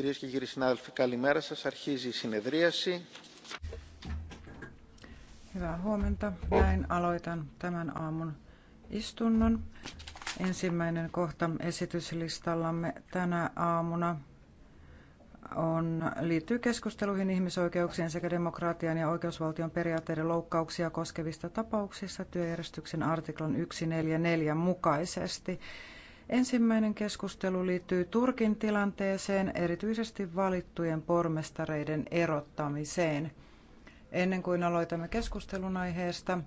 Κυρίες και κύριοι συνάδελφοι, καλημέρα σας. Αρχίζει η συνεδρίαση. Hyvää huomenta. Näin aloitan tämän aamun istunnon. Ensimmäinen kohta esityslistallamme tänä aamuna on, liittyy keskusteluihin ihmisoikeuksien sekä demokratian ja oikeusvaltion periaatteiden loukkauksia koskevista tapauksista työjärjestyksen artiklan 144 mukaisesti. Ensimmäinen keskustelu liittyy Turkin tilanteeseen, erityisesti valittujen pormestareiden erottamiseen. Ennen kuin aloitamme keskustelun aiheesta,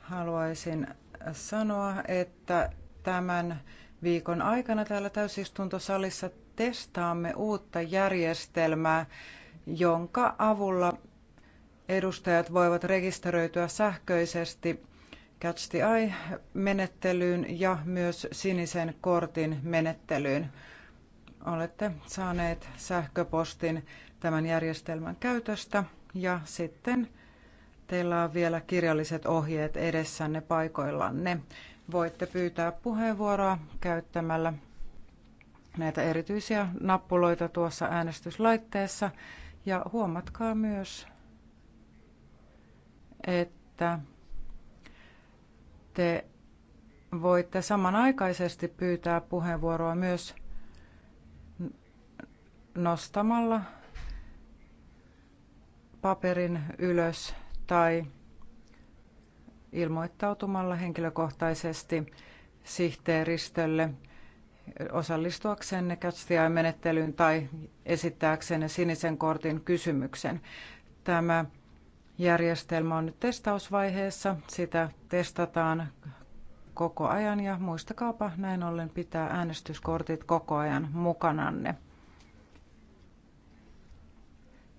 haluaisin sanoa, että tämän viikon aikana täällä täysistuntosalissa testaamme uutta järjestelmää, jonka avulla edustajat voivat rekisteröityä sähköisesti Catch the Eye-menettelyyn ja myös sinisen kortin menettelyyn. Olette saaneet sähköpostin tämän järjestelmän käytöstä ja sitten teillä on vielä kirjalliset ohjeet edessänne paikoillanne. Voitte pyytää puheenvuoroa käyttämällä näitä erityisiä nappuloita tuossa äänestyslaitteessa. Ja huomatkaa myös, että te voitte samanaikaisesti pyytää puheenvuoroa myös nostamalla paperin ylös tai ilmoittautumalla henkilökohtaisesti sihteeristölle osallistuaksenne catch-menettelyyn tai esittääksenne sinisen kortin kysymyksen. Tämä Järjestelmä on nyt testausvaiheessa. Sitä testataan koko ajan ja muistakaapa näin ollen pitää äänestyskortit koko ajan mukananne.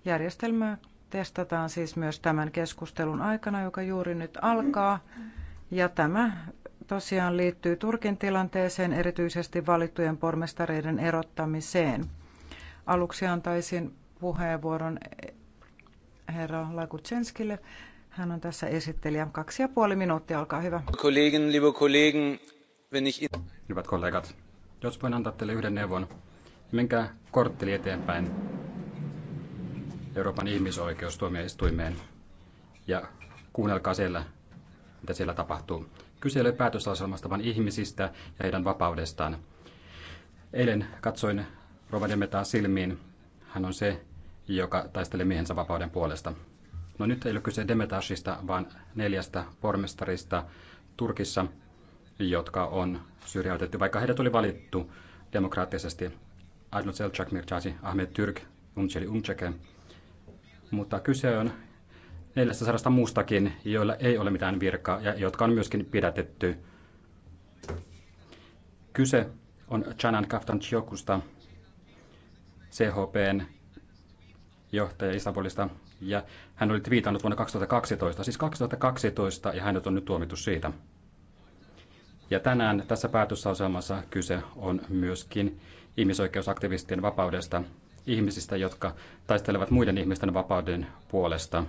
Järjestelmää testataan siis myös tämän keskustelun aikana, joka juuri nyt alkaa. Ja tämä tosiaan liittyy Turkin tilanteeseen, erityisesti valittujen pormestareiden erottamiseen. Aluksi antaisin puheenvuoron herra Lakutsenskille. Hän on tässä esittelijä. Kaksi ja puoli minuuttia, olkaa hyvä. Kollegen, liebe Kollegen, wenn ich... Hyvät kollegat, jos voin antaa teille yhden neuvon, niin menkää kortteli eteenpäin Euroopan ihmisoikeustuomioistuimeen ja kuunnelkaa siellä, mitä siellä tapahtuu. Kyse ei ole päätösasemasta, vaan ihmisistä ja heidän vapaudestaan. Eilen katsoin Rova silmiin. Hän on se joka taisteli miehensä vapauden puolesta. No nyt ei ole kyse Demetashista, vaan neljästä pormestarista Turkissa, jotka on syrjäytetty, vaikka heidät oli valittu demokraattisesti. Adnan Selçak Mirçasi, Ahmed Türk, Umceli Umceke. Mutta kyse on 400 muustakin, joilla ei ole mitään virkaa ja jotka on myöskin pidätetty. Kyse on Canan Kaftanciokusta, CHPn johtaja Istanbulista, ja hän oli viitannut vuonna 2012, siis 2012, ja hänet on nyt tuomittu siitä. Ja tänään tässä päätösasemassa kyse on myöskin ihmisoikeusaktivistien vapaudesta, ihmisistä, jotka taistelevat muiden ihmisten vapauden puolesta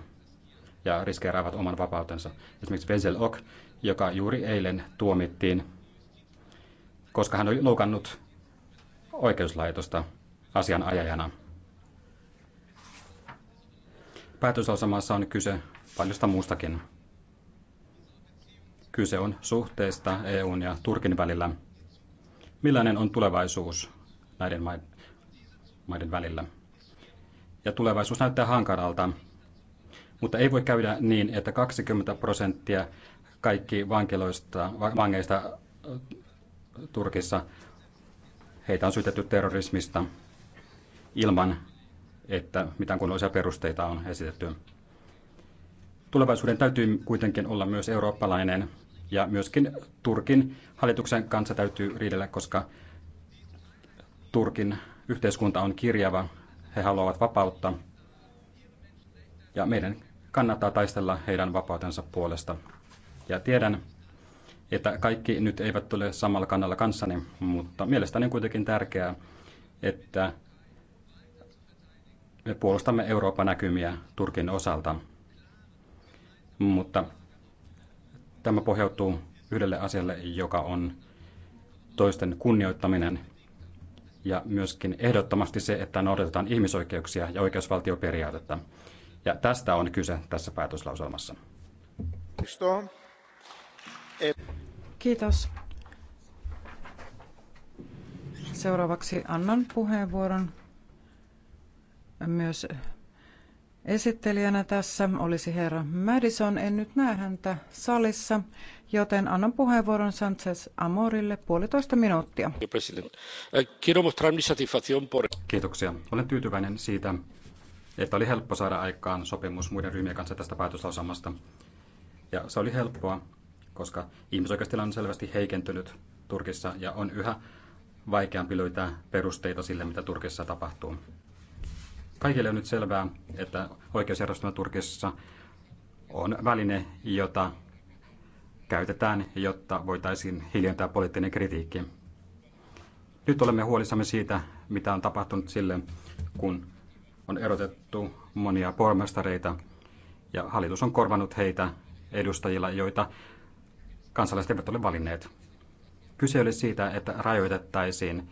ja riskeeraavat oman vapautensa. Esimerkiksi Vezel Ok, joka juuri eilen tuomittiin, koska hän oli loukannut oikeuslaitosta asianajajana päätöslausamassa on kyse paljosta muustakin. Kyse on suhteista EUn ja Turkin välillä. Millainen on tulevaisuus näiden maiden välillä? Ja tulevaisuus näyttää hankaralta, mutta ei voi käydä niin, että 20 prosenttia kaikki vankiloista, vangeista Turkissa, heitä on syytetty terrorismista ilman, että mitään kunnollisia perusteita on esitetty. Tulevaisuuden täytyy kuitenkin olla myös eurooppalainen ja myöskin Turkin hallituksen kanssa täytyy riidellä, koska Turkin yhteiskunta on kirjava. He haluavat vapautta ja meidän kannattaa taistella heidän vapautensa puolesta. Ja tiedän, että kaikki nyt eivät tule samalla kannalla kanssani, mutta mielestäni on kuitenkin tärkeää, että me puolustamme Euroopan näkymiä Turkin osalta. Mutta tämä pohjautuu yhdelle asialle, joka on toisten kunnioittaminen ja myöskin ehdottomasti se, että noudatetaan ihmisoikeuksia ja oikeusvaltioperiaatetta. Ja tästä on kyse tässä päätöslauselmassa. Kiitos. Seuraavaksi annan puheenvuoron myös esittelijänä tässä olisi herra Madison. En nyt näe häntä salissa, joten annan puheenvuoron Sanchez Amorille puolitoista minuuttia. Eh, Kiitoksia. Olen tyytyväinen siitä, että oli helppo saada aikaan sopimus muiden ryhmien kanssa tästä päätöslausamasta. Ja se oli helppoa, koska ihmisoikeustilanne on selvästi heikentynyt Turkissa ja on yhä vaikeampi löytää perusteita sille, mitä Turkissa tapahtuu. Kaikille on nyt selvää, että oikeusjärjestelmä Turkissa on väline, jota käytetään, jotta voitaisiin hiljentää poliittinen kritiikki. Nyt olemme huolissamme siitä, mitä on tapahtunut sille, kun on erotettu monia pormestareita ja hallitus on korvanut heitä edustajilla, joita kansalaiset eivät ole valinneet. Kyse oli siitä, että rajoitettaisiin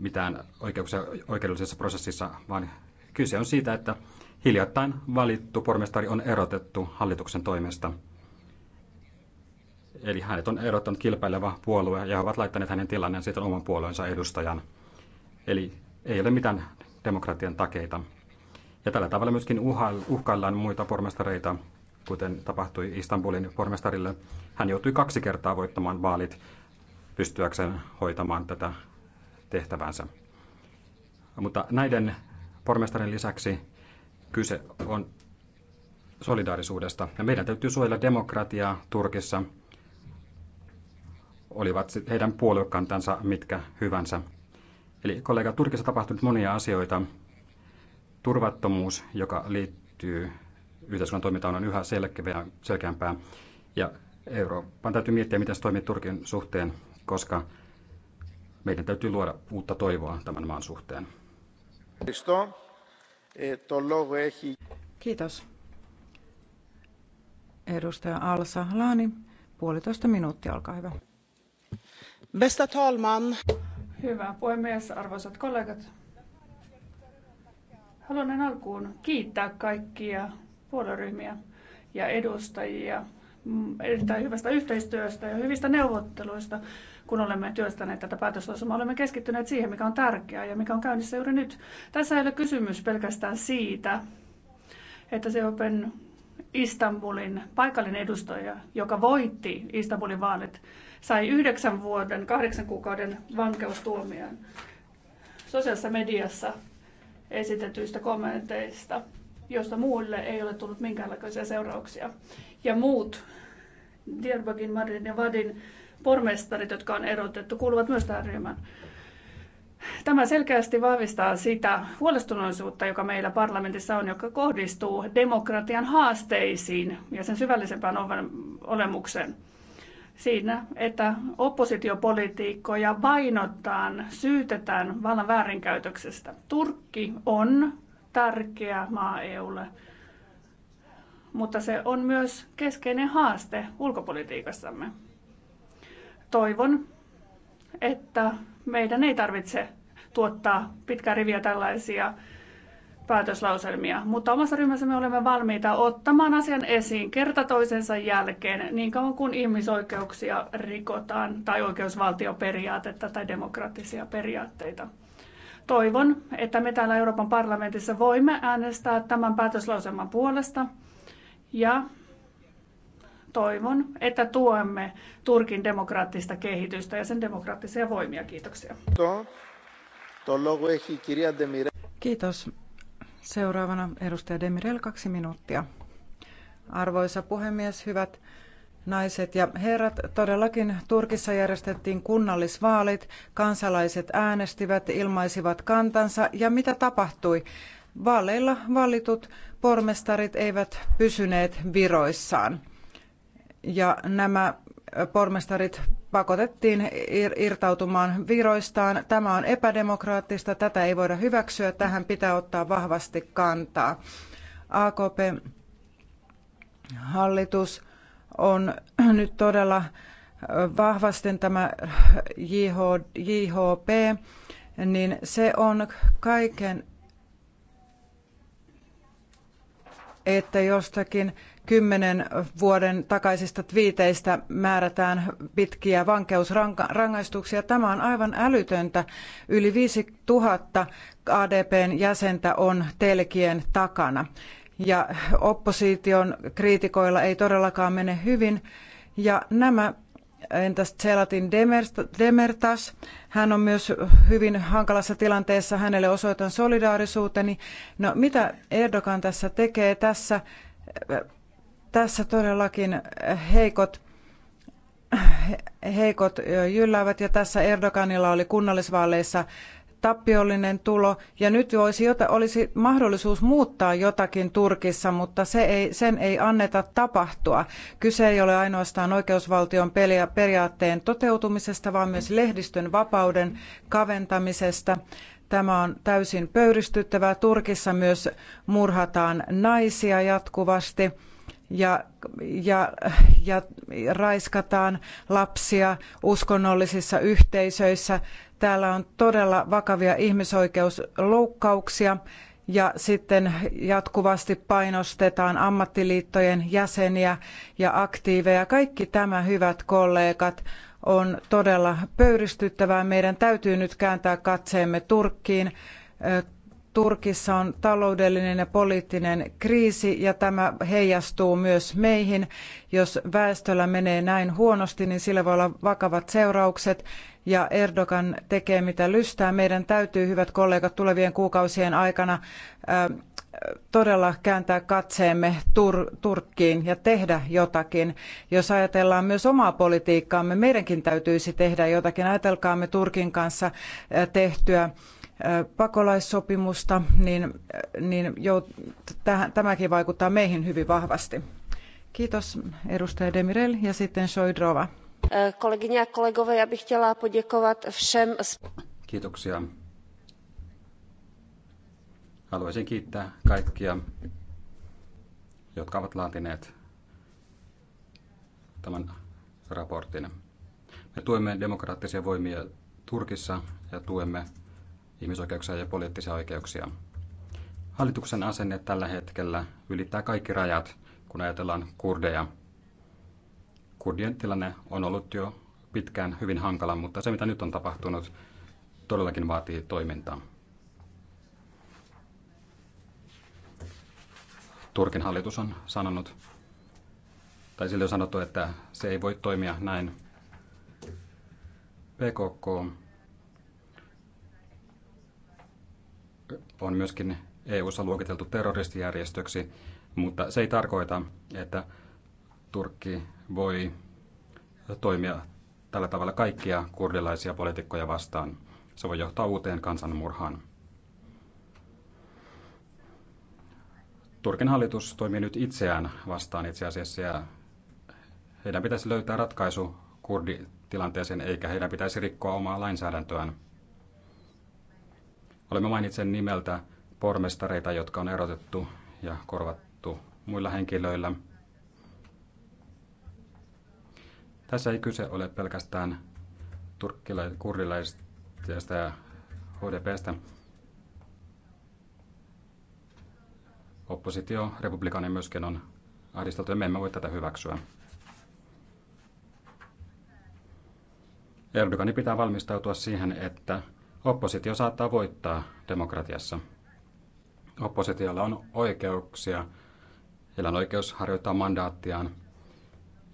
mitään oikeuksia oikeudellisessa prosessissa, vaan Kyse on siitä, että hiljattain valittu pormestari on erotettu hallituksen toimesta. Eli hänet on erottanut kilpaileva puolue ja he ovat laittaneet hänen tilanneen sitten oman puolueensa edustajan. Eli ei ole mitään demokratian takeita. Ja tällä tavalla myöskin uhkaillaan muita pormestareita, kuten tapahtui Istanbulin pormestarille. Hän joutui kaksi kertaa voittamaan vaalit pystyäkseen hoitamaan tätä tehtävänsä. Mutta näiden pormestarin lisäksi kyse on solidaarisuudesta. Ja meidän täytyy suojella demokratiaa Turkissa, olivat heidän puoluekantansa mitkä hyvänsä. Eli kollega, Turkissa tapahtunut monia asioita. Turvattomuus, joka liittyy yhteiskunnan toimintaan, on yhä selkeämpää. Ja Euroopan täytyy miettiä, miten se toimii Turkin suhteen, koska meidän täytyy luoda uutta toivoa tämän maan suhteen. Kiitos. Edustaja Alsa Laani, puolitoista minuuttia, olkaa hyvä. Bästa talman. Hyvä puhemies, arvoisat kollegat. Haluan en alkuun kiittää kaikkia puolueryhmiä ja edustajia mm, erittäin hyvästä yhteistyöstä ja hyvistä neuvotteluista kun olemme työstäneet tätä päätöslausumaa, olemme keskittyneet siihen, mikä on tärkeää ja mikä on käynnissä juuri nyt. Tässä ei ole kysymys pelkästään siitä, että se Open Istanbulin paikallinen edustaja, joka voitti Istanbulin vaalit, sai yhdeksän vuoden, kahdeksan kuukauden vankeustuomion sosiaalisessa mediassa esitetyistä kommenteista, joista muille ei ole tullut minkäänlaisia seurauksia. Ja muut Diyarbakin, Marin ja Vadin pormestarit, jotka on erotettu, kuuluvat myös tähän ryhmään. Tämä selkeästi vahvistaa sitä huolestuneisuutta, joka meillä parlamentissa on, joka kohdistuu demokratian haasteisiin ja sen syvällisempään olemukseen. Siinä, että oppositiopolitiikkoja vainotaan, syytetään vallan väärinkäytöksestä. Turkki on tärkeä maa EUlle, mutta se on myös keskeinen haaste ulkopolitiikassamme. Toivon, että meidän ei tarvitse tuottaa pitkää riviä tällaisia päätöslauselmia, mutta omassa me olemme valmiita ottamaan asian esiin kerta toisensa jälkeen niin kauan kuin ihmisoikeuksia rikotaan tai oikeusvaltioperiaatetta tai demokraattisia periaatteita. Toivon, että me täällä Euroopan parlamentissa voimme äänestää tämän päätöslauselman puolesta ja toivon, että tuemme Turkin demokraattista kehitystä ja sen demokraattisia voimia. Kiitoksia. Kiitos. Seuraavana edustaja Demirel, kaksi minuuttia. Arvoisa puhemies, hyvät naiset ja herrat, todellakin Turkissa järjestettiin kunnallisvaalit, kansalaiset äänestivät, ilmaisivat kantansa ja mitä tapahtui? Vaaleilla valitut pormestarit eivät pysyneet viroissaan ja nämä äh, pormestarit pakotettiin irtautumaan viroistaan. Tämä on epädemokraattista, tätä ei voida hyväksyä, tähän pitää ottaa vahvasti kantaa. AKP-hallitus on nyt todella äh, vahvasti tämä JHP, niin se on kaiken, että jostakin kymmenen vuoden takaisista tviiteistä määrätään pitkiä vankeusrangaistuksia. Tämä on aivan älytöntä. Yli 5000 ADPn jäsentä on telkien takana. Ja opposition kriitikoilla ei todellakaan mene hyvin. Ja nämä entäs Zelatin Demertas. Hän on myös hyvin hankalassa tilanteessa. Hänelle osoitan solidaarisuuteni. No mitä Erdogan tässä tekee? Tässä tässä todellakin heikot heikot jylläävät ja tässä Erdoganilla oli kunnallisvaaleissa tappiollinen tulo ja nyt olisi, jota, olisi mahdollisuus muuttaa jotakin Turkissa, mutta se ei, sen ei anneta tapahtua. Kyse ei ole ainoastaan oikeusvaltion peliä periaatteen toteutumisesta, vaan myös lehdistön vapauden kaventamisesta. Tämä on täysin pöyristyttävää. Turkissa myös murhataan naisia jatkuvasti ja, ja, ja raiskataan lapsia uskonnollisissa yhteisöissä. Täällä on todella vakavia ihmisoikeusloukkauksia ja sitten jatkuvasti painostetaan ammattiliittojen jäseniä ja aktiiveja. Kaikki tämä, hyvät kollegat, on todella pöyristyttävää. Meidän täytyy nyt kääntää katseemme Turkkiin Turkissa on taloudellinen ja poliittinen kriisi ja tämä heijastuu myös meihin. Jos väestöllä menee näin huonosti, niin sillä voi olla vakavat seuraukset ja Erdogan tekee mitä lystää. Meidän täytyy, hyvät kollegat, tulevien kuukausien aikana todella kääntää katseemme Tur- Turkkiin ja tehdä jotakin. Jos ajatellaan myös omaa politiikkaamme, meidänkin täytyisi tehdä jotakin. Ajatelkaamme Turkin kanssa tehtyä pakolaissopimusta, niin, niin jo, tämäkin vaikuttaa meihin hyvin vahvasti. Kiitos edustaja Demirel ja sitten Soidrova. Kolegyne ja kolegové, ja bych chtěla poděkovat všem. Kiitoksia. Haluaisin kiittää kaikkia, jotka ovat laatineet tämän raportin. Me tuemme demokraattisia voimia Turkissa ja tuemme ihmisoikeuksia ja poliittisia oikeuksia. Hallituksen asenne tällä hetkellä ylittää kaikki rajat, kun ajatellaan kurdeja. Kurdien tilanne on ollut jo pitkään hyvin hankala, mutta se mitä nyt on tapahtunut todellakin vaatii toimintaa. Turkin hallitus on sanonut, tai sille on sanottu, että se ei voi toimia näin. PKK on myöskin EU-ssa luokiteltu terroristijärjestöksi, mutta se ei tarkoita, että Turkki voi toimia tällä tavalla kaikkia kurdilaisia poliitikkoja vastaan. Se voi johtaa uuteen kansanmurhaan. Turkin hallitus toimii nyt itseään vastaan itse asiassa ja heidän pitäisi löytää ratkaisu kurditilanteeseen eikä heidän pitäisi rikkoa omaa lainsäädäntöään. Olemme mainitsen nimeltä pormestareita, jotka on erotettu ja korvattu muilla henkilöillä. Tässä ei kyse ole pelkästään turkkilaisista kurdilaisista ja HDPstä. Oppositio, republikaani myöskin on ahdisteltu ja me emme voi tätä hyväksyä. Erdoganin pitää valmistautua siihen, että Oppositio saattaa voittaa demokratiassa. Oppositiolla on oikeuksia, heillä on oikeus harjoittaa mandaattiaan.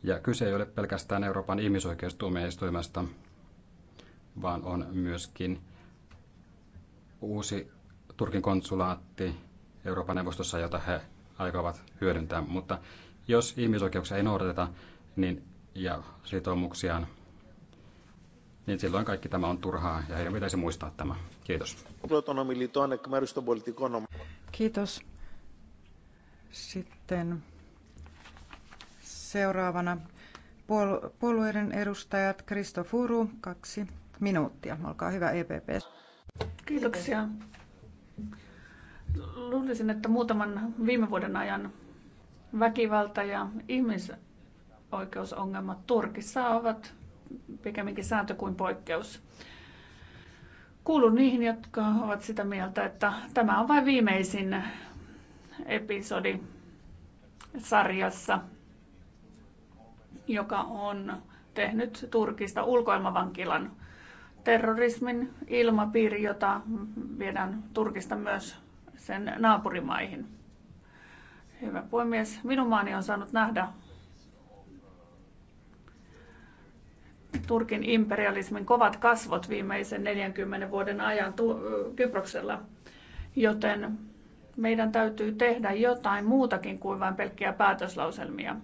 Ja kyse ei ole pelkästään Euroopan ihmisoikeustuomioistuimesta, vaan on myöskin uusi Turkin konsulaatti Euroopan neuvostossa, jota he aikovat hyödyntää. Mutta jos ihmisoikeuksia ei noudateta niin, ja sitoumuksiaan, niin silloin kaikki tämä on turhaa ja heidän pitäisi muistaa tämä. Kiitos. Kiitos. Sitten seuraavana puolueiden edustajat Kristo Furu, kaksi minuuttia. Olkaa hyvä EPP. Kiitoksia. Luulisin, että muutaman viime vuoden ajan väkivalta ja ihmisoikeusongelmat Turkissa ovat pikemminkin sääntö kuin poikkeus. Kuulun niihin, jotka ovat sitä mieltä, että tämä on vain viimeisin episodi sarjassa, joka on tehnyt Turkista ulkoilmavankilan terrorismin ilmapiiri, jota viedään Turkista myös sen naapurimaihin. Hyvä puhemies, minun maani on saanut nähdä Turkin imperialismin kovat kasvot viimeisen 40 vuoden ajan Kyproksella, joten meidän täytyy tehdä jotain muutakin kuin vain pelkkiä päätöslauselmia.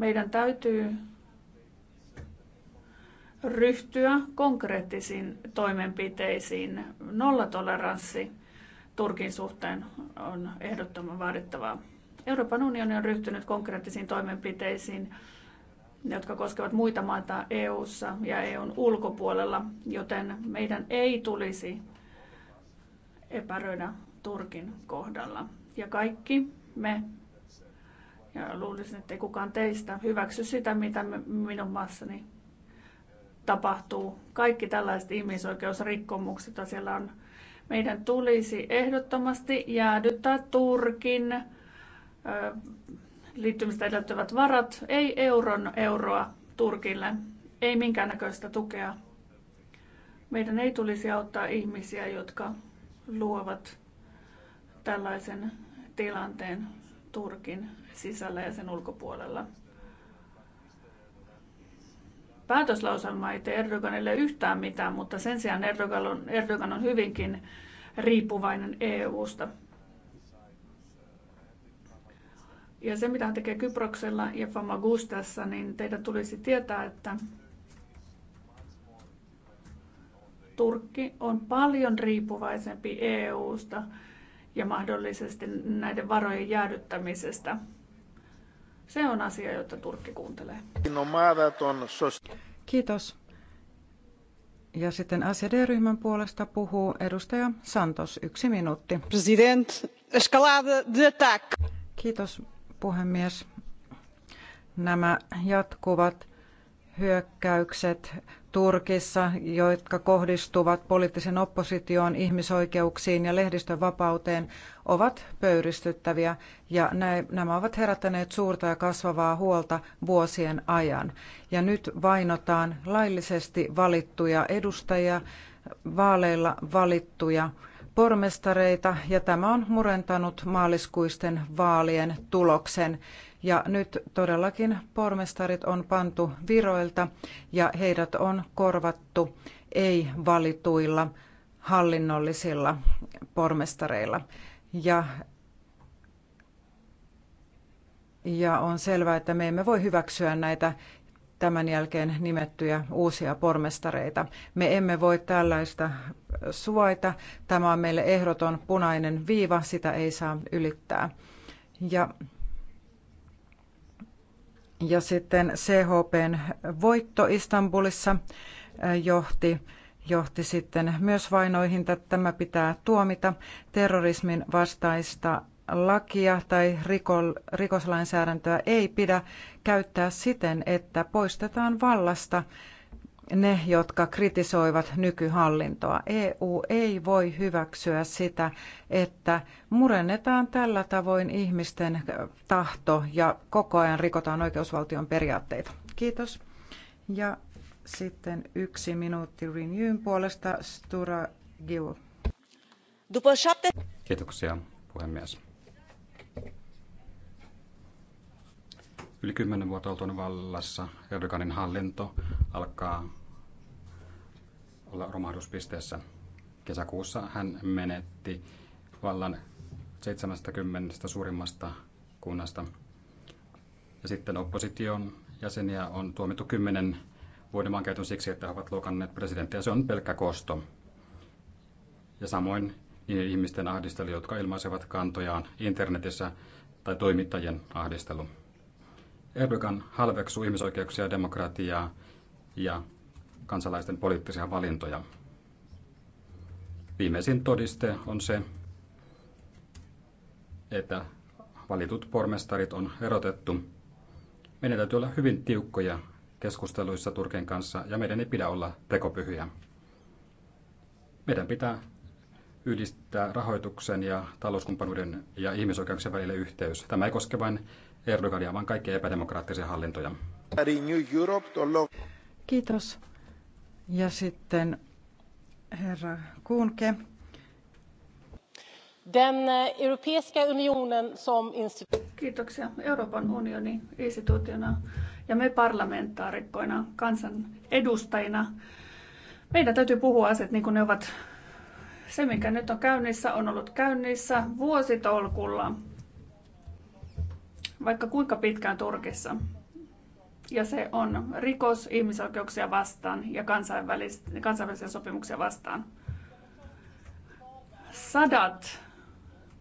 Meidän täytyy ryhtyä konkreettisiin toimenpiteisiin. Nollatoleranssi Turkin suhteen on ehdottoman vaadittavaa. Euroopan unioni on ryhtynyt konkreettisiin toimenpiteisiin jotka koskevat muita maita EU:ssa ja EUn ulkopuolella, joten meidän ei tulisi epäröidä Turkin kohdalla. Ja kaikki me, ja luulisin, että ei kukaan teistä hyväksy sitä, mitä minun maassani tapahtuu. Kaikki tällaiset ihmisoikeusrikkomukset, joita siellä on. Meidän tulisi ehdottomasti jäädyttää Turkin ö, liittymistä edellyttävät varat, ei euron euroa Turkille, ei minkäännäköistä tukea. Meidän ei tulisi auttaa ihmisiä, jotka luovat tällaisen tilanteen Turkin sisällä ja sen ulkopuolella. Päätöslauselma ei tee Erdoganille yhtään mitään, mutta sen sijaan Erdogan on, Erdogan on hyvinkin riippuvainen EU-sta. Ja se, mitä hän tekee Kyproksella ja Famagustassa, niin teidän tulisi tietää, että Turkki on paljon riippuvaisempi EUsta ja mahdollisesti näiden varojen jäädyttämisestä. Se on asia, jota Turkki kuuntelee. Kiitos. Ja sitten acd ryhmän puolesta puhuu edustaja Santos. Yksi minuutti. President, escalada de attack. Kiitos puhemies. Nämä jatkuvat hyökkäykset Turkissa, jotka kohdistuvat poliittisen oppositioon, ihmisoikeuksiin ja lehdistön vapauteen, ovat pöyristyttäviä ja nämä ovat herättäneet suurta ja kasvavaa huolta vuosien ajan. Ja nyt vainotaan laillisesti valittuja edustajia, vaaleilla valittuja pormestareita ja tämä on murentanut maaliskuisten vaalien tuloksen. Ja nyt todellakin pormestarit on pantu viroilta ja heidät on korvattu ei-valituilla hallinnollisilla pormestareilla. Ja ja on selvää, että me emme voi hyväksyä näitä tämän jälkeen nimettyjä uusia pormestareita. Me emme voi tällaista suvaita. Tämä on meille ehdoton punainen viiva, sitä ei saa ylittää. Ja ja sitten CHPn voitto Istanbulissa äh, johti, johti sitten myös vainoihin. Tämä pitää tuomita. Terrorismin vastaista lakia tai rikoslainsäädäntöä ei pidä käyttää siten, että poistetaan vallasta ne, jotka kritisoivat nykyhallintoa. EU ei voi hyväksyä sitä, että murennetaan tällä tavoin ihmisten tahto ja koko ajan rikotaan oikeusvaltion periaatteita. Kiitos. Ja sitten yksi minuutti Renewn puolesta Stura Giu. Kiitoksia, puhemies. Yli kymmenen vuotta oltu vallassa Erdoganin hallinto alkaa olla romahduspisteessä. Kesäkuussa hän menetti vallan 70 suurimmasta kunnasta. Ja sitten opposition jäseniä on tuomittu kymmenen vuoden vankeuteen siksi, että he ovat loukanneet presidenttiä. Se on pelkkä kosto. Ja samoin niiden ihmisten ahdistelu, jotka ilmaisevat kantojaan internetissä tai toimittajien ahdistelu. Erdogan halveksuu ihmisoikeuksia, demokratiaa ja kansalaisten poliittisia valintoja. Viimeisin todiste on se, että valitut pormestarit on erotettu. Meidän täytyy olla hyvin tiukkoja keskusteluissa Turkin kanssa ja meidän ei pidä olla tekopyhyjä. Meidän pitää yhdistää rahoituksen ja talouskumppanuuden ja ihmisoikeuksien välille yhteys. Tämä ei koske vain Erdogania, vaan kaikkia epädemokraattisia hallintoja. Kiitos. Ja sitten herra Kuunke. Den eh, europeiska unionen som Kiitoksia. Euroopan unionin instituutiona ja me parlamentaarikkoina, kansan edustajina, meidän täytyy puhua asiat niin kuin ne ovat. Se, mikä nyt on käynnissä, on ollut käynnissä vuositolkulla vaikka kuinka pitkään Turkissa. Ja se on rikos ihmisoikeuksia vastaan ja kansainvälisiä sopimuksia vastaan. Sadat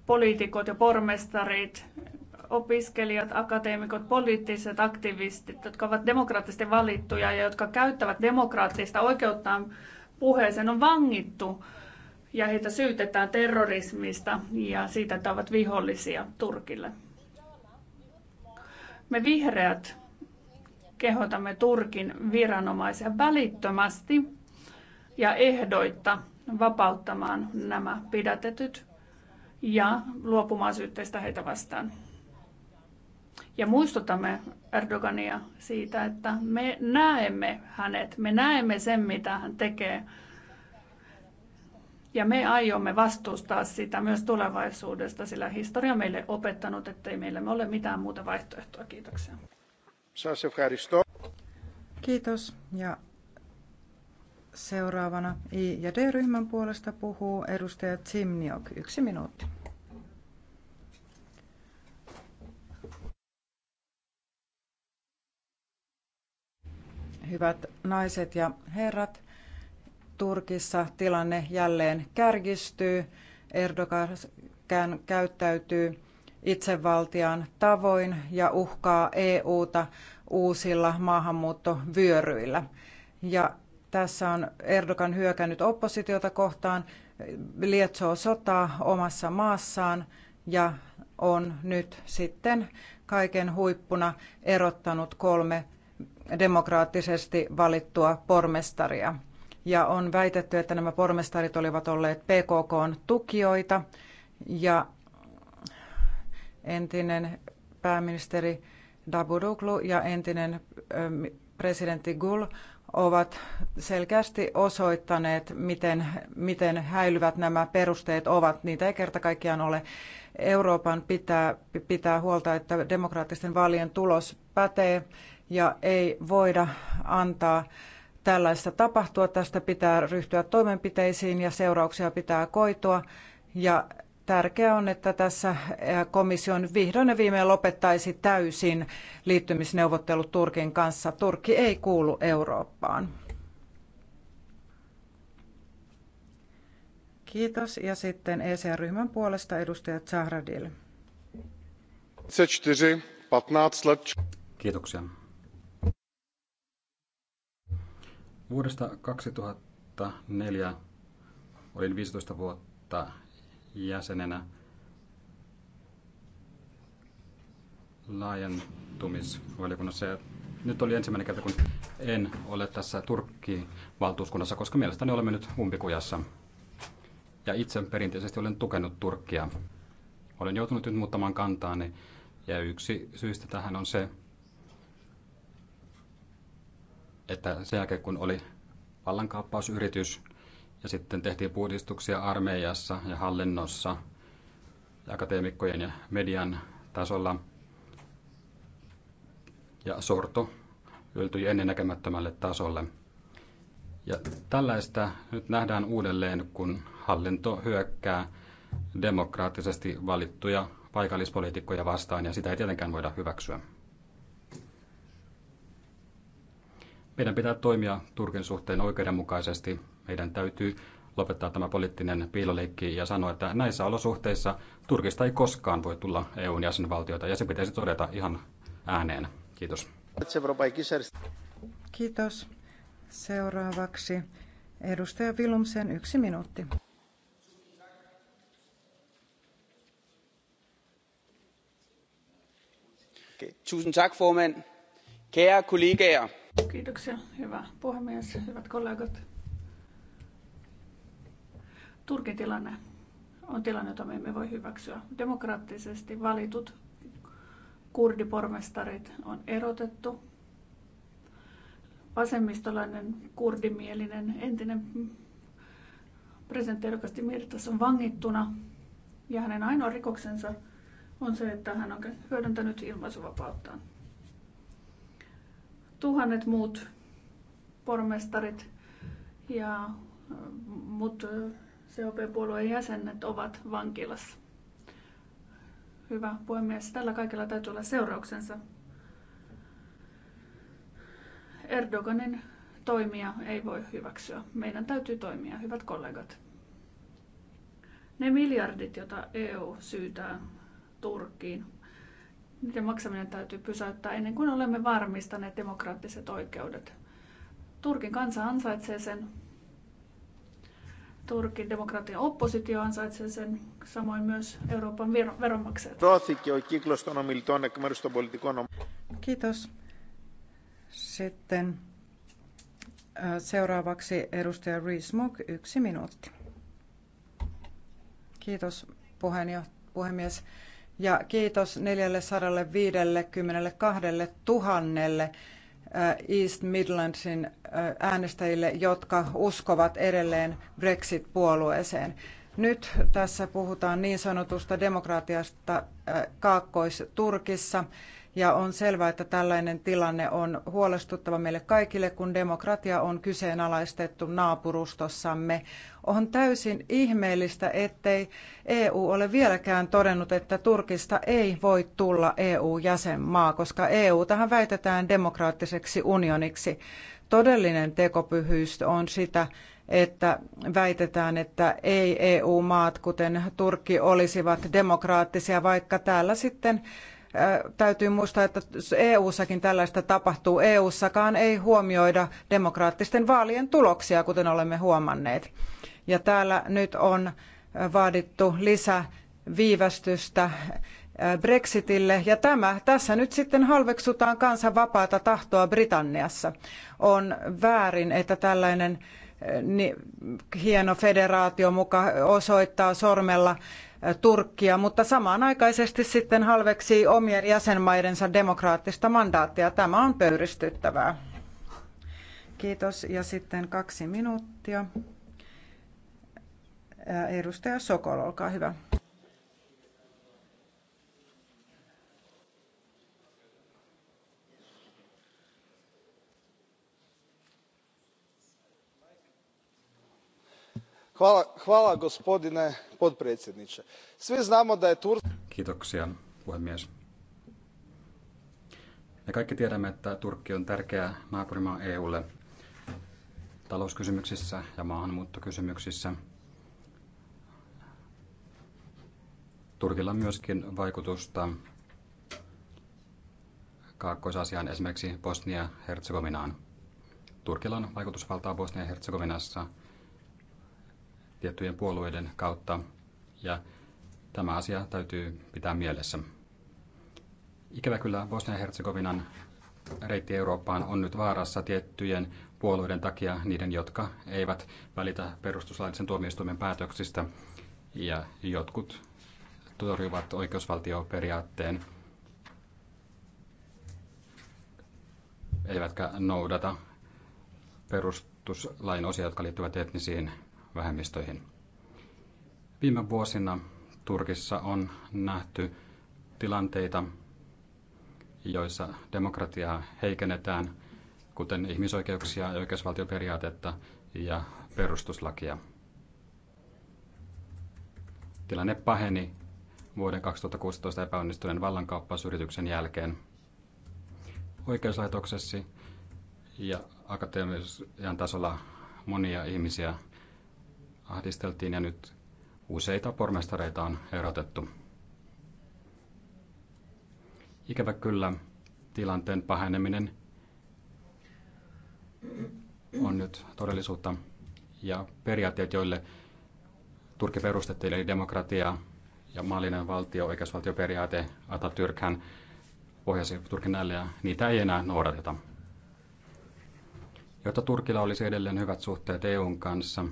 poliitikot ja pormestarit, opiskelijat, akateemikot, poliittiset aktivistit, jotka ovat demokraattisesti valittuja ja jotka käyttävät demokraattista oikeuttaan puheeseen, on vangittu ja heitä syytetään terrorismista ja siitä, että ovat vihollisia Turkille. Me vihreät kehotamme Turkin viranomaisia välittömästi ja ehdoitta vapauttamaan nämä pidätetyt ja luopumaan syytteistä heitä vastaan. Ja muistutamme Erdogania siitä, että me näemme hänet, me näemme sen, mitä hän tekee ja me aiomme vastustaa sitä myös tulevaisuudesta, sillä historia on meille opettanut, ettei meillä ole mitään muuta vaihtoehtoa. Kiitoksia. Kiitos. Ja seuraavana I- ja D-ryhmän puolesta puhuu edustaja Zimniok. Yksi minuutti. Hyvät naiset ja herrat, Turkissa tilanne jälleen kärjistyy. Erdogan käyttäytyy itsevaltiaan tavoin ja uhkaa EUta uusilla maahanmuuttovyöryillä. Ja tässä on Erdogan hyökännyt oppositiota kohtaan, lietsoo sotaa omassa maassaan ja on nyt sitten kaiken huippuna erottanut kolme demokraattisesti valittua pormestaria ja on väitetty, että nämä pormestarit olivat olleet PKKn tukijoita ja entinen pääministeri Dabuduklu ja entinen ähm, presidentti Gul ovat selkeästi osoittaneet, miten, miten häilyvät nämä perusteet ovat. Niitä ei kerta kaikkiaan ole. Euroopan pitää pitää huolta, että demokraattisten vaalien tulos pätee ja ei voida antaa tällaista tapahtua, tästä pitää ryhtyä toimenpiteisiin ja seurauksia pitää koitua. Ja tärkeää on, että tässä komission vihdoin ja viimein lopettaisi täysin liittymisneuvottelut Turkin kanssa. Turkki ei kuulu Eurooppaan. Kiitos. Ja sitten ECR-ryhmän puolesta edustaja Zahradil. Kiitoksia. Vuodesta 2004 olin 15 vuotta jäsenenä laajentumisvaliokunnassa. Ja nyt oli ensimmäinen kerta, kun en ole tässä Turkki-valtuuskunnassa, koska mielestäni olemme nyt umpikujassa. Ja itse perinteisesti olen tukenut Turkkia. Olen joutunut nyt muuttamaan kantaani ja yksi syystä tähän on se, että sen jälkeen kun oli vallankaappausyritys ja sitten tehtiin puhdistuksia armeijassa ja hallinnossa ja akateemikkojen ja median tasolla ja sorto yltyi ennennäkemättömälle tasolle. Ja tällaista nyt nähdään uudelleen, kun hallinto hyökkää demokraattisesti valittuja paikallispoliitikkoja vastaan, ja sitä ei tietenkään voida hyväksyä. Meidän pitää toimia Turkin suhteen oikeudenmukaisesti. Meidän täytyy lopettaa tämä poliittinen piiloleikki ja sanoa, että näissä olosuhteissa Turkista ei koskaan voi tulla EUn jäsenvaltiota, ja se pitäisi todeta ihan ääneen. Kiitos. Kiitos. Seuraavaksi edustaja Vilumsen yksi minuutti. Tusind tak, formand. Kære kollegaer, Kiitoksia, hyvä puhemies, hyvät kollegat. Turkin tilanne on tilanne, jota me emme voi hyväksyä. Demokraattisesti valitut kurdipormestarit on erotettu. Vasemmistolainen kurdimielinen entinen presidentti Erkas Mirtas on vangittuna ja hänen ainoa rikoksensa on se, että hän on hyödyntänyt ilmaisuvapauttaan tuhannet muut pormestarit ja äh, muut äh, COP-puolueen jäsenet ovat vankilassa. Hyvä puhemies, tällä kaikella täytyy olla seurauksensa. Erdoganin toimia ei voi hyväksyä. Meidän täytyy toimia, hyvät kollegat. Ne miljardit, joita EU syytää Turkkiin, niiden maksaminen täytyy pysäyttää ennen kuin olemme varmistaneet demokraattiset oikeudet. Turkin kansa ansaitsee sen. Turkin demokratian oppositio ansaitsee sen, samoin myös Euroopan veronmaksajat. Kiitos. Sitten seuraavaksi edustaja Rees-Mogg, yksi minuutti. Kiitos puhemies ja kiitos 452 000 äh, East Midlandsin äh, äänestäjille, jotka uskovat edelleen Brexit-puolueeseen. Nyt tässä puhutaan niin sanotusta demokratiasta äh, Kaakkois-Turkissa ja on selvää, että tällainen tilanne on huolestuttava meille kaikille, kun demokratia on kyseenalaistettu naapurustossamme. On täysin ihmeellistä, ettei EU ole vieläkään todennut, että Turkista ei voi tulla EU-jäsenmaa, koska EU tähän väitetään demokraattiseksi unioniksi. Todellinen tekopyhyys on sitä, että väitetään, että ei EU-maat, kuten Turkki, olisivat demokraattisia, vaikka täällä sitten täytyy muistaa, että EU-sakin tällaista tapahtuu. EU-sakaan ei huomioida demokraattisten vaalien tuloksia, kuten olemme huomanneet. Ja täällä nyt on vaadittu lisäviivästystä Brexitille ja tämä tässä nyt sitten halveksutaan kansan vapaata tahtoa Britanniassa. On väärin, että tällainen hieno federaatio muka osoittaa sormella Turkkia, mutta samanaikaisesti sitten halveksii omien jäsenmaidensa demokraattista mandaattia. Tämä on pöyristyttävää. Kiitos. Ja sitten kaksi minuuttia. Edustaja Sokol, olkaa hyvä. gospodine predsjedniče svi znamo da je turska. kiitoksia puhemies me kaikki tiedämme että turkki on tärkeä naapurimaa eulle talouskysymyksissä ja maahanmuuttokysymyksissä. Turkilla on myöskin vaikutusta Kaakkois-Asiaan, esimerkiksi Bosnia-Herzegovinaan. Turkilla on vaikutusvaltaa Bosnia-Herzegovinassa – tiettyjen puolueiden kautta ja tämä asia täytyy pitää mielessä. Ikävä kyllä Bosnia-Herzegovinan reitti Eurooppaan on nyt vaarassa tiettyjen puolueiden takia niiden, jotka eivät välitä perustuslaillisen tuomioistuimen päätöksistä ja jotkut torjuvat oikeusvaltioperiaatteen eivätkä noudata perustuslain osia, jotka liittyvät etnisiin vähemmistöihin. Viime vuosina Turkissa on nähty tilanteita, joissa demokratiaa heikennetään, kuten ihmisoikeuksia ja oikeusvaltioperiaatetta ja perustuslakia. Tilanne paheni vuoden 2016 epäonnistuneen vallankaappausyrityksen jälkeen. Oikeuslaitoksessa ja akateemian tasolla monia ihmisiä ahdisteltiin ja nyt useita pormestareita on erotettu. Ikävä kyllä tilanteen paheneminen on nyt todellisuutta ja periaatteet, joille Turkki perustettiin, eli demokratia ja maallinen valtio, oikeusvaltioperiaate, Atatürk, hän pohjasi Turkin näille ja niitä ei enää noudateta. Jotta Turkilla olisi edelleen hyvät suhteet EUn kanssa –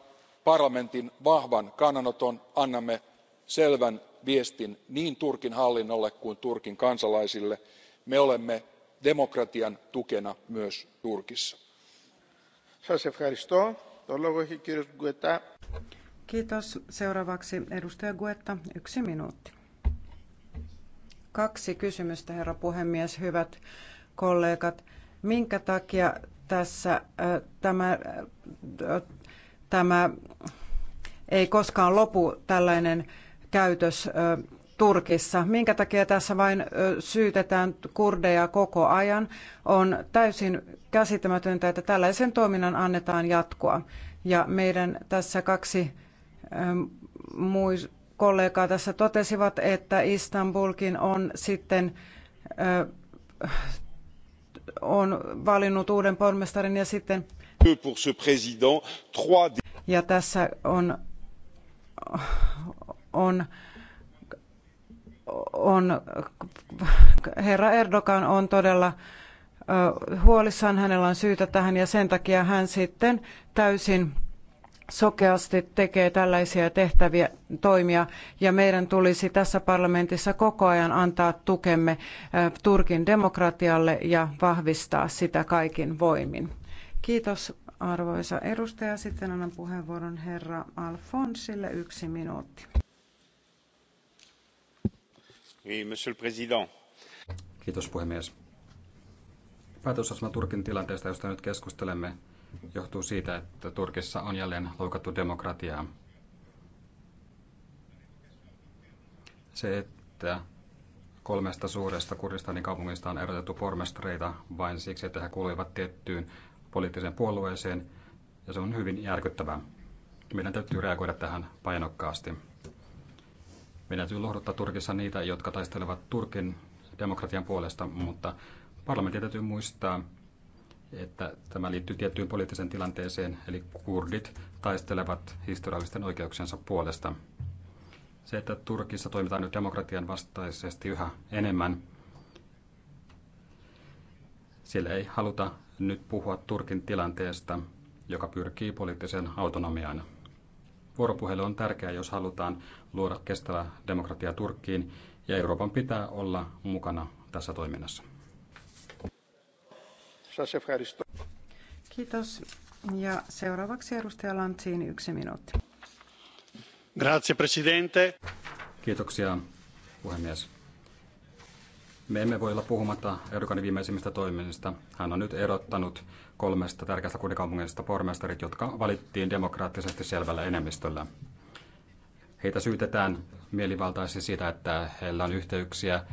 parlamentin vahvan kannanoton annamme selvän viestin niin turkin hallinnolle kuin turkin kansalaisille me olemme demokratian tukena myös turkissa. Kiitos. Seuraavaksi yksi minuutti. Kaksi kysymystä, herra puhemies, hyvät kollegat. Minkä takia tässä äh, tämä äh, tämä ei koskaan lopu tällainen käytös Turkissa. Minkä takia tässä vain syytetään kurdeja koko ajan? On täysin käsittämätöntä, että tällaisen toiminnan annetaan jatkua. Ja meidän tässä kaksi muis kollegaa tässä totesivat, että Istanbulkin on sitten on valinnut uuden pormestarin ja sitten ja tässä on, on, on herra Erdogan on todella huolissaan, hänellä on syytä tähän ja sen takia hän sitten täysin sokeasti tekee tällaisia tehtäviä toimia ja meidän tulisi tässä parlamentissa koko ajan antaa tukemme Turkin demokratialle ja vahvistaa sitä kaikin voimin. Kiitos arvoisa edustaja. Sitten annan puheenvuoron herra Alfonsille yksi minuutti. Oui, monsieur le président. Kiitos puhemies. Päätösasema Turkin tilanteesta, josta nyt keskustelemme, johtuu siitä, että Turkissa on jälleen loukattu demokratiaa. Se, että kolmesta suuresta Kurdistanin kaupungista on erotettu pormestareita vain siksi, että he kuuluivat tiettyyn poliittiseen puolueeseen, ja se on hyvin järkyttävää. Meidän täytyy reagoida tähän painokkaasti. Meidän täytyy lohduttaa Turkissa niitä, jotka taistelevat Turkin demokratian puolesta, mutta parlamentti täytyy muistaa, että tämä liittyy tiettyyn poliittiseen tilanteeseen, eli kurdit taistelevat historiallisten oikeuksensa puolesta. Se, että Turkissa toimitaan nyt demokratian vastaisesti yhä enemmän, siellä ei haluta nyt puhua Turkin tilanteesta, joka pyrkii poliittiseen autonomiaan. Vuoropuhelu on tärkeää, jos halutaan luoda kestävä demokratia Turkkiin, ja Euroopan pitää olla mukana tässä toiminnassa. Kiitos. Ja seuraavaksi edustaja Lantsiin yksi minuutti. Grazie, presidente. Kiitoksia, puhemies. Me emme voi olla puhumatta Erdoganin viimeisimmistä toimista. Hän on nyt erottanut kolmesta tärkeästä kotikaupungista pormestarit, jotka valittiin demokraattisesti selvällä enemmistöllä. Heitä syytetään mielivaltaisesti siitä, että heillä on yhteyksiä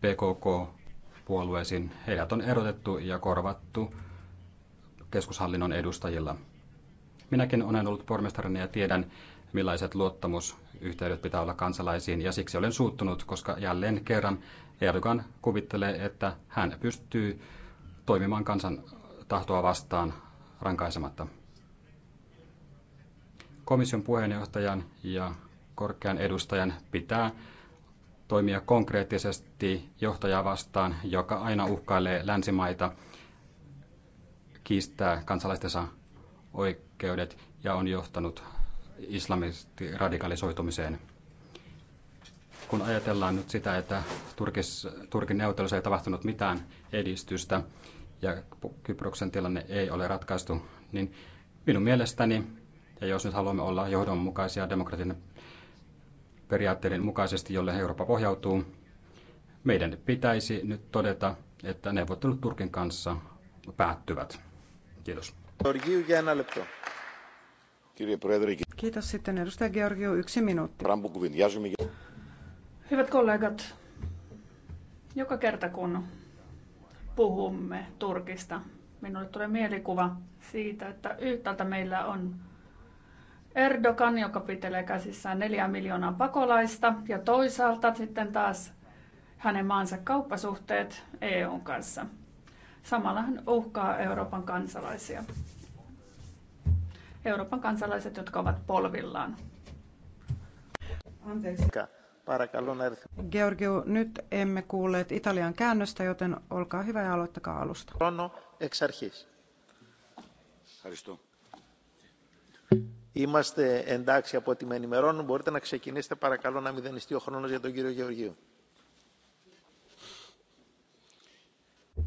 PKK-puolueisiin. Heidät on erotettu ja korvattu keskushallinnon edustajilla. Minäkin olen ollut pormestarina ja tiedän, millaiset luottamusyhteydet pitää olla kansalaisiin, ja siksi olen suuttunut, koska jälleen kerran Erdogan kuvittelee, että hän pystyy toimimaan kansan tahtoa vastaan rankaisematta. Komission puheenjohtajan ja korkean edustajan pitää toimia konkreettisesti johtajaa vastaan, joka aina uhkailee länsimaita, kiistää kansalaistensa oikeudet ja on johtanut islamisti radikalisoitumiseen kun ajatellaan nyt sitä, että Turkis, Turkin neuvottelussa ei tapahtunut mitään edistystä ja Kyproksen tilanne ei ole ratkaistu, niin minun mielestäni, ja jos nyt haluamme olla johdonmukaisia demokratian periaatteiden mukaisesti, jolle Eurooppa pohjautuu, meidän pitäisi nyt todeta, että neuvottelut Turkin kanssa päättyvät. Kiitos. Kiitos sitten edustaja Georgiou, yksi minuutti. Hyvät kollegat, joka kerta kun puhumme Turkista, minulle tulee mielikuva siitä, että yhtäältä meillä on Erdogan, joka pitelee käsissään neljä miljoonaa pakolaista, ja toisaalta sitten taas hänen maansa kauppasuhteet EUn kanssa. Samalla hän uhkaa Euroopan kansalaisia. Euroopan kansalaiset, jotka ovat polvillaan. Anteeksi. Georgiou, nyt emme kuulleet Italian käännöstä, joten olkaa hyvä ja aloittakaa alusta. Chrono εξ αρχής. Ευχαριστώ. Είμαστε εντάξει από ό,τι με ενημερώνουν. Μπορείτε να ξεκινήσετε παρακαλώ να μηδενιστεί ο χρόνος για τον κύριο Γεωργίου.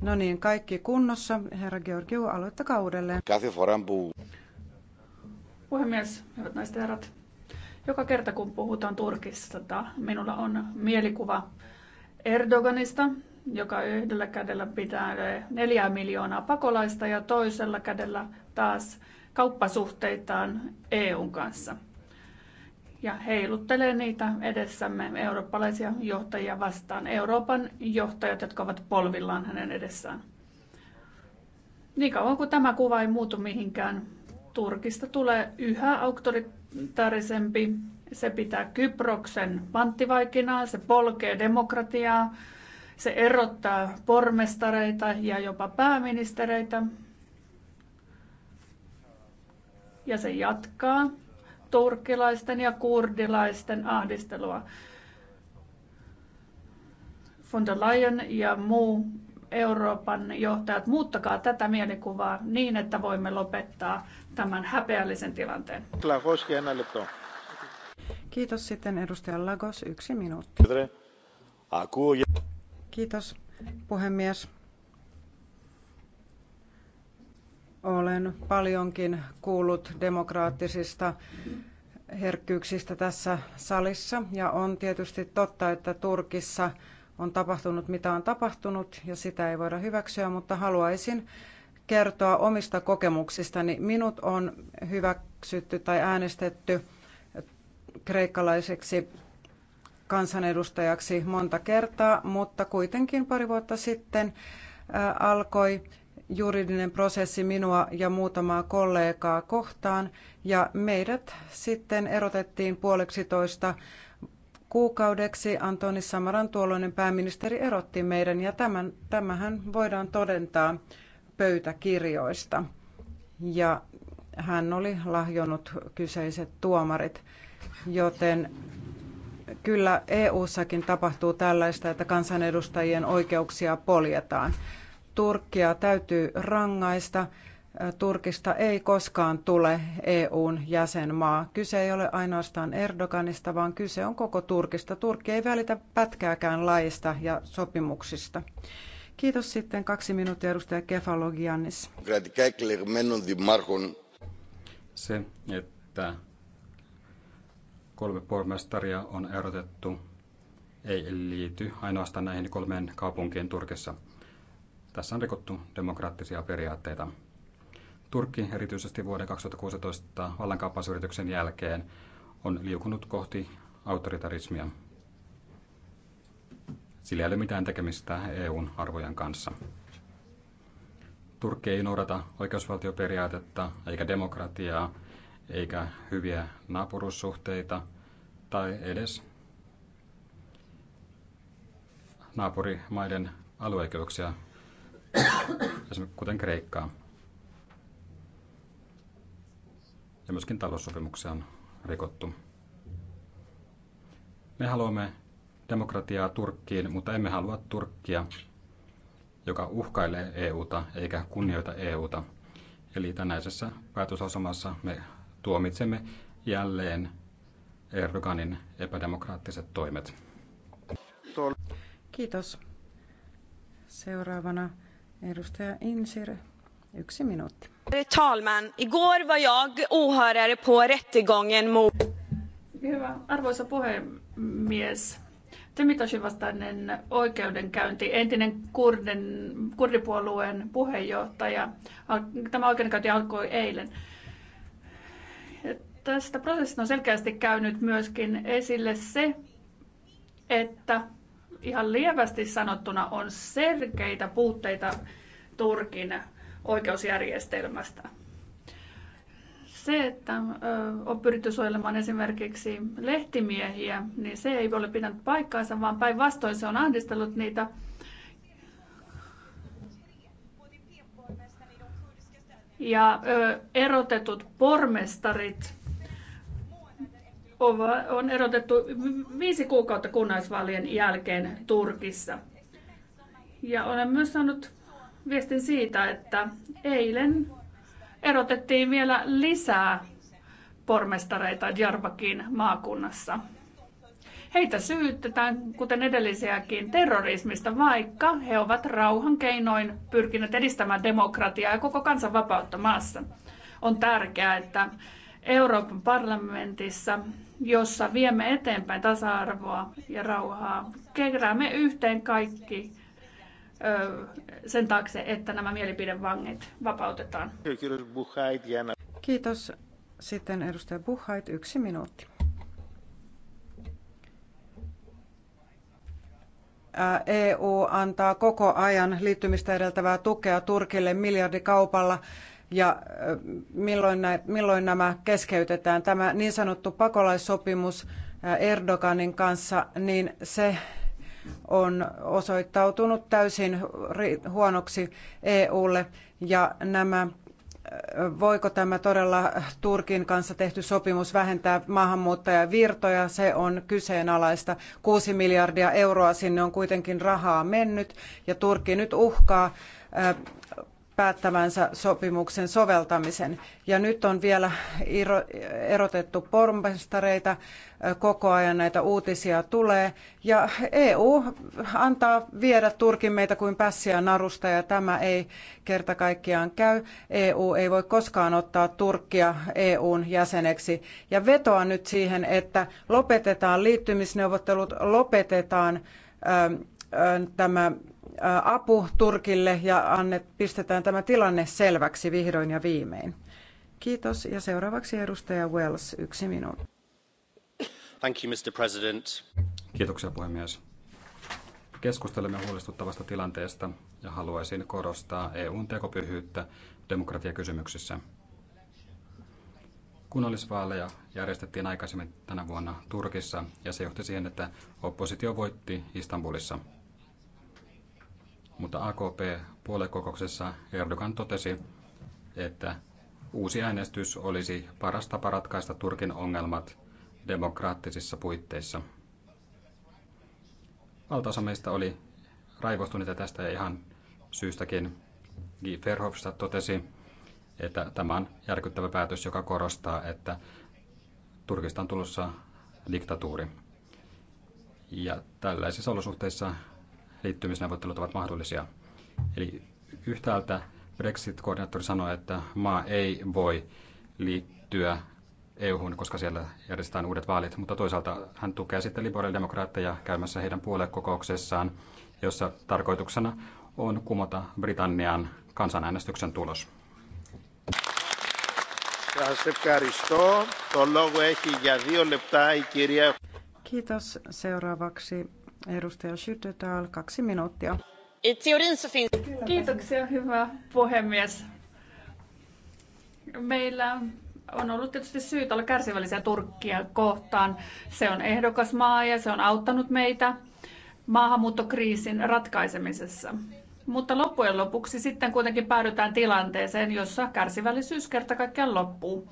No niin, kaikki kunnossa. Herra Georgiou, aloittakaa uudelleen. Κάθε φορά που... Puhemies, hyvät naiset ja herrat, joka kerta kun puhutaan Turkista, tota, minulla on mielikuva Erdoganista, joka yhdellä kädellä pitää neljää miljoonaa pakolaista ja toisella kädellä taas kauppasuhteitaan EUn kanssa. Ja heiluttelee niitä edessämme eurooppalaisia johtajia vastaan, Euroopan johtajat, jotka ovat polvillaan hänen edessään. Niin kauan kuin tämä kuva ei muutu mihinkään, Turkista tulee yhä auktoritaarinen parlamentaarisempi. Se pitää Kyproksen panttivaikinaa, se polkee demokratiaa, se erottaa pormestareita ja jopa pääministereitä. Ja se jatkaa turkkilaisten ja kurdilaisten ahdistelua. Von der Leyen ja muu Euroopan johtajat, muuttakaa tätä mielikuvaa niin, että voimme lopettaa tämän häpeällisen tilanteen. Kiitos sitten edustaja Lagos, yksi minuutti. Kiitos puhemies. Olen paljonkin kuullut demokraattisista herkkyyksistä tässä salissa ja on tietysti totta, että Turkissa – on tapahtunut mitä on tapahtunut ja sitä ei voida hyväksyä, mutta haluaisin kertoa omista kokemuksistani. Minut on hyväksytty tai äänestetty kreikkalaiseksi kansanedustajaksi monta kertaa, mutta kuitenkin pari vuotta sitten alkoi juridinen prosessi minua ja muutamaa kollegaa kohtaan ja meidät sitten erotettiin puoleksitoista kuukaudeksi Antoni Samaran tuolloinen pääministeri erotti meidän ja tämän, tämähän voidaan todentaa pöytäkirjoista. Ja hän oli lahjonnut kyseiset tuomarit, joten kyllä EU-sakin tapahtuu tällaista, että kansanedustajien oikeuksia poljetaan. Turkkia täytyy rangaista Turkista ei koskaan tule EUn jäsenmaa. Kyse ei ole ainoastaan Erdoganista, vaan kyse on koko Turkista. Turkki ei välitä pätkääkään laista ja sopimuksista. Kiitos sitten kaksi minuuttia edustaja Kefalogiannis. Se, että kolme pormestaria on erotettu, ei liity ainoastaan näihin kolmeen kaupunkiin Turkissa. Tässä on rikottu demokraattisia periaatteita. Turkki erityisesti vuoden 2016 vallankaappausyrityksen jälkeen on liukunut kohti autoritarismia. Sillä ei ole mitään tekemistä EUn arvojen kanssa. Turkki ei noudata oikeusvaltioperiaatetta, eikä demokratiaa, eikä hyviä naapurussuhteita tai edes naapurimaiden alueoikeuksia, kuten Kreikkaa. ja myöskin taloussopimuksia on rikottu. Me haluamme demokratiaa Turkkiin, mutta emme halua Turkkia, joka uhkailee EUta eikä kunnioita EUta. Eli tänäisessä päätösasemassa me tuomitsemme jälleen Erdoganin epädemokraattiset toimet. Kiitos. Seuraavana edustaja Insir, yksi minuutti. Herr talman, igår var jag åhörare på rättegången mot... Hyvä. Arvoisa puhemies, Temitashin vastainen oikeudenkäynti, entinen kurden, kurdipuolueen puheenjohtaja. Tämä oikeudenkäynti alkoi eilen. Tästä prosessista on selkeästi käynyt myöskin esille se, että ihan lievästi sanottuna on selkeitä puutteita Turkin oikeusjärjestelmästä. Se, että on pyritty suojelemaan esimerkiksi lehtimiehiä, niin se ei ole pitänyt paikkaansa, vaan päinvastoin se on ahdistellut niitä ja erotetut pormestarit on erotettu viisi kuukautta kunnallisvaalien jälkeen Turkissa. Ja olen myös saanut viestin siitä, että eilen erotettiin vielä lisää pormestareita Jarbakin maakunnassa. Heitä syytetään, kuten edellisiäkin, terrorismista, vaikka he ovat rauhan keinoin pyrkineet edistämään demokratiaa ja koko kansan vapautta maassa. On tärkeää, että Euroopan parlamentissa, jossa viemme eteenpäin tasa-arvoa ja rauhaa, keräämme yhteen kaikki sen taakse, että nämä mielipidevangit vapautetaan. Kiitos. Sitten edustaja Buhait, yksi minuutti. EU antaa koko ajan liittymistä edeltävää tukea Turkille miljardikaupalla ja milloin, nä, milloin nämä keskeytetään. Tämä niin sanottu pakolaissopimus Erdoganin kanssa, niin se on osoittautunut täysin huonoksi EUlle ja nämä äh, voiko tämä todella Turkin kanssa tehty sopimus vähentää maahanmuuttajavirtoja, se on kyseenalaista. Kuusi miljardia euroa sinne on kuitenkin rahaa mennyt ja Turkki nyt uhkaa äh, päättävänsä sopimuksen soveltamisen. Ja nyt on vielä erotettu pormestareita, koko ajan näitä uutisia tulee. Ja EU antaa viedä Turkin meitä kuin pässiä narusta ja tämä ei kerta kaikkiaan käy. EU ei voi koskaan ottaa Turkkia EUn jäseneksi. Ja vetoa nyt siihen, että lopetetaan liittymisneuvottelut, lopetetaan tämä apu Turkille ja annet, pistetään tämä tilanne selväksi vihdoin ja viimein. Kiitos ja seuraavaksi edustaja Wells, yksi minuutti. Thank you, Mr. President. Kiitoksia puhemies. Keskustelemme huolestuttavasta tilanteesta ja haluaisin korostaa EUn tekopyhyyttä demokratiakysymyksissä. Kunnallisvaaleja järjestettiin aikaisemmin tänä vuonna Turkissa ja se johti siihen, että oppositio voitti Istanbulissa – mutta AKP-puolekokouksessa Erdogan totesi, että uusi äänestys olisi paras tapa ratkaista Turkin ongelmat demokraattisissa puitteissa. Valtaosa meistä oli raivostuneita tästä ja ihan syystäkin. Guy Verhofstadt totesi, että tämä on järkyttävä päätös, joka korostaa, että Turkista on tulossa diktatuuri. Ja tällaisissa olosuhteissa liittymisneuvottelut ovat mahdollisia. Eli yhtäältä Brexit-koordinaattori sanoi, että maa ei voi liittyä EU-hun, koska siellä järjestetään uudet vaalit, mutta toisaalta hän tukee sitten liberaalidemokraatteja käymässä heidän puoluekokouksessaan, jossa tarkoituksena on kumota Britannian kansanäänestyksen tulos. Kiitos. Seuraavaksi Edustaja Schüttetal, kaksi minuuttia. Kiitoksia, hyvä puhemies. Meillä on ollut tietysti syytä olla kärsivällisiä Turkkia kohtaan. Se on ehdokas maa ja se on auttanut meitä maahanmuuttokriisin ratkaisemisessa. Mutta loppujen lopuksi sitten kuitenkin päädytään tilanteeseen, jossa kärsivällisyys kerta kaikkiaan loppuu.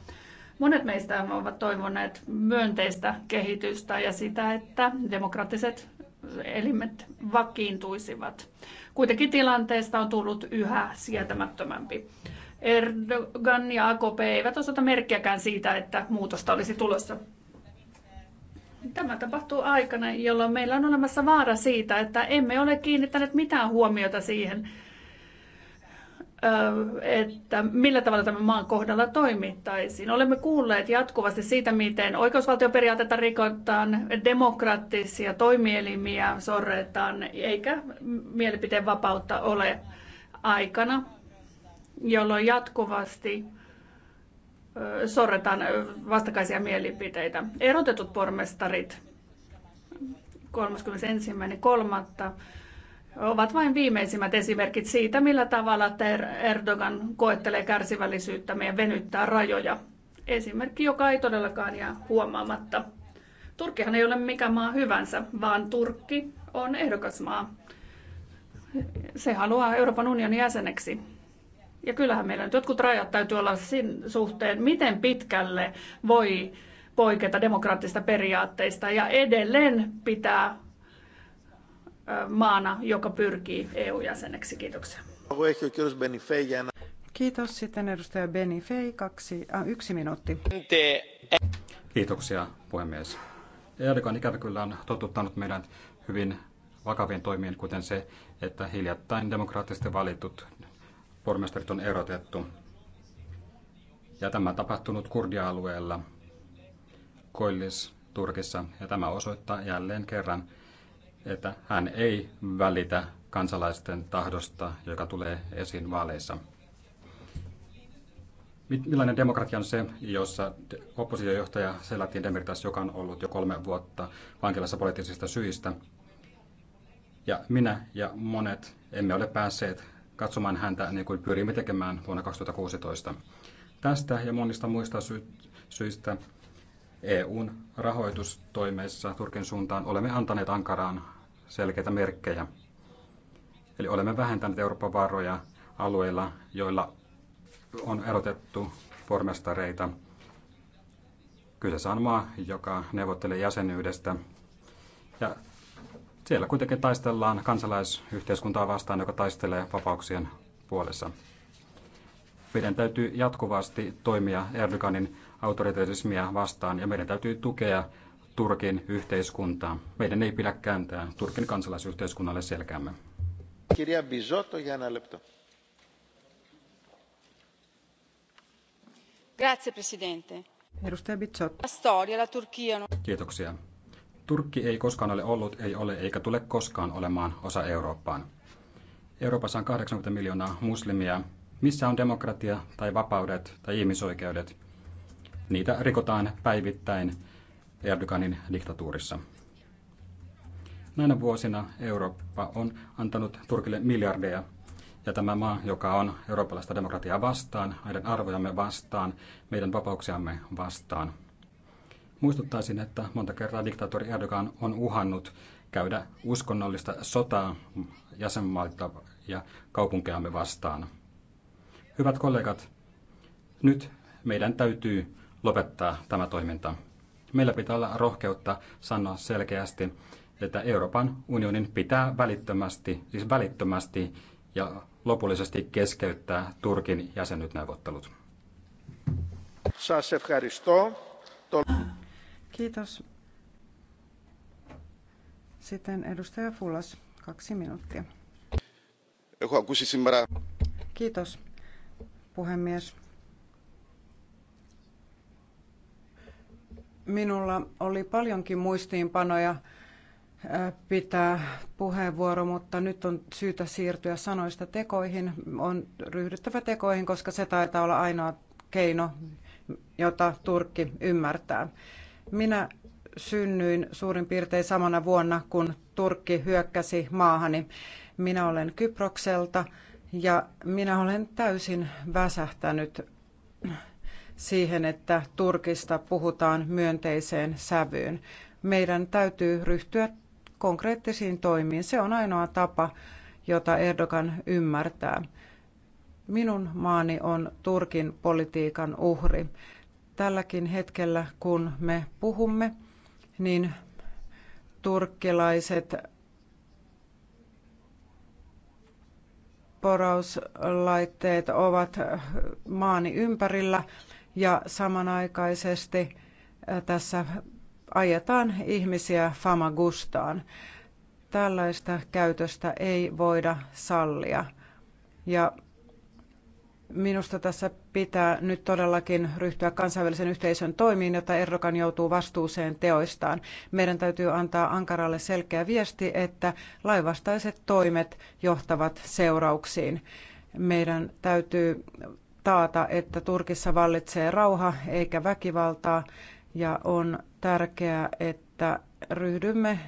Monet meistä ovat toivoneet myönteistä kehitystä ja sitä, että demokraattiset elimet vakiintuisivat. Kuitenkin tilanteesta on tullut yhä sietämättömämpi. Erdogan ja AKP eivät osoita merkkiäkään siitä, että muutosta olisi tulossa. Tämä tapahtuu aikana, jolloin meillä on olemassa vaara siitä, että emme ole kiinnittäneet mitään huomiota siihen, että millä tavalla tämän maan kohdalla toimittaisiin. Olemme kuulleet jatkuvasti siitä, miten oikeusvaltioperiaatetta rikotaan, demokraattisia toimielimiä sorretaan, eikä mielipiteen vapautta ole aikana, jolloin jatkuvasti sorretaan vastakkaisia mielipiteitä. Erotetut pormestarit 31.3 ovat vain viimeisimmät esimerkit siitä, millä tavalla Erdogan koettelee kärsivällisyyttä meidän venyttää rajoja. Esimerkki, joka ei todellakaan jää huomaamatta. Turkkihan ei ole mikä maa hyvänsä, vaan Turkki on ehdokasmaa. Se haluaa Euroopan unionin jäseneksi. Ja kyllähän meillä nyt jotkut rajat täytyy olla sen suhteen, miten pitkälle voi poiketa demokraattista periaatteista ja edelleen pitää maana, joka pyrkii EU-jäseneksi. Kiitoksia. Kiitos. Sitten edustaja Beni Fei, kaksi, äh, yksi minuutti. Kiitoksia, puhemies. Erdogan ikävä kyllä on totuttanut meidän hyvin vakaviin toimiin, kuten se, että hiljattain demokraattisesti valitut pormestarit on erotettu. Ja tämä tapahtunut kurdialueella, Koillis, Turkissa, ja tämä osoittaa jälleen kerran, että hän ei välitä kansalaisten tahdosta, joka tulee esiin vaaleissa. Millainen demokratia on se, jossa oppositiojohtaja Selatin Demirtas, joka on ollut jo kolme vuotta vankilassa poliittisista syistä, ja minä ja monet emme ole päässeet katsomaan häntä niin kuin pyrimme tekemään vuonna 2016. Tästä ja monista muista sy- syistä EUn rahoitustoimeissa Turkin suuntaan olemme antaneet Ankaraan selkeitä merkkejä. Eli olemme vähentäneet Euroopan varoja alueilla, joilla on erotettu pormestareita. Kyseessä on maa, joka neuvottelee jäsenyydestä. Ja siellä kuitenkin taistellaan kansalaisyhteiskuntaa vastaan, joka taistelee vapauksien puolessa. Meidän täytyy jatkuvasti toimia Erdoganin autoritarismia vastaan ja meidän täytyy tukea Turkin yhteiskuntaa. Meidän ei pidä kääntää Turkin kansalaisyhteiskunnalle selkäämme. Kirja Bisotto, Jana Lepto. Grazie, Presidente. Edustaja Bisotto. Storia, la Turchia. Kiitoksia. Turkki ei koskaan ole ollut, ei ole eikä tule koskaan olemaan osa Eurooppaan. Euroopassa on 80 miljoonaa muslimia. Missä on demokratia tai vapaudet tai ihmisoikeudet? Niitä rikotaan päivittäin Erdoganin diktatuurissa. Näinä vuosina Eurooppa on antanut Turkille miljardeja, ja tämä maa, joka on eurooppalaista demokratiaa vastaan, meidän arvojamme vastaan, meidän vapauksiamme vastaan. Muistuttaisin, että monta kertaa diktaattori Erdogan on uhannut käydä uskonnollista sotaa jäsenmaita ja kaupunkeamme vastaan. Hyvät kollegat, nyt meidän täytyy lopettaa tämä toiminta. Meillä pitää olla rohkeutta sanoa selkeästi, että Euroopan unionin pitää välittömästi, siis välittömästi ja lopullisesti keskeyttää Turkin jäsenyysneuvottelut. Kiitos. Sitten edustaja Fulas, kaksi minuuttia. Kiitos, puhemies. Minulla oli paljonkin muistiinpanoja äh, pitää puheenvuoro, mutta nyt on syytä siirtyä sanoista tekoihin. On ryhdyttävä tekoihin, koska se taitaa olla ainoa keino, jota Turkki ymmärtää. Minä synnyin suurin piirtein samana vuonna, kun Turkki hyökkäsi maahani. Minä olen Kyprokselta ja minä olen täysin väsähtänyt siihen, että Turkista puhutaan myönteiseen sävyyn. Meidän täytyy ryhtyä konkreettisiin toimiin. Se on ainoa tapa, jota Erdogan ymmärtää. Minun maani on Turkin politiikan uhri. Tälläkin hetkellä, kun me puhumme, niin turkkilaiset porauslaitteet ovat maani ympärillä ja samanaikaisesti tässä ajetaan ihmisiä famagustaan. Tällaista käytöstä ei voida sallia. Ja minusta tässä pitää nyt todellakin ryhtyä kansainvälisen yhteisön toimiin, jotta Erdogan joutuu vastuuseen teoistaan. Meidän täytyy antaa Ankaralle selkeä viesti, että laivastaiset toimet johtavat seurauksiin. Meidän täytyy taata, että Turkissa vallitsee rauha eikä väkivaltaa ja on tärkeää, että ryhdymme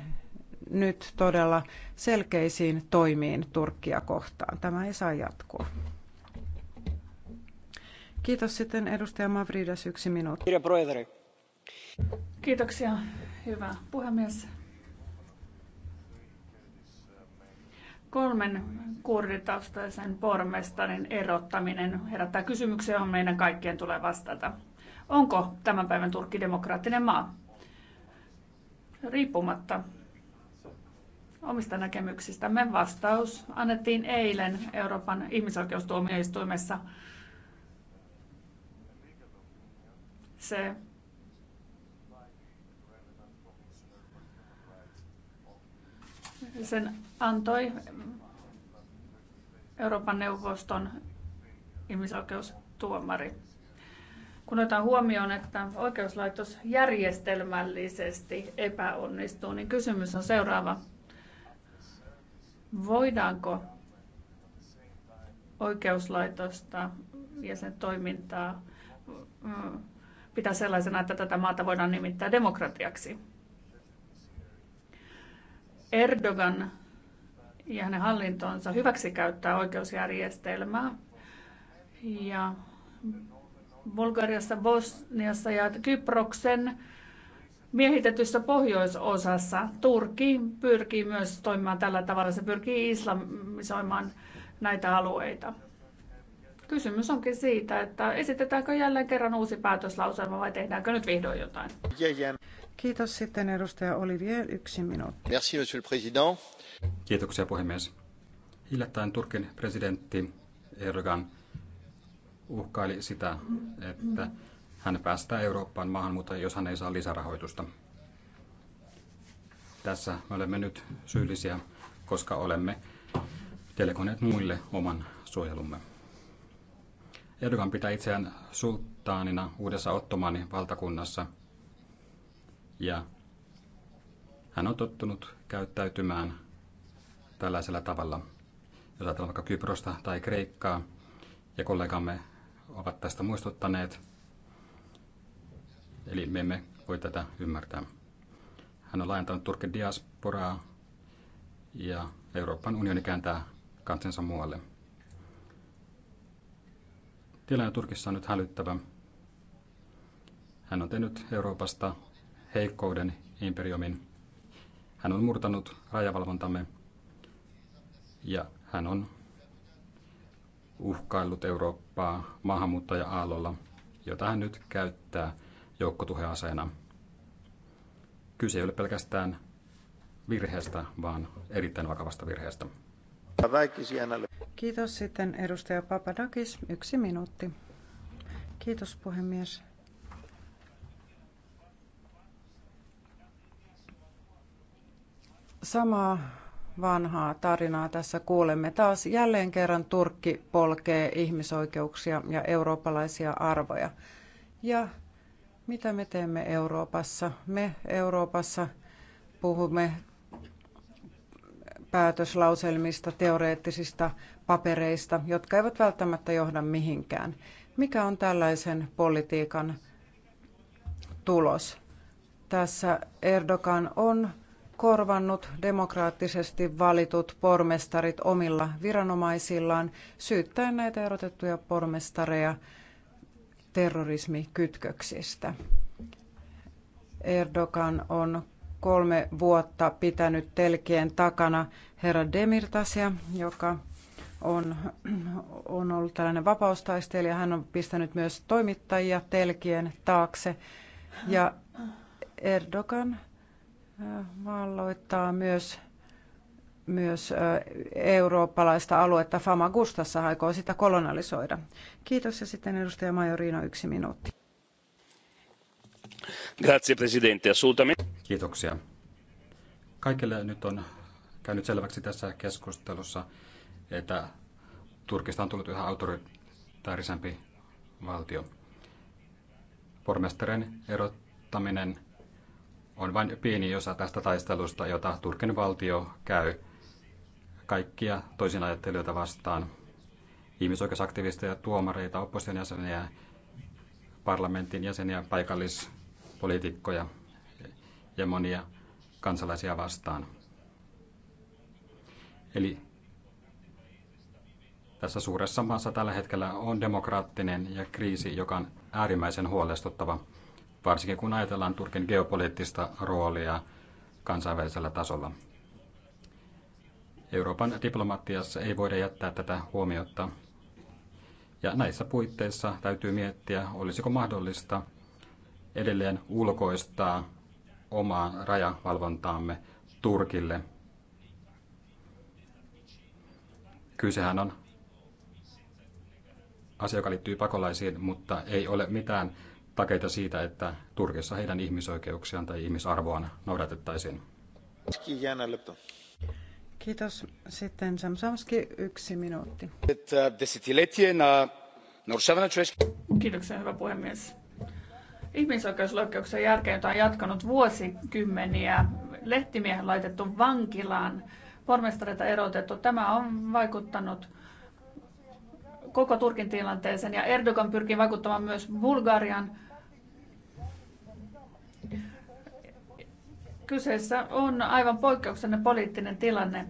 nyt todella selkeisiin toimiin Turkkia kohtaan. Tämä ei saa jatkua. Kiitos sitten edustaja Mavridas, yksi minuutti. Kiitoksia, hyvä puhemies. kolmen kurditaustaisen pormestarin erottaminen herättää kysymyksiä, johon meidän kaikkien tulee vastata. Onko tämän päivän Turkki demokraattinen maa? Riippumatta omista näkemyksistämme vastaus annettiin eilen Euroopan ihmisoikeustuomioistuimessa. Se sen antoi Euroopan neuvoston ihmisoikeustuomari. Kun otetaan huomioon, että oikeuslaitos järjestelmällisesti epäonnistuu, niin kysymys on seuraava. Voidaanko oikeuslaitosta ja sen toimintaa mm, pitää sellaisena, että tätä maata voidaan nimittää demokratiaksi? Erdogan ja hänen hallintonsa hyväksikäyttää oikeusjärjestelmää. Ja Bulgariassa, Bosniassa ja Kyproksen miehitetyssä pohjoisosassa Turkki pyrkii myös toimimaan tällä tavalla. Se pyrkii islamisoimaan näitä alueita. Kysymys onkin siitä, että esitetäänkö jälleen kerran uusi päätöslauselma vai tehdäänkö nyt vihdoin jotain? Kiitos sitten edustaja Olivier, yksi minuutti. Merci, monsieur le président. Kiitoksia puhemies. Hiljattain Turkin presidentti Erdogan uhkaili sitä, että hän päästää Eurooppaan mutta jos hän ei saa lisärahoitusta. Tässä me olemme nyt syyllisiä, koska olemme delegoineet muille oman suojelumme. Erdogan pitää itseään sulttaanina uudessa Ottomanin valtakunnassa – ja hän on tottunut käyttäytymään tällaisella tavalla. Jos ajatellaan vaikka Kyprosta tai Kreikkaa, ja kollegamme ovat tästä muistuttaneet, eli me emme voi tätä ymmärtää. Hän on laajentanut Turkin diasporaa ja Euroopan unioni kääntää katsensa muualle. Tilanne Turkissa on nyt hälyttävä. Hän on tehnyt Euroopasta heikkouden imperiumin. Hän on murtanut rajavalvontamme ja hän on uhkaillut Eurooppaa maahanmuuttaja-aallolla, jota hän nyt käyttää joukkotuheaseena. Kyse ei ole pelkästään virheestä, vaan erittäin vakavasta virheestä. Kiitos sitten edustaja Papadakis. Yksi minuutti. Kiitos puhemies. samaa vanhaa tarinaa tässä kuulemme. Taas jälleen kerran Turkki polkee ihmisoikeuksia ja eurooppalaisia arvoja. Ja mitä me teemme Euroopassa? Me Euroopassa puhumme päätöslauselmista, teoreettisista papereista, jotka eivät välttämättä johda mihinkään. Mikä on tällaisen politiikan tulos? Tässä Erdogan on korvannut demokraattisesti valitut pormestarit omilla viranomaisillaan syyttäen näitä erotettuja pormestareja terrorismikytköksistä. Erdogan on kolme vuotta pitänyt telkien takana herra Demirtasia, joka on, on ollut tällainen vapaustaistelija. Hän on pistänyt myös toimittajia telkien taakse. Ja Erdogan valloittaa myös myös eurooppalaista aluetta Famagustassa aikoo sitä kolonialisoida. Kiitos ja sitten edustaja Majorino yksi minuutti. Grazie presidente, assolutamente. Kiitoksia. Kaikille nyt on käynyt selväksi tässä keskustelussa, että Turkista on tullut yhä autoritaarisempi valtio. Pormestarien erottaminen on vain pieni osa tästä taistelusta, jota Turkin valtio käy kaikkia toisinajattelijoita vastaan, ihmisoikeusaktivisteja, tuomareita, opposition jäseniä, parlamentin jäseniä, paikallispoliitikkoja ja monia kansalaisia vastaan. Eli tässä suuressa maassa tällä hetkellä on demokraattinen ja kriisi, joka on äärimmäisen huolestuttava varsinkin kun ajatellaan Turkin geopoliittista roolia kansainvälisellä tasolla. Euroopan diplomatiassa ei voida jättää tätä huomiota. Ja näissä puitteissa täytyy miettiä, olisiko mahdollista edelleen ulkoistaa omaa rajavalvontaamme Turkille. Kysehän on asia, joka liittyy pakolaisiin, mutta ei ole mitään takeita siitä, että Turkissa heidän ihmisoikeuksiaan tai ihmisarvoaan noudatettaisiin. Kiitos. Sitten Samsamski, yksi minuutti. Kiitoksia, hyvä puhemies. Ihmisoikeusloikkeuksen jälkeen, jota on jatkanut vuosikymmeniä, lehtimiehen laitettu vankilaan, pormestareita erotettu. Tämä on vaikuttanut koko Turkin tilanteeseen ja Erdogan pyrkii vaikuttamaan myös Bulgarian Kyseessä on aivan poikkeuksellinen poliittinen tilanne.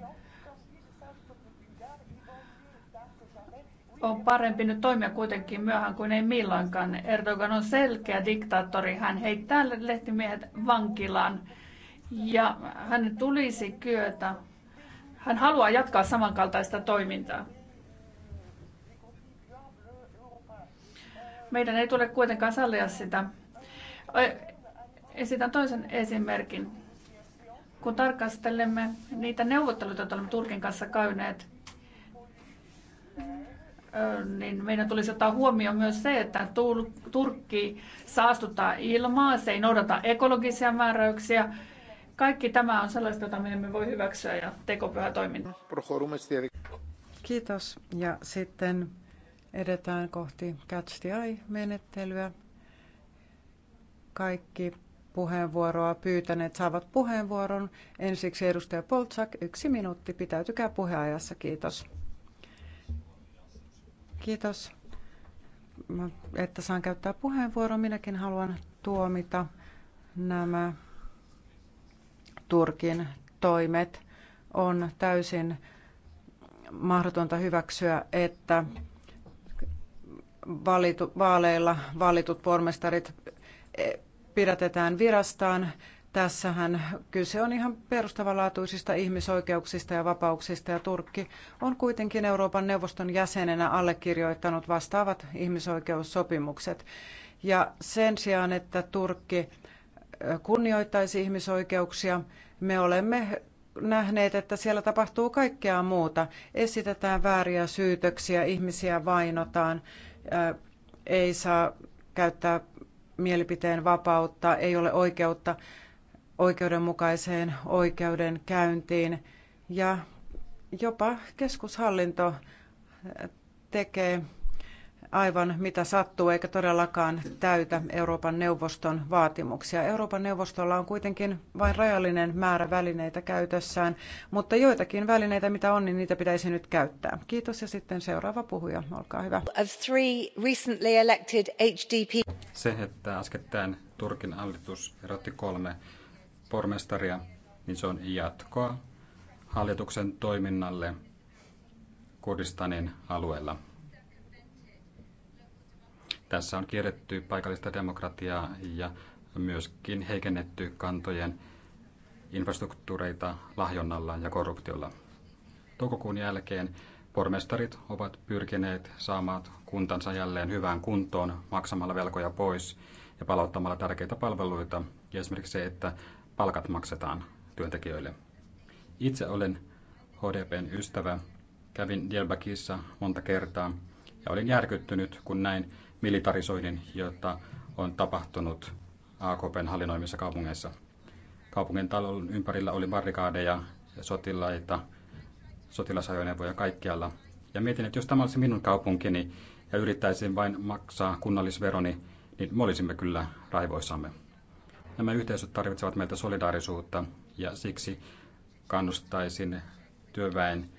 On parempi nyt toimia kuitenkin myöhään kuin ei milloinkaan. Erdogan on selkeä diktaattori. Hän heittää lehtimiehet vankilaan ja hän tulisi kyötä. Hän haluaa jatkaa samankaltaista toimintaa. Meidän ei tule kuitenkaan sallia sitä. Esitän toisen esimerkin kun tarkastelemme niitä neuvotteluita, joita olemme Turkin kanssa käyneet, niin meidän tulisi ottaa huomioon myös se, että Turkki saastuttaa ilmaa, se ei noudata ekologisia määräyksiä. Kaikki tämä on sellaista, jota me emme voi hyväksyä ja tekopyhä toiminta. Kiitos ja sitten edetään kohti catch the eye-menettelyä. Kaikki puheenvuoroa pyytäneet saavat puheenvuoron. Ensiksi edustaja Poltsak, yksi minuutti. Pitäytykää puheajassa, kiitos. Kiitos, että saan käyttää puheenvuoron. Minäkin haluan tuomita nämä Turkin toimet. On täysin mahdotonta hyväksyä, että valitu, vaaleilla valitut pormestarit pidätetään virastaan. Tässähän kyse on ihan perustavanlaatuisista ihmisoikeuksista ja vapauksista ja Turkki on kuitenkin Euroopan neuvoston jäsenenä allekirjoittanut vastaavat ihmisoikeussopimukset. Ja sen sijaan, että Turkki kunnioittaisi ihmisoikeuksia, me olemme nähneet, että siellä tapahtuu kaikkea muuta. Esitetään vääriä syytöksiä, ihmisiä vainotaan, ei saa käyttää mielipiteen vapautta, ei ole oikeutta oikeudenmukaiseen oikeudenkäyntiin ja jopa keskushallinto tekee aivan mitä sattuu eikä todellakaan täytä Euroopan neuvoston vaatimuksia. Euroopan neuvostolla on kuitenkin vain rajallinen määrä välineitä käytössään, mutta joitakin välineitä mitä on, niin niitä pitäisi nyt käyttää. Kiitos ja sitten seuraava puhuja, olkaa hyvä. Se, että äskettäin Turkin hallitus erotti kolme pormestaria, niin se on jatkoa hallituksen toiminnalle Kurdistanin alueella. Tässä on kierretty paikallista demokratiaa ja myöskin heikennetty kantojen infrastruktuureita lahjonnalla ja korruptiolla. Toukokuun jälkeen pormestarit ovat pyrkineet saamaan kuntansa jälleen hyvään kuntoon maksamalla velkoja pois ja palauttamalla tärkeitä palveluita ja esimerkiksi se, että palkat maksetaan työntekijöille. Itse olen HDPn ystävä, kävin Dielbakissa monta kertaa ja olin järkyttynyt, kun näin militarisoinnin, jota on tapahtunut AKPn hallinnoimissa kaupungeissa. Kaupungin talon ympärillä oli barrikaadeja ja sotilaita, sotilasajoneuvoja kaikkialla. Ja mietin, että jos tämä olisi minun kaupunkini ja yrittäisin vain maksaa kunnallisveroni, niin me olisimme kyllä raivoissamme. Nämä yhteisöt tarvitsevat meiltä solidaarisuutta ja siksi kannustaisin työväen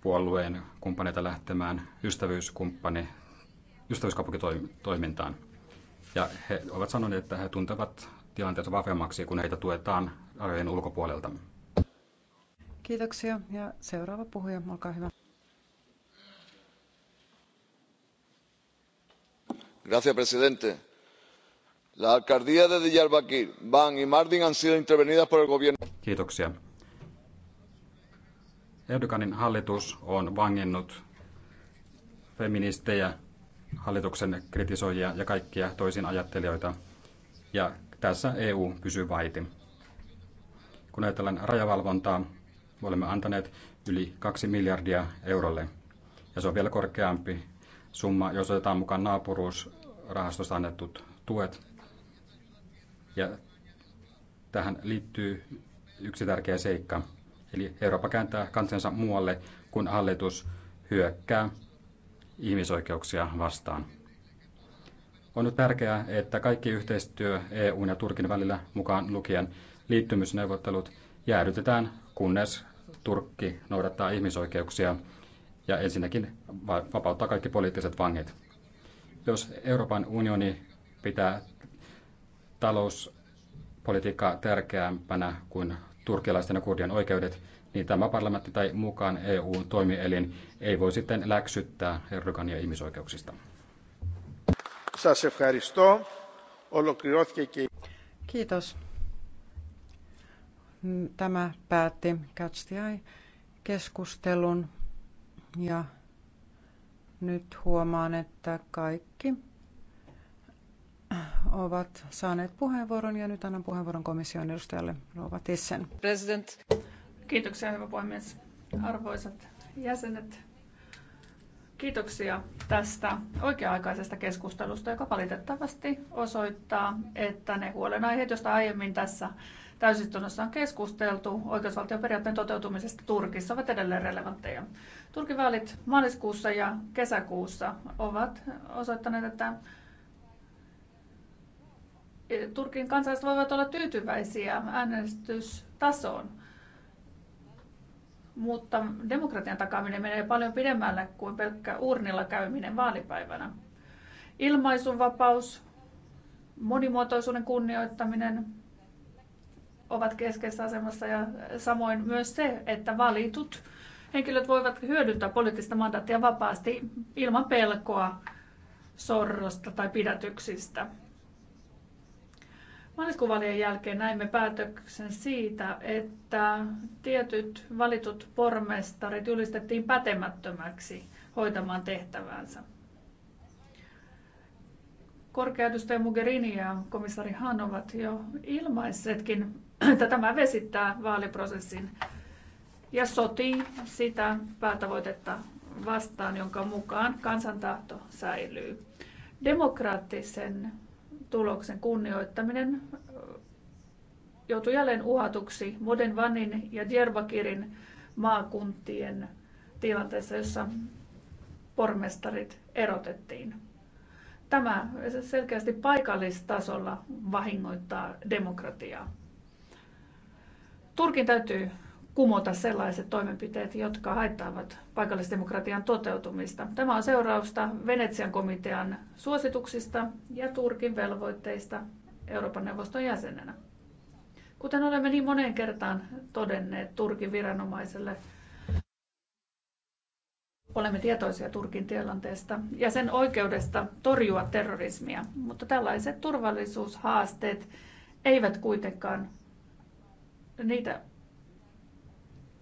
puolueen kumppaneita lähtemään ystävyyskumppani ystävyyskaupunkitoimintaan. Ja he ovat sanoneet, että he tuntevat tilanteensa vahvemmaksi, kun heitä tuetaan rajojen ulkopuolelta. Kiitoksia. Ja seuraava puhuja, olkaa hyvä. Gracias, presidente. La alcaldía de Diyarbakir, Van y Mardin han sido intervenidas por el gobierno. Kiitoksia. Erdoganin hallitus on vanginnut feministejä hallituksen kritisoijia ja kaikkia toisin ajattelijoita. Ja tässä EU pysyy vaiti. Kun ajatellaan rajavalvontaa, me olemme antaneet yli 2 miljardia eurolle. Ja se on vielä korkeampi summa, jos otetaan mukaan naapuruusrahastosta annetut tuet. Ja tähän liittyy yksi tärkeä seikka. Eli Eurooppa kääntää kansansa muualle, kun hallitus hyökkää ihmisoikeuksia vastaan. On nyt tärkeää, että kaikki yhteistyö EUn ja Turkin välillä mukaan lukien liittymysneuvottelut jäädytetään, kunnes Turkki noudattaa ihmisoikeuksia ja ensinnäkin vapauttaa kaikki poliittiset vangit. Jos Euroopan unioni pitää talouspolitiikkaa tärkeämpänä kuin turkilaisten ja kurdien oikeudet, niin tämä parlamentti tai mukaan EU-toimielin ei voi sitten läksyttää Erdogania ihmisoikeuksista. Kiitos. Tämä päätti Catch the keskustelun ja nyt huomaan, että kaikki ovat saaneet puheenvuoron ja nyt annan puheenvuoron komission edustajalle Rova Tissen. President. Kiitoksia, hyvä puhemies. Arvoisat jäsenet, kiitoksia tästä oikea-aikaisesta keskustelusta, joka valitettavasti osoittaa, että ne huolenaiheet, joista aiemmin tässä täysistunnossa on keskusteltu oikeusvaltioperiaatteen toteutumisesta Turkissa, ovat edelleen relevantteja. Turkin vaalit maaliskuussa ja kesäkuussa ovat osoittaneet, että Turkin kansalaiset voivat olla tyytyväisiä äänestystasoon. Mutta demokratian takaaminen menee paljon pidemmälle kuin pelkkä urnilla käyminen vaalipäivänä. Ilmaisunvapaus, monimuotoisuuden kunnioittaminen ovat keskeisessä asemassa ja samoin myös se, että valitut henkilöt voivat hyödyntää poliittista mandaattia vapaasti ilman pelkoa sorrosta tai pidätyksistä. Maaliskuvalien jälkeen näimme päätöksen siitä, että tietyt valitut pormestarit julistettiin pätemättömäksi hoitamaan tehtäväänsä. Korkeatustaja Mugherini ja komissari Han ovat jo ilmaisetkin, että tämä vesittää vaaliprosessin ja sotii sitä päätavoitetta vastaan, jonka mukaan kansantahto säilyy. Demokraattisen tuloksen kunnioittaminen joutui jälleen uhatuksi Moden Vanin ja Djerbakirin maakuntien tilanteessa, jossa pormestarit erotettiin. Tämä selkeästi paikallistasolla vahingoittaa demokratiaa. Turkin täytyy kumota sellaiset toimenpiteet, jotka haittaavat paikallisdemokratian toteutumista. Tämä on seurausta Venetsian komitean suosituksista ja Turkin velvoitteista Euroopan neuvoston jäsenenä. Kuten olemme niin moneen kertaan todenneet Turkin viranomaiselle, olemme tietoisia Turkin tilanteesta ja sen oikeudesta torjua terrorismia, mutta tällaiset turvallisuushaasteet eivät kuitenkaan niitä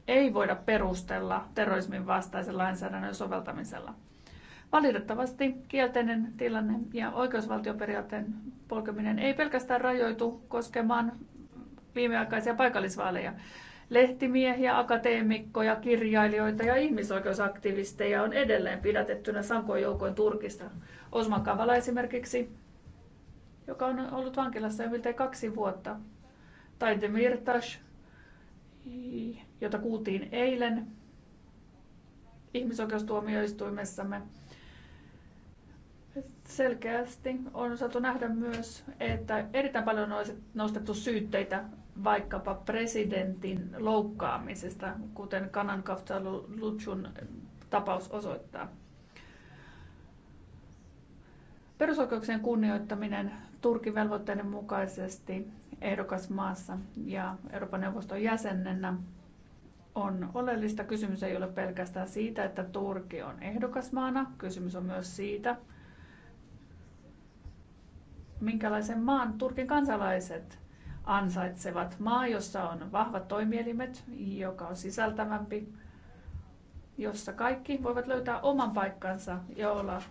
ei voida perustella terrorismin vastaisen lainsäädännön soveltamisella. Valitettavasti kielteinen tilanne ja oikeusvaltioperiaatteen polkeminen ei pelkästään rajoitu koskemaan viimeaikaisia paikallisvaaleja. Lehtimiehiä, akateemikkoja, kirjailijoita ja ihmisoikeusaktivisteja on edelleen pidätettynä sankoin joukoin Turkista. Osman Kavala esimerkiksi, joka on ollut vankilassa jo miltei kaksi vuotta. Tai Demirtas, jota kuultiin eilen ihmisoikeustuomioistuimessamme. Selkeästi on saatu nähdä myös, että erittäin paljon on nostettu syytteitä vaikkapa presidentin loukkaamisesta, kuten Kanan Lutsun tapaus osoittaa. Perusoikeuksien kunnioittaminen Turkin velvoitteiden mukaisesti ehdokasmaassa ja Euroopan neuvoston jäsenenä on oleellista. Kysymys ei ole pelkästään siitä, että Turkki on ehdokasmaana. Kysymys on myös siitä, minkälaisen maan Turkin kansalaiset ansaitsevat. Maa, jossa on vahvat toimielimet, joka on sisältävämpi, jossa kaikki voivat löytää oman paikkansa ja olla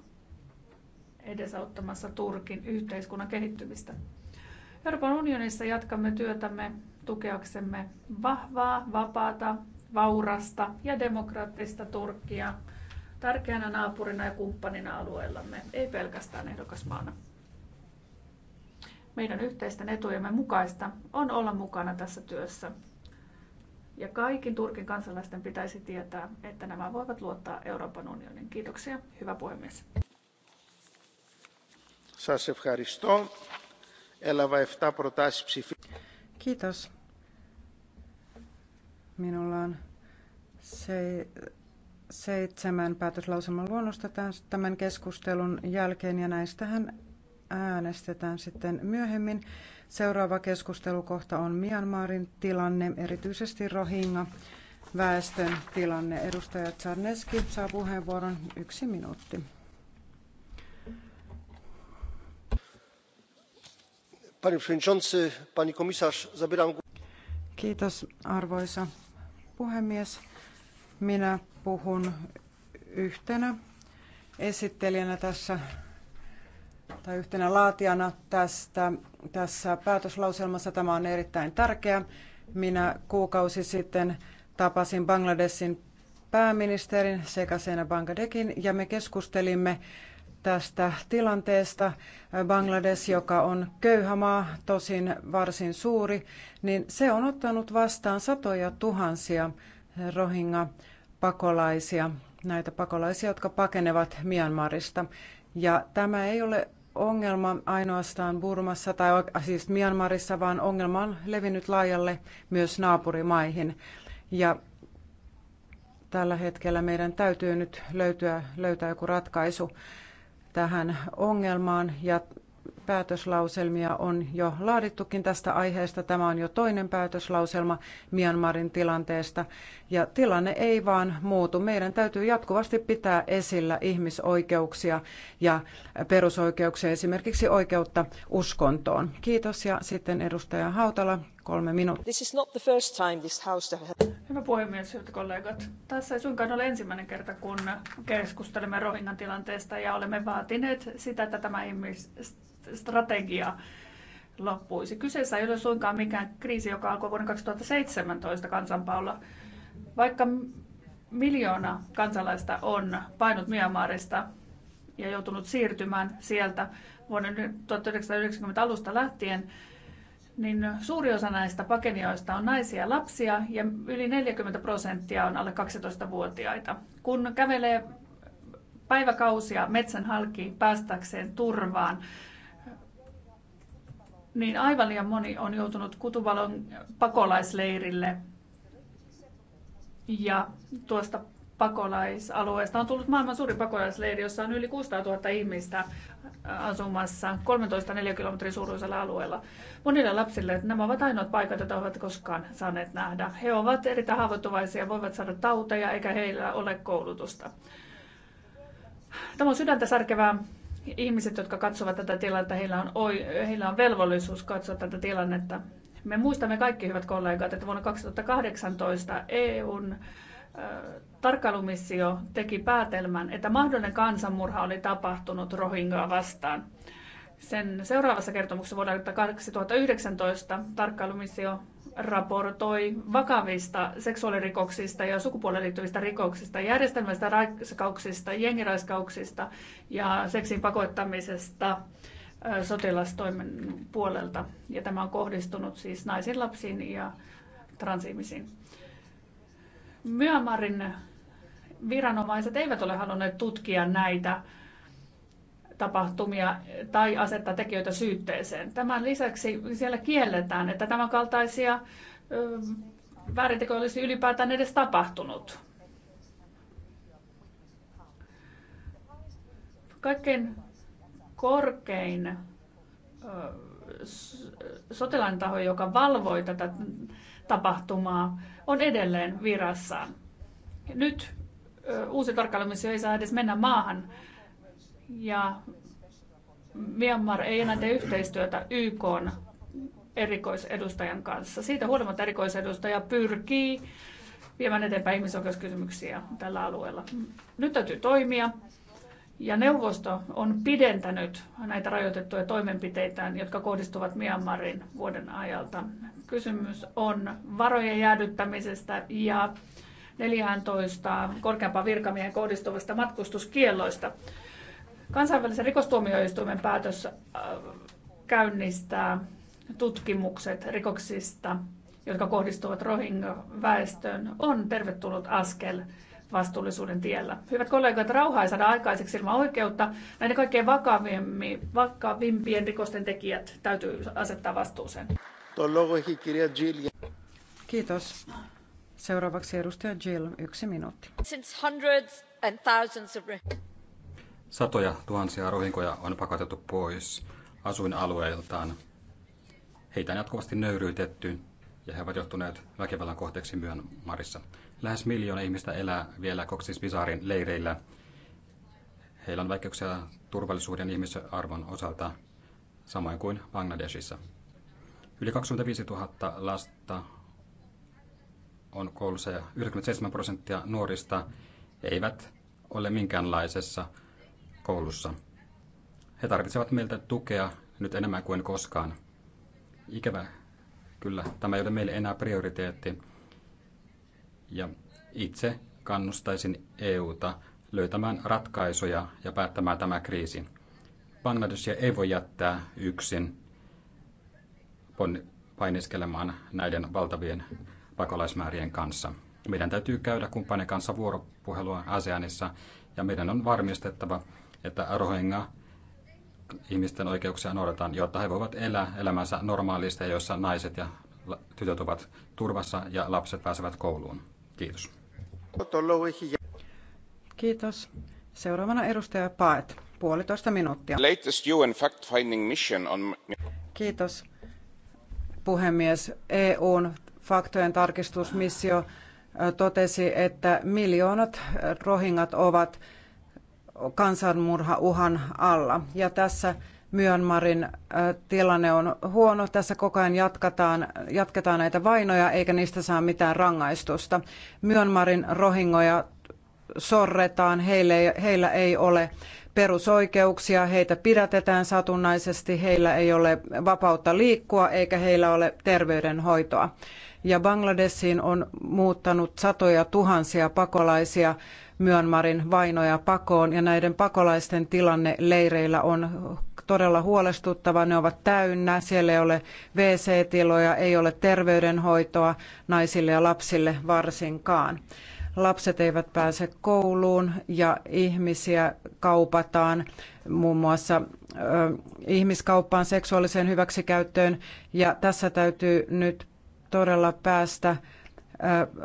edesauttamassa Turkin yhteiskunnan kehittymistä. Euroopan unionissa jatkamme työtämme tukeaksemme vahvaa, vapaata, vaurasta ja demokraattista Turkkia tärkeänä naapurina ja kumppanina alueellamme, ei pelkästään ehdokasmaana. Meidän yhteisten etujemme mukaista on olla mukana tässä työssä. Ja kaikin Turkin kansalaisten pitäisi tietää, että nämä voivat luottaa Euroopan unionin. Kiitoksia, hyvä puhemies. Kiitos. Minulla on se, seitsemän päätöslauselman luonnosta tämän keskustelun jälkeen ja näistähän äänestetään sitten myöhemmin. Seuraava keskustelukohta on Myanmarin tilanne, erityisesti Rohingya väestön tilanne. Edustaja Czarneski saa puheenvuoron yksi minuutti. Panie przewodniczący, pani komisarz, zabieram Kiitos arvoisa puhemies. Minä puhun yhtenä esittelijänä tässä tai yhtenä laatijana tästä, tässä päätöslauselmassa. Tämä on erittäin tärkeä. Minä kuukausi sitten tapasin Bangladesin pääministerin sekä Sena Bangadekin ja me keskustelimme tästä tilanteesta. Bangladesh, joka on köyhä maa, tosin varsin suuri, niin se on ottanut vastaan satoja tuhansia rohinga pakolaisia, näitä pakolaisia, jotka pakenevat Myanmarista. Ja tämä ei ole ongelma ainoastaan Burmassa tai siis Myanmarissa, vaan ongelma on levinnyt laajalle myös naapurimaihin. Ja tällä hetkellä meidän täytyy nyt löytyä, löytää joku ratkaisu tähän ongelmaan ja päätöslauselmia on jo laadittukin tästä aiheesta. Tämä on jo toinen päätöslauselma Myanmarin tilanteesta. Ja tilanne ei vaan muutu. Meidän täytyy jatkuvasti pitää esillä ihmisoikeuksia ja perusoikeuksia, esimerkiksi oikeutta uskontoon. Kiitos ja sitten edustaja Hautala, kolme minuuttia. This is not the first time this house... Hyvä puhemies, hyvät kollegat. Tässä ei suinkaan ole ensimmäinen kerta, kun keskustelemme Rohingan tilanteesta ja olemme vaatineet sitä, että tämä ihmis strategia loppuisi. Kyseessä ei ole suinkaan mikään kriisi, joka alkoi vuonna 2017 kansanpaolla. Vaikka miljoona kansalaista on painut Myanmarista ja joutunut siirtymään sieltä vuonna 1990 alusta lähtien, niin suuri osa näistä pakenijoista on naisia ja lapsia ja yli 40 prosenttia on alle 12-vuotiaita. Kun kävelee päiväkausia metsän halki päästäkseen turvaan, niin aivan liian moni on joutunut Kutuvalon pakolaisleirille. Ja tuosta pakolaisalueesta on tullut maailman suurin pakolaisleiri, jossa on yli 600 000 ihmistä äh, asumassa 13 kilometrin suuruisella alueella. Monille lapsille nämä ovat ainoat paikat, joita ovat koskaan saaneet nähdä. He ovat erittäin haavoittuvaisia, voivat saada tauteja eikä heillä ole koulutusta. Tämä on sydäntä särkevää ihmiset, jotka katsovat tätä tilannetta, heillä on, heillä on velvollisuus katsoa tätä tilannetta. Me muistamme kaikki, hyvät kollegat, että vuonna 2018 EUn tarkkailumissio teki päätelmän, että mahdollinen kansanmurha oli tapahtunut Rohingaa vastaan. Sen seuraavassa kertomuksessa vuonna 2019 tarkkailumissio raportoi vakavista seksuaalirikoksista ja sukupuoleen liittyvistä rikoksista, järjestelmästä raiskauksista, jengiraiskauksista ja seksin pakottamisesta sotilastoimen puolelta. Ja tämä on kohdistunut siis naisiin, lapsiin ja transihmisiin. Myanmarin viranomaiset eivät ole halunneet tutkia näitä tapahtumia tai asettaa tekijöitä syytteeseen. Tämän lisäksi siellä kielletään, että tämän kaltaisia väärintekoja olisi ylipäätään edes tapahtunut. Kaikkein korkein sotilainen taho, joka valvoi tätä tapahtumaa, on edelleen virassaan. Nyt uusi tarkkailumissio ei saa edes mennä maahan, ja Myanmar ei enää tee yhteistyötä YK erikoisedustajan kanssa. Siitä huolimatta erikoisedustaja pyrkii viemään eteenpäin ihmisoikeuskysymyksiä tällä alueella. Nyt täytyy toimia. Ja neuvosto on pidentänyt näitä rajoitettuja toimenpiteitä, jotka kohdistuvat Myanmarin vuoden ajalta. Kysymys on varojen jäädyttämisestä ja 14 korkeampaan virkamiehen kohdistuvasta matkustuskielloista. Kansainvälisen rikostuomioistuimen päätös äh, käynnistää tutkimukset rikoksista, jotka kohdistuvat Rohingya-väestöön, on tervetullut askel vastuullisuuden tiellä. Hyvät kollegat, rauha ei saada aikaiseksi ilman oikeutta. Näiden kaikkein vakavimpien rikosten tekijät täytyy asettaa vastuuseen. Kiitos. Seuraavaksi edustaja Jill, yksi minuutti. Since hundreds and thousands of... Satoja tuhansia rohinkoja on pakotettu pois asuinalueiltaan. Heitä on jatkuvasti nöyryytetty ja he ovat johtuneet väkivallan kohteeksi Myanmarissa. Lähes miljoona ihmistä elää vielä Koksis bizarin leireillä. Heillä on vaikeuksia turvallisuuden ihmisarvon osalta, samoin kuin Bangladesissa. Yli 25 000 lasta on koulussa ja 97 prosenttia nuorista eivät ole minkäänlaisessa koulussa. He tarvitsevat meiltä tukea nyt enemmän kuin koskaan. Ikävä kyllä, tämä ei ole meille enää prioriteetti. Ja itse kannustaisin EUta löytämään ratkaisuja ja päättämään tämä kriisi. Bangladesia ei voi jättää yksin painiskelemaan näiden valtavien pakolaismäärien kanssa. Meidän täytyy käydä kumppanin kanssa vuoropuhelua ASEANissa ja meidän on varmistettava, että Rohingya ihmisten oikeuksia noudataan, jotta he voivat elää elämänsä normaalisti, jossa naiset ja tytöt ovat turvassa ja lapset pääsevät kouluun. Kiitos. Kiitos. Seuraavana edustaja Paet, puolitoista minuuttia. Latest UN fact-finding mission on... Kiitos, puhemies. EUn faktojen tarkistusmissio totesi, että miljoonat rohingat ovat kansanmurhauhan alla. Ja tässä Myanmarin äh, tilanne on huono. Tässä koko ajan jatketaan, jatketaan näitä vainoja, eikä niistä saa mitään rangaistusta. Myanmarin rohingoja sorretaan, heille, heillä ei ole perusoikeuksia, heitä pidätetään satunnaisesti, heillä ei ole vapautta liikkua eikä heillä ole terveydenhoitoa. Ja Bangladesiin on muuttanut satoja tuhansia pakolaisia Myanmarin vainoja pakoon ja näiden pakolaisten tilanne leireillä on todella huolestuttava. Ne ovat täynnä, siellä ei ole WC-tiloja, ei ole terveydenhoitoa naisille ja lapsille varsinkaan. Lapset eivät pääse kouluun ja ihmisiä kaupataan muun muassa ö, ihmiskauppaan, seksuaaliseen hyväksikäyttöön ja tässä täytyy nyt todella päästä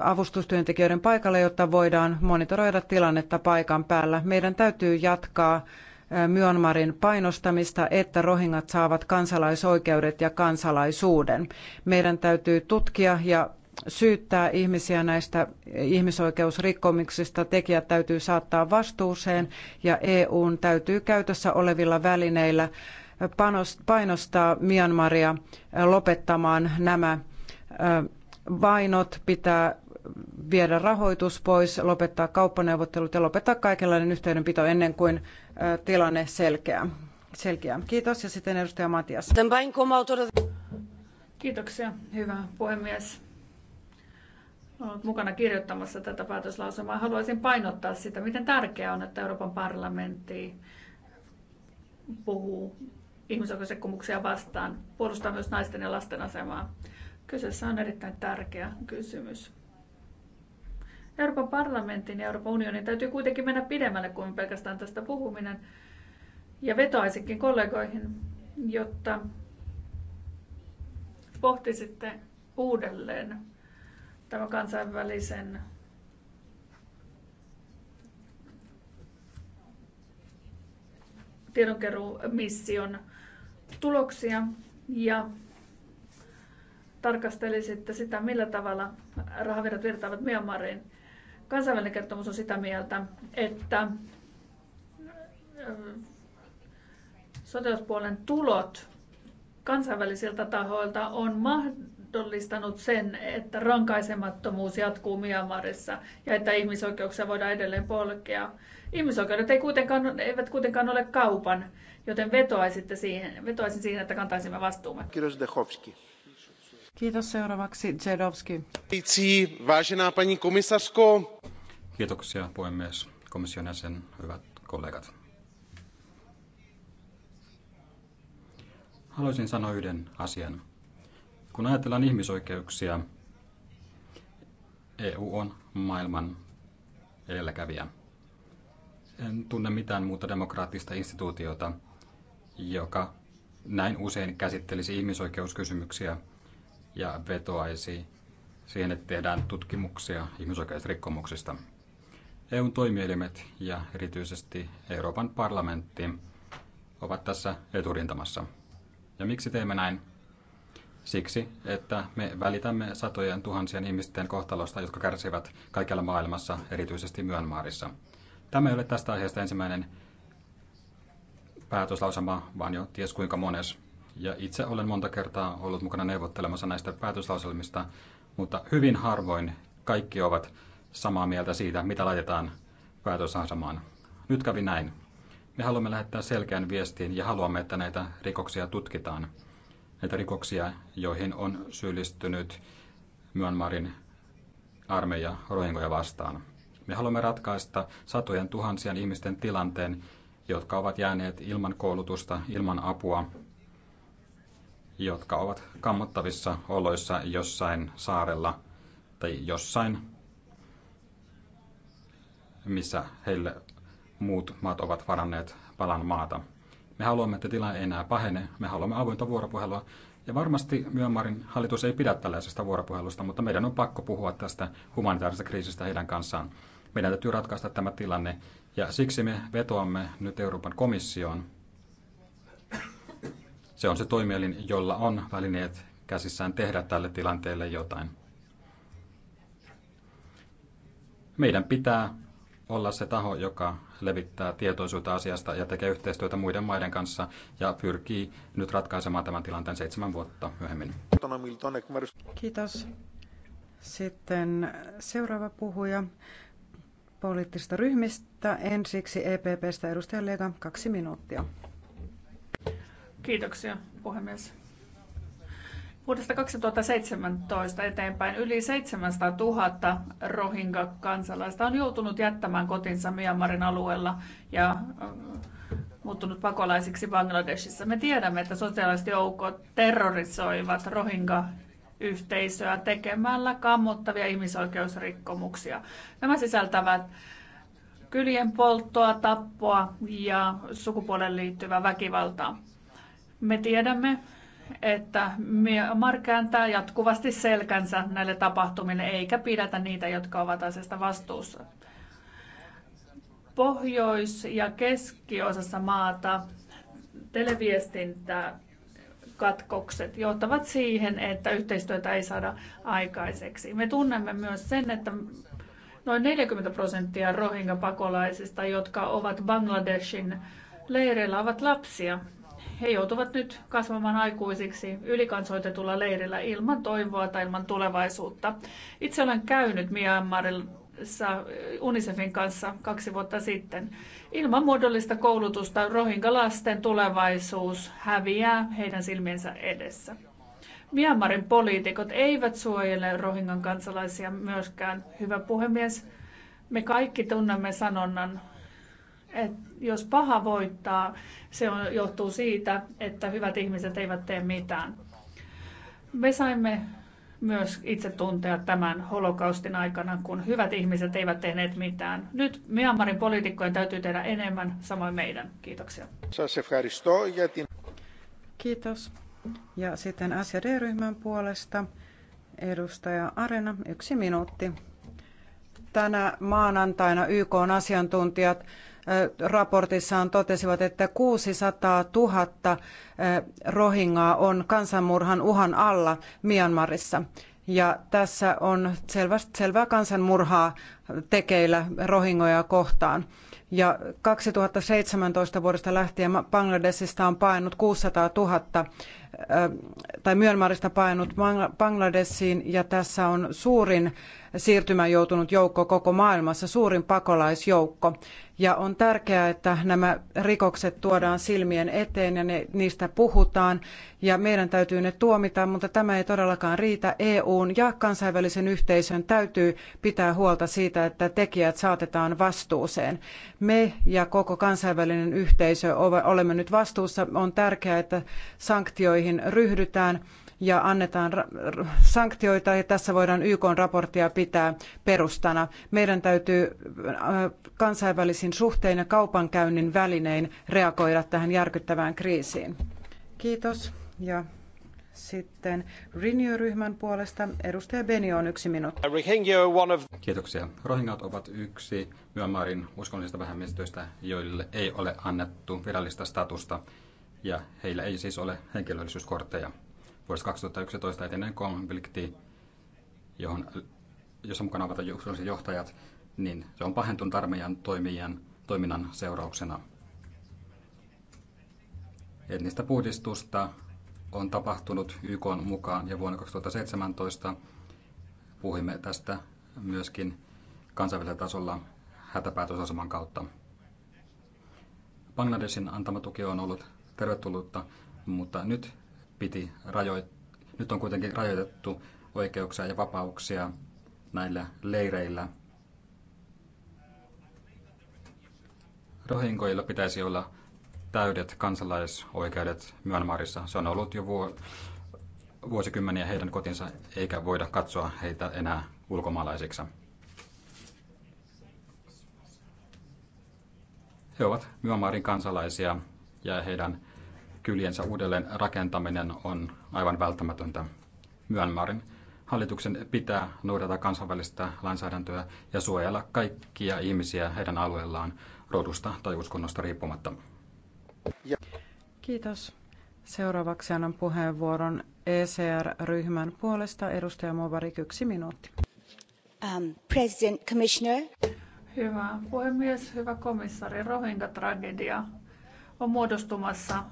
avustustyöntekijöiden paikalle, jotta voidaan monitoroida tilannetta paikan päällä. Meidän täytyy jatkaa Myanmarin painostamista, että rohingat saavat kansalaisoikeudet ja kansalaisuuden. Meidän täytyy tutkia ja syyttää ihmisiä näistä ihmisoikeusrikkomuksista. Tekijät täytyy saattaa vastuuseen ja EUn täytyy käytössä olevilla välineillä painostaa Myanmaria lopettamaan nämä vainot, pitää viedä rahoitus pois, lopettaa kauppaneuvottelut ja lopettaa kaikenlainen yhteydenpito ennen kuin tilanne selkeää. selkeää. Kiitos ja sitten edustaja Matias. Kiitoksia, hyvä puhemies. Olet mukana kirjoittamassa tätä päätöslauselmaa. Haluaisin painottaa sitä, miten tärkeää on, että Euroopan parlamentti puhuu ihmisoikeusrikkomuksia vastaan, puolustaa myös naisten ja lasten asemaa. Kyseessä on erittäin tärkeä kysymys. Euroopan parlamentin ja Euroopan unionin täytyy kuitenkin mennä pidemmälle kuin pelkästään tästä puhuminen. Ja vetoaisinkin kollegoihin, jotta pohtisitte uudelleen tämän kansainvälisen tiedonkeruumission tuloksia ja tarkastelisitte sitä, millä tavalla rahavirrat virtaavat Myanmariin. Kansainvälinen kertomus on sitä mieltä, että äh, sotilaspuolen tulot kansainvälisiltä tahoilta on mahdollistanut sen, että rankaisemattomuus jatkuu Myanmarissa ja että ihmisoikeuksia voidaan edelleen polkea. Ihmisoikeudet ei kuitenkaan, eivät kuitenkaan ole kaupan, joten vetoaisitte siihen, vetoaisin siihen, että kantaisimme vastuumme. Dehovski. Kiitos Vážená paní komisarsko. Kiitoksia puhemies, komission jäsen, hyvät kollegat. Haluaisin sanoa yhden asian. Kun ajatellaan ihmisoikeuksia, EU on maailman edelläkävijä. En tunne mitään muuta demokraattista instituutiota, joka näin usein käsittelisi ihmisoikeuskysymyksiä ja vetoaisi siihen, että tehdään tutkimuksia ihmisoikeusrikkomuksista. EUn toimielimet ja erityisesti Euroopan parlamentti ovat tässä eturintamassa. Ja miksi teemme näin? Siksi, että me välitämme satojen tuhansien ihmisten kohtalosta, jotka kärsivät kaikkialla maailmassa, erityisesti Myönmaarissa. Tämä ei ole tästä aiheesta ensimmäinen päätöslausema, vaan jo ties kuinka mones. Ja itse olen monta kertaa ollut mukana neuvottelemassa näistä päätöslauselmista, mutta hyvin harvoin kaikki ovat samaa mieltä siitä, mitä laitetaan päätösasemaan. Nyt kävi näin. Me haluamme lähettää selkeän viestin ja haluamme, että näitä rikoksia tutkitaan. Näitä rikoksia, joihin on syyllistynyt Myanmarin armeija rohingoja vastaan. Me haluamme ratkaista satojen tuhansien ihmisten tilanteen, jotka ovat jääneet ilman koulutusta, ilman apua, jotka ovat kammottavissa oloissa jossain saarella tai jossain, missä heille muut maat ovat varanneet palan maata. Me haluamme, että tilanne ei enää pahene. Me haluamme avointa vuoropuhelua. Ja varmasti Myanmarin hallitus ei pidä tällaisesta vuoropuhelusta, mutta meidän on pakko puhua tästä humanitaarisesta kriisistä heidän kanssaan. Meidän täytyy ratkaista tämä tilanne ja siksi me vetoamme nyt Euroopan komissioon se on se toimielin, jolla on välineet käsissään tehdä tälle tilanteelle jotain. Meidän pitää olla se taho, joka levittää tietoisuutta asiasta ja tekee yhteistyötä muiden maiden kanssa ja pyrkii nyt ratkaisemaan tämän tilanteen seitsemän vuotta myöhemmin. Kiitos. Sitten seuraava puhuja poliittisista ryhmistä. Ensiksi EPPstä edustaja Lega, kaksi minuuttia. Kiitoksia, puhemies. Vuodesta 2017 eteenpäin yli 700 000 Rohingya-kansalaista on joutunut jättämään kotinsa Myanmarin alueella ja äh, muuttunut pakolaisiksi Bangladesissa. Me tiedämme, että sosiaaliset joukot terrorisoivat Rohingya-yhteisöä tekemällä kammottavia ihmisoikeusrikkomuksia. Nämä sisältävät kylien polttoa, tappoa ja sukupuolen liittyvää väkivaltaa. Me tiedämme, että Myanmar kääntää jatkuvasti selkänsä näille tapahtumille eikä pidätä niitä, jotka ovat asiasta vastuussa. Pohjois- ja keskiosassa maata televiestintä katkokset johtavat siihen, että yhteistyötä ei saada aikaiseksi. Me tunnemme myös sen, että noin 40 prosenttia rohingya-pakolaisista, jotka ovat Bangladeshin leireillä, ovat lapsia. He joutuvat nyt kasvamaan aikuisiksi ylikansoitetulla leirillä ilman toivoa tai ilman tulevaisuutta. Itse olen käynyt Myanmarissa eh, UNICEFin kanssa kaksi vuotta sitten. Ilman muodollista koulutusta rohingalasten tulevaisuus häviää heidän silmiensä edessä. Myanmarin poliitikot eivät suojele rohingan kansalaisia myöskään. Hyvä puhemies, me kaikki tunnemme sanonnan et jos paha voittaa, se on, johtuu siitä, että hyvät ihmiset eivät tee mitään. Me saimme myös itse tuntea tämän holokaustin aikana, kun hyvät ihmiset eivät tehneet mitään. Nyt Myanmarin poliitikkojen täytyy tehdä enemmän, samoin meidän. Kiitoksia. Kiitos. Ja sitten SED-ryhmän puolesta edustaja Arena, yksi minuutti. Tänä maanantaina YK on asiantuntijat raportissaan totesivat, että 600 000 rohingaa on kansanmurhan uhan alla Myanmarissa. Ja tässä on selvä, selvää kansanmurhaa tekeillä rohingoja kohtaan. Ja 2017 vuodesta lähtien Bangladesista on paennut 600 000 tai Myanmarista painut Bangladesiin ja tässä on suurin siirtymään joutunut joukko koko maailmassa, suurin pakolaisjoukko. Ja on tärkeää, että nämä rikokset tuodaan silmien eteen ja ne, niistä puhutaan ja meidän täytyy ne tuomita, mutta tämä ei todellakaan riitä. EUn ja kansainvälisen yhteisön täytyy pitää huolta siitä, että tekijät saatetaan vastuuseen. Me ja koko kansainvälinen yhteisö olemme nyt vastuussa. On tärkeää, että sanktioita joihin ryhdytään ja annetaan sanktioita ja tässä voidaan YK raporttia pitää perustana. Meidän täytyy äh, kansainvälisin suhtein ja kaupankäynnin välinein reagoida tähän järkyttävään kriisiin. Kiitos ja sitten Renew-ryhmän puolesta edustaja Benio on yksi minuutti. Kiitoksia. Rohingyat ovat yksi Myanmarin uskonnollisista vähemmistöistä, joille ei ole annettu virallista statusta ja heillä ei siis ole henkilöllisyyskortteja. Vuodesta 2011 eteneen konflikti, johon, jossa mukana ovat johtajat, niin se on pahentunut armeijan toimijan, toiminnan seurauksena. Etnistä puhdistusta on tapahtunut YK mukaan ja vuonna 2017 puhuimme tästä myöskin kansainvälisellä tasolla hätäpäätösaseman kautta. Bangladesin antama tuki on ollut tervetullutta, mutta nyt piti rajoit- nyt on kuitenkin rajoitettu oikeuksia ja vapauksia näillä leireillä. Rohingoilla pitäisi olla täydet kansalaisoikeudet Myanmarissa. Se on ollut jo vuosikymmeniä heidän kotinsa, eikä voida katsoa heitä enää ulkomaalaisiksi. He ovat Myanmarin kansalaisia ja heidän kyliensä uudelleen rakentaminen on aivan välttämätöntä. Myanmarin hallituksen pitää noudata kansainvälistä lainsäädäntöä ja suojella kaikkia ihmisiä heidän alueellaan rodusta tai uskonnosta riippumatta. Kiitos. Seuraavaksi annan puheenvuoron ECR-ryhmän puolesta edustaja Movarik, yksi minuutti. Um, President Commissioner. Hyvä puhemies, hyvä komissaari. Rohingya-tragedia on muodostumassa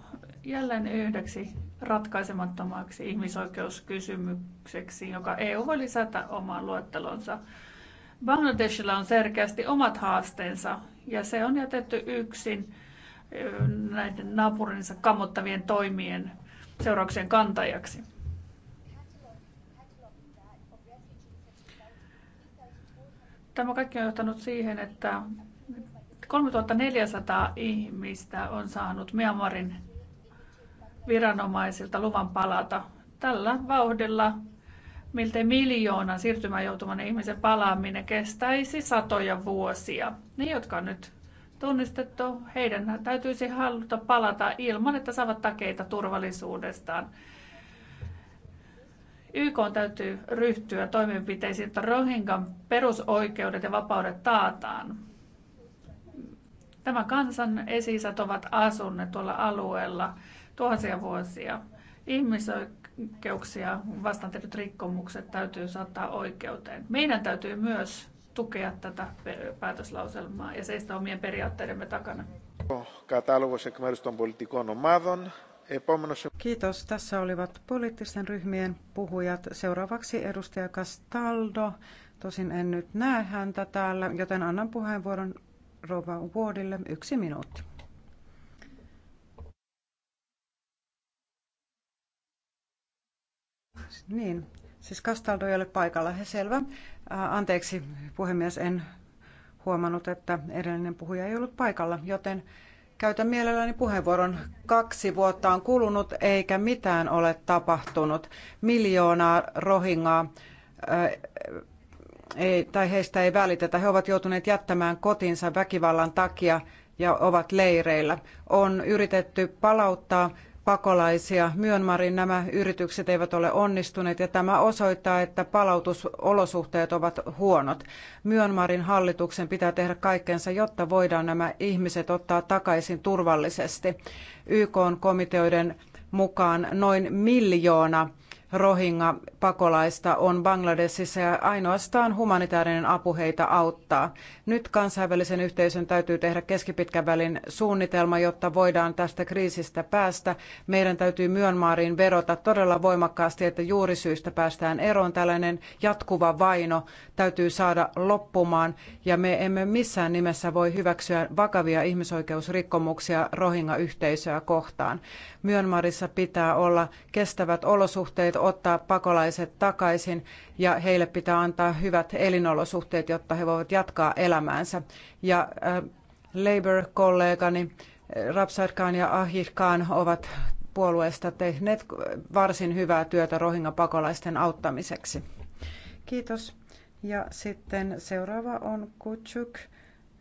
jälleen yhdeksi ratkaisemattomaksi ihmisoikeuskysymykseksi, joka EU voi lisätä omaan luettelonsa. Bangladeshilla on selkeästi omat haasteensa ja se on jätetty yksin näiden naapurinsa kammottavien toimien seurauksien kantajaksi. Tämä kaikki on johtanut siihen, että 3400 ihmistä on saanut Myanmarin viranomaisilta luvan palata. Tällä vauhdilla miltei miljoonan siirtymään joutuvan ihmisen palaaminen kestäisi satoja vuosia. Ne, jotka on nyt tunnistettu, heidän täytyisi haluta palata ilman, että saavat takeita turvallisuudestaan. YK täytyy ryhtyä toimenpiteisiin, että Rohingan perusoikeudet ja vapaudet taataan. Tämä kansan esisät ovat asunne tuolla alueella tuhansia vuosia. Ihmisoikeuksia vastaan tehdyt rikkomukset täytyy saattaa oikeuteen. Meidän täytyy myös tukea tätä päätöslauselmaa ja seistä omien periaatteidemme takana. Kiitos. Tässä olivat poliittisten ryhmien puhujat. Seuraavaksi edustaja Castaldo. Tosin en nyt näe häntä täällä, joten annan puheenvuoron Rova Wardille yksi minuutti. Niin, siis Kastaldo ei ole paikalla. He selvä. Anteeksi, puhemies, en huomannut, että edellinen puhuja ei ollut paikalla, joten käytän mielelläni puheenvuoron. Kaksi vuotta on kulunut eikä mitään ole tapahtunut. Miljoonaa rohingaa ei, tai heistä ei välitetä. He ovat joutuneet jättämään kotinsa väkivallan takia ja ovat leireillä. On yritetty palauttaa pakolaisia. Myönmarin nämä yritykset eivät ole onnistuneet ja tämä osoittaa, että palautusolosuhteet ovat huonot. Myönmarin hallituksen pitää tehdä kaikkensa, jotta voidaan nämä ihmiset ottaa takaisin turvallisesti. YK-komiteoiden mukaan noin miljoona Rohingya-pakolaista on Bangladesissa ja ainoastaan humanitaarinen apu heitä auttaa. Nyt kansainvälisen yhteisön täytyy tehdä keskipitkän välin suunnitelma, jotta voidaan tästä kriisistä päästä. Meidän täytyy Myönmaariin verota todella voimakkaasti, että juurisyistä päästään eroon. Tällainen jatkuva vaino täytyy saada loppumaan ja me emme missään nimessä voi hyväksyä vakavia ihmisoikeusrikkomuksia Rohingya-yhteisöä kohtaan. Myönmarissa pitää olla kestävät olosuhteet ottaa pakolaiset takaisin ja heille pitää antaa hyvät elinolosuhteet, jotta he voivat jatkaa elämäänsä. Ja äh, Labour-kollegani äh, Rapsarkaan ja Ahirkaan ovat puolueesta tehneet varsin hyvää työtä rohingya-pakolaisten auttamiseksi. Kiitos. Ja sitten seuraava on Kutsuk.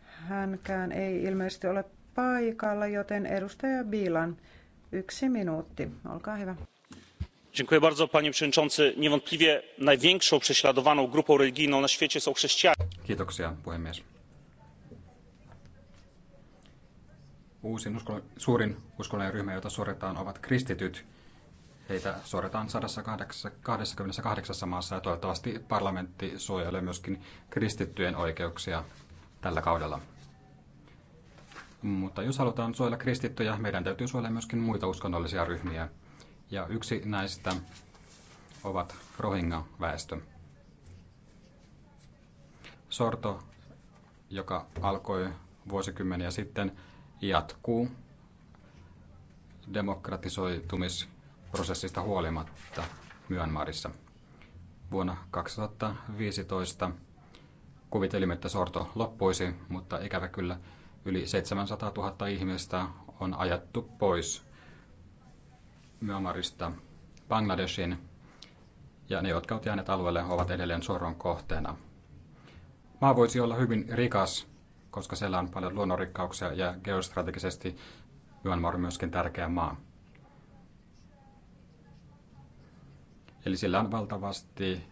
Hänkään ei ilmeisesti ole paikalla, joten edustaja Biilan yksi minuutti. Olkaa hyvä panie przewodniczący! niewątpliwie największą prześladowaną grupą religijną na świecie są chrześcijanie. suurin uskonnollinen ryhmä jota sorretaan ovat kristityt. Heitä sorretaan 128 maassa ja toivottavasti parlamentti suojelee myöskin kristittyjen oikeuksia tällä kaudella. Mutta jos halutaan suojella kristittyjä, meidän täytyy suojella myöskin muita uskonnollisia ryhmiä ja yksi näistä ovat Rohingya-väestö. Sorto, joka alkoi vuosikymmeniä sitten, jatkuu demokratisoitumisprosessista huolimatta Myanmarissa. Vuonna 2015 kuvitelimme, että sorto loppuisi, mutta ikävä kyllä yli 700 000 ihmistä on ajettu pois Myanmarista Bangladeshin, ja ne, jotka ovat jääneet alueelle, ovat edelleen sorron kohteena. Maa voisi olla hyvin rikas, koska siellä on paljon luonnonrikkauksia ja geostrategisesti Myanmar on myöskin tärkeä maa. Eli sillä on valtavasti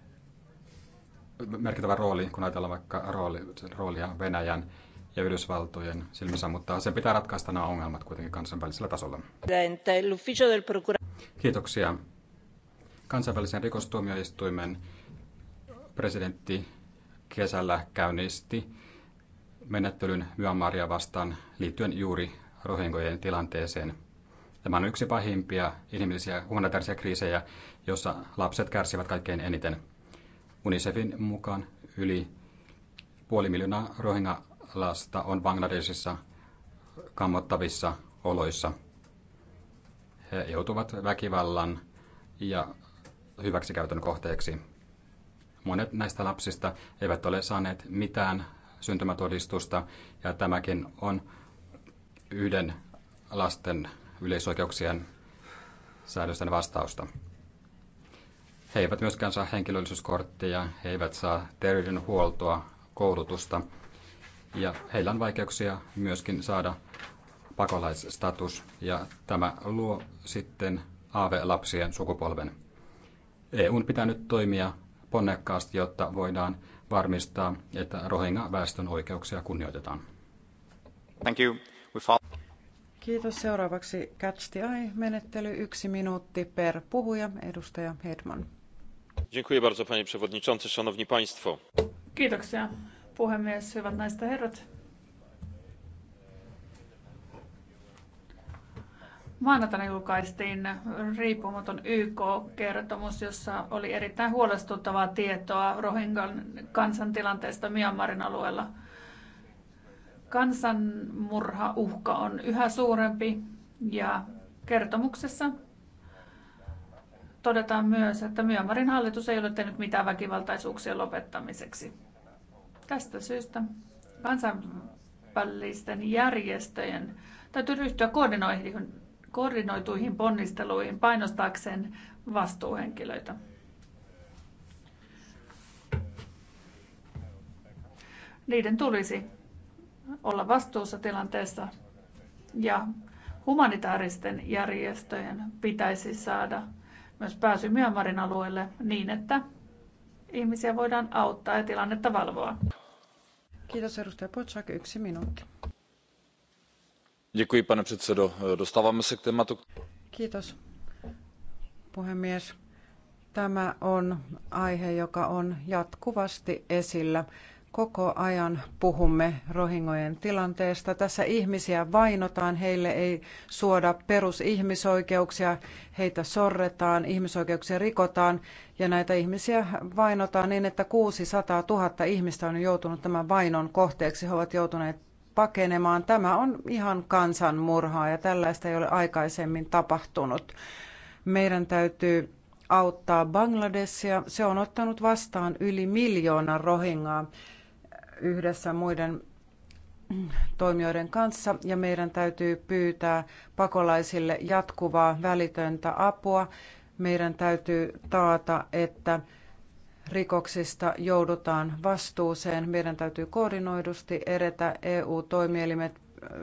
merkittävä rooli, kun ajatellaan vaikka rooli, roolia Venäjän ja Yhdysvaltojen silmissä, mutta sen pitää ratkaista nämä ongelmat kuitenkin kansainvälisellä tasolla. Kiitoksia. Kansainvälisen rikostuomioistuimen presidentti kesällä käynnisti menettelyn Myanmaria vastaan liittyen juuri rohingojen tilanteeseen. Tämä on yksi pahimpia inhimillisiä humanitaarisia kriisejä, jossa lapset kärsivät kaikkein eniten. UNICEFin mukaan yli puoli miljoonaa rohinga lasta on Bangladesissa kammottavissa oloissa. He joutuvat väkivallan ja hyväksikäytön kohteeksi. Monet näistä lapsista eivät ole saaneet mitään syntymätodistusta ja tämäkin on yhden lasten yleisoikeuksien säädösten vastausta. He eivät myöskään saa henkilöllisyyskorttia, he eivät saa terveydenhuoltoa, koulutusta ja heillä on vaikeuksia myöskin saada pakolaisstatus ja tämä luo sitten AV-lapsien sukupolven. EUn pitää nyt toimia ponnekkaasti, jotta voidaan varmistaa, että Rohingya-väestön oikeuksia kunnioitetaan. Thank you. Kiitos. Seuraavaksi Catch the Eye-menettely. Yksi minuutti per puhuja. Edustaja Hedman. Dziękuję bardzo, panie przewodniczący, szanowni państwo. Kiitoksia, puhemies, hyvät naiset ja herrat. Maanantaina julkaistiin riippumaton YK-kertomus, jossa oli erittäin huolestuttavaa tietoa Rohingan kansantilanteesta Myanmarin alueella. Kansanmurhauhka on yhä suurempi ja kertomuksessa todetaan myös, että Myanmarin hallitus ei ole tehnyt mitään väkivaltaisuuksien lopettamiseksi. Tästä syystä kansainvälisten järjestöjen täytyy ryhtyä koordinoituihin ponnisteluihin painostaakseen vastuuhenkilöitä. Niiden tulisi olla vastuussa tilanteessa ja humanitaaristen järjestöjen pitäisi saada myös pääsy Myanmarin alueelle niin, että ihmisiä voidaan auttaa ja tilannetta valvoa. Kiitos edustaja Potsak, yksi minuutti. Děkuji, pane předsedo. Dostáváme se k tématu. Kiitos, puhemies. Tämä on aihe, joka on jatkuvasti esillä koko ajan puhumme rohingojen tilanteesta. Tässä ihmisiä vainotaan, heille ei suoda perusihmisoikeuksia, heitä sorretaan, ihmisoikeuksia rikotaan ja näitä ihmisiä vainotaan niin, että 600 000 ihmistä on joutunut tämän vainon kohteeksi. He ovat joutuneet pakenemaan. Tämä on ihan kansanmurhaa ja tällaista ei ole aikaisemmin tapahtunut. Meidän täytyy auttaa Bangladesia. Se on ottanut vastaan yli miljoona rohingaa yhdessä muiden toimijoiden kanssa ja meidän täytyy pyytää pakolaisille jatkuvaa välitöntä apua. Meidän täytyy taata, että rikoksista joudutaan vastuuseen. Meidän täytyy koordinoidusti edetä EU-toimielimet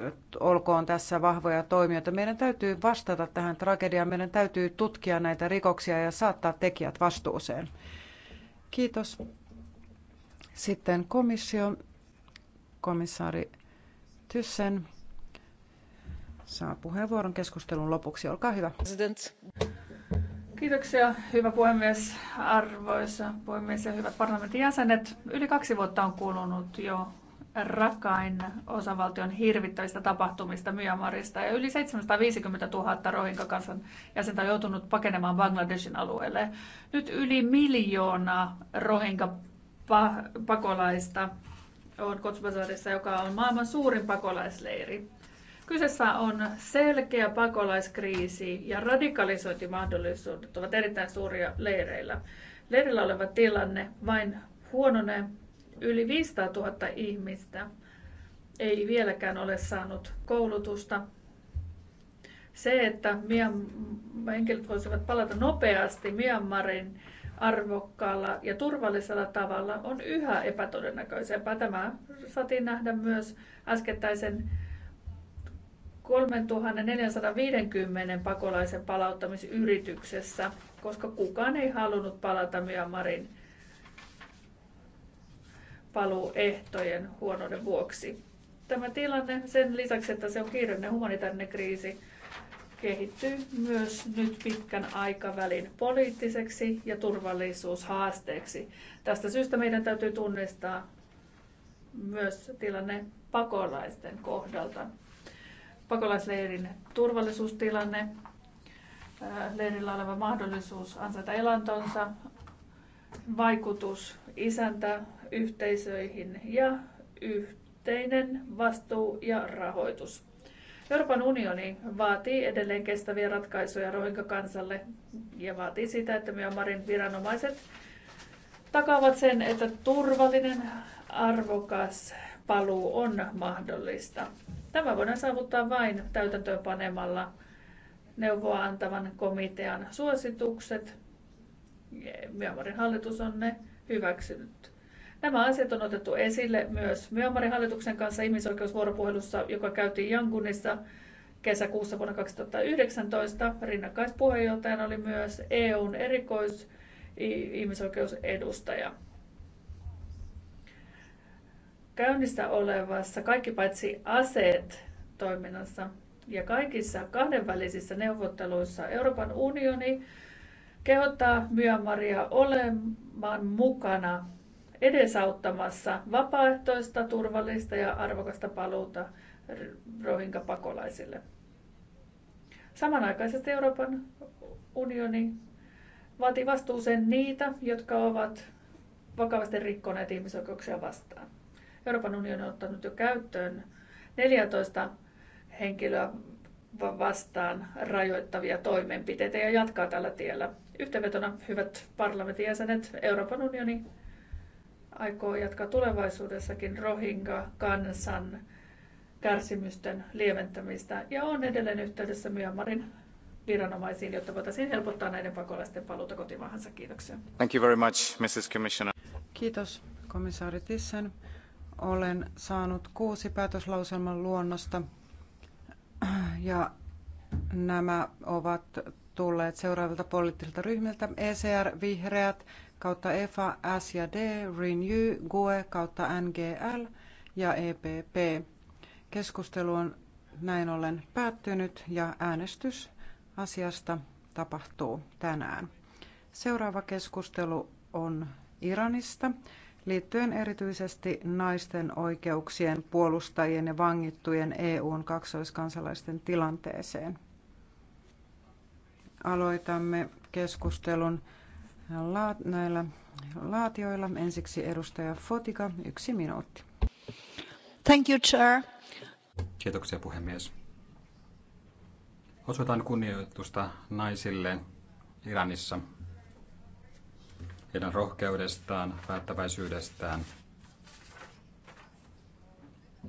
äh, olkoon tässä vahvoja toimijoita. Meidän täytyy vastata tähän tragediaan. Meidän täytyy tutkia näitä rikoksia ja saattaa tekijät vastuuseen. Kiitos. Sitten komissio, komissaari Tyssen saa puheenvuoron keskustelun lopuksi. Olkaa hyvä. President. Kiitoksia, hyvä puhemies, arvoisa puhemies ja hyvät parlamentin jäsenet. Yli kaksi vuotta on kulunut jo rakain osavaltion hirvittävistä tapahtumista Myanmarista ja yli 750 000 rohinkakansan jäsentä on joutunut pakenemaan Bangladeshin alueelle. Nyt yli miljoona rohinka pakolaista on Kotsbazarissa, joka on maailman suurin pakolaisleiri. Kyseessä on selkeä pakolaiskriisi ja radikalisointimahdollisuudet ovat erittäin suuria leireillä. Leirillä oleva tilanne vain huononee. Yli 500 000 ihmistä ei vieläkään ole saanut koulutusta. Se, että Mian, henkilöt voisivat palata nopeasti Myanmarin arvokkaalla ja turvallisella tavalla on yhä epätodennäköisempää. Tämä saatiin nähdä myös äskettäisen 3450 pakolaisen palauttamisyrityksessä, koska kukaan ei halunnut palata Myanmarin paluuehtojen huonouden vuoksi. Tämä tilanne sen lisäksi, että se on kiireinen humanitaarinen kriisi, kehittyy myös nyt pitkän aikavälin poliittiseksi ja turvallisuushaasteeksi. Tästä syystä meidän täytyy tunnistaa myös tilanne pakolaisten kohdalta. Pakolaisleirin turvallisuustilanne, äh, leirillä oleva mahdollisuus ansaita elantonsa, vaikutus isäntä yhteisöihin ja yhteinen vastuu ja rahoitus. Euroopan unioni vaatii edelleen kestäviä ratkaisuja Rohingya-kansalle ja vaatii sitä, että Myanmarin viranomaiset takaavat sen, että turvallinen, arvokas paluu on mahdollista. Tämä voidaan saavuttaa vain täytäntöönpanemalla neuvoa antavan komitean suositukset. Myanmarin hallitus on ne hyväksynyt. Nämä asiat on otettu esille myös Myanmarin hallituksen kanssa ihmisoikeusvuoropuhelussa, joka käytiin Yangonissa kesäkuussa vuonna 2019. Rinnakkaispuheenjohtajana oli myös EUn erikois ihmisoikeusedustaja. Käynnissä olevassa kaikki paitsi aseet toiminnassa ja kaikissa kahdenvälisissä neuvotteluissa Euroopan unioni kehottaa Myanmaria olemaan mukana edesauttamassa vapaaehtoista turvallista ja arvokasta paluuta rohingya-pakolaisille. Samanaikaisesti Euroopan unioni vaatii vastuuseen niitä, jotka ovat vakavasti rikkoneet ihmisoikeuksia vastaan. Euroopan unioni on ottanut jo käyttöön 14 henkilöä vastaan rajoittavia toimenpiteitä ja jatkaa tällä tiellä. Yhteenvetona, hyvät parlamentin jäsenet, Euroopan unioni aikoo jatkaa tulevaisuudessakin Rohingya-kansan kärsimysten lieventämistä ja on edelleen yhteydessä Myanmarin viranomaisiin, jotta voitaisiin helpottaa näiden pakolaisten paluuta kotimaahansa. Kiitoksia. Thank you very much, Mrs. Commissioner. Kiitos, komissaari Tissen. Olen saanut kuusi päätöslauselman luonnosta ja nämä ovat tulleet seuraavilta poliittisilta ryhmiltä. ECR, Vihreät, kautta EFA, S ja D, Renew, GUE kautta NGL ja EPP. Keskustelu on näin ollen päättynyt ja äänestys asiasta tapahtuu tänään. Seuraava keskustelu on Iranista liittyen erityisesti naisten oikeuksien puolustajien ja vangittujen EUn kaksoiskansalaisten tilanteeseen. Aloitamme keskustelun näillä laatioilla. Ensiksi edustaja Fotika, yksi minuutti. Thank you, Chair. Kiitoksia puhemies. Osoitan kunnioitusta naisille Iranissa, heidän rohkeudestaan, päättäväisyydestään.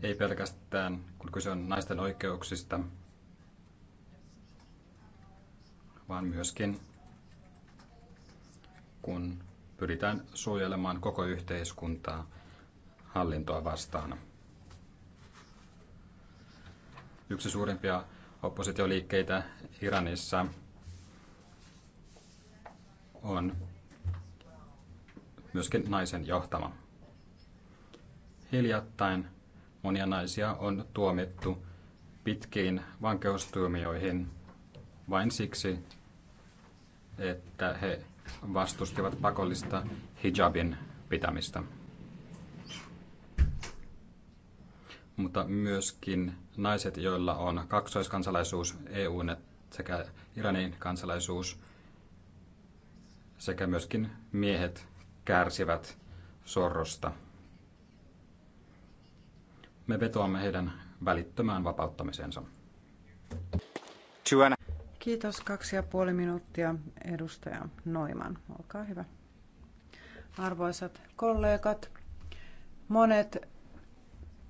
Ei pelkästään, kun kyse on naisten oikeuksista, vaan myöskin kun pyritään suojelemaan koko yhteiskuntaa hallintoa vastaan. Yksi suurimpia oppositioliikkeitä Iranissa on myöskin naisen johtama. Hiljattain monia naisia on tuomittu pitkiin vankeustuomioihin vain siksi, että he vastustivat pakollista hijabin pitämistä. Mutta myöskin naiset, joilla on kaksoiskansalaisuus, EU sekä Iranin kansalaisuus, sekä myöskin miehet kärsivät sorrosta. Me vetoamme heidän välittömään vapauttamiseensa. Kiitos. Kaksi ja puoli minuuttia edustaja Noiman. Olkaa hyvä. Arvoisat kollegat, monet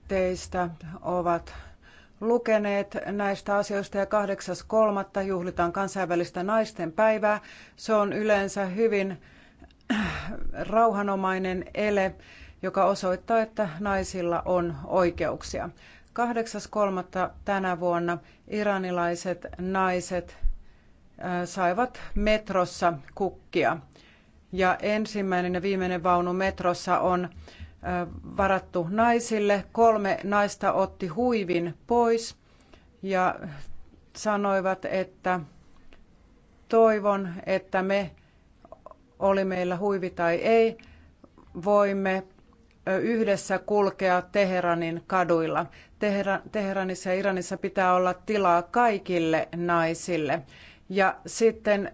teistä ovat lukeneet näistä asioista ja 8.3. juhlitaan kansainvälistä naisten päivää. Se on yleensä hyvin rauhanomainen ele, joka osoittaa, että naisilla on oikeuksia. 8.3. tänä vuonna iranilaiset naiset saivat metrossa kukkia. Ja ensimmäinen ja viimeinen vaunu metrossa on varattu naisille. Kolme naista otti huivin pois ja sanoivat, että toivon, että me, oli meillä huivi tai ei, voimme yhdessä kulkea Teheranin kaduilla. Teheranissa ja Iranissa pitää olla tilaa kaikille naisille. Ja sitten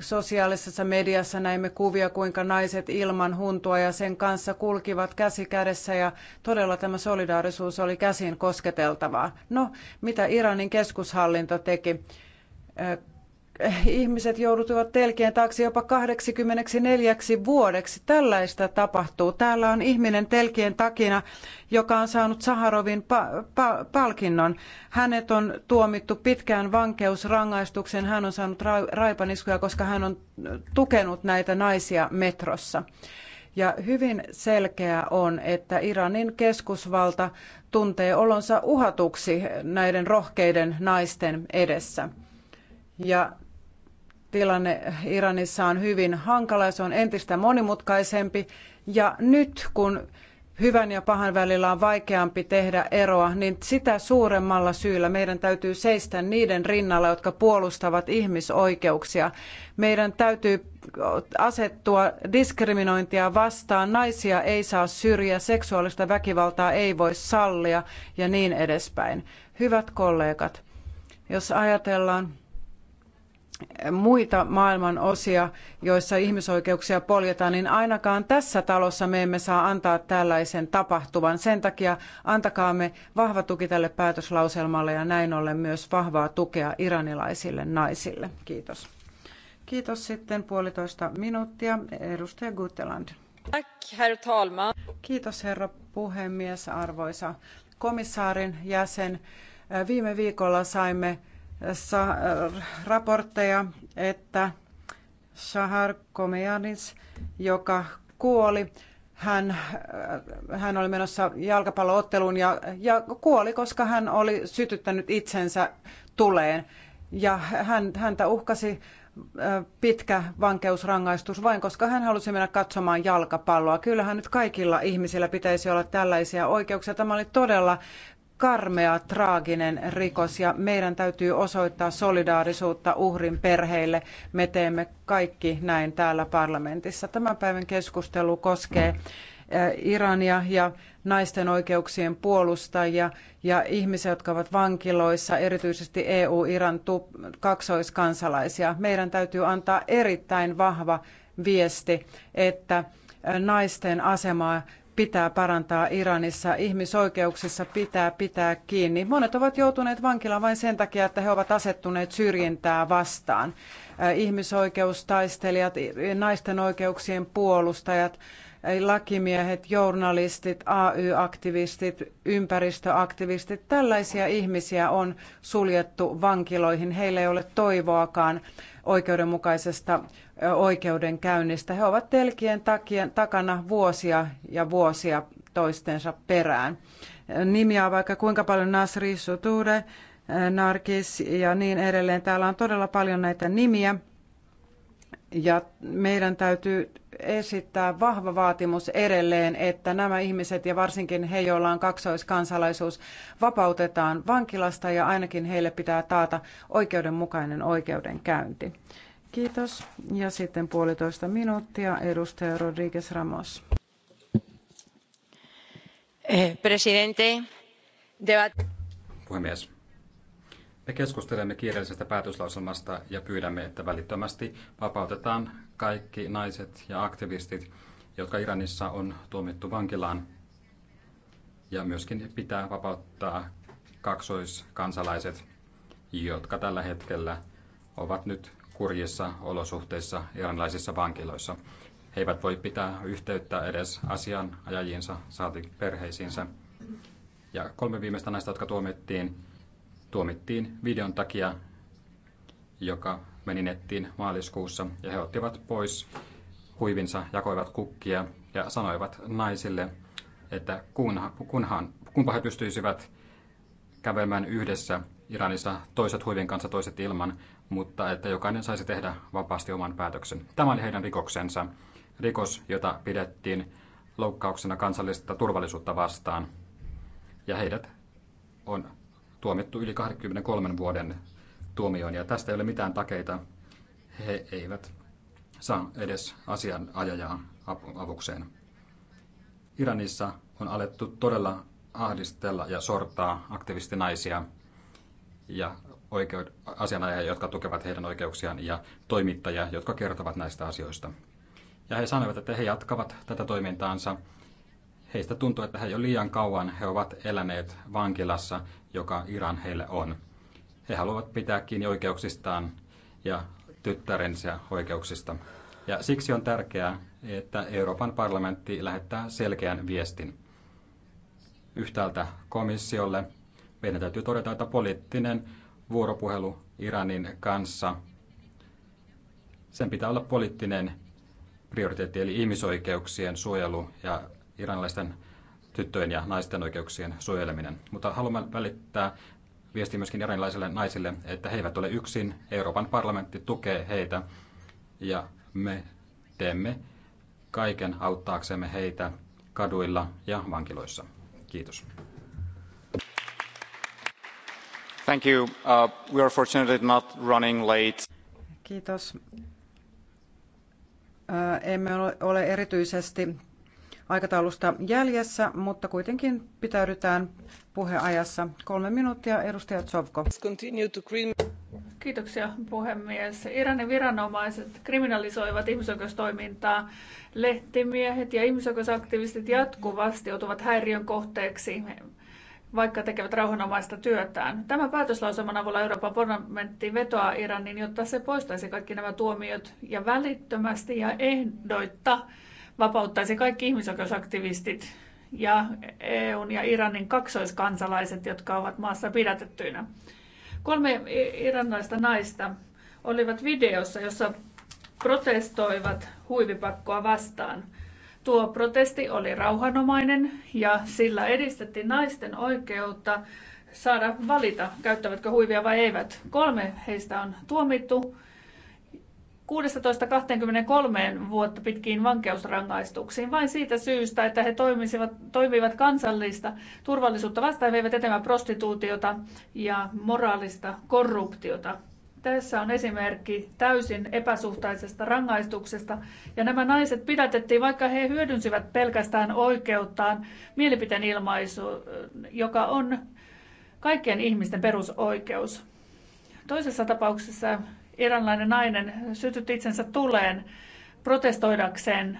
sosiaalisessa mediassa näimme kuvia, kuinka naiset ilman huntua ja sen kanssa kulkivat käsi kädessä ja todella tämä solidaarisuus oli käsin kosketeltavaa. No, mitä Iranin keskushallinto teki? ihmiset joutuvat telkien taakse jopa 84 vuodeksi. Tällaista tapahtuu. Täällä on ihminen telkien takina, joka on saanut Saharovin pa- pa- palkinnon. Hänet on tuomittu pitkään vankeusrangaistuksen. Hän on saanut ra- raipaniskuja, koska hän on tukenut näitä naisia metrossa. Ja hyvin selkeää on, että Iranin keskusvalta tuntee olonsa uhatuksi näiden rohkeiden naisten edessä. Ja tilanne Iranissa on hyvin hankala ja se on entistä monimutkaisempi. Ja nyt kun hyvän ja pahan välillä on vaikeampi tehdä eroa, niin sitä suuremmalla syyllä meidän täytyy seistä niiden rinnalla, jotka puolustavat ihmisoikeuksia. Meidän täytyy asettua diskriminointia vastaan, naisia ei saa syrjiä, seksuaalista väkivaltaa ei voi sallia ja niin edespäin. Hyvät kollegat, jos ajatellaan muita maailman osia, joissa ihmisoikeuksia poljetaan, niin ainakaan tässä talossa me emme saa antaa tällaisen tapahtuvan. Sen takia antakaamme vahva tuki tälle päätöslauselmalle ja näin ollen myös vahvaa tukea iranilaisille naisille. Kiitos. Kiitos sitten puolitoista minuuttia. Edustaja Gutteland. Kiitos herra puhemies, arvoisa komissaarin jäsen. Viime viikolla saimme raportteja, että Shahar Komeanis, joka kuoli, hän, hän oli menossa jalkapallootteluun ja, ja kuoli, koska hän oli sytyttänyt itsensä tuleen. Ja hän, häntä uhkasi pitkä vankeusrangaistus vain, koska hän halusi mennä katsomaan jalkapalloa. Kyllähän nyt kaikilla ihmisillä pitäisi olla tällaisia oikeuksia. Tämä oli todella karmea, traaginen rikos ja meidän täytyy osoittaa solidaarisuutta uhrin perheille. Me teemme kaikki näin täällä parlamentissa. Tämän päivän keskustelu koskee eh, Irania ja naisten oikeuksien puolustajia ja ihmisiä, jotka ovat vankiloissa, erityisesti EU-Iran kaksoiskansalaisia. Meidän täytyy antaa erittäin vahva viesti, että eh, naisten asemaa pitää parantaa Iranissa, ihmisoikeuksissa pitää pitää kiinni. Monet ovat joutuneet vankilaan vain sen takia, että he ovat asettuneet syrjintää vastaan. Äh, ihmisoikeustaistelijat, naisten oikeuksien puolustajat, lakimiehet, journalistit, AY-aktivistit, ympäristöaktivistit, tällaisia ihmisiä on suljettu vankiloihin. Heillä ei ole toivoakaan oikeudenmukaisesta oikeudenkäynnistä. He ovat telkien takien, takana vuosia ja vuosia toistensa perään. Nimiä on vaikka kuinka paljon Nasri Soture, Narkis ja niin edelleen. Täällä on todella paljon näitä nimiä. Ja meidän täytyy esittää vahva vaatimus edelleen, että nämä ihmiset ja varsinkin he, joilla on kaksoiskansalaisuus, vapautetaan vankilasta ja ainakin heille pitää taata oikeudenmukainen oikeudenkäynti. Kiitos. Ja sitten puolitoista minuuttia edustaja Rodriguez Ramos. Eh, presidente, debat- Puhemies. Me keskustelemme kiireellisestä päätöslauselmasta ja pyydämme, että välittömästi vapautetaan kaikki naiset ja aktivistit, jotka Iranissa on tuomittu vankilaan. Ja myöskin pitää vapauttaa kaksoiskansalaiset, jotka tällä hetkellä ovat nyt kurjissa olosuhteissa iranilaisissa vankiloissa. He eivät voi pitää yhteyttä edes asianajajiinsa, saati perheisiinsä. Ja kolme viimeistä naista, jotka tuomittiin, tuomittiin videon takia, joka meninettiin maaliskuussa ja he ottivat pois huivinsa, jakoivat kukkia ja sanoivat naisille, että kunhan, kunhan, kunpa he pystyisivät kävelemään yhdessä Iranissa toiset huivin kanssa, toiset ilman, mutta että jokainen saisi tehdä vapaasti oman päätöksen. Tämä oli heidän rikoksensa, rikos, jota pidettiin loukkauksena kansallista turvallisuutta vastaan. Ja heidät on tuomittu yli 23 vuoden tuomioon. Ja tästä ei ole mitään takeita. He eivät saa edes asianajajaa avukseen. Iranissa on alettu todella ahdistella ja sortaa aktivistinaisia ja oikeud- asianajajia, jotka tukevat heidän oikeuksiaan, ja toimittajia, jotka kertovat näistä asioista. Ja he sanoivat, että he jatkavat tätä toimintaansa. Heistä tuntuu, että he jo liian kauan he ovat eläneet vankilassa, joka Iran heille on. He haluavat pitää kiinni oikeuksistaan ja tyttärensä oikeuksista. Ja siksi on tärkeää, että Euroopan parlamentti lähettää selkeän viestin. Yhtäältä komissiolle meidän täytyy todeta, että poliittinen vuoropuhelu Iranin kanssa, sen pitää olla poliittinen prioriteetti, eli ihmisoikeuksien suojelu ja iranilaisten tyttöjen ja naisten oikeuksien suojeleminen. Mutta haluamme välittää viesti myöskin iranilaisille naisille, että he eivät ole yksin. Euroopan parlamentti tukee heitä ja me teemme kaiken auttaaksemme heitä kaduilla ja vankiloissa. Kiitos. Thank you. Uh, we are fortunately not running late. Kiitos. Uh, emme ole erityisesti aikataulusta jäljessä, mutta kuitenkin pitäydytään puheajassa. Kolme minuuttia, edustaja Tsovko. Kiitoksia puhemies. Iranin viranomaiset kriminalisoivat ihmisoikeustoimintaa. Lehtimiehet ja ihmisoikeusaktivistit jatkuvasti joutuvat häiriön kohteeksi vaikka tekevät rauhanomaista työtään. Tämä päätöslauselman avulla Euroopan parlamentti vetoaa Iranin, jotta se poistaisi kaikki nämä tuomiot ja välittömästi ja ehdoitta vapauttaisi kaikki ihmisoikeusaktivistit ja EUn ja Iranin kaksoiskansalaiset, jotka ovat maassa pidätettyinä. Kolme iranilaista naista olivat videossa, jossa protestoivat huivipakkoa vastaan. Tuo protesti oli rauhanomainen ja sillä edistettiin naisten oikeutta saada valita, käyttävätkö huivia vai eivät. Kolme heistä on tuomittu 16-23 vuotta pitkiin vankeusrangaistuksiin vain siitä syystä, että he toimisivat, toimivat kansallista turvallisuutta vastaan ja veivät eteenpäin prostituutiota ja moraalista korruptiota. Tässä on esimerkki täysin epäsuhtaisesta rangaistuksesta, ja nämä naiset pidätettiin, vaikka he hyödynsivät pelkästään oikeuttaan mielipiteen joka on kaikkien ihmisten perusoikeus. Toisessa tapauksessa iranlainen nainen sytytti itsensä tuleen protestoidakseen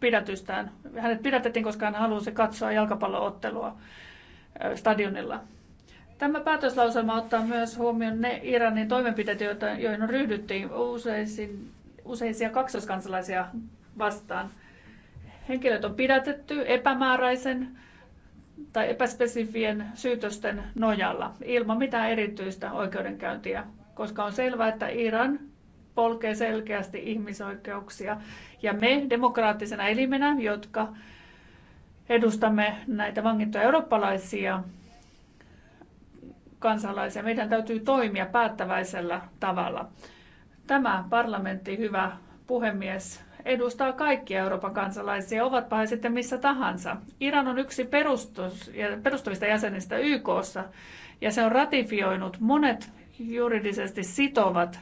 pidätystään. Hänet pidätettiin, koska hän halusi katsoa jalkapalloottelua stadionilla. Tämä päätöslauselma ottaa myös huomioon ne Iranin toimenpiteet, joita, joihin on ryhdyttiin useisin, useisia kaksoiskansalaisia vastaan. Henkilöt on pidätetty epämääräisen tai epäspesifien syytösten nojalla ilman mitään erityistä oikeudenkäyntiä koska on selvää, että Iran polkee selkeästi ihmisoikeuksia. Ja me demokraattisena elimenä, jotka edustamme näitä vangittuja eurooppalaisia kansalaisia, meidän täytyy toimia päättäväisellä tavalla. Tämä parlamentti, hyvä puhemies, edustaa kaikkia Euroopan kansalaisia, ovatpa he sitten missä tahansa. Iran on yksi perustus, perustavista jäsenistä YKssa ja se on ratifioinut monet juridisesti sitovat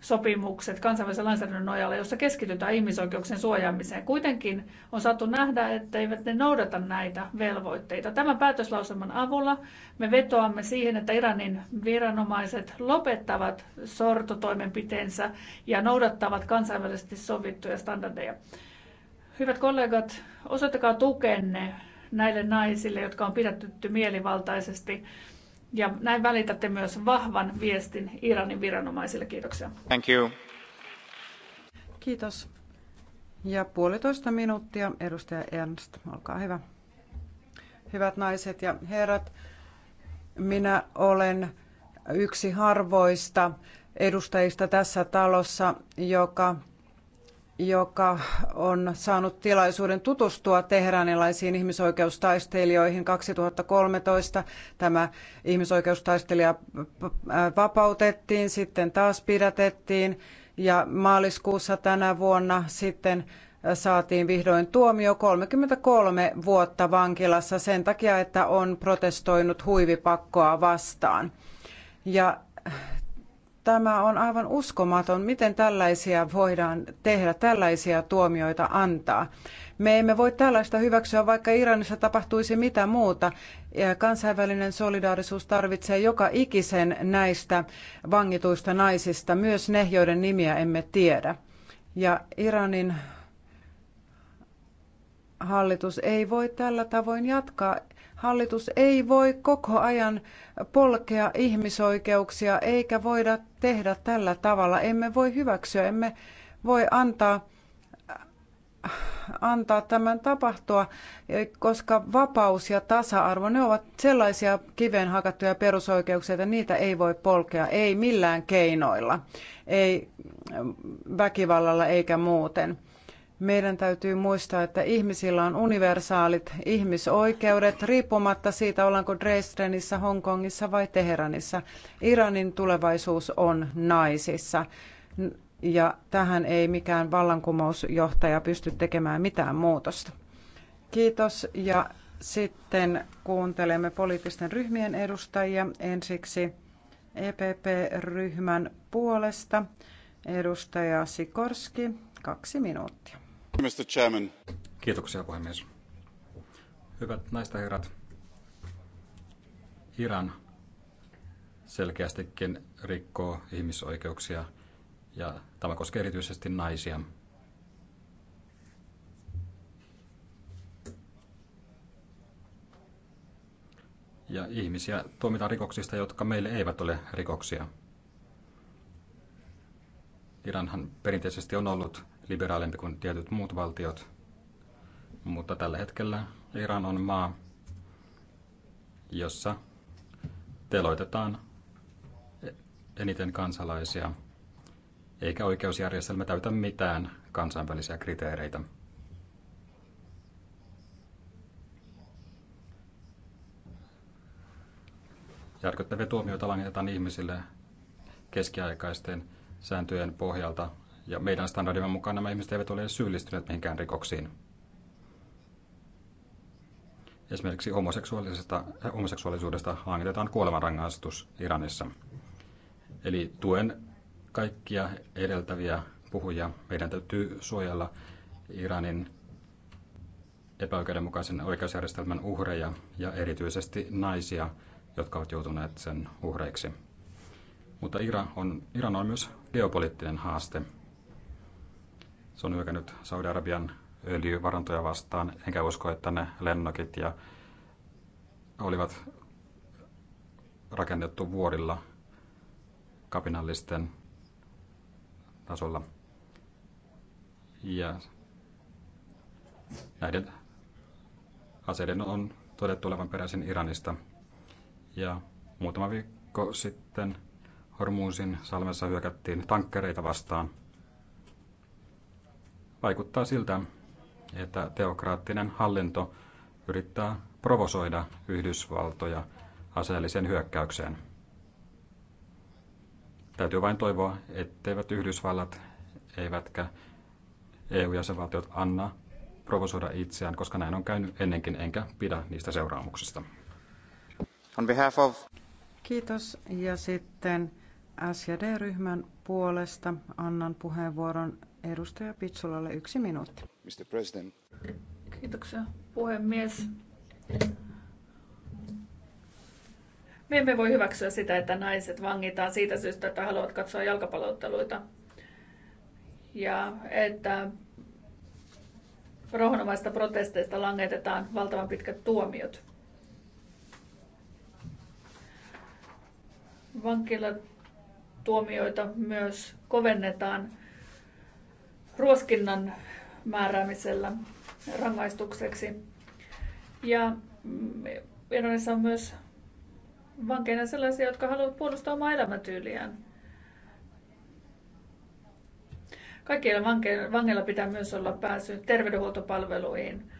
sopimukset kansainvälisen lainsäädännön nojalla, jossa keskitytään ihmisoikeuksien suojaamiseen. Kuitenkin on saatu nähdä, että eivät ne noudata näitä velvoitteita. Tämän päätöslauselman avulla me vetoamme siihen, että Iranin viranomaiset lopettavat sortotoimenpiteensä ja noudattavat kansainvälisesti sovittuja standardeja. Hyvät kollegat, osoittakaa tukenne näille naisille, jotka on pidätetty mielivaltaisesti ja näin välitätte myös vahvan viestin Iranin viranomaisille. Kiitoksia. Thank you. Kiitos. Ja puolitoista minuuttia, edustaja Ernst, olkaa hyvä. Hyvät naiset ja herrat, minä olen yksi harvoista edustajista tässä talossa, joka joka on saanut tilaisuuden tutustua teheranilaisiin ihmisoikeustaistelijoihin 2013. Tämä ihmisoikeustaistelija äh, äh, vapautettiin, sitten taas pidätettiin ja maaliskuussa tänä vuonna sitten äh, saatiin vihdoin tuomio 33 vuotta vankilassa sen takia, että on protestoinut huivipakkoa vastaan. Ja Tämä on aivan uskomaton, miten tällaisia voidaan tehdä, tällaisia tuomioita antaa. Me emme voi tällaista hyväksyä, vaikka Iranissa tapahtuisi mitä muuta. Kansainvälinen solidaarisuus tarvitsee joka ikisen näistä vangituista naisista, myös ne, joiden nimiä emme tiedä. Ja Iranin hallitus ei voi tällä tavoin jatkaa. Hallitus ei voi koko ajan polkea ihmisoikeuksia eikä voida tehdä tällä tavalla. Emme voi hyväksyä, emme voi antaa antaa tämän tapahtua, koska vapaus ja tasa-arvo, ne ovat sellaisia kiveen hakattuja perusoikeuksia, että niitä ei voi polkea, ei millään keinoilla, ei väkivallalla eikä muuten meidän täytyy muistaa, että ihmisillä on universaalit ihmisoikeudet, riippumatta siitä, ollaanko Dresdenissä, Hongkongissa vai Teheranissa. Iranin tulevaisuus on naisissa. Ja tähän ei mikään vallankumousjohtaja pysty tekemään mitään muutosta. Kiitos ja sitten kuuntelemme poliittisten ryhmien edustajia. Ensiksi EPP-ryhmän puolesta edustaja Sikorski, kaksi minuuttia. Mr. Chairman. Kiitoksia puhemies. Hyvät naiset ja herrat, Iran selkeästikin rikkoo ihmisoikeuksia ja tämä koskee erityisesti naisia. Ja ihmisiä tuomitaan rikoksista, jotka meille eivät ole rikoksia. Iranhan perinteisesti on ollut liberaalimpi kuin tietyt muut valtiot, mutta tällä hetkellä Iran on maa, jossa teloitetaan eniten kansalaisia, eikä oikeusjärjestelmä täytä mitään kansainvälisiä kriteereitä. Järkyttäviä tuomioita langitetaan ihmisille keskiaikaisten sääntöjen pohjalta, ja meidän standardimme mukaan nämä ihmiset eivät ole syyllistyneet mihinkään rikoksiin. Esimerkiksi homoseksuaalisesta, eh, homoseksuaalisuudesta hankitetaan kuolemanrangaistus Iranissa. Eli tuen kaikkia edeltäviä puhujia. Meidän täytyy suojella Iranin epäoikeudenmukaisen oikeusjärjestelmän uhreja ja erityisesti naisia, jotka ovat joutuneet sen uhreiksi. Mutta Iran on, Iran on myös geopoliittinen haaste. Se on hyökännyt Saudi-Arabian öljyvarantoja vastaan, enkä usko, että ne lennokit ja olivat rakennettu vuorilla kapinallisten tasolla. Ja näiden aseiden on todettu olevan peräisin Iranista. Ja muutama viikko sitten hormuusin salmessa hyökättiin tankkereita vastaan – Vaikuttaa siltä, että teokraattinen hallinto yrittää provosoida Yhdysvaltoja aseelliseen hyökkäykseen. Täytyy vain toivoa, etteivät Yhdysvallat eivätkä EU-jäsenvaltiot anna provosoida itseään, koska näin on käynyt ennenkin, enkä pidä niistä seuraamuksista. On behalf of... Kiitos. Ja sitten SJD-ryhmän puolesta annan puheenvuoron Edustaja Pitsolalle yksi minuutti. Mr. President. Kiitoksia, puhemies. Me emme voi hyväksyä sitä, että naiset vangitaan siitä syystä, että haluavat katsoa jalkapallotteluita. Ja että rohonomaista protesteista langetetaan valtavan pitkät tuomiot. Vankilatuomioita myös kovennetaan ruoskinnan määräämisellä rangaistukseksi. Ja mm, Iranissa on myös vankeina sellaisia, jotka haluavat puolustaa omaa elämäntyyliään. Kaikilla vangeilla pitää myös olla pääsy terveydenhuoltopalveluihin.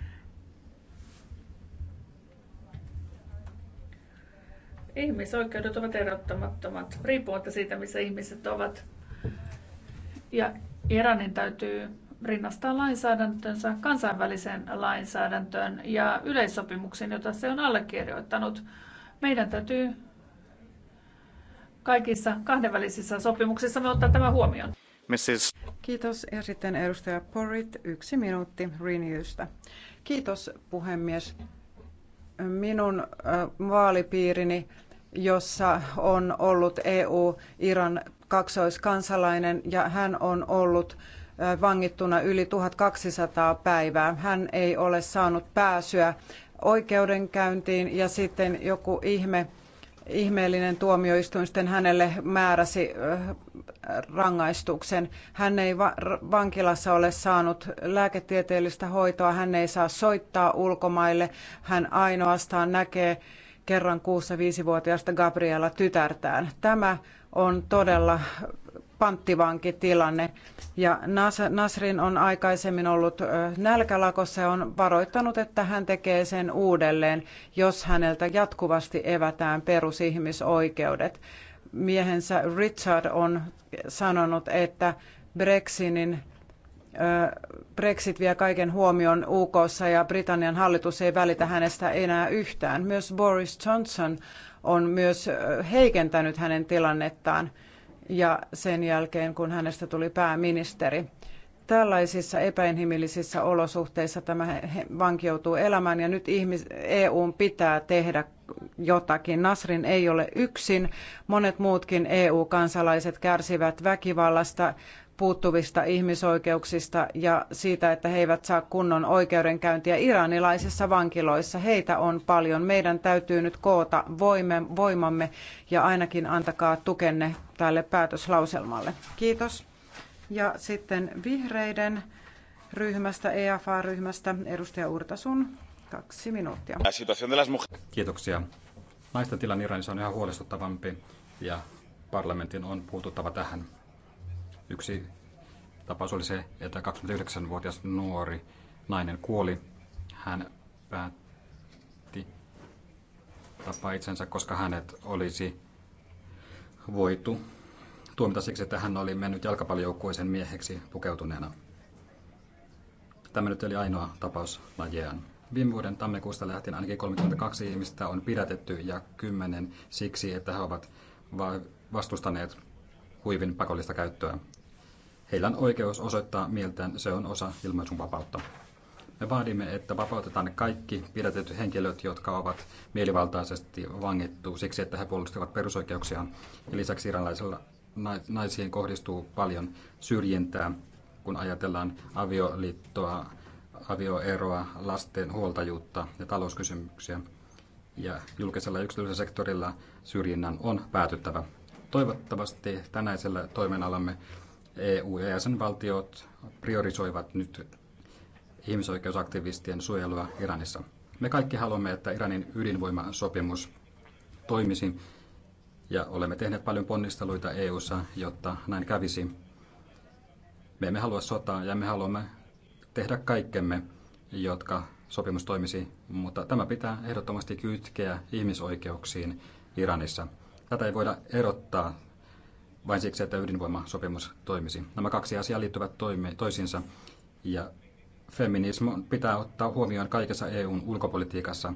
Ihmisoikeudet ovat erottamattomat, riippumatta siitä, missä ihmiset ovat. Ja Iranin täytyy rinnastaa lainsäädäntönsä kansainväliseen lainsäädäntöön ja yleissopimuksiin, jota se on allekirjoittanut. Meidän täytyy kaikissa kahdenvälisissä sopimuksissa me ottaa tämä huomioon. Mrs. Kiitos. Ja sitten edustaja Porit, yksi minuutti Renewstä. Kiitos puhemies. Minun vaalipiirini jossa on ollut EU-Iran kaksoiskansalainen ja hän on ollut vangittuna yli 1200 päivää. Hän ei ole saanut pääsyä oikeudenkäyntiin ja sitten joku ihme, ihmeellinen tuomioistuin sitten hänelle määräsi rangaistuksen. Hän ei va- vankilassa ole saanut lääketieteellistä hoitoa, hän ei saa soittaa ulkomaille, hän ainoastaan näkee kerran kuussa viisivuotiaasta Gabriela tytärtään. Tämä on todella panttivankitilanne. Ja Nasrin on aikaisemmin ollut nälkälakossa ja on varoittanut, että hän tekee sen uudelleen, jos häneltä jatkuvasti evätään perusihmisoikeudet. Miehensä Richard on sanonut, että Brexitin Brexit vie kaiken huomion UKssa ja Britannian hallitus ei välitä hänestä enää yhtään. Myös Boris Johnson on myös heikentänyt hänen tilannettaan ja sen jälkeen, kun hänestä tuli pääministeri. Tällaisissa epäinhimillisissä olosuhteissa tämä vanki joutuu elämään ja nyt ihmis- EUn pitää tehdä jotakin. Nasrin ei ole yksin. Monet muutkin EU-kansalaiset kärsivät väkivallasta, puuttuvista ihmisoikeuksista ja siitä, että he eivät saa kunnon oikeudenkäyntiä iranilaisissa vankiloissa. Heitä on paljon. Meidän täytyy nyt koota voimme, voimamme ja ainakin antakaa tukenne tälle päätöslauselmalle. Kiitos. Ja sitten vihreiden ryhmästä, EFA-ryhmästä, edustaja Urtasun. Kaksi minuuttia. Kiitoksia. Naisten tilanne Iranissa on yhä huolestuttavampi ja parlamentin on puututtava tähän. Yksi tapaus oli se, että 29-vuotias nuori nainen kuoli. Hän päätti tapaa itsensä, koska hänet olisi voitu tuomita siksi, että hän oli mennyt jalkapallojoukkueeseen mieheksi pukeutuneena. Tämä nyt oli ainoa tapaus lajeaan. Viime vuoden tammikuusta lähtien ainakin 32 ihmistä on pidätetty ja 10 siksi, että he ovat vastustaneet huivin pakollista käyttöä. Heillä on oikeus osoittaa mieltään, se on osa ilmaisunvapautta. Me vaadimme, että vapautetaan kaikki pidätetyt henkilöt, jotka ovat mielivaltaisesti vangittu siksi, että he puolustavat perusoikeuksiaan. Ja lisäksi iranlaisilla naisiin kohdistuu paljon syrjintää, kun ajatellaan avioliittoa, avioeroa, lasten huoltajuutta ja talouskysymyksiä. Ja julkisella ja yksityisellä sektorilla syrjinnän on päätyttävä. Toivottavasti tänäisellä toiminnallamme EU ja jäsenvaltiot priorisoivat nyt ihmisoikeusaktivistien suojelua Iranissa. Me kaikki haluamme, että Iranin ydinvoimasopimus toimisi ja olemme tehneet paljon ponnisteluita EU:ssa, jotta näin kävisi. Me emme halua sotaa ja me haluamme tehdä kaikkemme, jotka sopimus toimisi, mutta tämä pitää ehdottomasti kytkeä ihmisoikeuksiin Iranissa. Tätä ei voida erottaa vain siksi, että ydinvoimasopimus toimisi. Nämä kaksi asiaa liittyvät toimi, toisiinsa ja feminismi pitää ottaa huomioon kaikessa EUn ulkopolitiikassa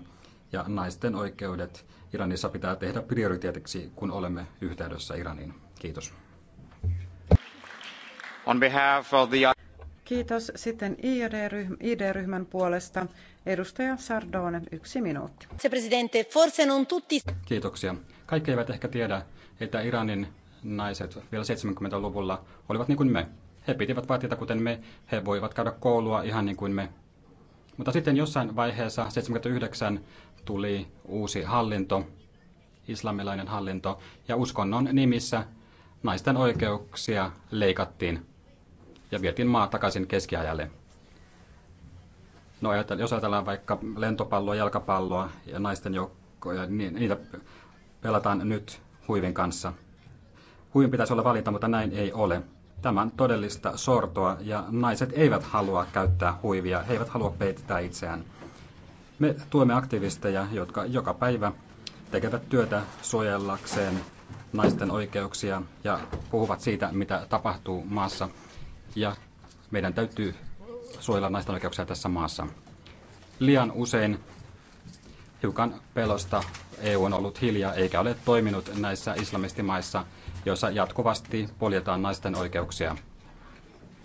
ja naisten oikeudet Iranissa pitää tehdä prioriteetiksi, kun olemme yhteydessä Iraniin. Kiitos. On behalf of the... Kiitos. Sitten ID-ryhmän puolesta edustaja Sardone, yksi minuutti. Kiitoksia. Kaikki eivät ehkä tiedä, että Iranin naiset vielä 70-luvulla olivat niin kuin me. He pitivät vaatteita kuten me, he voivat käydä koulua ihan niin kuin me. Mutta sitten jossain vaiheessa 79 tuli uusi hallinto, islamilainen hallinto, ja uskonnon nimissä naisten oikeuksia leikattiin ja vietiin maa takaisin keskiajalle. No, jos ajatellaan vaikka lentopalloa, jalkapalloa ja naisten joukkoja, niin niitä pelataan nyt huivin kanssa – kuin pitäisi olla valinta, mutta näin ei ole. Tämä on todellista sortoa ja naiset eivät halua käyttää huivia, he eivät halua peittää itseään. Me tuemme aktivisteja, jotka joka päivä tekevät työtä suojellakseen naisten oikeuksia ja puhuvat siitä, mitä tapahtuu maassa. Ja meidän täytyy suojella naisten oikeuksia tässä maassa. Liian usein hiukan pelosta EU on ollut hiljaa eikä ole toiminut näissä islamistimaissa jossa jatkuvasti poljetaan naisten oikeuksia.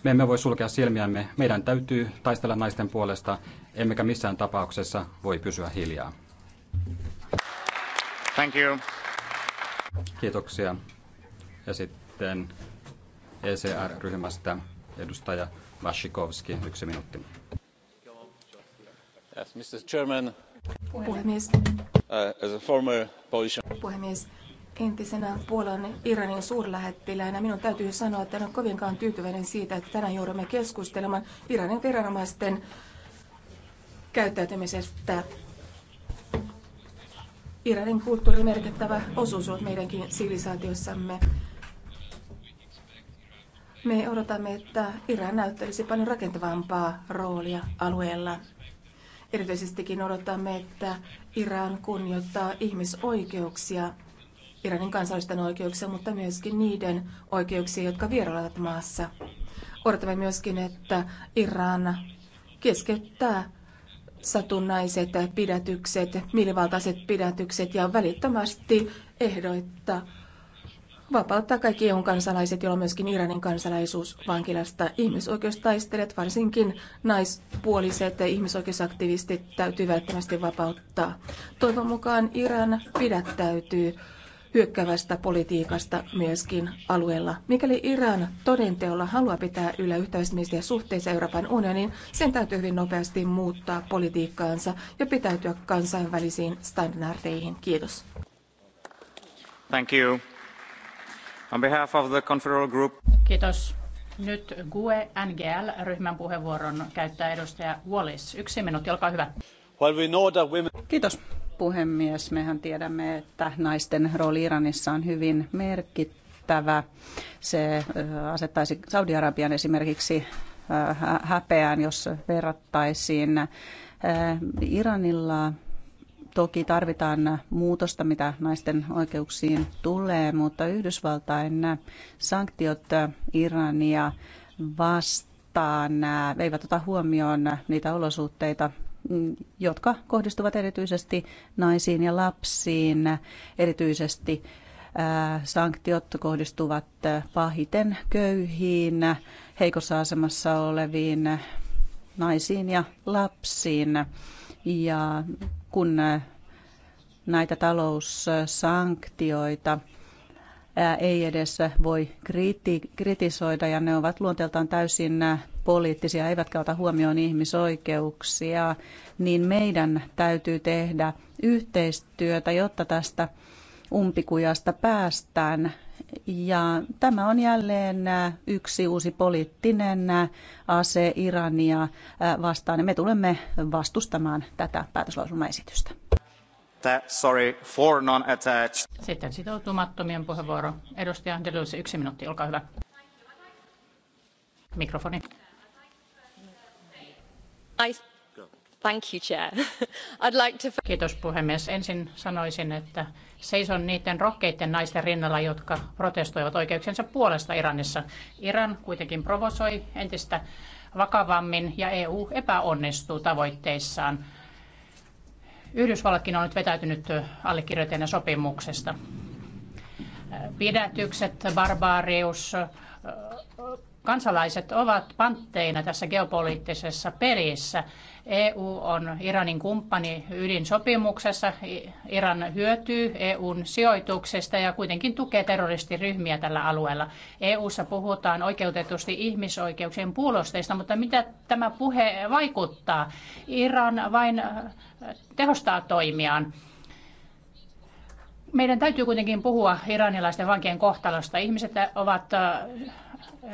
Me emme voi sulkea silmiämme. Meidän täytyy taistella naisten puolesta, emmekä missään tapauksessa voi pysyä hiljaa. Thank you. Kiitoksia. Ja sitten ECR-ryhmästä edustaja Vashikovski, yksi minuutti. Yes, Mr. Chairman. Puhemies. Uh, as a former Polish... Puhemies entisenä Puolan Iranin suurlähettiläänä minun täytyy sanoa, että en ole kovinkaan tyytyväinen siitä, että tänään joudumme keskustelemaan Iranin viranomaisten käyttäytymisestä. Iranin kulttuuri merkittävä osuus on meidänkin sivilisaatiossamme. Me odotamme, että Iran näyttelisi paljon rakentavampaa roolia alueella. Erityisestikin odotamme, että Iran kunnioittaa ihmisoikeuksia Iranin kansallisten oikeuksia, mutta myöskin niiden oikeuksia, jotka vierailevat maassa. Odotamme myöskin, että Iran keskeyttää satunnaiset pidätykset, mielivaltaiset pidätykset ja välittömästi ehdoitta vapauttaa kaikki eu kansalaiset, joilla on myöskin Iranin kansalaisuus vankilasta. Ihmisoikeustaistelijat, varsinkin naispuoliset ihmisoikeusaktivistit täytyy välttämättä vapauttaa. Toivon mukaan Iran pidättäytyy hyökkävästä politiikasta myöskin alueella. Mikäli Iran todenteolla haluaa pitää yllä yhtäismielisiä suhteita Euroopan unioniin, sen täytyy hyvin nopeasti muuttaa politiikkaansa ja pitäytyä kansainvälisiin standardeihin. Kiitos. Thank you. On behalf of the Confederal Group. Kiitos. Nyt GUE NGL ryhmän puheenvuoron käyttää edustaja Wallis. Yksi minuutti, olkaa hyvä. Kiitos puhemies. Mehän tiedämme, että naisten rooli Iranissa on hyvin merkittävä. Se asettaisi Saudi-Arabian esimerkiksi häpeään, jos verrattaisiin. Iranilla toki tarvitaan muutosta, mitä naisten oikeuksiin tulee, mutta Yhdysvaltain sanktiot Irania vastaan eivät ota huomioon niitä olosuhteita, Mm, jotka kohdistuvat erityisesti naisiin ja lapsiin. Erityisesti sanktiot kohdistuvat pahiten köyhiin, heikossa asemassa oleviin naisiin ja lapsiin. Ja kun näitä taloussanktioita ei edes voi kritisoida ja ne ovat luonteeltaan täysin poliittisia eivätkä ota huomioon ihmisoikeuksia, niin meidän täytyy tehdä yhteistyötä, jotta tästä umpikujasta päästään. Ja tämä on jälleen yksi uusi poliittinen ase Irania vastaan. Me tulemme vastustamaan tätä päätöslausumaesitystä. Sorry, for non-attached. Sitten sitoutumattomien puheenvuoro. Edustaja Deleuze, yksi minuutti, olkaa hyvä. Mikrofoni. Kiitos puhemies. Ensin sanoisin, että seison niiden rohkeiden naisten rinnalla, jotka protestoivat oikeuksiensa puolesta Iranissa. Iran kuitenkin provosoi entistä vakavammin ja EU epäonnistuu tavoitteissaan. Yhdysvallatkin on nyt vetäytynyt allekirjoittajana sopimuksesta. Pidätykset, barbaarius, kansalaiset ovat pantteina tässä geopoliittisessa pelissä. EU on Iranin kumppani ydinsopimuksessa. Iran hyötyy EUn sijoituksesta ja kuitenkin tukee terroristiryhmiä tällä alueella. EUssa puhutaan oikeutetusti ihmisoikeuksien puolusteista, mutta mitä tämä puhe vaikuttaa? Iran vain äh, tehostaa toimiaan. Meidän täytyy kuitenkin puhua iranilaisten vankien kohtalosta. Ihmiset ovat äh,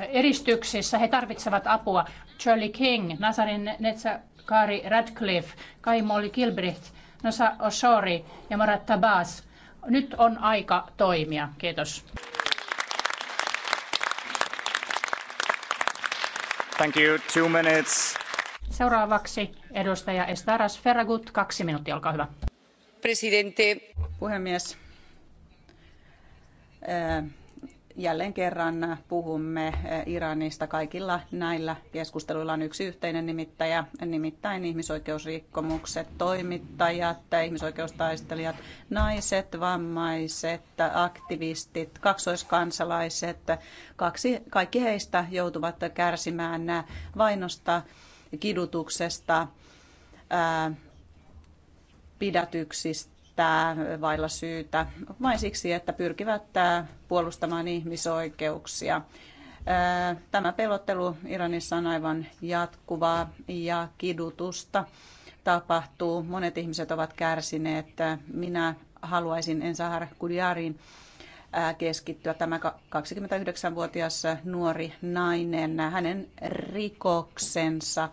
eristyksissä, he tarvitsevat apua. Charlie King, Nazarin Netsa Kari Radcliffe, Kai Molly Gilbricht, Nosa Osori ja Marat Tabas. Nyt on aika toimia. Kiitos. Thank you. Two minutes. Seuraavaksi edustaja Estaras Ferragut, kaksi minuuttia, olkaa hyvä. Presidente. Puhemies. Äh jälleen kerran puhumme eh, Iranista. Kaikilla näillä keskusteluilla on yksi yhteinen nimittäjä, nimittäin ihmisoikeusrikkomukset, toimittajat, ihmisoikeustaistelijat, naiset, vammaiset, aktivistit, kaksoiskansalaiset. Kaksi, kaikki heistä joutuvat kärsimään vainosta, kidutuksesta, pidätyksistä syyttää, vailla syytä vain siksi, että pyrkivät äh, puolustamaan ihmisoikeuksia. Äh, tämä pelottelu Iranissa on aivan jatkuvaa ja kidutusta tapahtuu. Monet ihmiset ovat kärsineet. Äh, minä haluaisin Ensahar Kudjarin keskittyä. Tämä 29-vuotias nuori nainen, hänen rikoksensa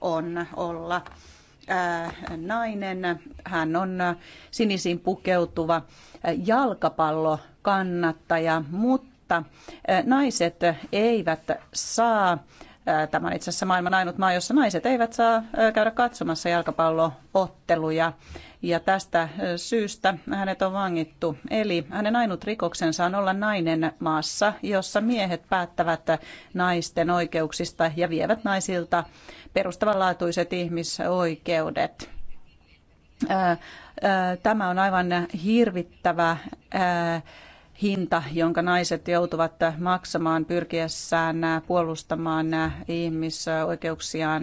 on olla Äh, nainen. Hän on sinisiin pukeutuva jalkapallokannattaja, mutta äh, naiset eivät saa Tämä on itse asiassa maailman ainut maa, jossa naiset eivät saa käydä katsomassa jalkapallootteluja. Ja tästä syystä hänet on vangittu. Eli hänen ainut rikoksensa on olla nainen maassa, jossa miehet päättävät naisten oikeuksista ja vievät naisilta perustavanlaatuiset ihmisoikeudet. Tämä on aivan hirvittävä hinta, jonka naiset joutuvat maksamaan pyrkiessään puolustamaan ihmisoikeuksiaan.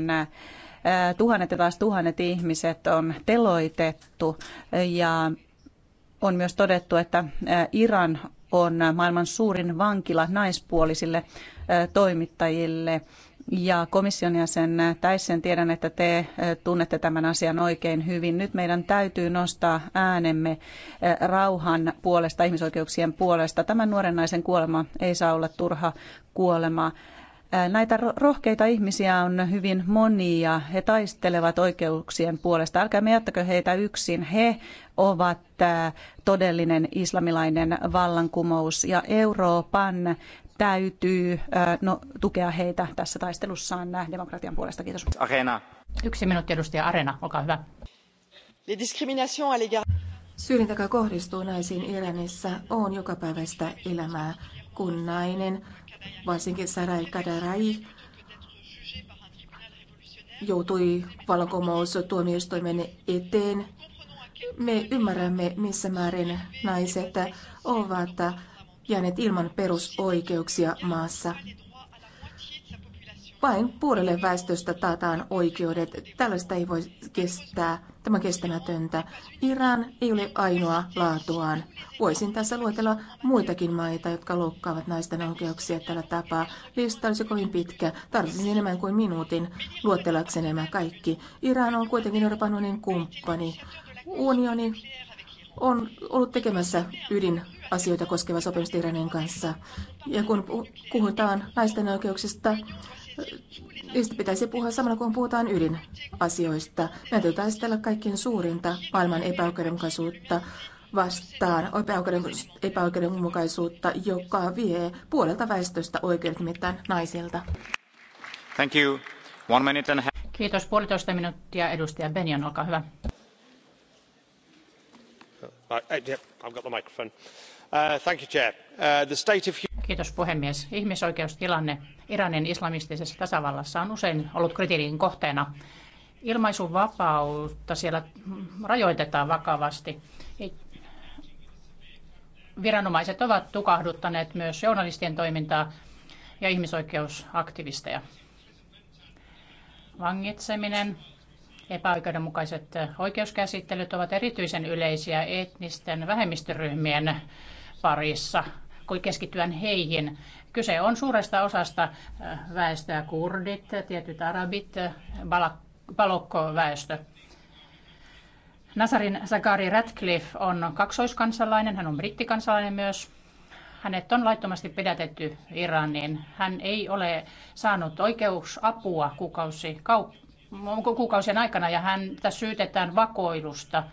Tuhannet ja taas tuhannet ihmiset on teloitettu ja on myös todettu, että Iran on maailman suurin vankila naispuolisille toimittajille ja komission jäsen Täissen tiedän, että te eh, tunnette tämän asian oikein hyvin. Nyt meidän täytyy nostaa äänemme eh, rauhan puolesta, ihmisoikeuksien puolesta. Tämän nuoren naisen kuolema ei saa olla turha kuolema. Eh, näitä rohkeita ihmisiä on hyvin monia. He taistelevat oikeuksien puolesta. Älkää me jättäkö heitä yksin. He ovat todellinen islamilainen vallankumous ja Euroopan täytyy no, tukea heitä tässä taistelussaan demokratian puolesta. Kiitos. Arena. Yksi minuutti edustaja Arena, olkaa hyvä. Syrjintä, joka kohdistuu naisiin Iranissa, on jokapäiväistä elämää, kun nainen, varsinkin Sarai Kadarai, joutui vallankumous tuomioistuimen eteen. Me ymmärrämme, missä määrin naiset ovat jääneet ilman perusoikeuksia maassa. Vain puolelle väestöstä taataan oikeudet. Tällaista ei voi kestää. Tämä on kestämätöntä. Iran ei ole ainoa laatuaan. Voisin tässä luetella muitakin maita, jotka loukkaavat naisten oikeuksia tällä tapaa. Lista olisi kovin pitkä. Tarvitsisin enemmän kuin minuutin luettelakseni nämä kaikki. Iran on kuitenkin Euroopan unionin kumppani. Unioni on ollut tekemässä ydin asioita koskeva sopimus Iranin kanssa. Ja kun puhutaan naisten oikeuksista, niistä pitäisi puhua samalla, kun puhutaan ydinasioista. Meidän täytyy taistella kaikkien suurinta maailman epäoikeudenmukaisuutta vastaan epäoikeudenmukaisuutta, joka vie puolelta väestöstä oikeudet mitään naisilta. Thank you. One minute and Kiitos. Puolitoista minuuttia. Edustaja Benjan, olkaa hyvä. Uh, I, I, I've got the microphone. Uh, uh, Kiitos puhemies. Ihmisoikeustilanne Iranin islamistisessa tasavallassa on usein ollut kritiikin kohteena. Ilmaisuvapautta siellä rajoitetaan vakavasti. Viranomaiset ovat tukahduttaneet myös journalistien toimintaa ja ihmisoikeusaktivisteja. Vangitseminen, epäoikeudenmukaiset oikeuskäsittelyt ovat erityisen yleisiä etnisten vähemmistöryhmien parissa, kui keskittyen heihin. Kyse on suuresta osasta äh, väestöä, kurdit, tietyt arabit, äh, palokkoväestö. Nasarin Zagari Radcliffe on kaksoiskansalainen, hän on brittikansalainen myös. Hänet on laittomasti pidätetty Iraniin. Hän ei ole saanut oikeusapua kuukausi, kau, kuukausien aikana ja häntä syytetään vakoilusta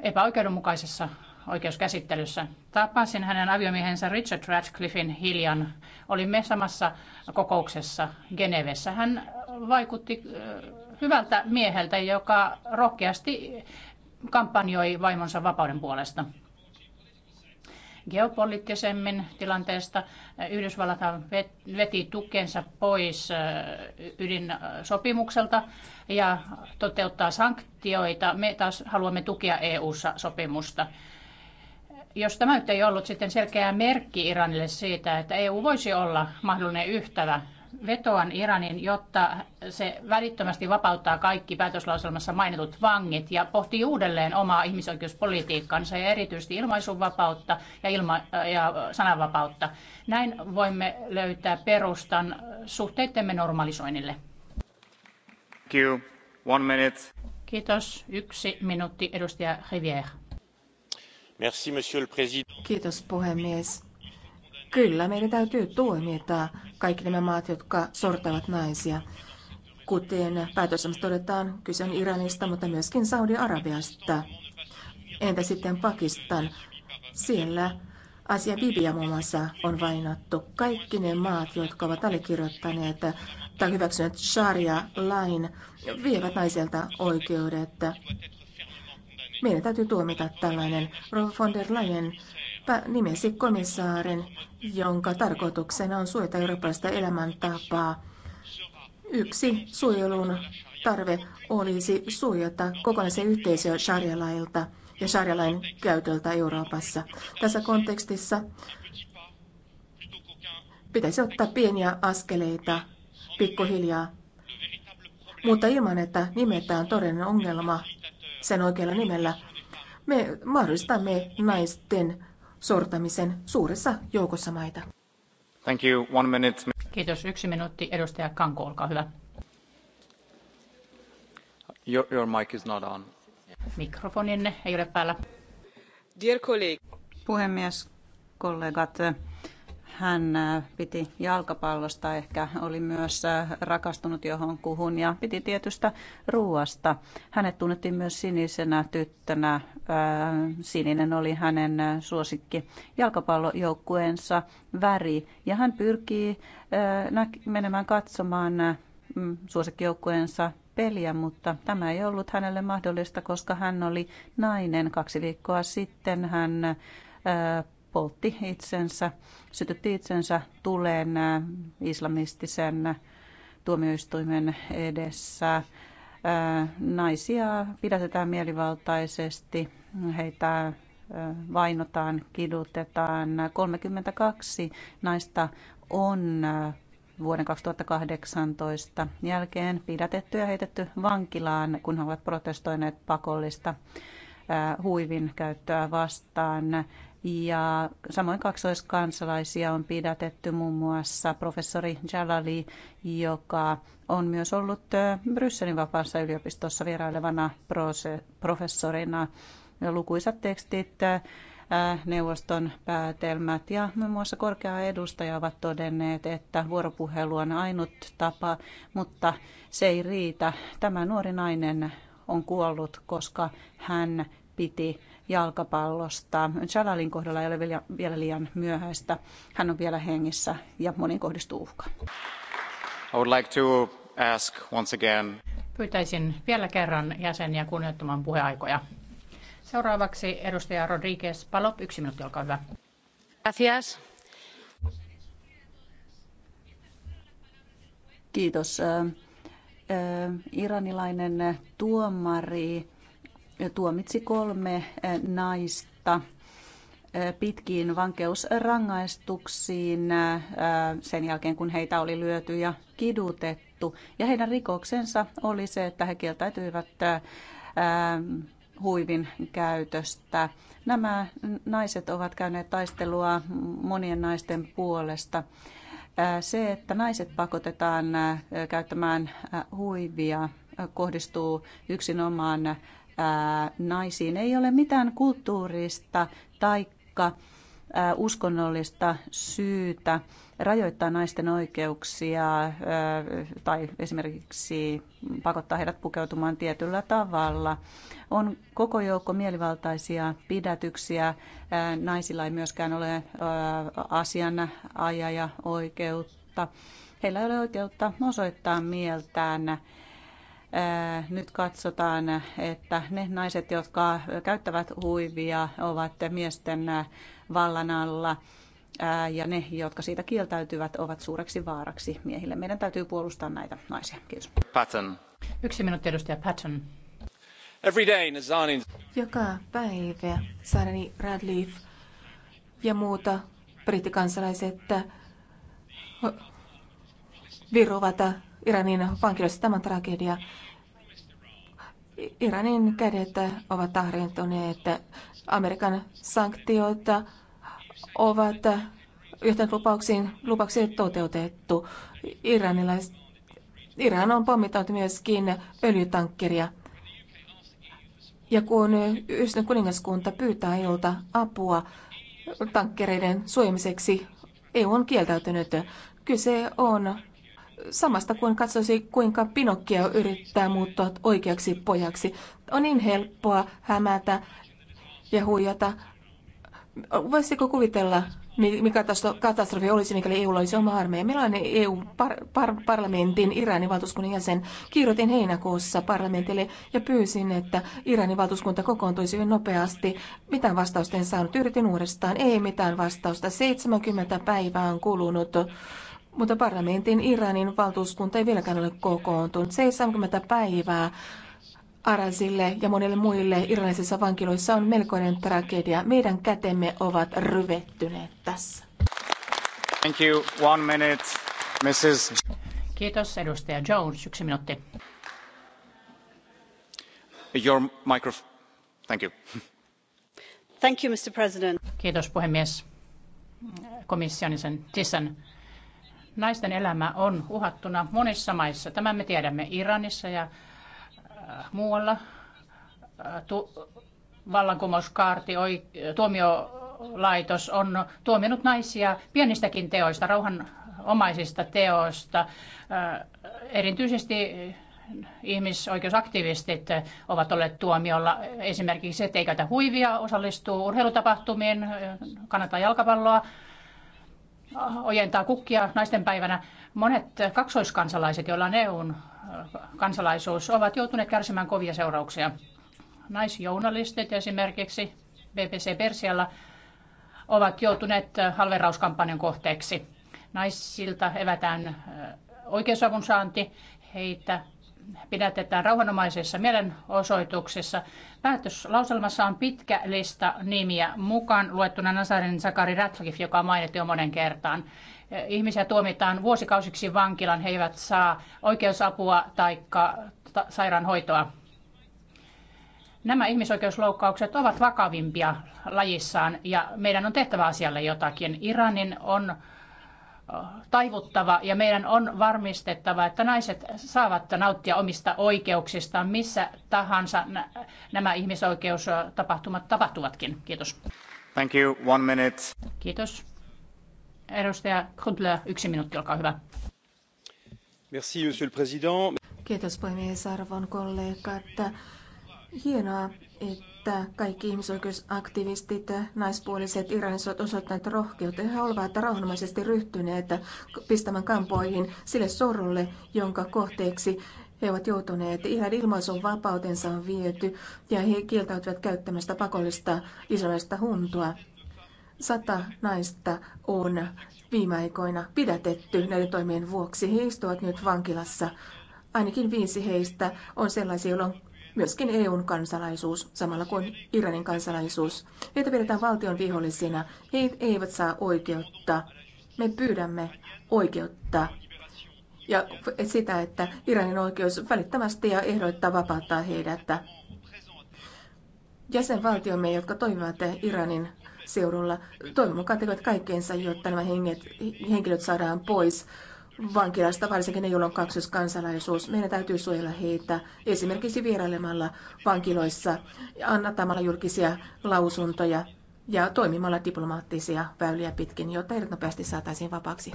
epäoikeudenmukaisessa oikeuskäsittelyssä. Tapasin hänen aviomiehensä Richard Radcliffin hiljan. Olimme samassa kokouksessa Genevessä. Hän vaikutti äh, hyvältä mieheltä, joka rohkeasti kampanjoi vaimonsa vapauden puolesta. Geopoliittisemmin tilanteesta äh, Yhdysvallat veti tukensa pois äh, ydinsopimukselta ja toteuttaa sanktioita. Me taas haluamme tukea EU-sopimusta jos tämä nyt ei ollut sitten selkeä merkki Iranille siitä, että EU voisi olla mahdollinen yhtävä, vetoan Iranin, jotta se välittömästi vapauttaa kaikki päätöslauselmassa mainitut vangit ja pohtii uudelleen omaa ihmisoikeuspolitiikkansa ja erityisesti ilmaisuvapautta ja, ilma- ja sananvapautta. Näin voimme löytää perustan suhteittemme normalisoinnille. One minute. Kiitos. Yksi minuutti, edustaja Rivière. Merci, Kiitos puhemies. Kyllä, meidän täytyy tuomita kaikki nämä maat, jotka sortavat naisia. Kuten päätösomassa todetaan, kyse on Iranista, mutta myöskin Saudi-Arabiasta. Entä sitten Pakistan? Siellä Asia Bibia muun muassa on vainottu. Kaikki ne maat, jotka ovat allekirjoittaneet tai hyväksyneet sharia-lain, vievät naiselta oikeudet. Meidän täytyy tuomita tällainen. Rolf von der Leyen nimesi komissaarin, jonka tarkoituksena on suojata eurooppalaista elämäntapaa. Yksi suojelun tarve olisi suojata kokonaisen yhteisö sharjalailta ja sharjalain käytöltä Euroopassa. Tässä kontekstissa pitäisi ottaa pieniä askeleita pikkuhiljaa, mutta ilman, että nimetään todellinen ongelma sen oikealla nimellä. Me mahdollistamme naisten sortamisen suuressa joukossa maita. Thank you. One minute. Kiitos. Yksi minuutti. Edustaja Kanko, olkaa hyvä. Your, your mic is not on. Mikrofoninne ei ole päällä. Dear colleague. Puhemies, kollegat, hän äh, piti jalkapallosta, ehkä oli myös äh, rakastunut johonkuhun ja piti tietystä ruuasta. Hänet tunnettiin myös sinisenä tyttönä. Äh, sininen oli hänen suosikki jalkapallojoukkueensa väri ja hän pyrkii menemään katsomaan mm, suosikkijoukkueensa peliä, mutta tämä ei ollut hänelle mahdollista, koska hän oli nainen. Kaksi viikkoa sitten hän poltti itsensä, sytytti itsensä tuleen äh, islamistisen äh, tuomioistuimen edessä. Äh, naisia pidätetään mielivaltaisesti, heitä vainotaan, kidutetaan. 32 naista on vuoden 2018 jälkeen pidätetty ja heitetty vankilaan, kun he ovat protestoineet pakollista huivin käyttöä vastaan ja samoin kaksoiskansalaisia on pidätetty muun muassa professori Jalali, joka on myös ollut Brysselin vapaassa yliopistossa vierailevana professorina. Lukuisat tekstit, neuvoston päätelmät ja muun muassa korkea edustaja ovat todenneet, että vuoropuhelu on ainut tapa, mutta se ei riitä. Tämä nuori nainen on kuollut, koska hän piti jalkapallosta. Jalalin kohdalla ei ole vielä liian myöhäistä. Hän on vielä hengissä ja moniin kohdistuu uhka. I would like to ask once again. Pyytäisin vielä kerran jäseniä kunnioittamaan puheaikoja. Seuraavaksi edustaja Rodriguez Palop, yksi minuutti, olkaa hyvä. Gracias. Kiitos. Iranilainen tuomari tuomitsi kolme naista pitkiin vankeusrangaistuksiin sen jälkeen, kun heitä oli lyöty ja kidutettu. Ja heidän rikoksensa oli se, että he kieltäytyivät huivin käytöstä. Nämä naiset ovat käyneet taistelua monien naisten puolesta. Se, että naiset pakotetaan käyttämään huivia, kohdistuu yksinomaan naisiin. Ei ole mitään kulttuurista taikka uskonnollista syytä rajoittaa naisten oikeuksia tai esimerkiksi pakottaa heidät pukeutumaan tietyllä tavalla. On koko joukko mielivaltaisia pidätyksiä. Naisilla ei myöskään ole asianajaja oikeutta. Heillä ei ole oikeutta osoittaa mieltään Äh, nyt katsotaan, että ne naiset, jotka käyttävät huivia, ovat miesten äh, vallan alla äh, ja ne, jotka siitä kieltäytyvät, ovat suureksi vaaraksi miehille. Meidän täytyy puolustaa näitä naisia. Kiitos. Patton. Yksi minuutti edustaja Patton. Every day Nazanin... Joka päivä Sarani Radcliffe ja muuta brittikansalaiset virovat Iranin vankilassa Tämä tragedia. Iranin kädet ovat tahrentuneet. Amerikan sanktiot ovat johtaneet lupauksiin, lupauksia toteutettu. Iranilais, Iran on pommittanut myöskin öljytankkeria. Ja kun Yhdistön kuningaskunta pyytää EUlta apua tankkereiden suojamiseksi, EU on kieltäytynyt. Kyse on samasta kuin katsoisi, kuinka Pinokkia yrittää muuttua oikeaksi pojaksi. On niin helppoa hämätä ja huijata. Voisiko kuvitella, mikä katastrofi olisi, mikäli EU olisi oma armeija? Millainen EU-parlamentin par- Iranin valtuuskunnan jäsen kirjoitin heinäkuussa parlamentille ja pyysin, että Iranin valtuuskunta kokoontuisi hyvin nopeasti. Mitään vastausta en saanut. Yritin uudestaan. Ei mitään vastausta. 70 päivää on kulunut mutta parlamentin Iranin valtuuskunta ei vieläkään ole kokoontunut. 70 päivää Arasille ja monille muille iranilaisissa vankiloissa on melkoinen tragedia. Meidän kätemme ovat ryvettyneet tässä. Thank you. One minute, Mrs. Kiitos, edustaja Jones. Yksi minuutti. Your microphone. Thank you. Thank you, Mr. President. Kiitos, puhemies. komissionisen Tissan Naisten elämä on uhattuna monissa maissa. Tämän me tiedämme Iranissa ja äh, muualla. Äh, tu- vallankumouskaarti, oi, tuomiolaitos on tuominut naisia pienistäkin teoista, rauhanomaisista teoista. Äh, erityisesti ihmisoikeusaktivistit ovat olleet tuomiolla. Esimerkiksi se, että ei käytä huivia, osallistuu urheilutapahtumiin, kannattaa jalkapalloa ojentaa kukkia naisten päivänä. Monet kaksoiskansalaiset, joilla on EUn äh, kansalaisuus, ovat joutuneet kärsimään kovia seurauksia. Naisjournalistit esimerkiksi BBC Persialla ovat joutuneet äh, halverauskampanjan kohteeksi. Naisilta evätään äh, oikeusavun saanti, heitä pidätetään rauhanomaisessa mielenosoituksessa. Päätöslauselmassa on pitkä lista nimiä mukaan luettuna Nasarin Sakari Ratfakif, joka mainittu jo monen kertaan. Ihmisiä tuomitaan vuosikausiksi vankilan, he eivät saa oikeusapua tai sairaanhoitoa. Nämä ihmisoikeusloukkaukset ovat vakavimpia lajissaan ja meidän on tehtävä asialle jotakin. Iranin on taivuttava ja meidän on varmistettava, että naiset saavat nauttia omista oikeuksistaan missä tahansa nämä ihmisoikeustapahtumat tapahtuvatkin. Kiitos. Thank you. One minute. Kiitos. Edustaja Kudler, yksi minuutti, olkaa hyvä. Merci, monsieur le président. Kiitos puhemies arvon kollegat. Hienoa, että että kaikki ihmisoikeusaktivistit, naispuoliset iranilaiset ovat osoittaneet rohkeutta ja he ovat rauhanomaisesti ryhtyneet pistämään kampoihin sille sorulle, jonka kohteeksi he ovat joutuneet. Ihan ilmaisun vapautensa on viety ja he kieltäytyvät käyttämästä pakollista islamilaista huntua. Sata naista on viime aikoina pidätetty näiden toimien vuoksi. He istuvat nyt vankilassa. Ainakin viisi heistä on sellaisia, joilla on myöskin EUn kansalaisuus, samalla kuin Iranin kansalaisuus. Heitä pidetään valtion vihollisina. He eivät saa oikeutta. Me pyydämme oikeutta ja sitä, että Iranin oikeus välittömästi ja ehdoittaa vapauttaa heidät. Jäsenvaltiomme, jotka toimivat Iranin seudulla, toivon mukaan tekevät kaikkeensa, jotta nämä henget, henkilöt saadaan pois vankilasta, varsinkin ne, joilla on kaksoiskansalaisuus. Meidän täytyy suojella heitä esimerkiksi vierailemalla vankiloissa, annatamalla julkisia lausuntoja ja toimimalla diplomaattisia väyliä pitkin, jotta heidät nopeasti saataisiin vapaaksi.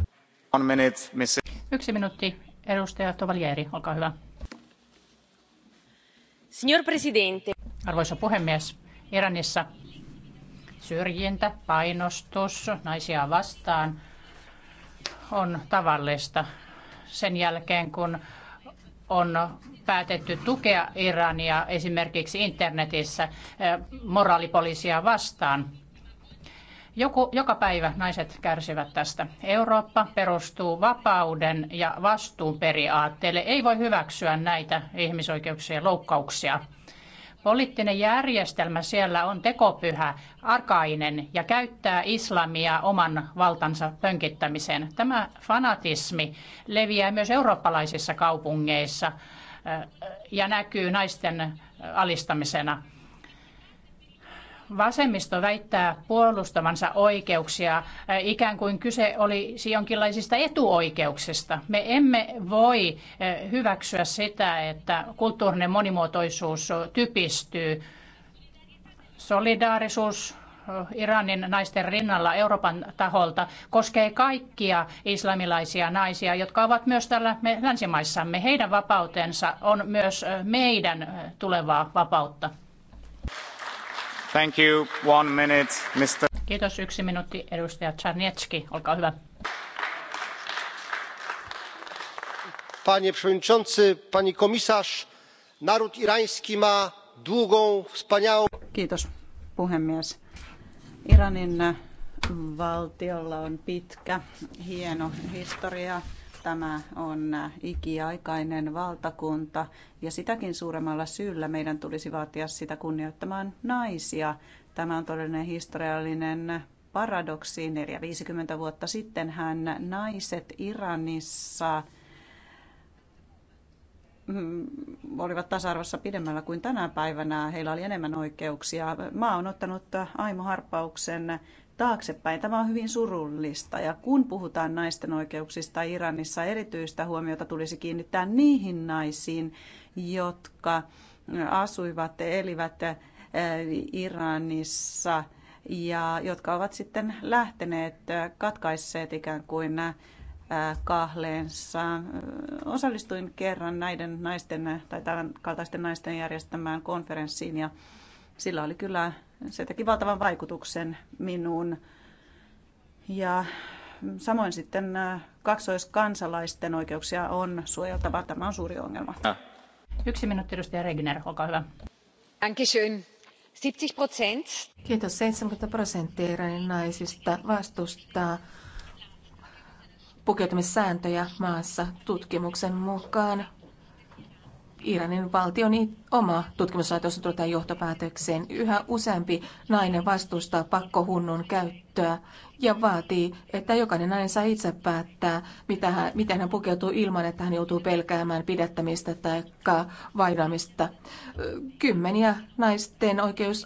Yksi minuutti. Edustaja Tovalieri, olkaa hyvä. Signor Presidente. Arvoisa puhemies, Iranissa syrjintä, painostus naisia vastaan – on tavallista sen jälkeen, kun on päätetty tukea Irania esimerkiksi internetissä eh, moraalipoliisia vastaan. Joku, joka päivä naiset kärsivät tästä. Eurooppa perustuu vapauden ja vastuun periaatteelle. Ei voi hyväksyä näitä ihmisoikeuksien loukkauksia. Poliittinen järjestelmä siellä on tekopyhä, arkainen ja käyttää islamia oman valtansa pönkittämiseen. Tämä fanatismi leviää myös eurooppalaisissa kaupungeissa ja näkyy naisten alistamisena vasemmisto väittää puolustavansa oikeuksia, ikään kuin kyse olisi jonkinlaisista etuoikeuksista. Me emme voi eh, hyväksyä sitä, että kulttuurinen monimuotoisuus typistyy. Solidaarisuus eh, Iranin naisten rinnalla Euroopan taholta koskee kaikkia islamilaisia naisia, jotka ovat myös täällä me länsimaissamme. Heidän vapautensa on myös eh, meidän tulevaa vapautta. Kiitos. Yksi minuutti, edustaja Czarniecki. Olkaa hyvä. Panie przewodniczący, pani komisarz, naród irański ma długą, wspaniałą... Kiitos, puhemies. Iranin valtiolla on pitkä, hieno historia Tämä on ikiaikainen valtakunta ja sitäkin suuremmalla syyllä meidän tulisi vaatia sitä kunnioittamaan naisia. Tämä on todellinen historiallinen paradoksi. 450 vuotta sitten hän naiset Iranissa mm, olivat tasa-arvossa pidemmällä kuin tänä päivänä. Heillä oli enemmän oikeuksia. Maa on ottanut aimoharppauksen taaksepäin. Tämä on hyvin surullista ja kun puhutaan naisten oikeuksista Iranissa, erityistä huomiota tulisi kiinnittää niihin naisiin, jotka asuivat, elivät eh, Iranissa ja jotka ovat sitten lähteneet, eh, katkaisseet ikään kuin eh, kahleensa. Osallistuin kerran näiden naisten tai tämän kaltaisten naisten järjestämään konferenssiin ja sillä oli kyllä se teki valtavan vaikutuksen minuun. Ja samoin sitten äh, kaksoiskansalaisten oikeuksia on suojeltava. Tämä on suuri ongelma. Yksi minuutti, edustaja Regner, olkaa hyvä. Dankeschön. 70 Kiitos. 70 prosenttia Iranin naisista vastustaa pukeutumissääntöjä maassa tutkimuksen mukaan. Iranin valtion oma tutkimuslaitos on tähän johtopäätökseen. Yhä useampi nainen vastustaa pakkohunnun käyttöä ja vaatii, että jokainen nainen saa itse päättää, mitä hän, miten hän pukeutuu ilman, että hän joutuu pelkäämään pidättämistä tai vainoamista. Kymmeniä naisten oikeus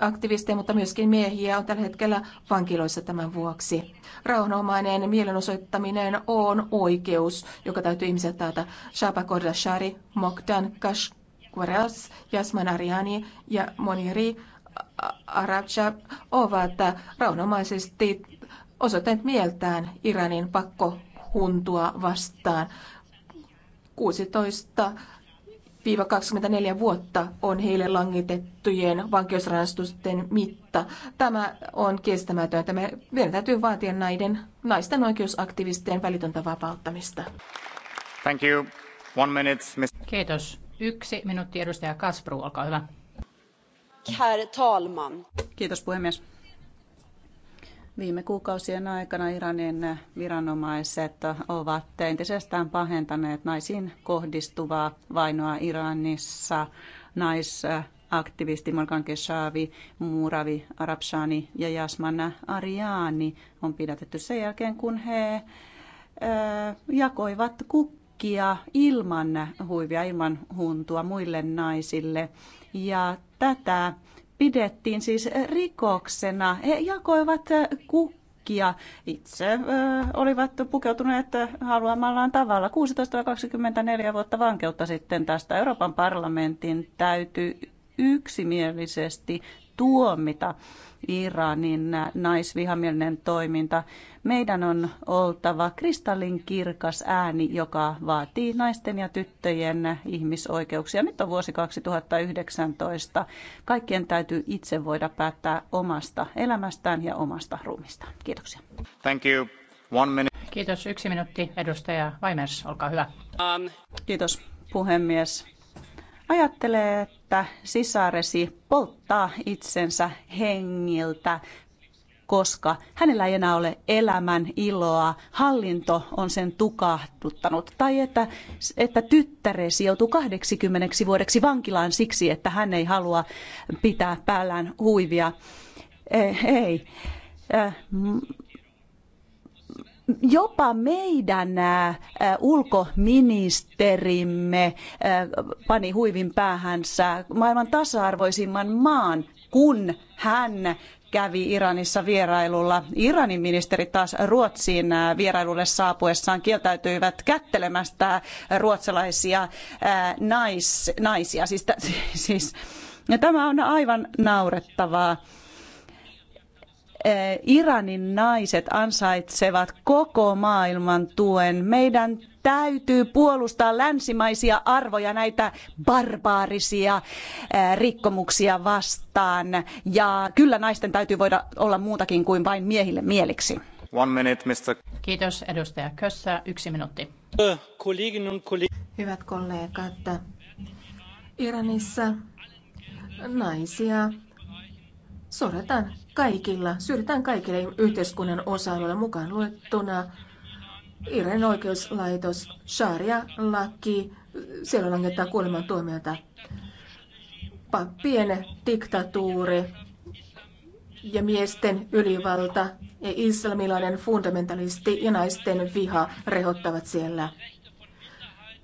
aktivisteja, mutta myöskin miehiä on tällä hetkellä vankiloissa tämän vuoksi. Rauhanomainen mielenosoittaminen on oikeus, joka täytyy ihmiset taata. Shaba Kordashari, Mokdan, Kashkwaras, Jasman Ariani ja Moniri Arabja ovat rauhanomaisesti osoittaneet mieltään Iranin pakkohuntua vastaan. 16 24 vuotta on heille langitettujen vankeusrangaistusten mitta. Tämä on kestämätöntä. Meidän täytyy vaatia näiden naisten oikeusaktivistien välitöntä vapauttamista. Thank you. One minute, miss... Kiitos. Yksi minuutti edustaja Kasbru, olkaa hyvä. Herr talman. Kiitos puhemies. Viime kuukausien aikana Iranin viranomaiset ovat entisestään pahentaneet naisiin kohdistuvaa vainoa Iranissa. Naisaktivisti Morgan Keshavi, Muuravi Arabshani ja Jasmana Ariani on pidätetty sen jälkeen, kun he jakoivat kukkia ilman huivia, ilman huntua muille naisille. Ja tätä pidettiin siis rikoksena. He jakoivat äh, kukkia. Itse ö, äh, olivat pukeutuneet äh, haluamallaan tavalla. 16-24 vuotta vankeutta sitten tästä Euroopan parlamentin täytyy yksimielisesti tuomita Iranin naisvihamielinen toiminta. Meidän on oltava kristallinkirkas ääni, joka vaatii naisten ja tyttöjen ihmisoikeuksia. Nyt on vuosi 2019. Kaikkien täytyy itse voida päättää omasta elämästään ja omasta ruumistaan. Kiitoksia. Thank you. One minute. Kiitos. Yksi minuutti. Edustaja Vaimers, olkaa hyvä. Um. Kiitos puhemies. Ajattelee, että sisaresi polttaa itsensä hengiltä, koska hänellä ei enää ole elämän iloa, hallinto on sen tukahduttanut, tai että, että tyttäresi joutuu 80 vuodeksi vankilaan siksi, että hän ei halua pitää päällään huivia. Eh, ei. Eh, jopa meidän äh, äh, ulkoministerimme äh, pani huivin päähänsä maailman tasa-arvoisimman maan, kun hän kävi Iranissa vierailulla. Iranin ministerit taas Ruotsiin vierailulle saapuessaan kieltäytyivät kättelemästä ruotsalaisia nais, naisia. Siis, siis, siis- tämä on aivan naurettavaa. Eh, Iranin naiset ansaitsevat koko maailman tuen. Meidän täytyy puolustaa länsimaisia arvoja näitä barbaarisia eh, rikkomuksia vastaan. Ja kyllä naisten täytyy voida olla muutakin kuin vain miehille mieliksi. One minute, Mr. Kiitos edustaja Kössä. Yksi minuutti. Hyvät kollegat, Iranissa naisia sorretaan kaikilla, syrjitään kaikille yhteiskunnan osa-alueilla mukaan luettuna Iranin oikeuslaitos, sharia-laki, siellä langettaa tuomiota. pappien diktatuuri ja miesten ylivalta ja islamilainen fundamentalisti ja naisten viha rehottavat siellä.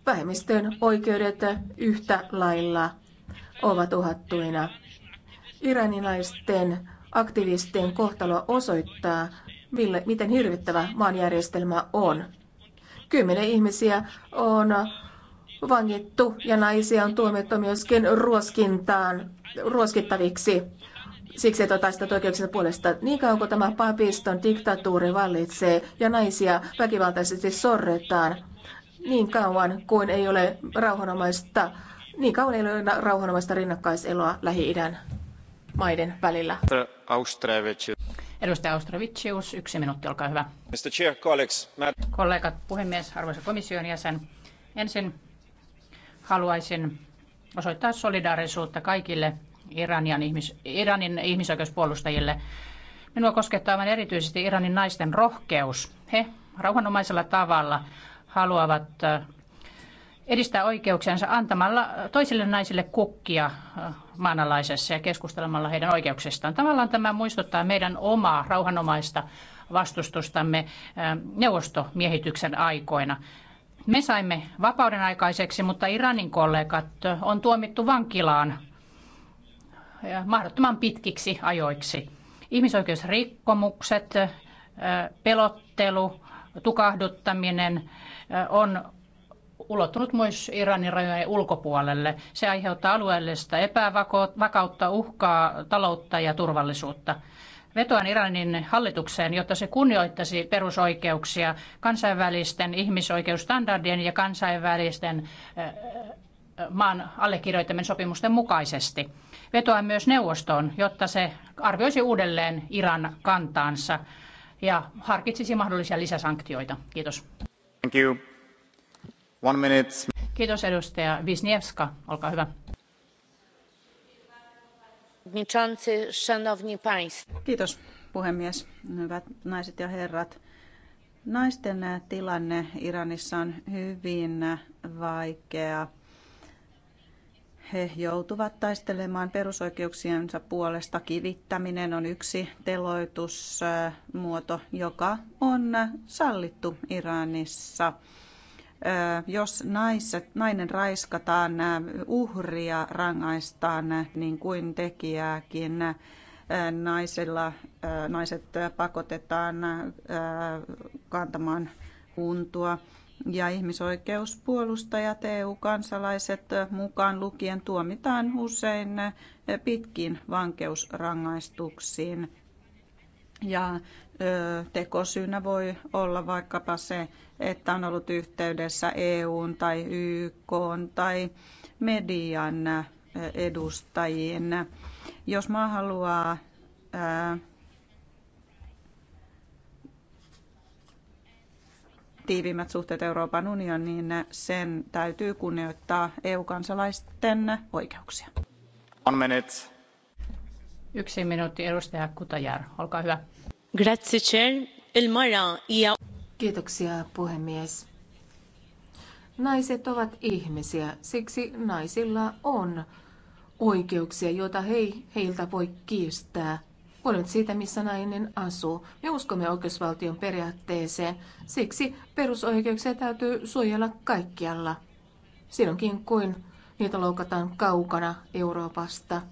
Vähemmistön oikeudet yhtä lailla ovat uhattuina. Iranilaisten Aktivistien kohtalo osoittaa, mille, miten hirvittävä maanjärjestelmä on. Kymmenen ihmisiä on vangittu ja naisia on tuomittu myöskin ruoskintaan, ruoskittaviksi siksi, että taistelut oikeuksien puolesta. Niin kauan kuin tämä papiston diktatuuri vallitsee ja naisia väkivaltaisesti sorretaan, niin kauan kuin ei ole rauhanomaista, niin kauan ei ole rauhanomaista rinnakkaiseloa Lähi-idän maiden välillä. Edustaja Austravicius, yksi minuutti, olkaa hyvä. Mr. Chair, colleagues, Kollegat, puhemies, arvoisa komission jäsen. Ensin haluaisin osoittaa solidaarisuutta kaikille Iranian ihmis- Iranin ihmisoikeuspuolustajille. Minua koskettaa aivan erityisesti Iranin naisten rohkeus. He rauhanomaisella tavalla haluavat edistää oikeuksiansa antamalla toisille naisille kukkia maanalaisessa ja keskustelemalla heidän oikeuksistaan. Tavallaan tämä muistuttaa meidän omaa rauhanomaista vastustustamme neuvostomiehityksen aikoina. Me saimme vapauden aikaiseksi, mutta Iranin kollegat on tuomittu vankilaan mahdottoman pitkiksi ajoiksi. Ihmisoikeusrikkomukset, pelottelu, tukahduttaminen on ulottunut myös Iranin rajojen ulkopuolelle. Se aiheuttaa alueellista epävakautta, uhkaa taloutta ja turvallisuutta. Vetoan Iranin hallitukseen, jotta se kunnioittaisi perusoikeuksia, kansainvälisten ihmisoikeusstandardien ja kansainvälisten eh, maan allekirjoittamien sopimusten mukaisesti. Vetoan myös neuvostoon, jotta se arvioisi uudelleen Iran kantaansa ja harkitsisi mahdollisia lisäsanktioita. Kiitos. Thank you. One minute. Kiitos edustaja Wisniewska, olkaa hyvä. Kiitos puhemies, hyvät naiset ja herrat. Naisten tilanne Iranissa on hyvin vaikea. He joutuvat taistelemaan perusoikeuksiensa puolesta. Kivittäminen on yksi teloitusmuoto, joka on sallittu Iranissa jos naiset, nainen raiskataan, uhria rangaistaan niin kuin tekijääkin, naisilla, naiset pakotetaan kantamaan kuntua ja ihmisoikeuspuolustajat, EU-kansalaiset mukaan lukien tuomitaan usein pitkin vankeusrangaistuksiin. Ja tekosyynä voi olla vaikkapa se, että on ollut yhteydessä EUn tai YKn tai median edustajiin. Jos maa haluaa tiivimmät suhteet Euroopan unioniin, niin sen täytyy kunnioittaa EU-kansalaisten oikeuksia. One minute. Yksi minuutti, edustaja Kutajar. Olkaa hyvä. Grazie, Chair. Il-mara ja... Kiitoksia puhemies. Naiset ovat ihmisiä, siksi naisilla on oikeuksia, joita he, heiltä voi kiistää. Olemme siitä, missä nainen asuu. Me uskomme oikeusvaltion periaatteeseen, siksi perusoikeuksia täytyy suojella kaikkialla. Silloinkin kuin niitä loukataan kaukana Euroopasta.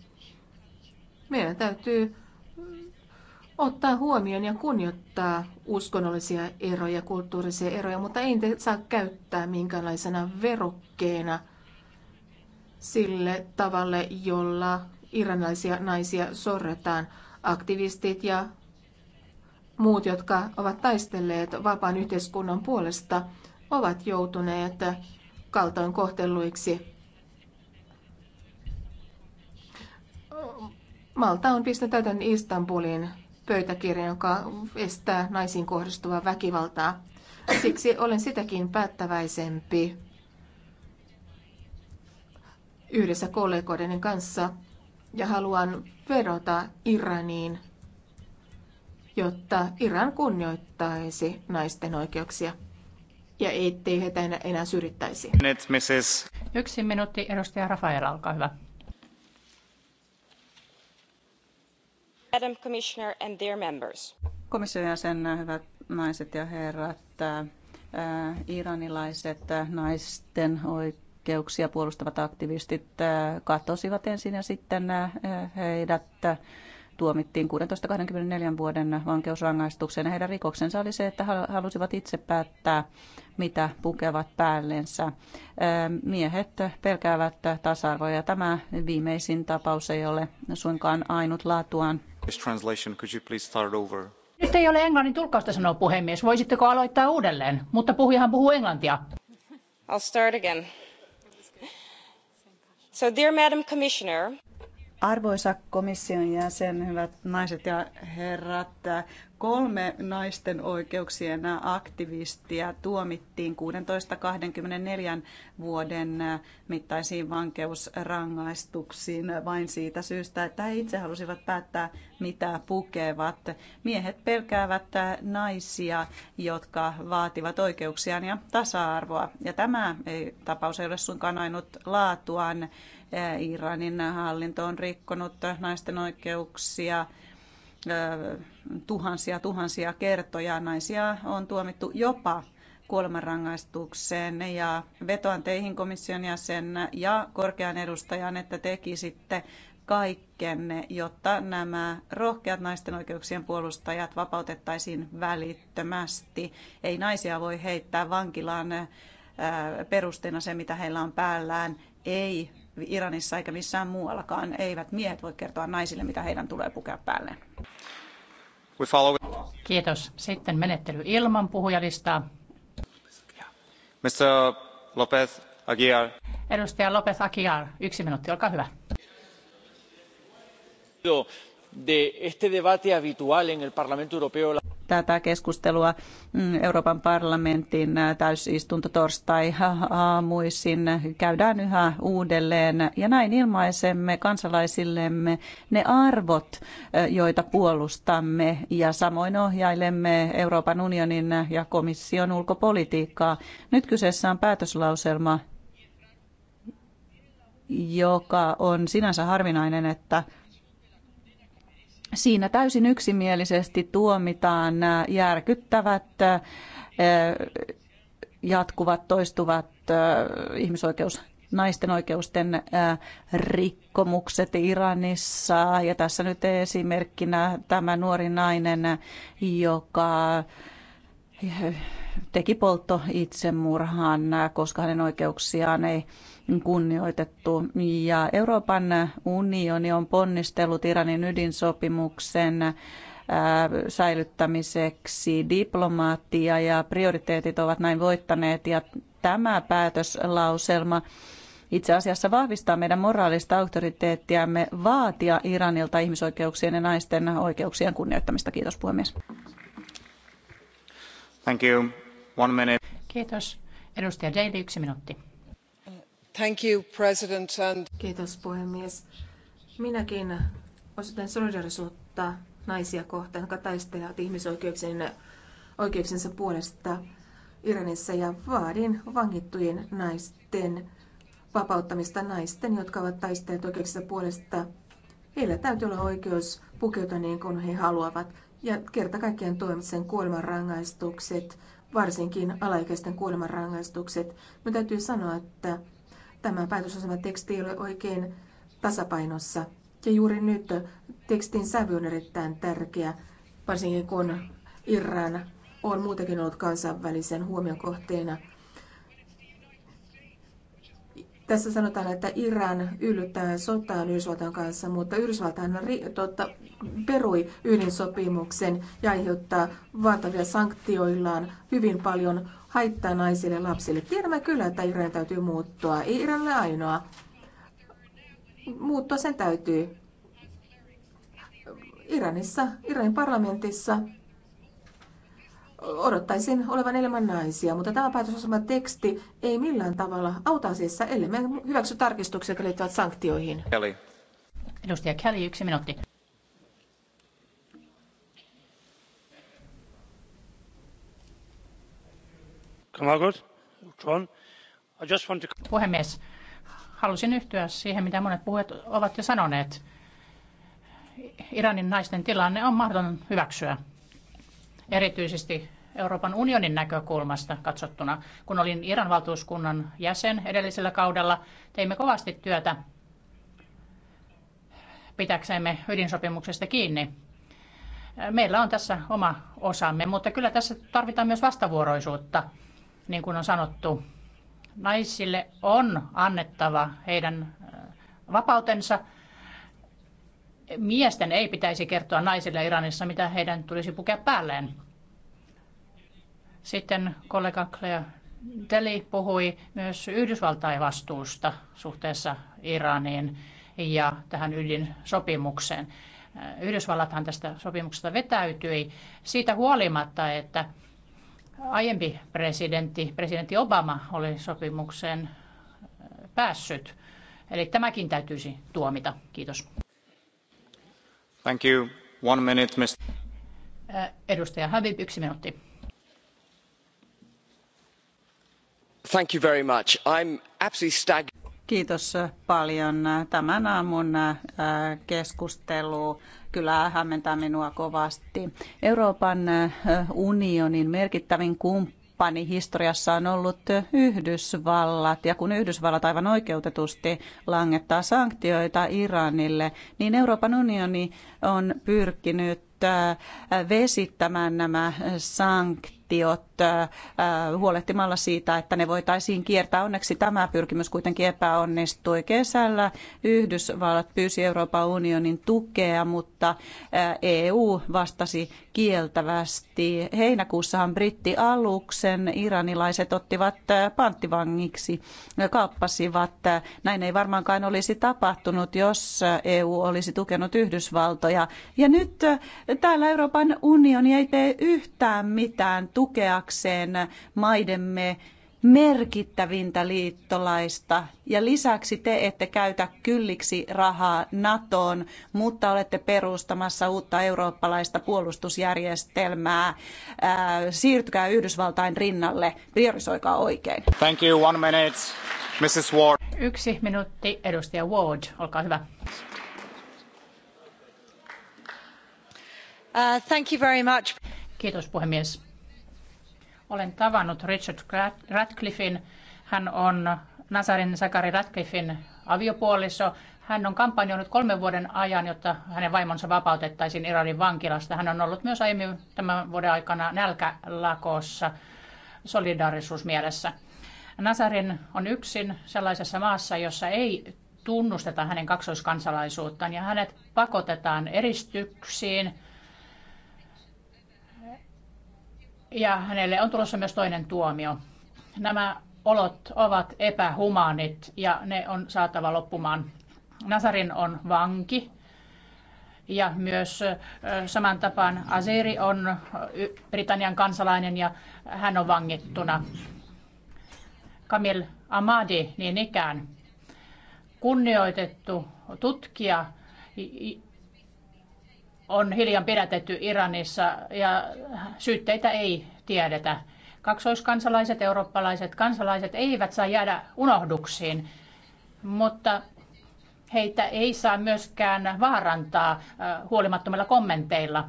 Meidän täytyy ottaa huomioon ja kunnioittaa uskonnollisia eroja, kulttuurisia eroja, mutta ei niitä saa käyttää minkäänlaisena verokkeena sille tavalle, jolla iranilaisia naisia sorretaan. Aktivistit ja muut, jotka ovat taistelleet vapaan yhteiskunnan puolesta, ovat joutuneet kaltoin kohtelluiksi. Malta on pistänyt täytän Istanbulin pöytäkirja, joka estää naisiin kohdistuvaa väkivaltaa. Siksi olen sitäkin päättäväisempi yhdessä kollegoiden kanssa ja haluan vedota Iraniin, jotta Iran kunnioittaisi naisten oikeuksia ja ettei heitä enää syrjittäisi. Yksi minuutti, edustaja Rafael, olkaa hyvä. Madam Commissioner and dear members. Komission jäsen, hyvät naiset ja herrat, äh, iranilaiset äh, naisten oikeuksia puolustavat aktivistit äh, katosivat ensin ja sitten heidät tuomittiin 16-24 vuoden vankeusrangaistukseen. Heidän rikoksensa oli se, että halusivat itse päättää, mitä pukevat päällensä. Ähm, miehet pelkäävät tasa-arvoa ja tämä viimeisin tapaus ei ole suinkaan ainutlaatuaan Translation, could you please start over? Nyt ei ole englannin tulkkausta, sanoo puhemies. Voisitteko aloittaa uudelleen? Mutta puhujahan puhuu englantia. I'll start again. So dear Madam Commissioner, Arvoisa komission jäsen, hyvät naiset ja herrat, kolme naisten oikeuksien aktivistia tuomittiin 16-24 vuoden mittaisiin vankeusrangaistuksiin vain siitä syystä, että he itse halusivat päättää, mitä pukevat. Miehet pelkäävät naisia, jotka vaativat oikeuksiaan ja tasa-arvoa. Ja tämä ei, tapaus ei ole suinkaan ainut laatuaan. Iranin hallinto on rikkonut naisten oikeuksia tuhansia tuhansia kertoja. Naisia on tuomittu jopa kuolemanrangaistukseen ja vetoan teihin komission jäsen ja korkean edustajan, että tekisitte kaikkenne, jotta nämä rohkeat naisten oikeuksien puolustajat vapautettaisiin välittömästi. Ei naisia voi heittää vankilaan perusteena se, mitä heillä on päällään. Ei Iranissa eikä missään muuallakaan. Eivät miehet voi kertoa naisille, mitä heidän tulee pukea päälle. Kiitos. Sitten menettely ilman puhujalistaa. Mr. Lopez Aguiar. Edustaja Lopez Aguiar, yksi minuutti, olkaa hyvä. De este debate habitual en el Parlamento Europeo tätä keskustelua mm, Euroopan parlamentin täysistunto torstai aamuisin käydään yhä uudelleen ja näin ilmaisemme kansalaisillemme ne arvot, joita puolustamme ja samoin ohjailemme Euroopan unionin ja komission ulkopolitiikkaa. Nyt kyseessä on päätöslauselma joka on sinänsä harvinainen, että Siinä täysin yksimielisesti tuomitaan järkyttävät jatkuvat, toistuvat ihmisoikeus naisten oikeusten rikkomukset Iranissa. Ja tässä nyt esimerkkinä tämä nuori nainen, joka teki poltto itsemurhaan, koska hänen oikeuksiaan ei kunnioitettu. Ja Euroopan unioni on ponnistellut Iranin ydinsopimuksen äh, säilyttämiseksi diplomaattia ja prioriteetit ovat näin voittaneet ja tämä päätöslauselma itse asiassa vahvistaa meidän moraalista auktoriteettiamme vaatia Iranilta ihmisoikeuksien ja naisten oikeuksien kunnioittamista. Kiitos puhemies. Thank you. One minute. Kiitos. Edustaja Daly, yksi minuutti. Thank you, President. And... Kiitos puhemies. Minäkin osoitan solidarisuutta naisia kohtaan, jotka taistelevat ihmisoikeuksien oikeuksensa puolesta Iranissa ja vaadin vangittujen naisten vapauttamista naisten, jotka ovat taistelleet oikeuksensa puolesta. Heillä täytyy olla oikeus pukeutua niin kuin he haluavat ja kerta kaikkiaan tuomitsen kuolemanrangaistukset varsinkin alaikäisten kuolemanrangaistukset. Minun täytyy sanoa, että tämä päätösosama teksti ei ole oikein tasapainossa. Ja juuri nyt tekstin sävy on erittäin tärkeä, varsinkin kun Iran on muutenkin ollut kansainvälisen huomion kohteena – tässä sanotaan, että Iran yllyttää sotaan Yhdysvaltain kanssa, mutta Yhdysvaltain totta, perui ydinsopimuksen ja aiheuttaa valtavia sanktioillaan hyvin paljon haittaa naisille ja lapsille. Tiedämme kyllä, että Iran täytyy muuttua. Ei ole ainoa. Muuttua sen täytyy. Iranissa, Iranin parlamentissa odottaisin olevan enemmän naisia, mutta tämä päätösasema teksti ei millään tavalla auta asiassa, ellei me hyväksy tarkistuksia, jotka liittyvät sanktioihin. Kelly. Edustaja Kelly, yksi minuutti. Puhemies, halusin yhtyä siihen, mitä monet puhujat ovat jo sanoneet. Iranin naisten tilanne on mahdoton hyväksyä erityisesti Euroopan unionin näkökulmasta katsottuna. Kun olin Iran valtuuskunnan jäsen edellisellä kaudella, teimme kovasti työtä pitäksemme ydinsopimuksesta kiinni. Meillä on tässä oma osamme, mutta kyllä tässä tarvitaan myös vastavuoroisuutta, niin kuin on sanottu. Naisille on annettava heidän vapautensa, miesten ei pitäisi kertoa naisille Iranissa, mitä heidän tulisi pukea päälleen. Sitten kollega Claire Deli puhui myös Yhdysvaltain vastuusta suhteessa Iraniin ja tähän ydinsopimukseen. Yhdysvallathan tästä sopimuksesta vetäytyi siitä huolimatta, että aiempi presidentti, presidentti Obama oli sopimukseen päässyt. Eli tämäkin täytyisi tuomita. Kiitos. Thank you. One minute, Mr. Äh, edustaja Habib, yksi minuutti. Thank you very much. I'm absolutely staggered. Kiitos paljon. Tämän aamun äh, keskustelu kyllä hämmentää minua kovasti. Euroopan äh, unionin merkittävin kumppani kumppani historiassa on ollut Yhdysvallat. Ja kun Yhdysvallat aivan oikeutetusti langettaa sanktioita Iranille, niin Euroopan unioni on pyrkinyt äh, vesittämään nämä sanktiot sanktiot huolehtimalla siitä, että ne voitaisiin kiertää. Onneksi tämä pyrkimys kuitenkin epäonnistui. Kesällä Yhdysvallat pyysi Euroopan unionin tukea, mutta EU vastasi kieltävästi. Heinäkuussahan brittialuksen iranilaiset ottivat panttivangiksi, kaappasivat. Näin ei varmaankaan olisi tapahtunut, jos EU olisi tukenut Yhdysvaltoja. Ja nyt täällä Euroopan unioni ei tee yhtään mitään tukeakseen maidemme merkittävintä liittolaista ja lisäksi te ette käytä kylliksi rahaa NATOon, mutta olette perustamassa uutta eurooppalaista puolustusjärjestelmää. Äh, siirtykää Yhdysvaltain rinnalle, priorisoikaa oikein. Thank you, one minute, Mrs. Ward. Yksi minuutti, edustaja Ward, olkaa hyvä. Uh, thank you very much. Kiitos puhemies olen tavannut Richard Radcliffin. Hän on Nazarin Sakari Radcliffin aviopuoliso. Hän on kampanjoinut kolmen vuoden ajan, jotta hänen vaimonsa vapautettaisiin Iranin vankilasta. Hän on ollut myös aiemmin tämän vuoden aikana nälkälakossa solidaarisuusmielessä. Nazarin on yksin sellaisessa maassa, jossa ei tunnusteta hänen kaksoiskansalaisuuttaan ja hänet pakotetaan eristyksiin, ja hänelle on tulossa myös toinen tuomio. Nämä olot ovat epähumanit ja ne on saatava loppumaan. Nasarin on vanki ja myös saman tapaan Aziri on Britannian kansalainen ja hän on vangittuna. Kamil Amadi niin ikään kunnioitettu tutkija on hiljan pidätetty Iranissa ja syytteitä ei tiedetä. Kaksoiskansalaiset, eurooppalaiset kansalaiset eivät saa jäädä unohduksiin, mutta heitä ei saa myöskään vaarantaa huolimattomilla kommenteilla.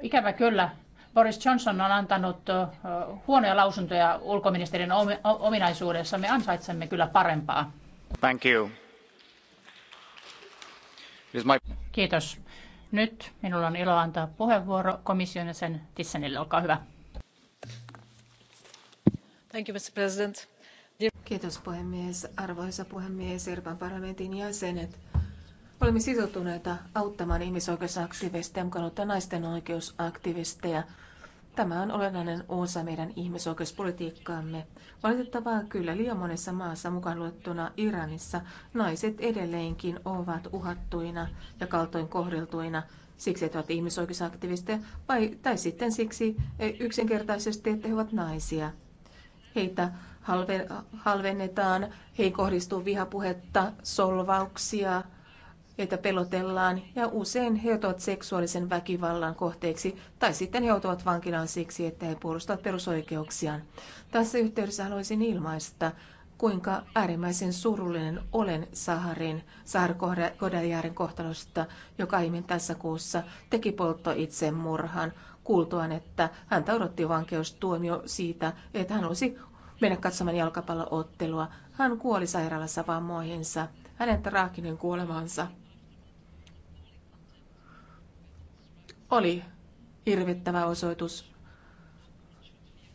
Ikävä kyllä, Boris Johnson on antanut huonoja lausuntoja ulkoministerin ominaisuudessa. Me ansaitsemme kyllä parempaa. Thank you. Kiitos. Nyt minulla on ilo antaa puheenvuoro komission sen Tissanille. Olkaa hyvä. Thank you, Mr. President. Kiitos puhemies. Arvoisa puhemies, Euroopan parlamentin jäsenet. Olemme sitoutuneita auttamaan ihmisoikeusaktivisteja, mukaan naisten oikeusaktivisteja Tämä on olennainen osa meidän ihmisoikeuspolitiikkaamme. Valitettavaa kyllä liian monessa maassa, mukaan luettuna Iranissa, naiset edelleenkin ovat uhattuina ja kaltoin kohdeltuina siksi, että ovat ihmisoikeusaktivisteja, vai, tai sitten siksi e, yksinkertaisesti, että he ovat naisia. Heitä halve, halvennetaan, heihin kohdistuu vihapuhetta, solvauksia, joita pelotellaan ja usein he joutuvat seksuaalisen väkivallan kohteeksi tai sitten he joutuvat vankilaan siksi, että he puolustavat perusoikeuksiaan. Tässä yhteydessä haluaisin ilmaista, kuinka äärimmäisen surullinen olen Saharin, Sahar Kodajärin kohtalosta, joka aiemmin tässä kuussa teki poltto itsemurhan kuultuaan, että häntä odotti vankeustuomio siitä, että hän olisi mennä katsomaan jalkapalloottelua. Hän kuoli sairaalassa vammoihinsa. Hänen traaginen kuolemansa oli hirvittävä osoitus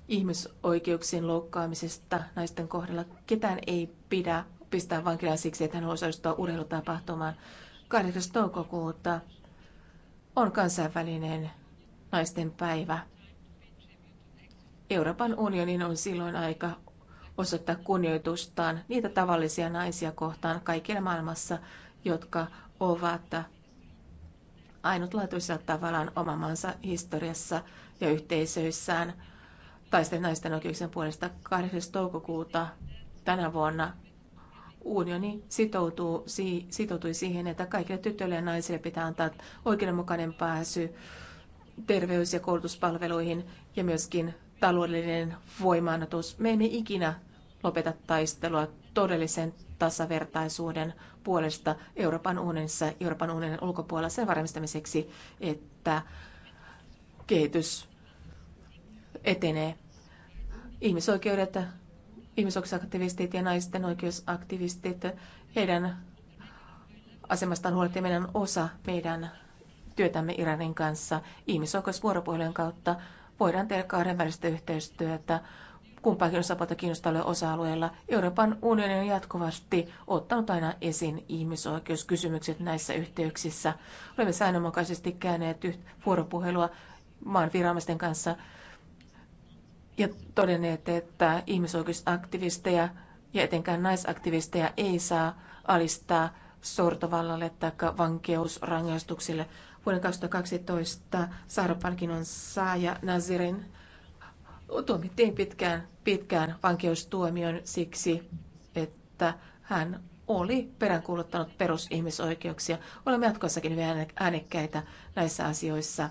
ihmisoikeuksien loukkaamisesta naisten kohdalla. Ketään ei pidä pistää vankilaan siksi, että hän osallistuu urheilutapahtumaan. 8. toukokuuta on kansainvälinen naisten päivä. Euroopan unionin on silloin aika osoittaa kunnioitustaan niitä tavallisia naisia kohtaan kaikilla maailmassa, jotka ovat ainutlaatuisella tavallaan oman maansa historiassa ja yhteisöissään taisten naisten oikeuksien puolesta 8. toukokuuta tänä vuonna unioni sitoutuu, sitoutui siihen, että kaikille tytöille ja naisille pitää antaa oikeudenmukainen pääsy terveys- ja koulutuspalveluihin ja myöskin taloudellinen voimaannutus. Me emme ikinä lopeta taistelua todellisen tasavertaisuuden puolesta Euroopan unionissa, Euroopan unionin ulkopuolella sen varmistamiseksi, että kehitys etenee. Ihmisoikeudet, ihmisoikeusaktivistit ja naisten oikeusaktivistit, heidän asemastaan huolehtiminen on osa meidän työtämme Iranin kanssa. Ihmisoikeusvuoropuhelun kautta voidaan tehdä kahdenvälistä yhteistyötä kumpaakin osapuolta kiinnostavilla osa-alueilla. Euroopan unioni on jatkuvasti ottanut aina esiin ihmisoikeuskysymykset näissä yhteyksissä. Olemme säännönmukaisesti käyneet vuoropuhelua maan viranomaisten kanssa ja todenneet, että ihmisoikeusaktivisteja ja etenkään naisaktivisteja ei saa alistaa sortovallalle tai vankeusrangaistuksille. Vuoden 2012 Saara-palkinnon saaja Nazirin tuomittiin pitkään, pitkään vankeustuomion siksi, että hän oli peräänkuuluttanut perusihmisoikeuksia. Olemme jatkossakin hyvin äänekkäitä näissä asioissa.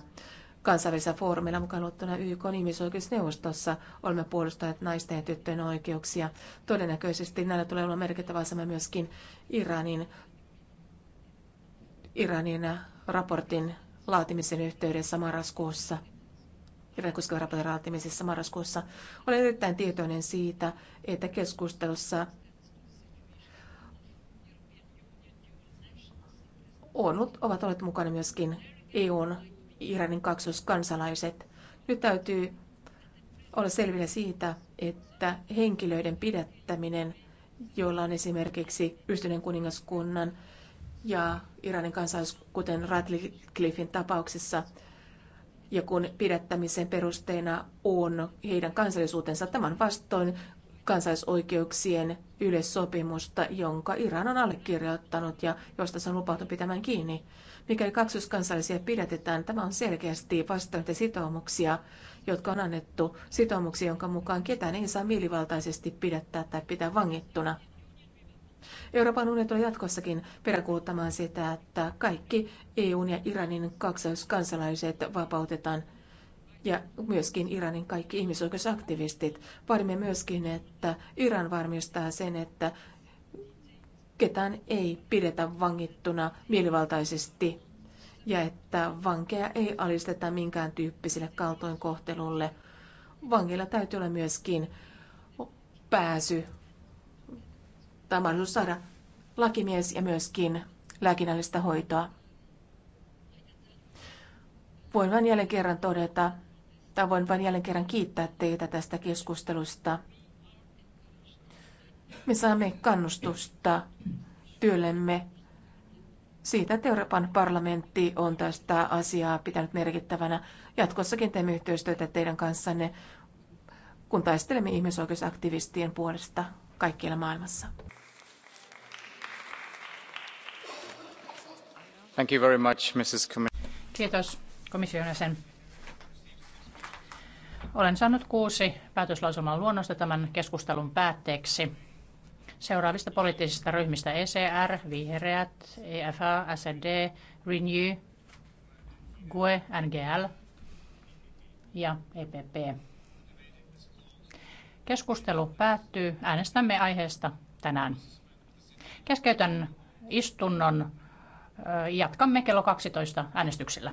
Kansainvälisellä foorumilla mukaan luottuna YK ihmisoikeusneuvostossa olemme puolustaneet naisten ja tyttöjen oikeuksia. Todennäköisesti näillä tulee olla merkittävä asema myöskin Iranin, Iranin raportin laatimisen yhteydessä marraskuussa – Irlannin koskevan raportin laatimisessa marraskuussa. Olen erittäin tietoinen siitä, että keskustelussa on, ovat olleet mukana myöskin EUn Iranin kaksoiskansalaiset. Nyt täytyy olla selvillä siitä, että henkilöiden pidättäminen, joilla on esimerkiksi Yhdistyneen kuningaskunnan ja Iranin kansalais, kuten Radcliffein tapauksessa, ja kun pidättämisen perusteena on heidän kansallisuutensa. Tämän vastoin kansaisoikeuksien yleissopimusta, jonka Iran on allekirjoittanut ja josta se on lupautunut pitämään kiinni. Mikäli kaksoiskansallisia pidätetään, tämä on selkeästi vastoin sitoumuksia, jotka on annettu sitoumuksia, jonka mukaan ketään ei saa mielivaltaisesti pidättää tai pitää vangittuna. Euroopan unioni tulee jatkossakin peräkuluttamaan sitä, että kaikki EUn ja Iranin kaksoiskansalaiset vapautetaan ja myöskin Iranin kaikki ihmisoikeusaktivistit. Vaadimme myöskin, että Iran varmistaa sen, että ketään ei pidetä vangittuna mielivaltaisesti ja että vankeja ei alisteta minkään tyyppiselle kaltoinkohtelulle. Vangeilla täytyy olla myöskin pääsy tai mahdollisuus saada lakimies ja myöskin lääkinnällistä hoitoa. Voin vain jälleen kerran todeta, tai voin vain jälleen kerran kiittää teitä tästä keskustelusta. Me saamme kannustusta työllemme siitä, että Euroopan parlamentti on tästä asiaa pitänyt merkittävänä. Jatkossakin teemme yhteistyötä teidän kanssanne, kun taistelemme ihmisoikeusaktivistien puolesta kaikkialla maailmassa. Kiitos komission jäsen. Olen saanut kuusi päätöslauselman luonnosta tämän keskustelun päätteeksi. Seuraavista poliittisista ryhmistä ECR, Vihreät, EFA, SD, Renew, GUE, NGL ja EPP. Keskustelu päättyy. Äänestämme aiheesta tänään. Keskeytän istunnon Jatkamme kello 12 äänestyksellä.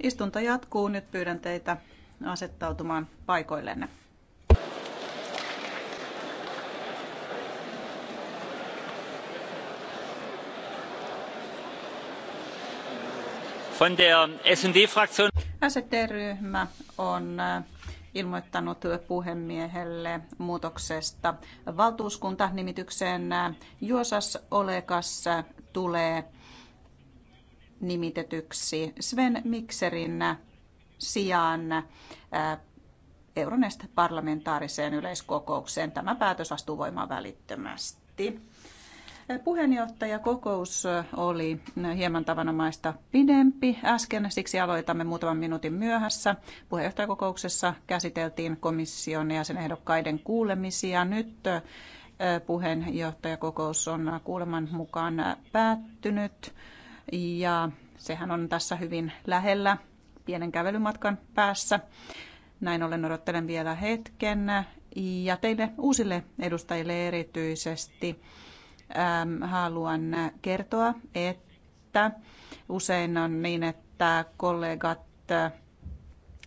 Istunto jatkuu. Nyt pyydän teitä asettautumaan paikoillenne. Von der SD-Fraktion. SD-ryhmä on äh, ilmoittanut puhemiehelle muutoksesta. Valtuuskunta nimitykseen äh, Juosas Olekas äh, tulee nimitetyksi Sven Mikserin sijaan Euronest parlamentaariseen yleiskokoukseen. Tämä päätös astuu voimaan välittömästi. Puheenjohtajakokous oli hieman tavanomaista pidempi äsken, siksi aloitamme muutaman minuutin myöhässä. Puheenjohtajakokouksessa käsiteltiin komission ja sen ehdokkaiden kuulemisia. Nyt puheenjohtajakokous on kuuleman mukaan päättynyt ja sehän on tässä hyvin lähellä pienen kävelymatkan päässä. Näin ollen odottelen vielä hetken ja teille uusille edustajille erityisesti ähm, haluan kertoa, että usein on niin, että kollegat... Äh,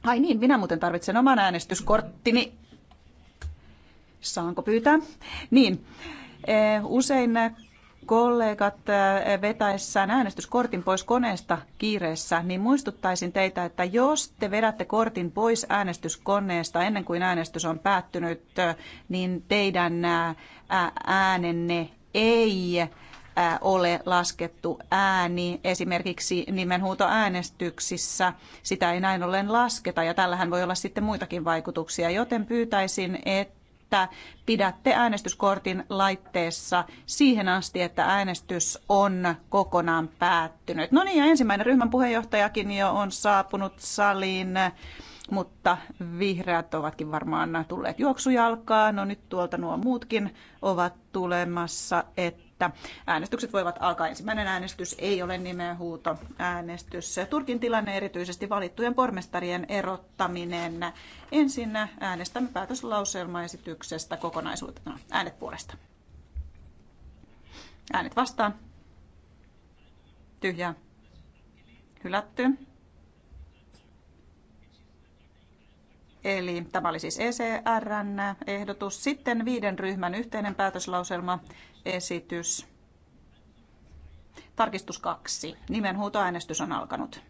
ai niin, minä muuten tarvitsen oman äänestyskorttini. Saanko pyytää? Niin, äh, usein kollegat eh, vetäessään äänestyskortin pois koneesta kiireessä, niin muistuttaisin teitä, että jos te vedätte kortin pois äänestyskoneesta ennen kuin äänestys on päättynyt, eh, niin teidän eh, äänenne ei ole laskettu ääni esimerkiksi nimenhuutoäänestyksissä. Sitä ei näin ollen lasketa ja tällähän voi olla sitten muitakin vaikutuksia, joten pyytäisin, että että pidätte äänestyskortin laitteessa siihen asti, että äänestys on kokonaan päättynyt. No niin, ja ensimmäinen ryhmän puheenjohtajakin jo on saapunut saliin, mutta vihreät ovatkin varmaan tulleet juoksujalkaan. No nyt tuolta nuo muutkin ovat tulemassa, että että äänestykset voivat alkaa. Ensimmäinen äänestys ei ole nimenhuuto äänestys. Turkin tilanne erityisesti valittujen pormestarien erottaminen. Ensin äänestämme päätöslauselmaesityksestä kokonaisuutena. Äänet puolesta. Äänet vastaan. Tyhjää. Hylätty. Eli tämä oli siis ECRn ehdotus. Sitten viiden ryhmän yhteinen päätöslauselma esitys. Tarkistus kaksi. Nimenhuutoäänestys on alkanut.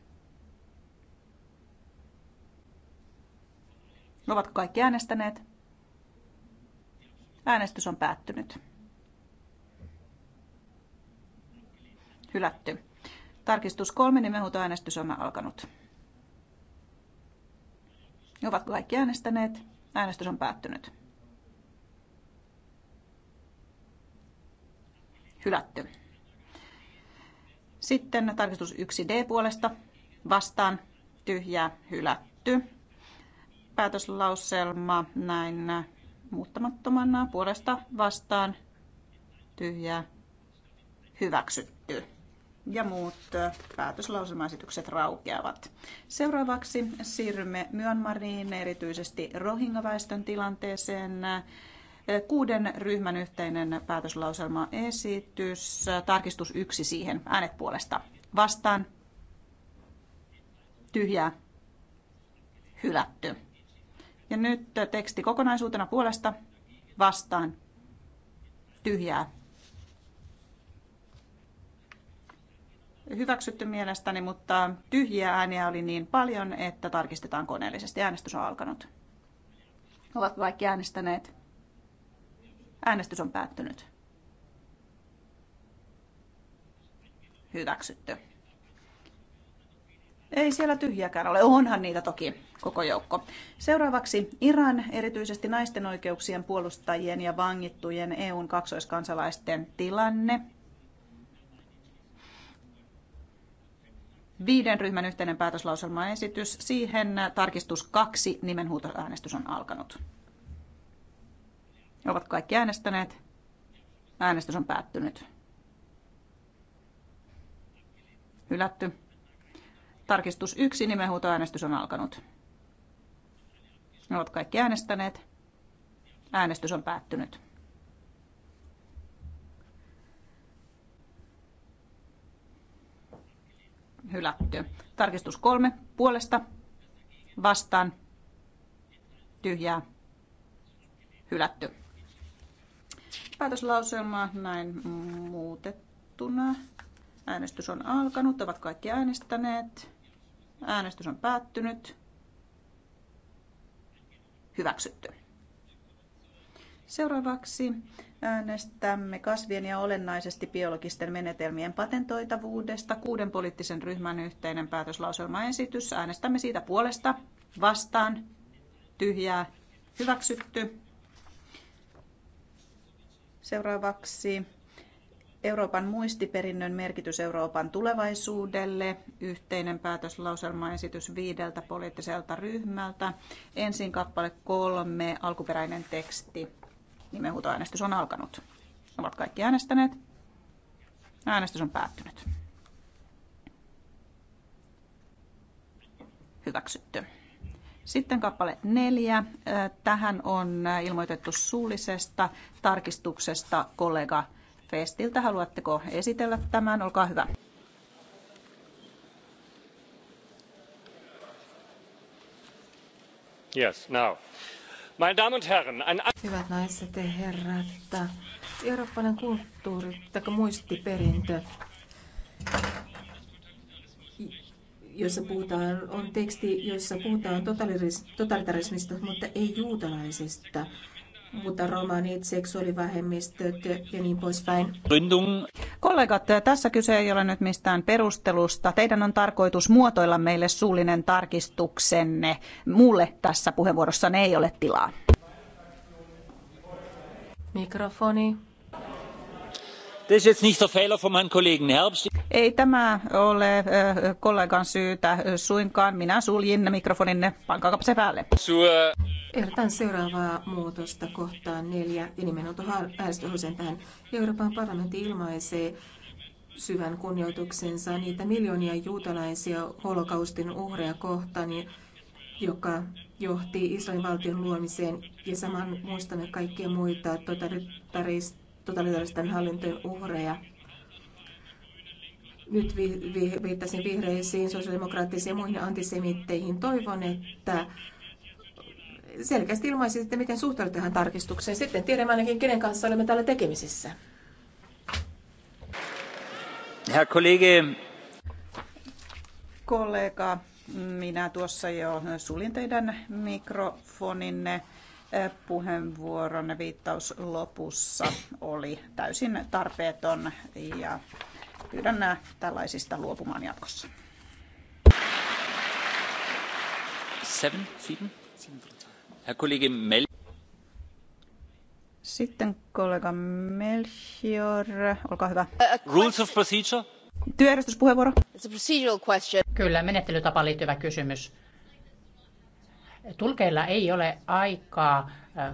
Ovatko kaikki äänestäneet? Äänestys on päättynyt. Hylätty. Tarkistus 3. Nimenhuutoäänestys on alkanut. Ovatko kaikki äänestäneet? Äänestys on päättynyt. hylätty. Sitten tarkistus 1D puolesta vastaan tyhjä hylätty. Päätöslauselma näin muuttamattomana puolesta vastaan tyhjä hyväksytty. Ja muut päätöslauselmaesitykset raukeavat. Seuraavaksi siirrymme Myanmariin, erityisesti Rohingaväestön tilanteeseen kuuden ryhmän yhteinen päätöslauselma esitys Tarkistus yksi siihen. Äänet puolesta. Vastaan. Tyhjää. Hylätty. Ja nyt teksti kokonaisuutena puolesta. Vastaan. Tyhjää. Hyväksytty mielestäni, mutta tyhjiä ääniä oli niin paljon, että tarkistetaan koneellisesti. Äänestys on alkanut. Ovat kaikki äänestäneet. Äänestys on päättynyt. Hyväksytty. Ei siellä tyhjäkään ole. Onhan niitä toki koko joukko. Seuraavaksi Iran, erityisesti naisten oikeuksien puolustajien ja vangittujen EUn kaksoiskansalaisten tilanne. Viiden ryhmän yhteinen päätöslauselmaesitys. Siihen tarkistus kaksi. Nimenhuutoäänestys on alkanut. Ovat kaikki äänestäneet. Äänestys on päättynyt. Hylätty. Tarkistus 1. Nimenhuutoäänestys on alkanut. Ovat kaikki äänestäneet. Äänestys on päättynyt. Hylätty. Tarkistus kolme. Puolesta. Vastaan. Tyhjää. Hylätty päätöslauselma näin muutettuna. Äänestys on alkanut, ovat kaikki äänestäneet. Äänestys on päättynyt. Hyväksytty. Seuraavaksi äänestämme kasvien ja olennaisesti biologisten menetelmien patentoitavuudesta. Kuuden poliittisen ryhmän yhteinen päätöslauselmaesitys. Äänestämme siitä puolesta, vastaan, tyhjää, hyväksytty. Seuraavaksi Euroopan muistiperinnön merkitys Euroopan tulevaisuudelle. Yhteinen päätöslauselmaesitys viideltä poliittiselta ryhmältä. Ensin kappale kolme, alkuperäinen teksti. Nimenhuutoäänestys on alkanut. Ovat kaikki äänestäneet. Äänestys on päättynyt. Hyväksytty. Sitten kappale neljä. Tähän on ilmoitettu suullisesta tarkistuksesta kollega Festiltä. Haluatteko esitellä tämän? Olkaa hyvä. Yes, now. Meine Damen und Herren, ein... Hyvät naiset ja herrat, eurooppalainen kulttuuri tai muistiperintö jossa puhutaan, on teksti, jossa puhutaan totalitarismista, mutta ei juutalaisista, mutta romanit, seksuaalivähemmistöt ja niin poispäin. Kollegat, tässä kyse ei ole nyt mistään perustelusta. Teidän on tarkoitus muotoilla meille suullinen tarkistuksenne. Muulle tässä puheenvuorossanne ei ole tilaa. Mikrofoni. Ei tämä ole äh, kollegan syytä äh, suinkaan. Minä suljin mikrofonin, Pankaakapa se päälle. Ehdotan seuraavaa muutosta kohtaan neljä ja nimenomaan äänestyshosen tähän. Euroopan parlamentti ilmaisee syvän kunnioituksensa niitä miljoonia juutalaisia holokaustin uhreja kohtaan, joka johti Israelin valtion luomiseen ja saman muistamme kaikkia muita totalitaarisia totalitaaristen hallintojen uhreja. Nyt vi- vi- viittasin vihreisiin, sosiaalidemokraattisiin ja muihin antisemitteihin. Toivon, että selkeästi ilmaisitte, miten suhtaudut tähän tarkistukseen. Sitten tiedämme ainakin, kenen kanssa olemme täällä tekemisissä. Herr Kollege. Kollega, minä tuossa jo sulin teidän mikrofoninne puheenvuoronne viittaus lopussa oli täysin tarpeeton ja pyydän nämä tällaisista luopumaan jatkossa. Sitten kollega Melchior, olkaa hyvä. Uh, Rules of procedure? Työjärjestyspuheenvuoro. It's a procedural question. Kyllä, menettelytapaan liittyvä kysymys tulkeilla ei ole aikaa äh,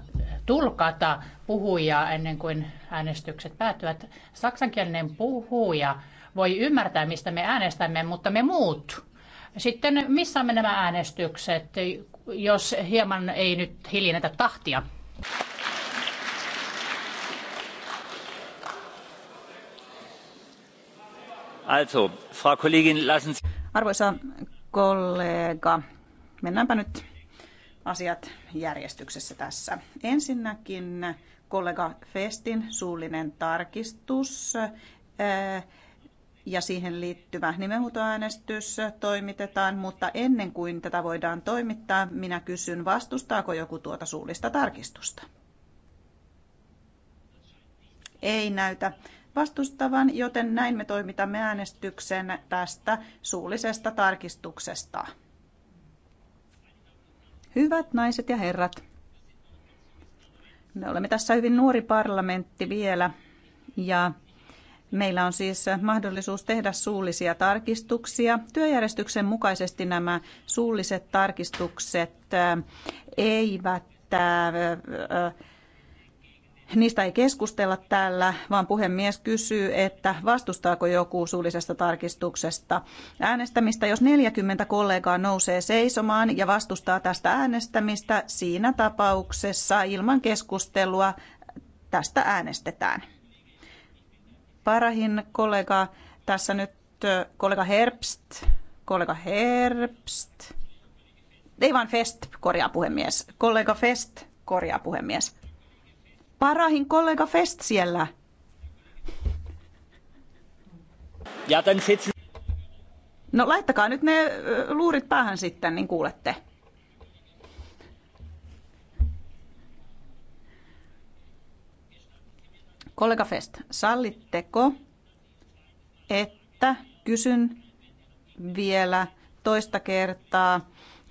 tulkata puhujaa ennen kuin äänestykset päättyvät. Saksankielinen puhuja voi ymmärtää, mistä me äänestämme, mutta me muut. Sitten missä me nämä äänestykset, jos hieman ei nyt hiljennetä tahtia? Also, Frau Kollegin, lassen Sie... Arvoisa kollega, mennäänpä nyt asiat järjestyksessä tässä. Ensinnäkin kollega Festin suullinen tarkistus eh, ja siihen liittyvä nimenhuutoäänestys toimitetaan, mutta ennen kuin tätä voidaan toimittaa, minä kysyn, vastustaako joku tuota suullista tarkistusta? Ei näytä vastustavan, joten näin me toimitamme äänestyksen tästä suullisesta tarkistuksesta. Hyvät naiset ja herrat, me olemme tässä hyvin nuori parlamentti vielä ja meillä on siis mahdollisuus tehdä suullisia tarkistuksia. Työjärjestyksen mukaisesti nämä suulliset tarkistukset äh, eivät äh, Niistä ei keskustella täällä, vaan puhemies kysyy, että vastustaako joku suullisesta tarkistuksesta äänestämistä. Jos 40 kollegaa nousee seisomaan ja vastustaa tästä äänestämistä, siinä tapauksessa ilman keskustelua tästä äänestetään. Parahin kollega tässä nyt, kollega Herbst, kollega Herbst, ei vaan Fest, korjaa puhemies, kollega Fest, korjaa puhemies. Parahin kollega Fest siellä. Ja dann sitzen. No laittakaa nyt ne luurit päähän sitten, niin kuulette. Kollega Fest, sallitteko, että kysyn vielä toista kertaa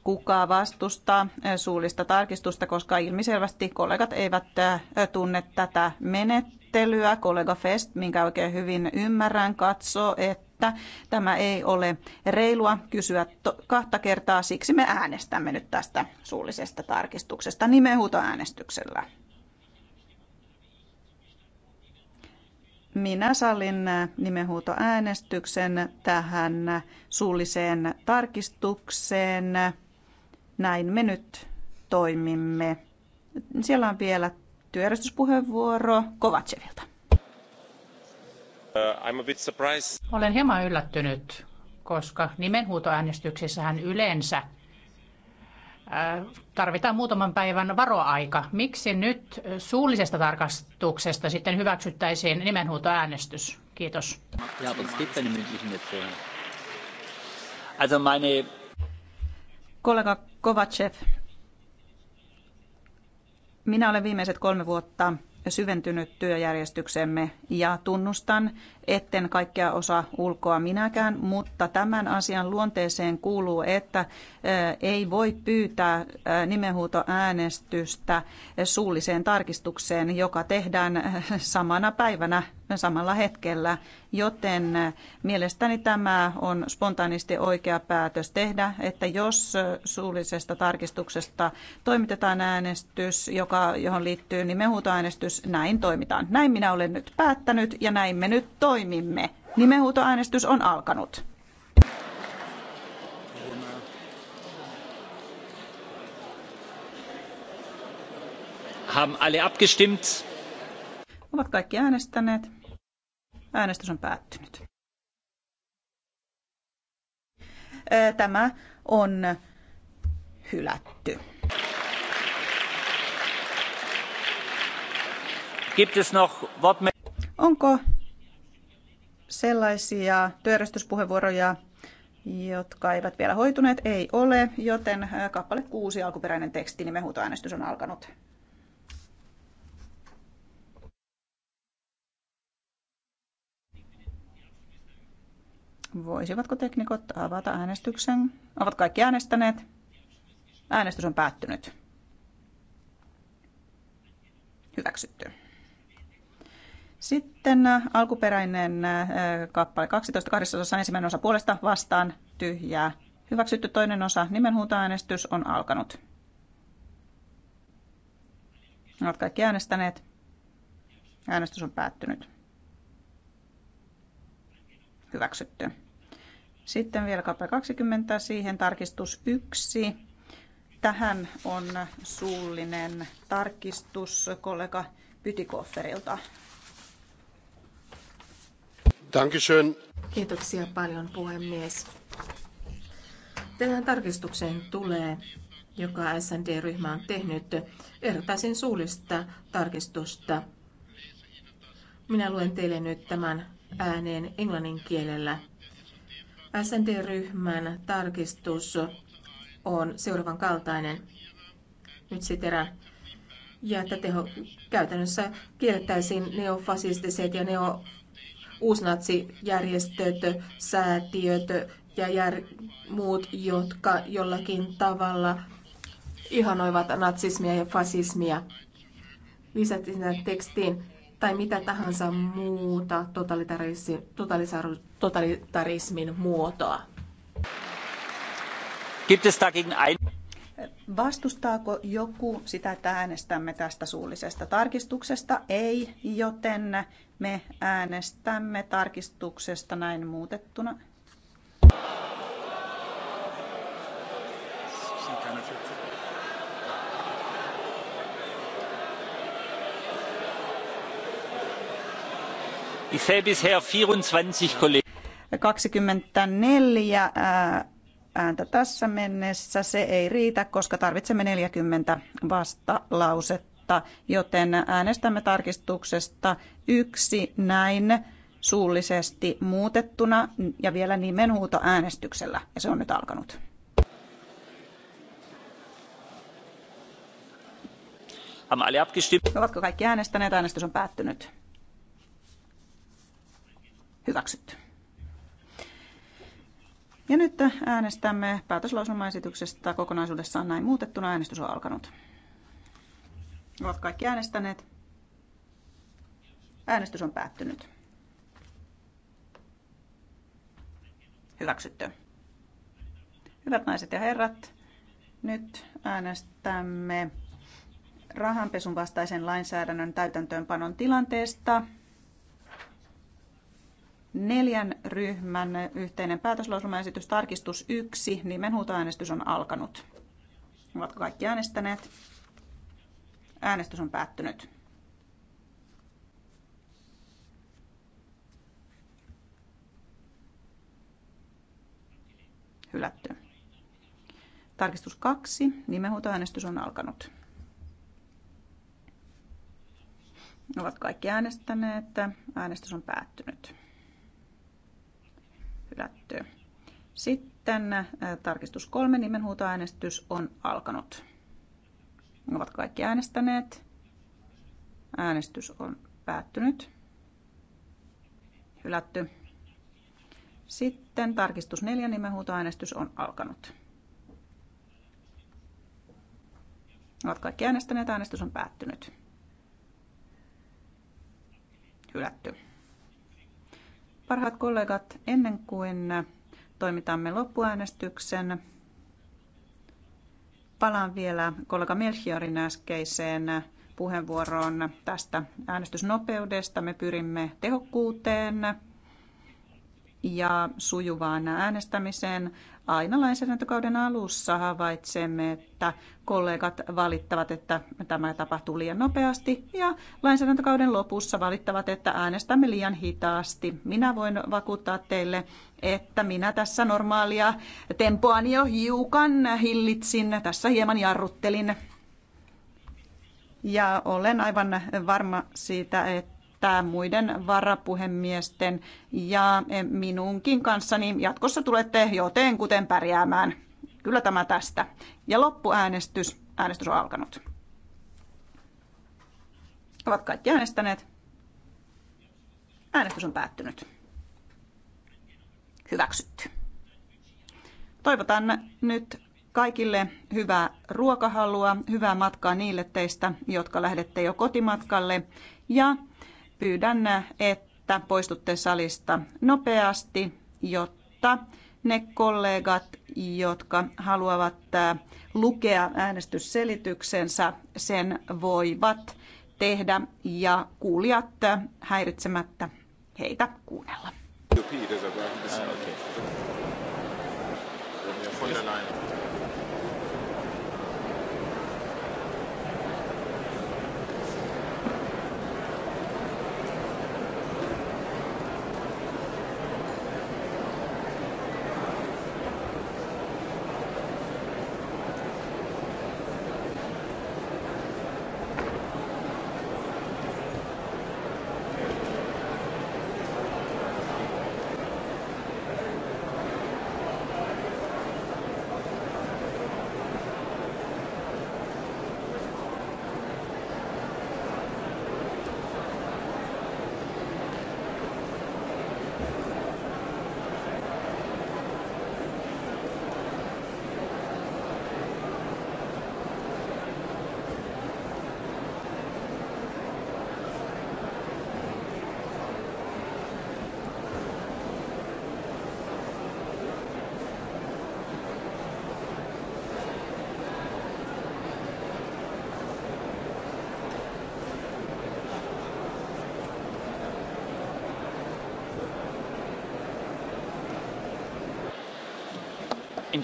kuka vastustaa suullista tarkistusta, koska ilmiselvästi kollegat eivät tunne tätä menettelyä. Kollega Fest, minkä oikein hyvin ymmärrän, katsoo, että tämä ei ole reilua kysyä kahta kertaa, siksi me äänestämme nyt tästä suullisesta tarkistuksesta nimenhuutoäänestyksellä. minä sallin nimenhuutoäänestyksen tähän suulliseen tarkistukseen. Näin me nyt toimimme. Siellä on vielä työjärjestyspuheenvuoro Kovacevilta. Uh, Olen hieman yllättynyt, koska nimenhuutoäänestyksissähän yleensä uh, tarvitaan muutaman päivän varoaika. Miksi nyt suullisesta tarkastuksesta sitten hyväksyttäisiin nimenhuutoäänestys? Kiitos. Ja, Kollega Kovacev, minä olen viimeiset kolme vuotta syventynyt työjärjestyksemme ja tunnustan, etten kaikkea osaa ulkoa minäkään, mutta tämän asian luonteeseen kuuluu, että ei voi pyytää nimenhuutoäänestystä suulliseen tarkistukseen, joka tehdään samana päivänä samalla hetkellä, joten mielestäni tämä on spontaanisti oikea päätös tehdä, että jos suullisesta tarkistuksesta toimitetaan äänestys, joka, johon liittyy nimenhuutoäänestys, näin toimitaan. Näin minä olen nyt päättänyt ja näin me nyt toimitaan toimimme. Nimenhuutoäänestys on alkanut. Haben alle abgestimmt? Ovat kaikki äänestäneet. Äänestys on päättynyt. Tämä on hylätty. Gibt es noch Onko sellaisia työjärjestyspuheenvuoroja, jotka eivät vielä hoituneet, ei ole, joten kappale 6 alkuperäinen teksti, niin mehutoäänestys on alkanut. Voisivatko teknikot avata äänestyksen? Ovat kaikki äänestäneet. Äänestys on päättynyt. Hyväksytty. Sitten äh, alkuperäinen äh, kappale 12 kahdessa ensimmäinen osa puolesta vastaan tyhjää. Hyväksytty toinen osa. Nimenhuutoäänestys on alkanut. Olet kaikki äänestäneet. Äänestys on päättynyt. Hyväksytty. Sitten vielä kappale 20, siihen tarkistus 1. Tähän on suullinen tarkistus kollega Pytikofferilta. Kiitoksia paljon puhemies. Tähän tarkistukseen tulee, joka SND-ryhmä on tehnyt, ehdotaisin suullista tarkistusta. Minä luen teille nyt tämän ääneen englannin kielellä. SND-ryhmän tarkistus on seuraavan kaltainen. Nyt siteraan. ja että teho, käytännössä kiellettäisiin neofasistiset ja neo uusnatsijärjestöt, säätiöt ja jär, muut, jotka jollakin tavalla ihanoivat natsismia ja fasismia. Lisättiin sinne tekstiin tai mitä tahansa muuta totalitarismin, totalitarismin muotoa. Gibt es dagegen ein... Vastustaako joku sitä, että äänestämme tästä suullisesta tarkistuksesta? Ei, joten me äänestämme tarkistuksesta näin muutettuna. Ich sehe bisher 24 Kollegen. 24 ääntä tässä mennessä. Se ei riitä, koska tarvitsemme 40 vastalausetta kautta, joten äänestämme tarkistuksesta yksi näin suullisesti muutettuna ja vielä nimenhuuto äänestyksellä. Ja se on nyt alkanut. Ovatko kaikki äänestäneet? Äänestys on päättynyt. Hyväksytty. Ja nyt äänestämme päätöslausumaesityksestä kokonaisuudessaan näin muutettuna. Äänestys on alkanut. Ovat kaikki äänestäneet. Äänestys on päättynyt. Hyväksytty. Hyvät naiset ja herrat, nyt äänestämme rahanpesun vastaisen lainsäädännön täytäntöönpanon tilanteesta. Neljän ryhmän yhteinen päätöslauselmaesitys tarkistus 1. Nimenhuutoäänestys on alkanut. Ovatko kaikki äänestäneet? Äänestys on päättynyt. Hylätty. Tarkistus 2. Nimenhuutoäänestys on alkanut. Ovat kaikki äänestäneet. Äänestys on päättynyt. Hylätty. Sitten tarkistus 3. Nimenhuutoäänestys on alkanut. Ovat kaikki äänestäneet. Äänestys on päättynyt. Hylätty. Sitten tarkistus 4 nimenhuutoäänestys on alkanut. Ovat kaikki äänestäneet. Äänestys on päättynyt. Hylätty. Parhaat kollegat, ennen kuin toimitamme loppuäänestyksen, Palaan vielä kollega Melchiorin äskeiseen puheenvuoroon tästä äänestysnopeudesta. Me pyrimme tehokkuuteen ja sujuvaan äänestämiseen. Aina lainsäädäntökauden alussa havaitsemme, että kollegat valittavat, että tämä tapahtuu liian nopeasti ja lainsäädäntökauden lopussa valittavat, että äänestämme liian hitaasti. Minä voin vakuuttaa teille, että minä tässä normaalia tempoani jo hiukan hillitsin, tässä hieman jarruttelin. Ja olen aivan varma siitä, että että muiden varapuhemiesten ja minunkin kanssani jatkossa tulette joten kuten pärjäämään. Kyllä tämä tästä. Ja loppuäänestys. Äänestys on alkanut. Ovat kaikki äänestäneet. Äänestys on päättynyt. Hyväksytty. Toivotan nyt kaikille hyvää ruokahalua, hyvää matkaa niille teistä, jotka lähdette jo kotimatkalle. Ja pyydän, että poistutte salista nopeasti, jotta ne kollegat, jotka haluavat äh, lukea äänestysselityksensä, sen voivat tehdä ja kuulijat häiritsemättä heitä kuunnella. Ah,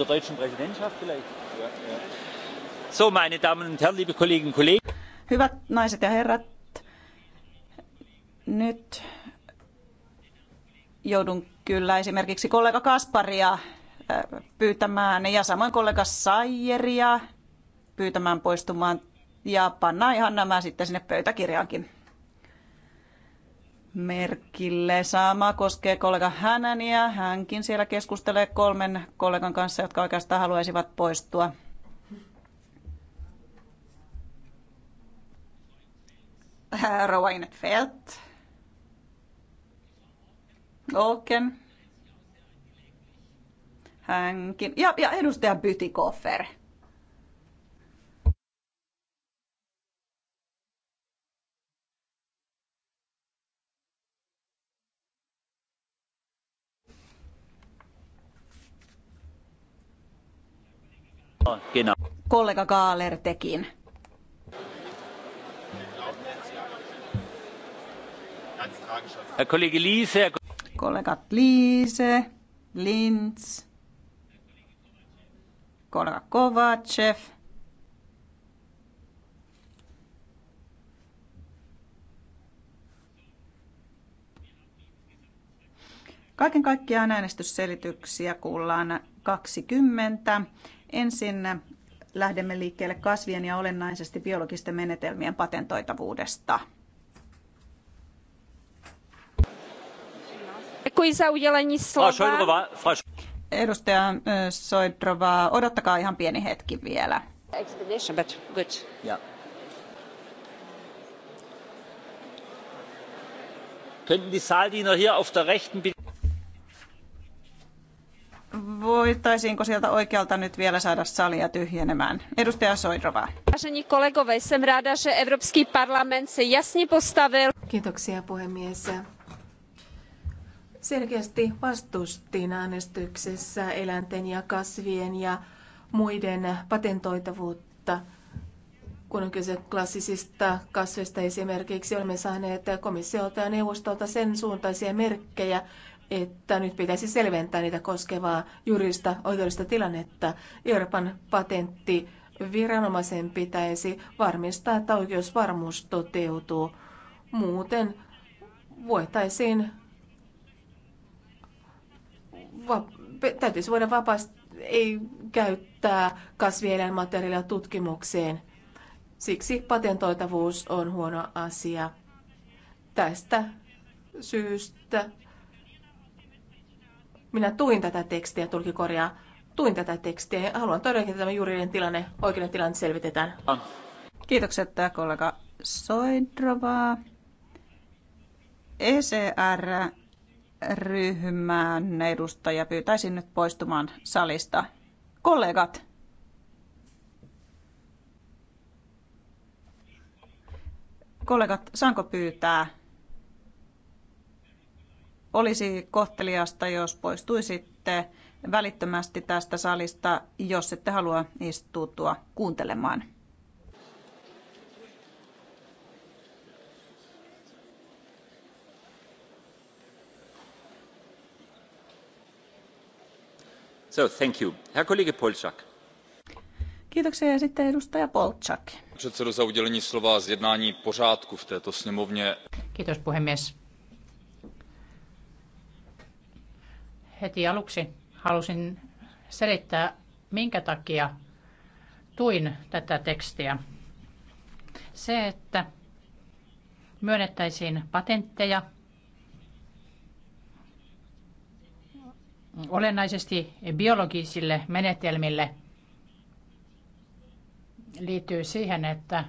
der deutschen Präsidentschaft vielleicht. Ja, ja. So, meine Damen und Herren, liebe Kolleginnen und Kollegen. Hyvät naiset ja herrat, nyt joudun kyllä esimerkiksi kollega Kasparia äh, pyytämään ja samoin kollega Sayeria pyytämään poistumaan ja pannaan ihan nämä sitten sinne pöytäkirjaankin merkille. Sama koskee kollega Hänäniä. Hänkin siellä keskustelee kolmen kollegan kanssa, jotka oikeastaan haluaisivat poistua. Rouva Inetfeldt. Oken. Hänkin. Ja, ja edustaja Bytikoffer. Kollega Kaaler tekin. Kollega Liise. Kollegat Liise, Linz, kollega Kovacev. Kaiken kaikkiaan äänestysselityksiä kuullaan 20. Ensin lähdemme liikkeelle kasvien ja olennaisesti biologisten menetelmien patentoitavuudesta. Edustaja Soidrova, odottakaa ihan pieni hetki vielä. Explanation, Könnten die Saaldiener hier auf der rechten voitaisiinko sieltä oikealta nyt vielä saada salia tyhjenemään? Edustaja Soidrova. Vážení kolegové, jsem ráda, že Evropský parlament se jasně postavil. Kiitoksia puhemies. Selkeästi vastustin äänestyksessä eläinten ja kasvien ja muiden patentoitavuutta. Kun on kyse klassisista kasveista esimerkiksi, olemme saaneet komissiolta ja neuvostolta sen suuntaisia merkkejä, että nyt pitäisi selventää niitä koskevaa juridista oikeudellista tilannetta. Euroopan patentti viranomaisen pitäisi varmistaa, että oikeusvarmuus toteutuu. Muuten voitaisiin va- täytyisi voida vapaasti ei käyttää kasvieläinmateriaalia tutkimukseen. Siksi patentoitavuus on huono asia. Tästä syystä minä tuin tätä tekstiä, tulki korjaa. Tuin tätä tekstiä ja haluan todellakin, että tämä juridinen tilanne, oikeuden tilanne selvitetään. Kiitokset kollega Soidrovaa. ECR-ryhmän edustaja pyytäisin nyt poistumaan salista. Kollegat, kollegat, saanko pyytää olisi kohteliasta, jos poistuisitte välittömästi tästä salista, jos ette halua istuutua kuuntelemaan. So, thank you. Herr Kollege Polczak. Kiitoksia ja sitten edustaja Polczak. Předsedo za udělení slova a zjednání pořádku v této sněmovně. Kiitos puhemies Heti aluksi halusin selittää, minkä takia tuin tätä tekstiä. Se, että myönnettäisiin patentteja olennaisesti biologisille menetelmille liittyy siihen, että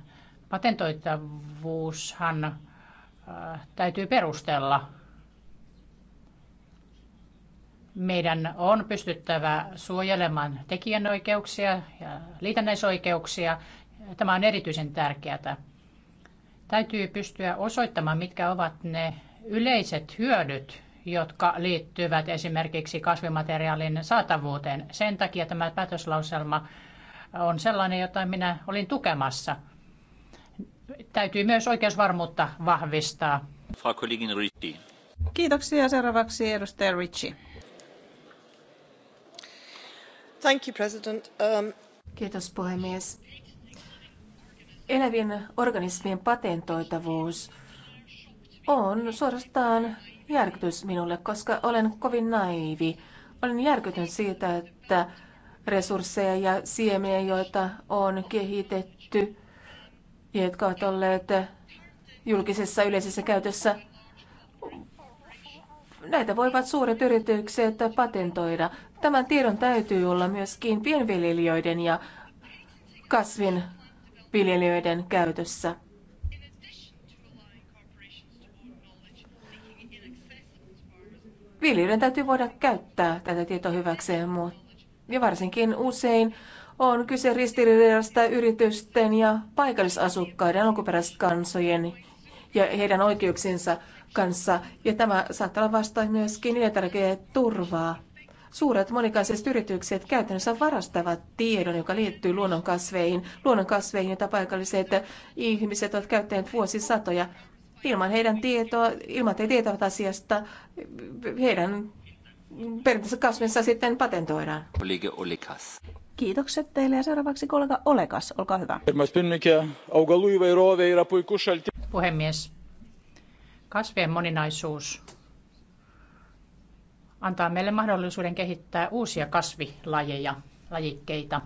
patentoitavuushan täytyy perustella meidän on pystyttävä suojelemaan tekijänoikeuksia ja liitännäisoikeuksia. Tämä on erityisen tärkeää. Täytyy pystyä osoittamaan, mitkä ovat ne yleiset hyödyt, jotka liittyvät esimerkiksi kasvimateriaalin saatavuuteen. Sen takia tämä päätöslauselma on sellainen, jota minä olin tukemassa. Täytyy myös oikeusvarmuutta vahvistaa. Kiitoksia. Seuraavaksi edustaja Ritchie. Um, Kiitos puhemies. Elävien organismien patentoitavuus on suorastaan järkytys minulle, koska olen kovin naivi. Olen järkytynyt siitä, että resursseja ja siemeniä, joita on kehitetty ja jotka ovat olleet julkisessa yleisessä käytössä, näitä voivat suuret yritykset patentoida. Tämän tiedon täytyy olla myöskin pienviljelijöiden ja kasvinviljelijöiden käytössä. Viljelijöiden täytyy voida käyttää tätä tietoa hyväkseen, ja varsinkin usein on kyse ristiriidasta yritysten ja paikallisasukkaiden alkuperäiskansojen ja heidän oikeuksinsa kanssa, ja tämä saattaa olla vastoin myöskin turvaa. Suuret monikansalliset yritykset käytännössä varastavat tiedon, joka liittyy luonnonkasveihin, luonnonkasveihin, joita paikalliset ihmiset ovat käyttäneet vuosisatoja. Ilman heidän tietoa, ilman te tietävät asiasta, heidän perinteisessä kasvinsa sitten patentoidaan. Kiitokset teille ja seuraavaksi kollega Olekas, olkaa hyvä. Puhemies, kasvien moninaisuus antaa meille mahdollisuuden kehittää uusia kasvilajeja, lajikkeita.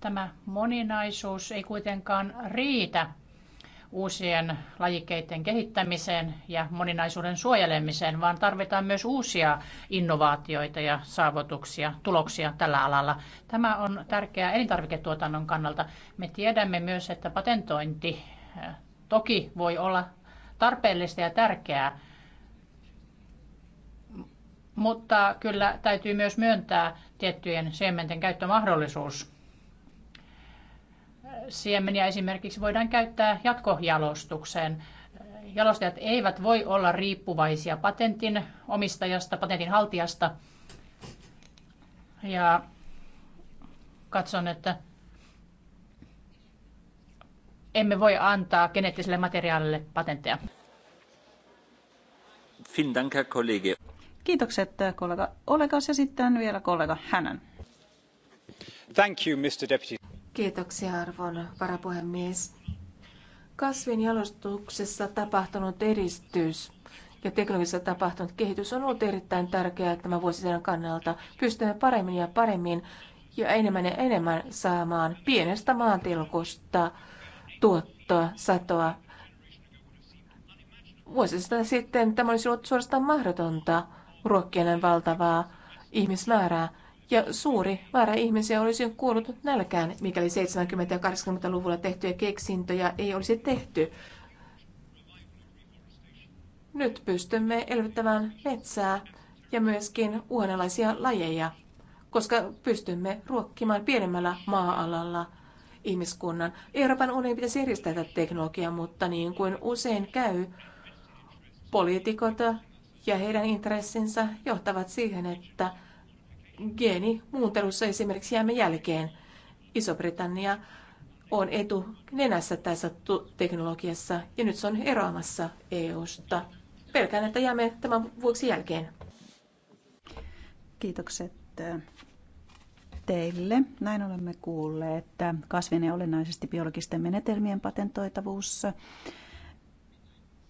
Tämä moninaisuus ei kuitenkaan riitä uusien lajikkeiden kehittämiseen ja moninaisuuden suojelemiseen, vaan tarvitaan myös uusia innovaatioita ja saavutuksia, tuloksia tällä alalla. Tämä on tärkeää elintarviketuotannon kannalta. Me tiedämme myös, että patentointi eh, toki voi olla tarpeellista ja tärkeää, mutta kyllä täytyy myös myöntää tiettyjen siementen käyttömahdollisuus. Siemeniä esimerkiksi voidaan käyttää jatkojalostukseen. Jalostajat eivät voi olla riippuvaisia patentin omistajasta, patentin haltijasta. Ja katson, että emme voi antaa geneettiselle materiaalille patentteja. Vielen Dank, Herr Kollege. Kiitokset kollega Olegas ja sitten vielä kollega hänen. Thank you, Mr. Deputy. Kiitoksia arvon varapuhemies. Kasvin jalostuksessa tapahtunut edistys ja teknologisessa tapahtunut kehitys on ollut erittäin tärkeää tämän vuosisadan kannalta. Pystymme paremmin ja paremmin ja enemmän ja enemmän saamaan pienestä maantilkusta tuottoa, satoa. Vuosista sitten tämä olisi ollut suorastaan mahdotonta ruokkien valtavaa ihmismäärää. Ja suuri määrä ihmisiä olisi kuollut nälkään, mikäli 70- ja 80-luvulla tehtyjä keksintöjä ei olisi tehty. Nyt pystymme elvyttämään metsää ja myöskin uhanalaisia lajeja, koska pystymme ruokkimaan pienemmällä maa-alalla ihmiskunnan. Euroopan unionin pitäisi edistää tätä teknologiaa, mutta niin kuin usein käy, poliitikot ja heidän intressinsä johtavat siihen, että geenimuuntelussa esimerkiksi jäämme jälkeen. Iso-Britannia on etu nenässä tässä teknologiassa ja nyt se on eroamassa EU-sta. Pelkään, että jäämme tämän vuoksi jälkeen. Kiitokset äh, teille. Näin olemme kuulleet, että kasvien ja olennaisesti biologisten menetelmien patentoitavuus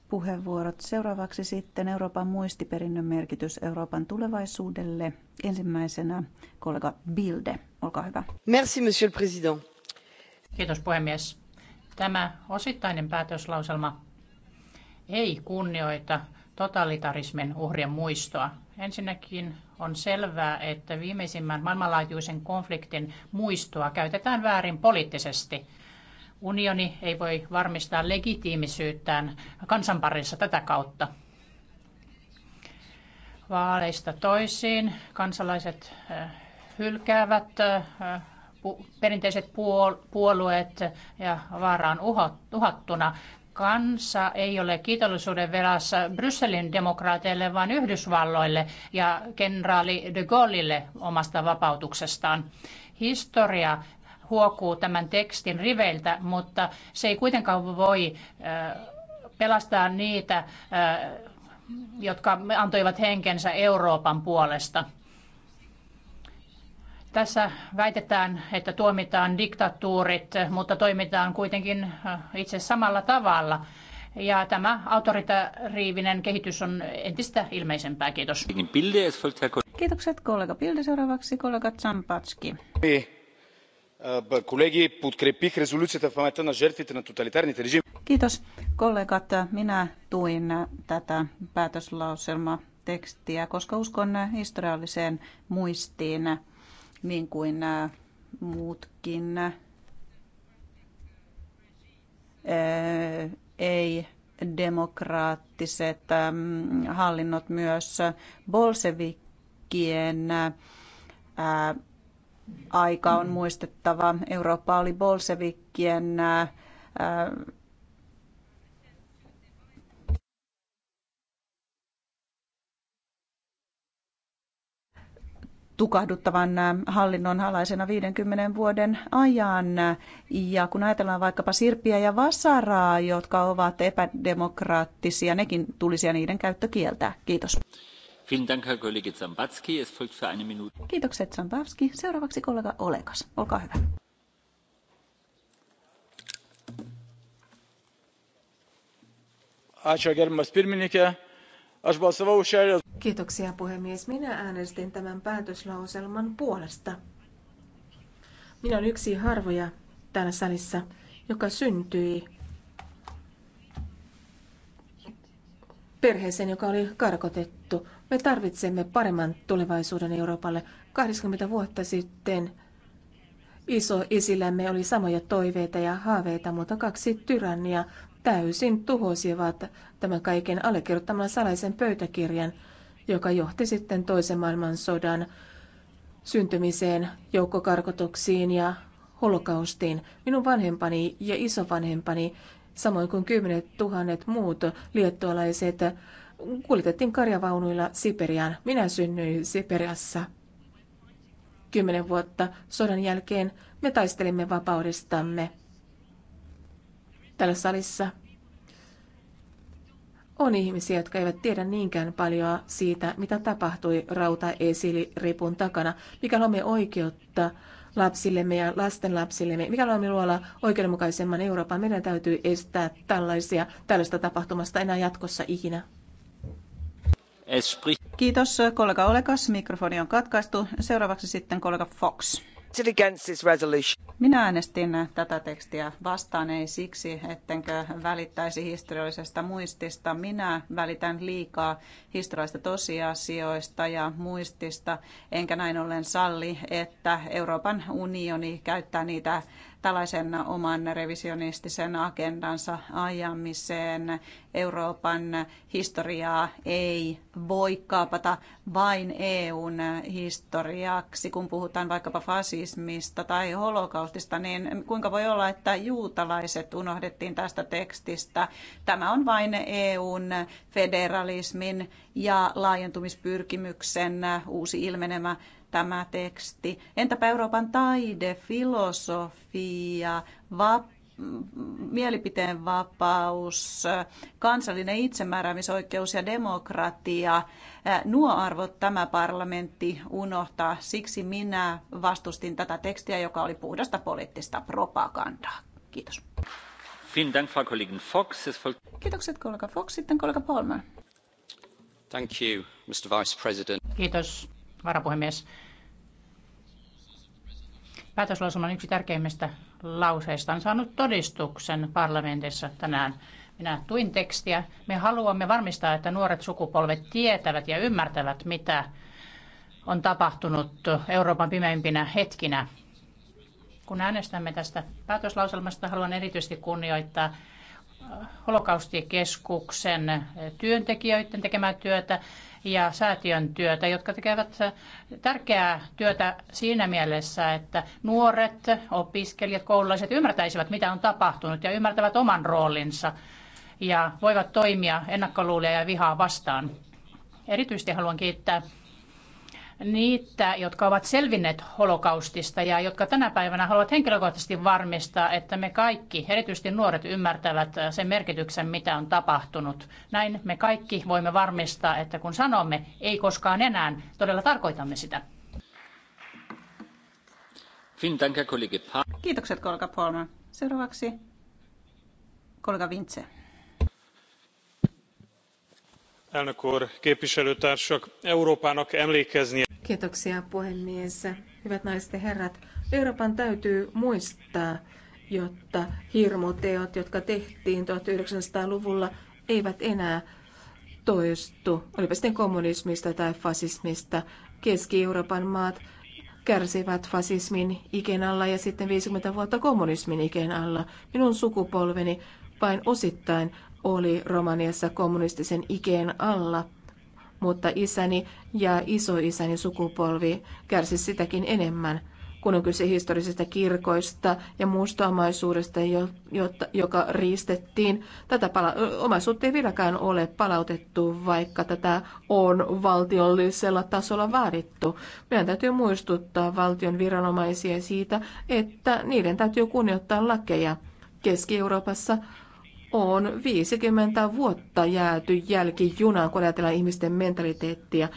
puheenvuorot. Seuraavaksi sitten Euroopan muistiperinnön merkitys Euroopan tulevaisuudelle. Ensimmäisenä kollega Bilde, olkaa hyvä. Merci, monsieur le président. Kiitos puhemies. Tämä osittainen päätöslauselma ei kunnioita totalitarismin uhrien muistoa. Ensinnäkin on selvää, että viimeisimmän maailmanlaajuisen konfliktin muistoa käytetään väärin poliittisesti – Unioni ei voi varmistaa legitiimisyyttään kansanparissa tätä kautta. Vaaleista toisiin kansalaiset hylkäävät perinteiset puolueet ja vaara on uhattuna. Kansa ei ole kiitollisuuden velassa Brysselin demokraateille, vaan Yhdysvalloille ja kenraali de Gaulleille omasta vapautuksestaan. Historia huokuu tämän tekstin riveiltä, mutta se ei kuitenkaan voi pelastaa niitä, jotka antoivat henkensä Euroopan puolesta. Tässä väitetään, että tuomitaan diktatuurit, mutta toimitaan kuitenkin itse samalla tavalla. Ja tämä autoritariivinen kehitys on entistä ilmeisempää. Kiitos. Kiitokset kollega Pilde. Seuraavaksi kollega Zampatski. Колеги, подкрепих резолюцията в паметта на жертвите на тоталитарните режими. Kiitos kollegat. Minä tuin tätä päätöslauselmatekstiä, koska uskon historialliseen muistiin, niin kuin äh, muutkin. Äh, ei demokraattiset hallinnot myös bolsevikkien äh, aika on muistettava. Eurooppa oli bolsevikkien tukahduttavan hallinnon alaisena 50 vuoden ajan. Ja kun ajatellaan vaikkapa sirpiä ja vasaraa, jotka ovat epädemokraattisia, nekin tulisi ja niiden käyttö kieltää. Kiitos. Kiitokset Seuraavaksi kollega Olekas. Olkaa Kiitoksia puhemies. Minä äänestin tämän päätöslauselman puolesta. Minä olen yksi harvoja täällä salissa, joka syntyi perheeseen, joka oli karkotettu. Me tarvitsemme paremman tulevaisuuden Euroopalle. 80 vuotta sitten iso isillämme oli samoja toiveita ja haaveita, mutta kaksi tyrannia täysin tuhosivat tämän kaiken allekirjoittaman salaisen pöytäkirjan, joka johti sitten toisen maailmansodan syntymiseen, joukkokarkotuksiin ja holokaustiin. Minun vanhempani ja isovanhempani, samoin kuin kymmenet tuhannet muut liettualaiset kuljetettiin karjavaunuilla Siperiaan. Minä synnyin Siperiassa kymmenen vuotta sodan jälkeen. Me taistelimme vapaudestamme Tällä salissa. On ihmisiä, jotka eivät tiedä niinkään paljon siitä, mitä tapahtui rauta ripun takana, mikä luomme oikeutta lapsillemme ja lastenlapsillemme, mikä luomme luolla oikeudenmukaisemman Euroopan. Meidän täytyy estää tällaisia, tällaista tapahtumasta enää jatkossa ikinä. Kiitos kollega Olekas. Mikrofoni on katkaistu. Seuraavaksi sitten kollega Fox. Minä äänestin tätä tekstiä vastaan ei siksi, ettenkö välittäisi historiallisesta muistista. Minä välitän liikaa historiallisista tosiasioista ja muistista, enkä näin ollen salli, että Euroopan unioni käyttää niitä tällaisen oman revisionistisen agendansa ajamiseen. Euroopan historiaa ei voi kaapata vain EUn historiaksi. Kun puhutaan vaikkapa fasismista tai holokaustista, niin kuinka voi olla, että juutalaiset unohdettiin tästä tekstistä? Tämä on vain EUn federalismin ja laajentumispyrkimyksen uusi ilmenemä tämä teksti? Entäpä Euroopan taide, filosofia, vap- mielipiteen vapaus, kansallinen itsemääräämisoikeus ja demokratia. Nuo arvot tämä parlamentti unohtaa. Siksi minä vastustin tätä tekstiä, joka oli puhdasta poliittista propagandaa. Kiitos. Kiitokset kollega Fox. Sitten kollega Palmer. Thank you, Mr. Vice President. Kiitos, varapuhemies päätöslauselman yksi tärkeimmistä lauseista on saanut todistuksen parlamentissa tänään. Minä tuin tekstiä. Me haluamme varmistaa, että nuoret sukupolvet tietävät ja ymmärtävät, mitä on tapahtunut Euroopan pimeimpinä hetkinä. Kun äänestämme tästä päätöslauselmasta, haluan erityisesti kunnioittaa äh, holokaustikeskuksen työntekijöiden tekemää työtä ja säätiön työtä, jotka tekevät tärkeää työtä siinä mielessä, että nuoret, opiskelijat, koululaiset ymmärtäisivät, mitä on tapahtunut ja ymmärtävät oman roolinsa ja voivat toimia ennakkoluulia ja vihaa vastaan. Erityisesti haluan kiittää niitä, jotka ovat selvinneet holokaustista ja jotka tänä päivänä haluavat henkilökohtaisesti varmistaa, että me kaikki, erityisesti nuoret, ymmärtävät sen merkityksen, mitä on tapahtunut. Näin me kaikki voimme varmistaa, että kun sanomme ei koskaan enää, todella tarkoitamme sitä. Kiitokset kollega Palmer. Seuraavaksi kollega Vintse elnök úr képviselőtársak európának emlékeznie. kiitoksia puhemies hyvät naiset ja herrat euroopan täytyy muistaa jotta hirmuteot jotka tehtiin 1900 luvulla eivät enää toistu olipa sitten kommunismista tai fasismista keski-euroopan maat kärsivät fasismin iken alla ja sitten 50 vuotta kommunismin iken alla. Minun sukupolveni vain osittain oli Romaniassa kommunistisen ikeen alla, mutta isäni ja isoisäni sukupolvi kärsi sitäkin enemmän, kun on kyse historisista kirkoista ja muusta omaisuudesta, joka riistettiin. Tätä pala- omaisuutta ei vieläkään ole palautettu, vaikka tätä on valtiollisella tasolla vaadittu. Meidän täytyy muistuttaa valtion viranomaisia siitä, että niiden täytyy kunnioittaa lakeja. Keski-Euroopassa on 50 vuotta jääty jälkijunaan, kun ajatellaan ihmisten mentaliteettia.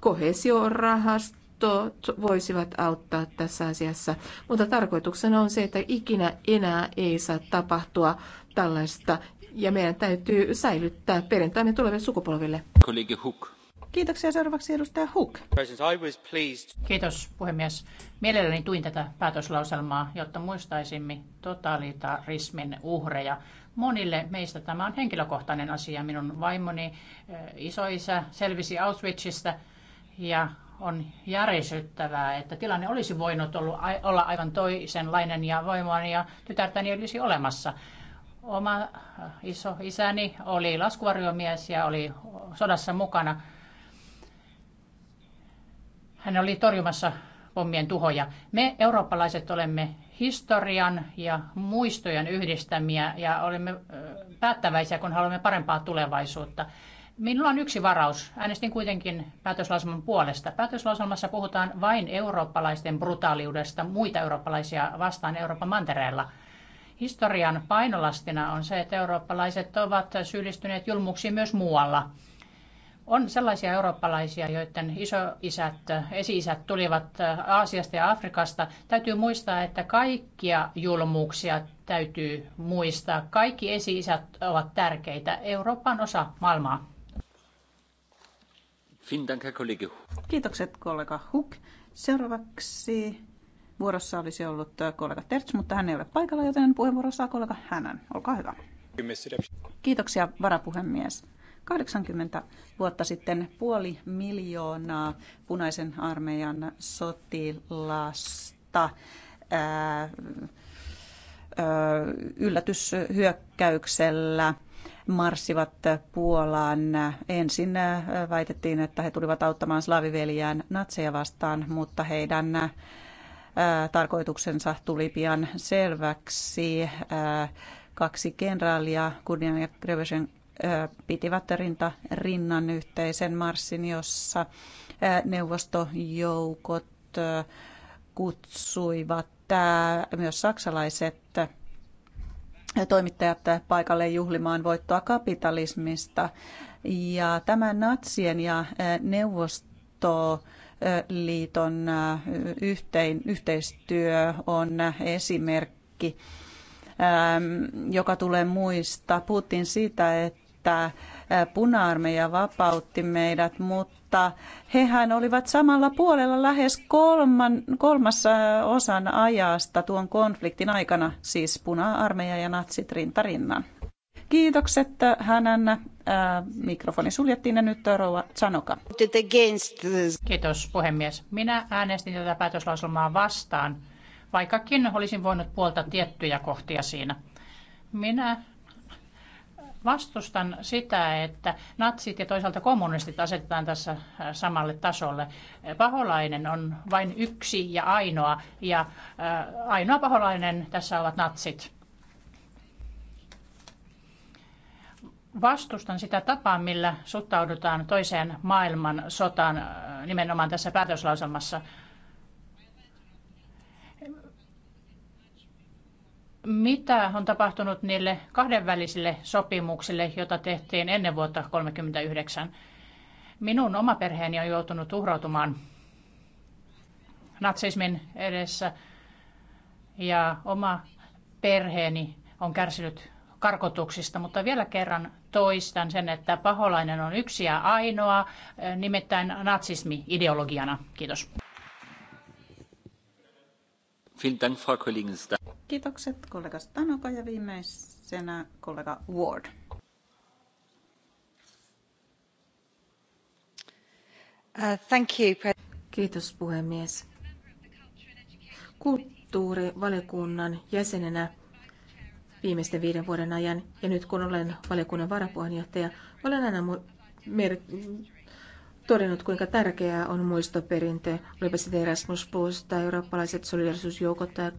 Kohesiorahastot voisivat auttaa tässä asiassa, mutta tarkoituksena on se, että ikinä enää ei saa tapahtua tällaista, ja meidän täytyy säilyttää perintäämme tuleville sukupolville. Kollegi Hook. Kiitoksia seuraavaksi edustaja Hook. Kiitos puhemies. Mielelläni tuin tätä päätöslauselmaa, jotta muistaisimme totalitarismin uhreja. Monille meistä tämä on henkilökohtainen asia. Minun vaimoni isoisä selvisi Auschwitzista ja on järisyttävää, että tilanne olisi voinut olla aivan toisenlainen ja vaimoani ja tytärtäni olisi olemassa. Oma iso isäni oli laskuvarjomies ja oli sodassa mukana. Hän oli torjumassa pommien tuhoja. Me eurooppalaiset olemme historian ja muistojen yhdistämiä ja olemme päättäväisiä, kun haluamme parempaa tulevaisuutta. Minulla on yksi varaus. Äänestin kuitenkin päätöslauselman puolesta. Päätöslauselmassa puhutaan vain eurooppalaisten brutaaliudesta muita eurooppalaisia vastaan Euroopan mantereella. Historian painolastina on se, että eurooppalaiset ovat syyllistyneet julmuksiin myös muualla. On sellaisia eurooppalaisia, joiden isoisät, esi-isät tulivat äh, Aasiasta ja Afrikasta. Täytyy muistaa, että kaikkia julmuuksia täytyy muistaa. Kaikki esi-isät ovat tärkeitä. Eurooppa on osa maailmaa. Kiitokset kollega Huk. Seuraavaksi vuorossa olisi ollut äh, kollega Terts, mutta hän ei ole paikalla, joten puheenvuoro saa kollega Hänän. Olkaa hyvä. Kiitoksia varapuhemies. 80 vuotta sitten puoli miljoonaa punaisen armeijan sotilasta ää, yllätyshyökkäyksellä marssivat Puolaan. Ensin väitettiin, että he tulivat auttamaan slaaviveljään natseja vastaan, mutta heidän tarkoituksensa tuli pian selväksi. Kaksi kenraalia, Kurnian ja Grevesen pitivät rinta rinnan yhteisen marssin, jossa neuvostojoukot kutsuivat myös saksalaiset toimittajat paikalle juhlimaan voittoa kapitalismista. Ja tämä natsien ja neuvostoliiton yhtein, yhteistyö on esimerkki, joka tulee muistaa. Puhuttiin siitä, että että puna-armeija vapautti meidät, mutta hehän olivat samalla puolella lähes kolman, kolmassa osan ajasta tuon konfliktin aikana, siis puna-armeija ja natsit rintarinnan. Kiitokset hänen. Äh, mikrofoni suljettiin ja nyt Rouva Sanoka. Kiitos puhemies. Minä äänestin tätä päätöslauselmaa vastaan, vaikkakin olisin voinut puolta tiettyjä kohtia siinä. Minä Vastustan sitä, että natsit ja toisaalta kommunistit asetetaan tässä äh, samalle tasolle. Paholainen on vain yksi ja ainoa, ja äh, ainoa paholainen tässä ovat natsit. vastustan sitä tapaa, millä suhtaudutaan toiseen maailmansotaan äh, nimenomaan tässä päätöslauselmassa. Mitä on tapahtunut niille kahdenvälisille sopimuksille, joita tehtiin ennen vuotta 1939? Minun oma perheeni on joutunut uhrautumaan natsismin edessä ja oma perheeni on kärsinyt karkotuksista, mutta vielä kerran toistan sen, että paholainen on yksi ja ainoa, nimittäin natsismi ideologiana. Kiitos. Kiitokset kollega Stanoka ja viimeisenä kollega Ward. Uh, thank you. Kiitos puhemies. Kulttuurivaliokunnan jäsenenä viimeisten viiden vuoden ajan ja nyt kun olen valiokunnan varapuheenjohtaja, olen aina mer- todennut, kuinka tärkeää on muistoperintö, olipa sitten Erasmus Plus tai eurooppalaiset solidarisuusjoukot tai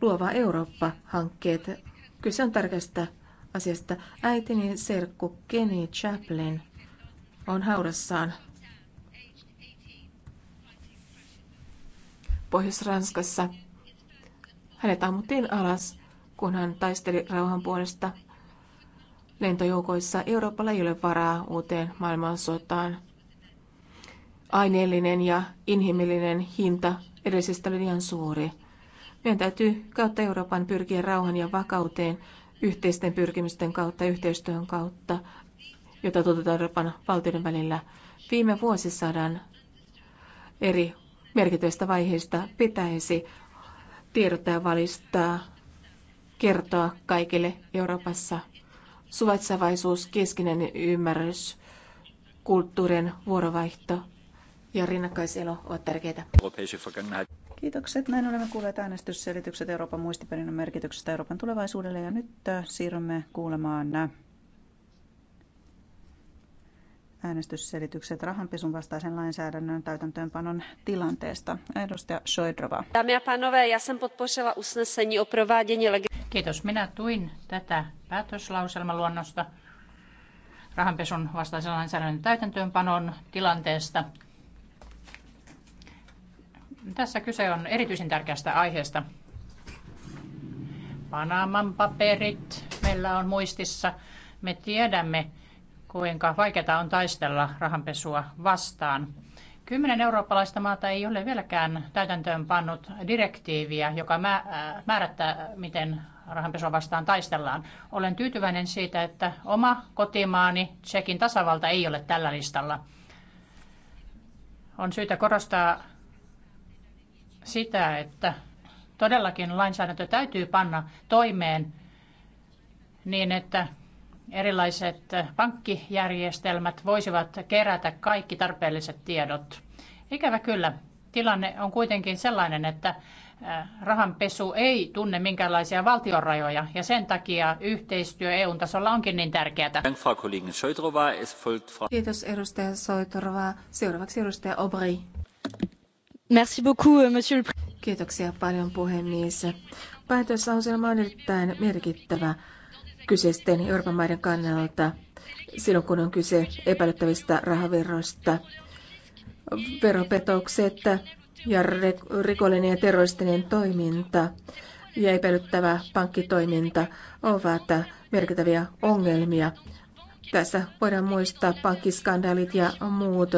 luova Eurooppa-hankkeet. Kyse on tärkeästä asiasta. Äitini serkku Kenny Chaplin on haudassaan Pohjois-Ranskassa. Hänet ammuttiin alas, kun hän taisteli rauhan puolesta lentojoukoissa. Euroopalla ei ole varaa uuteen maailmansotaan aineellinen ja inhimillinen hinta edellisestä oli liian suuri. Meidän täytyy kautta Euroopan pyrkiä rauhan ja vakauteen yhteisten pyrkimysten kautta, yhteistyön kautta, jota toteutetaan Euroopan valtioiden välillä. Viime vuosisadan eri merkityistä vaiheista pitäisi tiedottaa ja valistaa, kertoa kaikille Euroopassa. Suvaitsevaisuus, keskinen ymmärrys, kulttuurin vuorovaihto – ja rinnakkaiselo ovat tärkeitä. Kiitokset. Näin olemme kuulleet äänestysselitykset Euroopan muistiperinnön merkityksestä Euroopan tulevaisuudelle ja nyt äh, siirrymme kuulemaan äh, äänestysselitykset rahanpesun vastaisen lainsäädännön täytäntöönpanon tilanteesta. Edustaja Šojdrova. Dámy a pánové, Kiitos. Minä tuin tätä päätöslauselmaluonnosta rahanpesun vastaisen lainsäädännön täytäntöönpanon tilanteesta tässä kyse on erityisen tärkeästä aiheesta. Panaman paperit meillä on muistissa. Me tiedämme, kuinka vaikeaa on taistella rahanpesua vastaan. Kymmenen eurooppalaista maata ei ole vieläkään täytäntöön pannut direktiiviä, joka äh, määrättää, miten rahanpesua vastaan taistellaan. Olen tyytyväinen siitä, että oma kotimaani Tsekin tasavalta ei ole tällä listalla. On syytä korostaa sitä, että todellakin lainsäädäntö täytyy panna toimeen niin, että erilaiset pankkijärjestelmät voisivat kerätä kaikki tarpeelliset tiedot. Ikävä kyllä, tilanne on kuitenkin sellainen, että rahanpesu ei tunne minkäänlaisia valtionrajoja ja sen takia yhteistyö EUn tasolla onkin niin tärkeää. Kiitos edustaja Soitorvaa. Seuraavaksi edustaja Obri. Merci beaucoup, euh, monsieur le... Kiitoksia paljon puhemies. Päätöslauselma on erittäin merkittävä kyseisten Euroopan maiden kannalta silloin, kun on kyse epäilyttävistä rahavirroista. Veropetokset ja rikollinen ja terroristinen toiminta ja epäilyttävä pankkitoiminta ovat merkittäviä ongelmia. Tässä voidaan muistaa pankkiskandaalit ja muut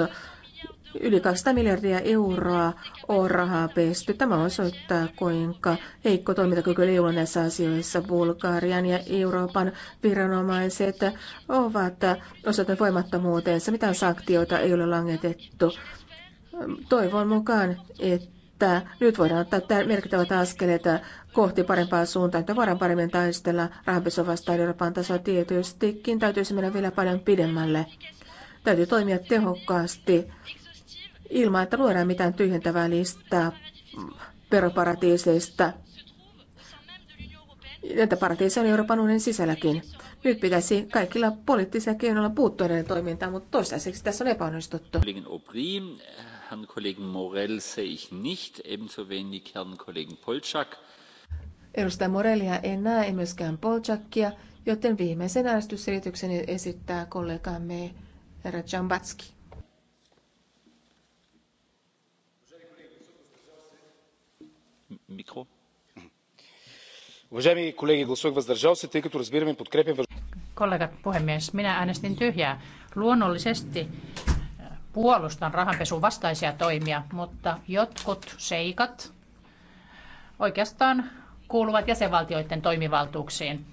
Yli 200 miljardia euroa on rahaa pesty. Tämä osoittaa, kuinka heikko toimintakyky EU on näissä asioissa. Bulgarian ja Euroopan viranomaiset ovat osoittaneet voimattomuuteensa. Mitään sanktioita ei ole langetettu. Toivon mukaan, että nyt voidaan ottaa merkittävät askeleet kohti parempaa suuntaan, että voidaan paremmin taistella rahanpesua vastaan Euroopan tasoa. Tietystikin täytyisi mennä vielä paljon pidemmälle. Täytyy toimia tehokkaasti ilman, että luodaan mitään tyhjentävää listaa veroparatiiseista. Näitä paratiiseja on Euroopan unionin sisälläkin. Nyt pitäisi kaikilla poliittisilla keinoilla puuttua näiden toimintaan, mutta toistaiseksi tässä on epäonnistuttu. Herrn Kollegen Morell sehe ich nicht, ebenso wenig Herrn Kollegen Edustaja Morellia en näe, ei myöskään Polchakia, joten viimeisen äänestysselitykseni esittää kollegamme herra Jambatski. уважаеми колеги гласувах въздържал се тъй като разбирам и подкрепям. kollegat puhemies minä äänestin tyhjää. luonnollisesti puolustan rahanpesun vastaisia toimia mutta jotkut seikat oikeastaan kuuluvat jäsenvaltioiden toimivaltuuksiin.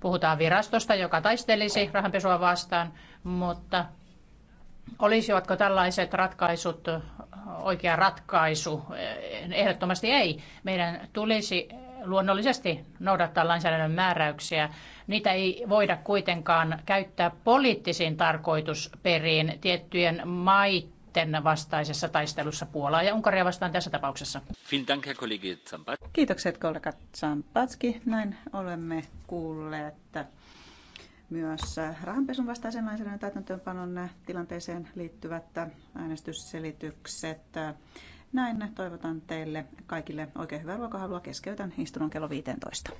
Puhutaan virastosta, joka taistelisi rahanpesua vastaan, mutta Olisivatko tällaiset ratkaisut oikea ratkaisu? Ehdottomasti ei. Meidän tulisi luonnollisesti noudattaa lainsäädännön määräyksiä. Niitä ei voida kuitenkaan käyttää poliittisiin tarkoitusperiin tiettyjen maiden vastaisessa taistelussa Puolaa ja Unkaria vastaan tässä tapauksessa. Kiitokset kollega Zampatski. Näin olemme kuulleet myös äh, rahanpesun vastaisen lainsäädännön täytäntöönpanon äh, tilanteeseen liittyvät äh, äänestysselitykset. Näin toivotan teille kaikille oikein hyvää ruokahalua. Keskeytän istunnon kello 15.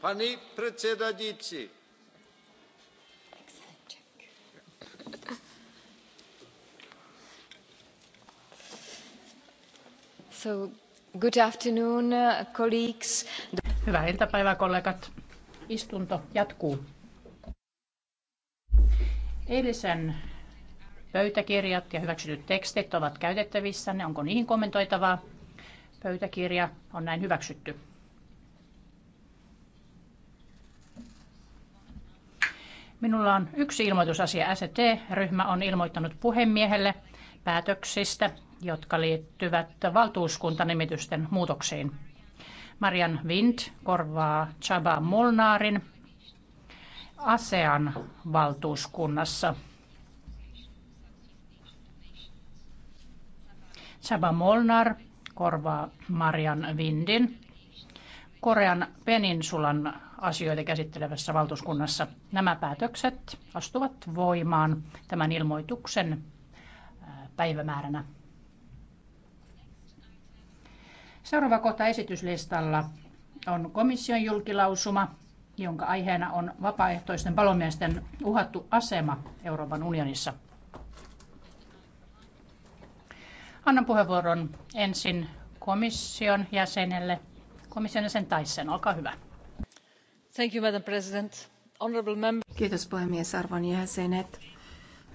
Pani predsedajúci. Uh, Hyvää iltapäivää, kollegat. Istunto jatkuu. Eilisen pöytäkirjat ja hyväksytyt tekstit ovat käytettävissä. Onko niihin kommentoitavaa? Pöytäkirja on näin hyväksytty. Minulla on yksi ilmoitusasia. ST-ryhmä on ilmoittanut puhemiehelle päätöksistä, jotka liittyvät valtuuskuntanimitysten muutoksiin. Marian Wind korvaa Chaba Molnaarin ASEAN valtuuskunnassa. Chaba Molnar korvaa Marian Windin Korean peninsulan asioita käsittelevässä valtuuskunnassa. Nämä päätökset astuvat voimaan tämän ilmoituksen päivämääränä. Seuraava kohta esityslistalla on komission julkilausuma, jonka aiheena on vapaaehtoisten palomiesten uhattu asema Euroopan unionissa. Annan puheenvuoron ensin komission jäsenelle. Komission jäsen Taisen, olkaa hyvä madam president Kiitos puhemies, arvon jäsenet.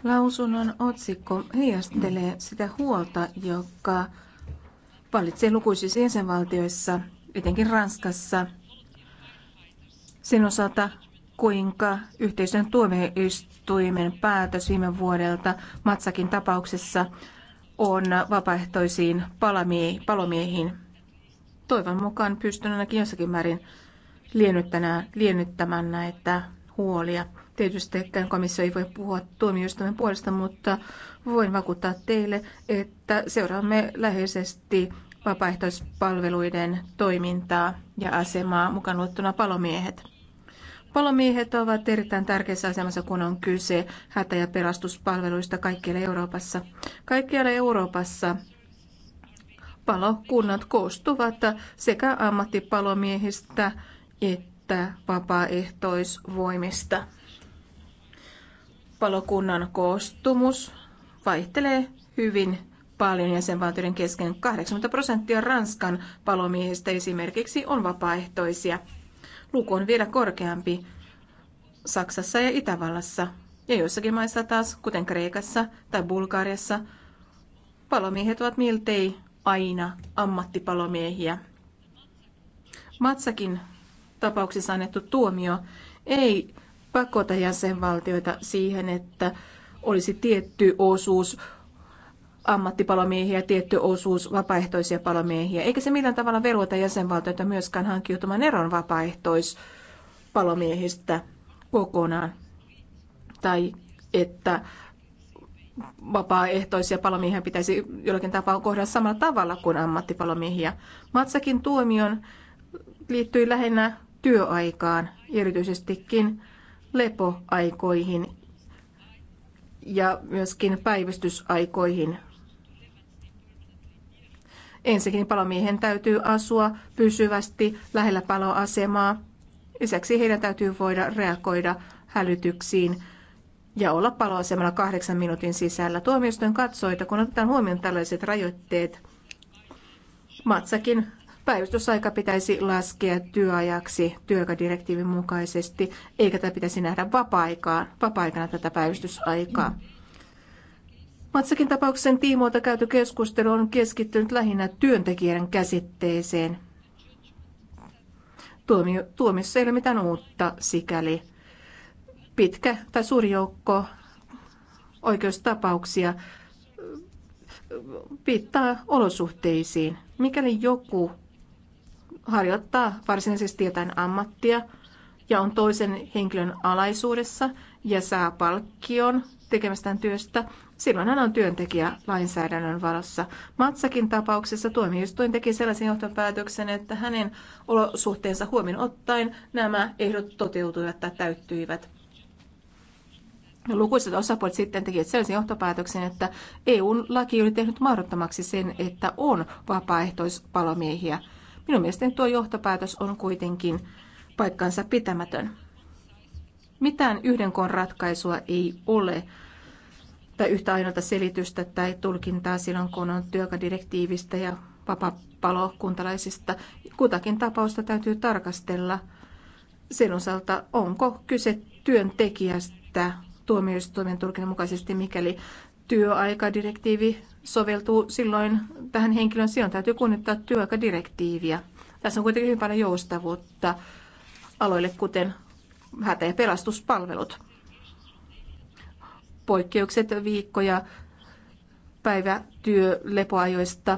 Lausunnon otsikko heijastelee sitä huolta, joka valitsee lukuisissa jäsenvaltioissa, etenkin Ranskassa, sen osalta, kuinka yhteisön tuomioistuimen päätös viime vuodelta Matsakin tapauksessa on vapaaehtoisiin palomiehiin. Toivon mukaan pystyn ainakin jossakin määrin liennyttämään näitä huolia. Tietysti komissio ei voi puhua tuomioistuimen puolesta, mutta voin vakuuttaa teille, että seuraamme läheisesti vapaaehtoispalveluiden toimintaa ja asemaa mukaan luettuna palomiehet. Palomiehet ovat erittäin tärkeässä asemassa, kun on kyse hätä- ja pelastuspalveluista kaikkialla Euroopassa. Kaikkialla Euroopassa palokunnat koostuvat sekä ammattipalomiehistä, että vapaaehtoisvoimista. Palokunnan koostumus vaihtelee hyvin paljon jäsenvaltioiden kesken. 80 prosenttia Ranskan palomiehistä esimerkiksi on vapaaehtoisia. Luku on vielä korkeampi Saksassa ja Itävallassa. Ja joissakin maissa taas, kuten Kreikassa tai Bulgariassa, palomiehet ovat miltei aina ammattipalomiehiä. Matsakin tapauksissa annettu tuomio ei pakota jäsenvaltioita siihen, että olisi tietty osuus ammattipalomiehiä, tietty osuus vapaaehtoisia palomiehiä. Eikä se millään tavalla velvoita jäsenvaltioita myöskään hankkiutumaan eron vapaaehtoispalomiehistä kokonaan. Tai että vapaaehtoisia palomiehiä pitäisi jollakin tapaa kohdella samalla tavalla kuin ammattipalomiehiä. Matsakin tuomion liittyi lähinnä työaikaan, erityisestikin lepoaikoihin ja myöskin päivystysaikoihin. Ensinnäkin palomiehen täytyy asua pysyvästi lähellä paloasemaa. Lisäksi heidän täytyy voida reagoida hälytyksiin ja olla paloasemalla kahdeksan minuutin sisällä. Tuomioistuin katsoi, että kun otetaan huomioon tällaiset rajoitteet, Matsakin Päivystysaika pitäisi laskea työajaksi työaikadirektiivin mukaisesti, eikä tätä pitäisi nähdä vapaa-aikaan, vapaa-aikana tätä päivystysaikaa. Matsakin tapauksen tiimoilta käyty keskustelu on keskittynyt lähinnä työntekijän käsitteeseen. tuomissa ei ole mitään uutta sikäli. Pitkä tai suuri joukko oikeustapauksia äh, viittaa olosuhteisiin. Mikäli joku harjoittaa varsinaisesti jotain ammattia ja on toisen henkilön alaisuudessa ja saa palkkion tekemästään työstä, silloin hän on työntekijä lainsäädännön valossa. Matsakin tapauksessa tuomioistuin teki sellaisen johtopäätöksen, että hänen olosuhteensa huomioon ottaen nämä ehdot toteutuivat tai täyttyivät. Lukuiset osapuolet sitten tekivät sellaisen johtopäätöksen, että EU laki oli tehnyt mahdottomaksi sen, että on vapaaehtoispalomiehiä – Minun mielestäni tuo johtopäätös on kuitenkin paikkansa pitämätön. Mitään yhden koon ratkaisua ei ole tai yhtä ainoata selitystä tai tulkintaa silloin, kun on työkadirektiivistä ja vapapalokuntalaisista. Kutakin tapausta täytyy tarkastella sen osalta, onko kyse työntekijästä tuomioistuimen tulkinnan mukaisesti, mikäli työaikadirektiivi soveltuu silloin tähän henkilön silloin Täytyy kunnittaa työaikadirektiiviä. Tässä on kuitenkin hyvin paljon joustavuutta aloille, kuten hätä- ja pelastuspalvelut. Poikkeukset viikkoja päivätyölepoajoista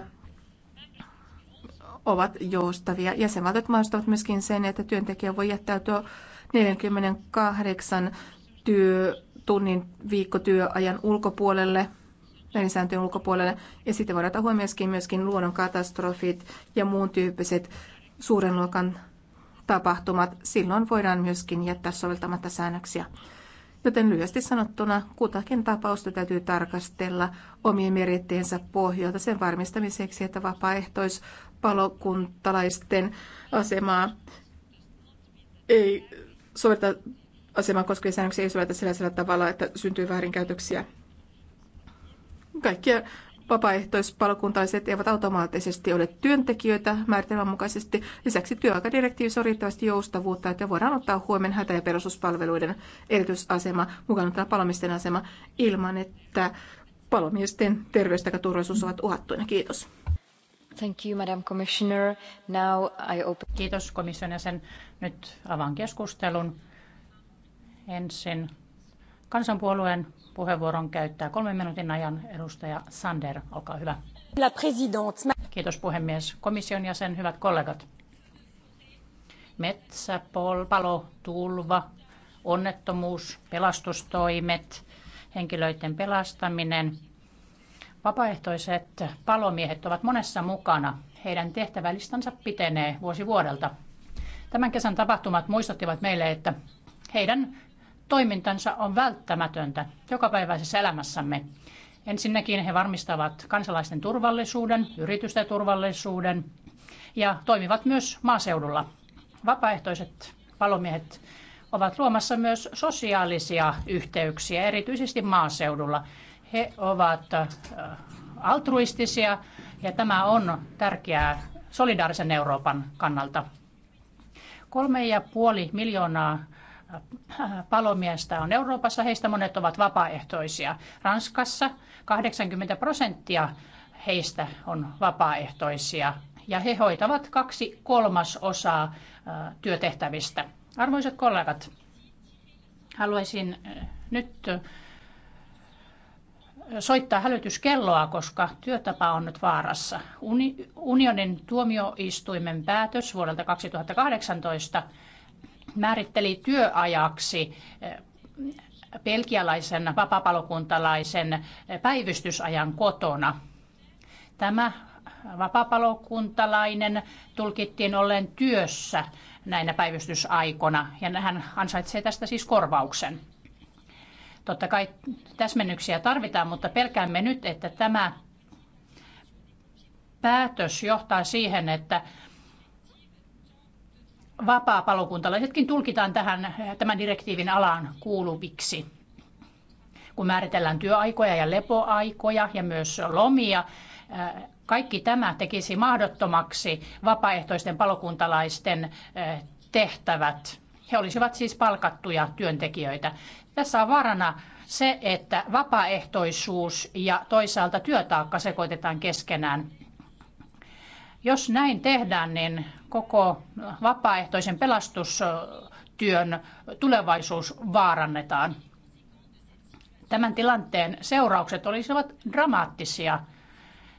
ovat joustavia. Jäsenvaltiot mahdollistavat myöskin sen, että työntekijä voi jättäytyä 48 työ tunnin viikkotyöajan ulkopuolelle, pelisääntöjen ulkopuolelle. Ja sitten voidaan ottaa huomioon myöskin, myöskin luonnonkatastrofit ja muun tyyppiset suuren luokan tapahtumat. Silloin voidaan myöskin jättää soveltamatta säännöksiä. Joten lyhyesti sanottuna kutakin tapausta täytyy tarkastella omien meritteensä pohjalta sen varmistamiseksi, että vapaaehtoispalokuntalaisten asemaa ei soveta aseman koskevia säännöksiä ei sovelleta sellaisella tavalla, että syntyy väärinkäytöksiä. Kaikki vapaaehtoispalokuntalaiset eivät automaattisesti ole työntekijöitä määritelmän mukaisesti. Lisäksi työaikadirektiivissä on riittävästi joustavuutta, että voidaan ottaa huomioon hätä- ja perustuspalveluiden erityisasema, mukaan ottaa palomisten asema, ilman että palomiesten terveys ja turvallisuus ovat uhattuina. Kiitos. Thank you, Madam Commissioner. Now I open... Kiitos komission jäsen. Nyt avaan keskustelun. Ensin kansanpuolueen puheenvuoron käyttää kolmen minuutin ajan edustaja Sander. Olkaa hyvä. La Kiitos puhemies. Komission jäsen, hyvät kollegat. Metsä, pol, palo, tulva, onnettomuus, pelastustoimet, henkilöiden pelastaminen. Vapaaehtoiset palomiehet ovat monessa mukana. Heidän tehtävälistansa pitenee vuosi vuodelta. Tämän kesän tapahtumat muistuttivat meille, että heidän toimintansa on välttämätöntä jokapäiväisessä elämässämme. Ensinnäkin he varmistavat kansalaisten turvallisuuden, yritysten turvallisuuden ja toimivat myös maaseudulla. Vapaaehtoiset palomiehet ovat luomassa myös sosiaalisia yhteyksiä, erityisesti maaseudulla. He ovat äh, altruistisia ja tämä on tärkeää solidaarisen Euroopan kannalta. Kolme ja puoli miljoonaa palomiestä on Euroopassa, heistä monet ovat vapaaehtoisia. Ranskassa 80 prosenttia heistä on vapaaehtoisia ja he hoitavat kaksi kolmasosaa työtehtävistä. Arvoisat kollegat, haluaisin nyt soittaa hälytyskelloa, koska työtapa on nyt vaarassa. Uni- unionin tuomioistuimen päätös vuodelta 2018 määritteli työajaksi eh, belgialaisen vapapalokuntalaisen eh, päivystysajan kotona. Tämä vapapalokuntalainen tulkittiin ollen työssä näinä päivystysaikona ja hän ansaitsee tästä siis korvauksen. Totta kai täsmennyksiä tarvitaan, mutta pelkäämme nyt, että tämä päätös johtaa siihen, että vapaa-palokuntalaisetkin tulkitaan tähän, tämän direktiivin alaan kuuluviksi. Kun määritellään työaikoja ja lepoaikoja ja myös lomia, kaikki tämä tekisi mahdottomaksi vapaaehtoisten palokuntalaisten eh, tehtävät. He olisivat siis palkattuja työntekijöitä. Tässä on vaarana se, että vapaaehtoisuus ja toisaalta työtaakka sekoitetaan keskenään. Jos näin tehdään, niin koko vapaaehtoisen pelastustyön tulevaisuus vaarannetaan. Tämän tilanteen seuraukset olisivat dramaattisia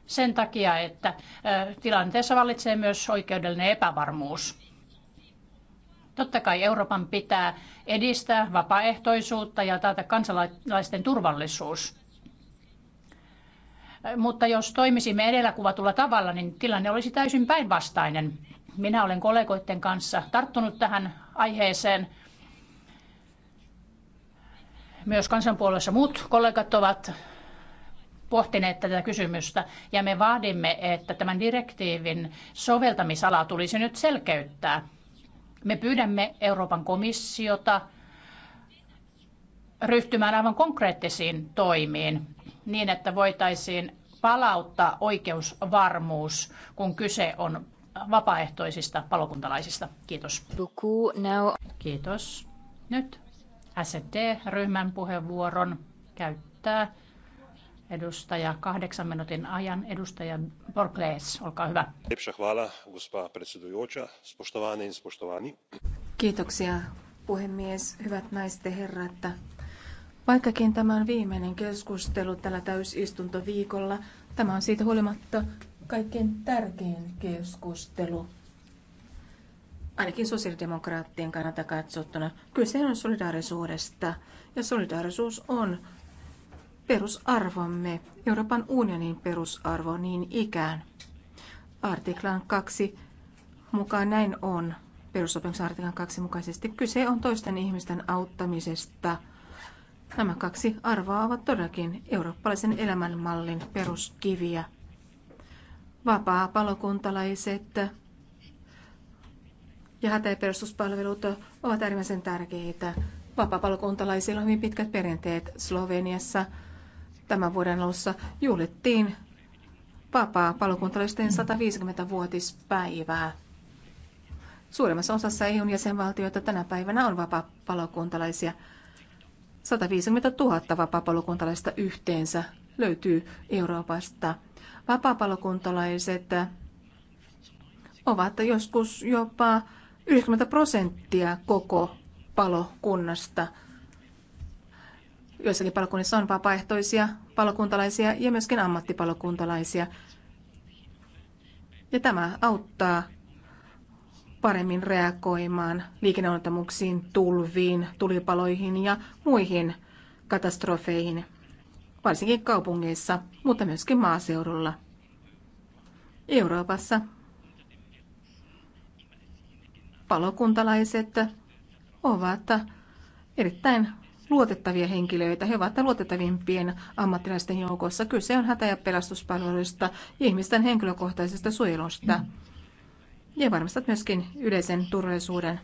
sen takia, että tilanteessa vallitsee myös oikeudellinen epävarmuus. Totta kai Euroopan pitää edistää vapaaehtoisuutta ja taata kansalaisten turvallisuus mutta jos toimisimme edellä kuvatulla tavalla, niin tilanne olisi täysin päinvastainen. Minä olen kollegoiden kanssa tarttunut tähän aiheeseen. Myös kansanpuolueessa muut kollegat ovat pohtineet tätä kysymystä ja me vaadimme, että tämän direktiivin soveltamisalaa tulisi nyt selkeyttää. Me pyydämme Euroopan komissiota ryhtymään aivan konkreettisiin toimiin niin, että voitaisiin palauttaa oikeusvarmuus, kun kyse on vapaaehtoisista palokuntalaisista. Kiitos. Kiitos. Nyt SD-ryhmän puheenvuoron käyttää edustaja kahdeksan minuutin ajan. Edustaja Borglees, olkaa hyvä. Kiitoksia puhemies, hyvät naiset ja herrat. Vaikkakin tämä on viimeinen keskustelu tällä täysistuntoviikolla, tämä on siitä huolimatta kaikkein tärkein keskustelu. Ainakin sosiaalidemokraattien kannalta katsottuna. Kyse on solidaarisuudesta, ja solidaarisuus on perusarvomme, Euroopan unionin perusarvo niin ikään. Artiklan 2 mukaan näin on. Perussopimuksen artiklan 2 mukaisesti kyse on toisten ihmisten auttamisesta – Nämä kaksi arvoa ovat todellakin eurooppalaisen elämänmallin peruskiviä. Vapaa palokuntalaiset ja perustuspalvelut ovat äärimmäisen tärkeitä. Vapaa-palokuntalaisilla on hyvin pitkät perinteet Sloveniassa. Tämän vuoden alussa juhlittiin vapaa-palokuntalaisten 150-vuotispäivää. Suurimmassa osassa eu jäsenvaltioita tänä päivänä on vapaa-palokuntalaisia. 150 000 vapaapalokuntalaista yhteensä löytyy Euroopasta. Vapaapalokuntalaiset ovat joskus jopa 90 prosenttia koko palokunnasta. Joissakin palokunnissa on vapaaehtoisia palokuntalaisia ja myöskin ammattipalokuntalaisia. Ja tämä auttaa paremmin reagoimaan liikenneonnettomuuksiin, tulviin, tulipaloihin ja muihin katastrofeihin, varsinkin kaupungeissa, mutta myöskin maaseudulla. Euroopassa palokuntalaiset ovat erittäin luotettavia henkilöitä. He ovat luotettavimpien ammattilaisten joukossa. Kyse on hätä- ja pelastuspalveluista ja ihmisten henkilökohtaisesta suojelusta. Mm ja varmistat myöskin yleisen turvallisuuden.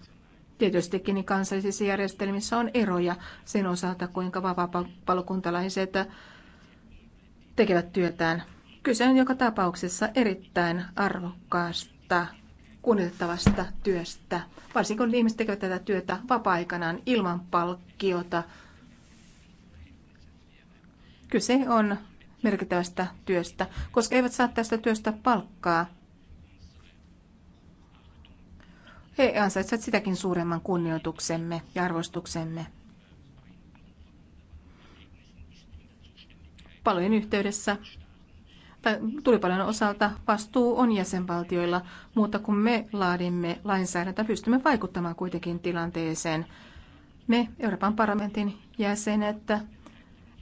Tietystikin niin kansallisissa järjestelmissä on eroja sen osalta, kuinka palokuntalaiset tekevät työtään. Kyse on joka tapauksessa erittäin arvokkaasta, kunnioitettavasta työstä, varsinkin kun ihmiset tekevät tätä työtä vapaa-aikanaan ilman palkkiota. Kyse on merkittävästä työstä, koska eivät saa tästä työstä palkkaa. He ansaitsevat sitäkin suuremman kunnioituksemme ja arvostuksemme. Palojen yhteydessä tai tulipalojen osalta vastuu on jäsenvaltioilla, mutta kun me laadimme lainsäädäntöä, pystymme vaikuttamaan kuitenkin tilanteeseen. Me Euroopan parlamentin jäsenet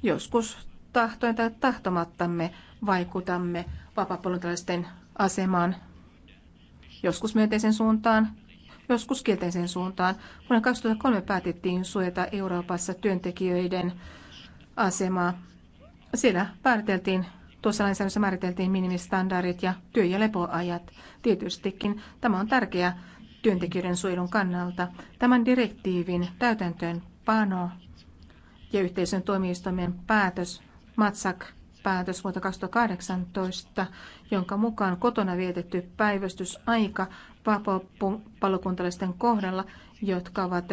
joskus tahtoen tai tahtomattamme vaikutamme vapaapuolintalaisten asemaan, joskus myönteisen suuntaan, joskus kielteiseen suuntaan. Vuonna 2003 päätettiin suojata Euroopassa työntekijöiden asemaa. Siellä määriteltiin, tuossa lainsäädännössä määriteltiin minimistandardit ja työ- ja lepoajat. Tietystikin tämä on tärkeä työntekijöiden suojelun kannalta. Tämän direktiivin täytäntöönpano ja yhteisön toimistomien päätös, Matsak päätös vuotta 2018, jonka mukaan kotona vietetty päivystysaika vapaa-palokuntalaisten kohdalla, jotka ovat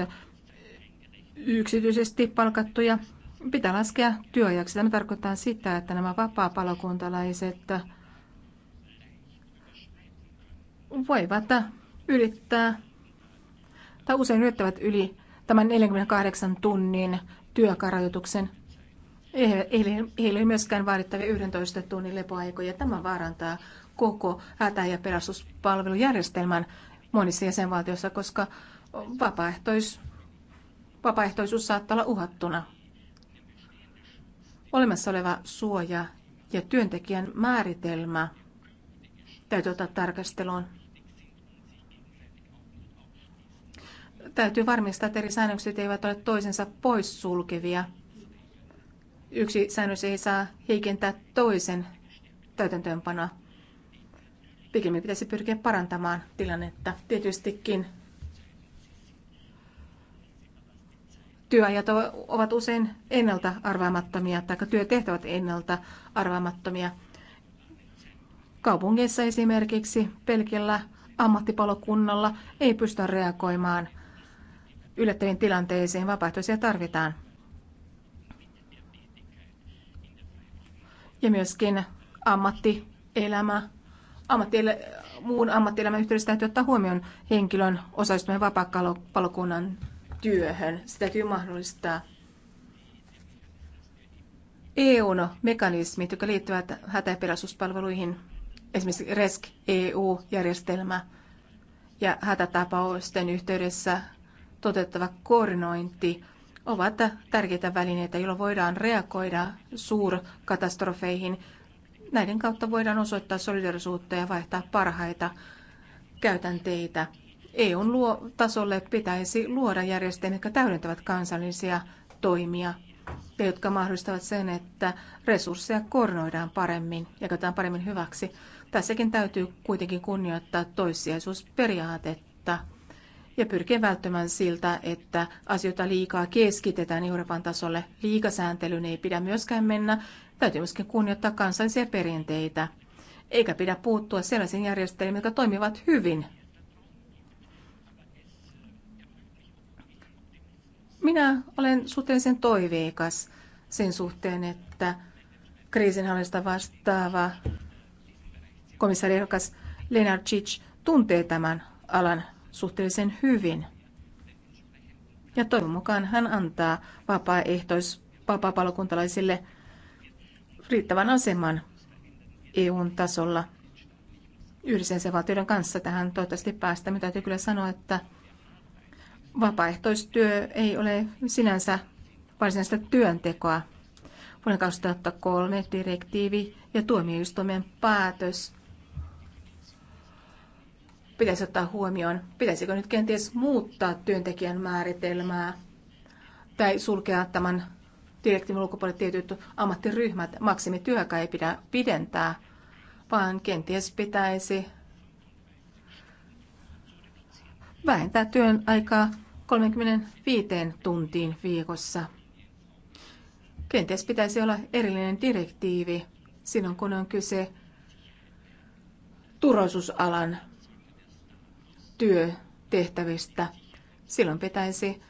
yksityisesti palkattuja, pitää laskea työajaksi. Tämä tarkoittaa sitä, että nämä vapaa-palokuntalaiset voivat ylittää tai usein ylittävät yli tämän 48 tunnin työkarajoituksen. Heillä ei myöskään vaadittavia 11 tunnin lepoaikoja. Tämä vaarantaa koko hätä- ja pelastuspalvelujärjestelmän monissa jäsenvaltioissa, koska vapaaehtois, vapaaehtoisuus saattaa olla uhattuna. Olemassa oleva suoja ja työntekijän määritelmä täytyy ottaa tarkasteluun. Täytyy varmistaa, että eri säännökset eivät ole toisensa poissulkevia. Yksi säännös ei saa heikentää toisen täytäntöönpanoa pikemmin pitäisi pyrkiä parantamaan tilannetta. Tietystikin työajat ovat usein ennalta arvaamattomia tai työtehtävät ennalta arvaamattomia. Kaupungeissa esimerkiksi pelkillä ammattipalokunnalla ei pystytä reagoimaan yllättäviin tilanteisiin. Vapaaehtoisia tarvitaan. Ja myöskin ammattielämä ammattiel- muun ammattielämän yhteydessä täytyy ottaa huomioon henkilön osallistuminen palokunnan työhön. Sitä täytyy mahdollistaa. eu mekanismit, jotka liittyvät hätä- ja pelastuspalveluihin, esimerkiksi RESC EU-järjestelmä ja hätätapausten yhteydessä toteuttava koordinointi, ovat tärkeitä välineitä, joilla voidaan reagoida suurkatastrofeihin Näiden kautta voidaan osoittaa solidarisuutta ja vaihtaa parhaita käytänteitä. EUn tasolle pitäisi luoda järjestelmiä, jotka täydentävät kansallisia toimia ja jotka mahdollistavat sen, että resursseja koordinoidaan paremmin ja käytetään paremmin hyväksi. Tässäkin täytyy kuitenkin kunnioittaa toissijaisuusperiaatetta ja pyrkiä välttämään siltä, että asioita liikaa keskitetään Euroopan tasolle. Liikasääntelyyn ei pidä myöskään mennä Täytyy myöskin kunnioittaa kansallisia perinteitä, eikä pidä puuttua sellaisiin järjestelmiin, jotka toimivat hyvin. Minä olen suhteellisen toiveikas sen suhteen, että kriisinhallinnasta vastaava komissaari ehdokas Lennart Cic tuntee tämän alan suhteellisen hyvin. Ja toivon mukaan hän antaa vapaaehtois vapaa-palokuntalaisille riittävän aseman EUn tasolla yhdessä jäsenvaltioiden kanssa. Tähän toivottavasti päästä. Mutta täytyy kyllä sanoa, että vapaaehtoistyö ei ole sinänsä varsinaista työntekoa. Vuonna 2003 direktiivi ja tuomioistuimen päätös pitäisi ottaa huomioon. Pitäisikö nyt kenties muuttaa työntekijän määritelmää tai sulkea tämän direktiivin ulkopuolelle tietyt ammattiryhmät. Maksimityökä ei pidä pidentää, vaan kenties pitäisi vähentää työn aikaa 35 tuntiin viikossa. Kenties pitäisi olla erillinen direktiivi silloin, kun on kyse turvallisuusalan työtehtävistä. Silloin pitäisi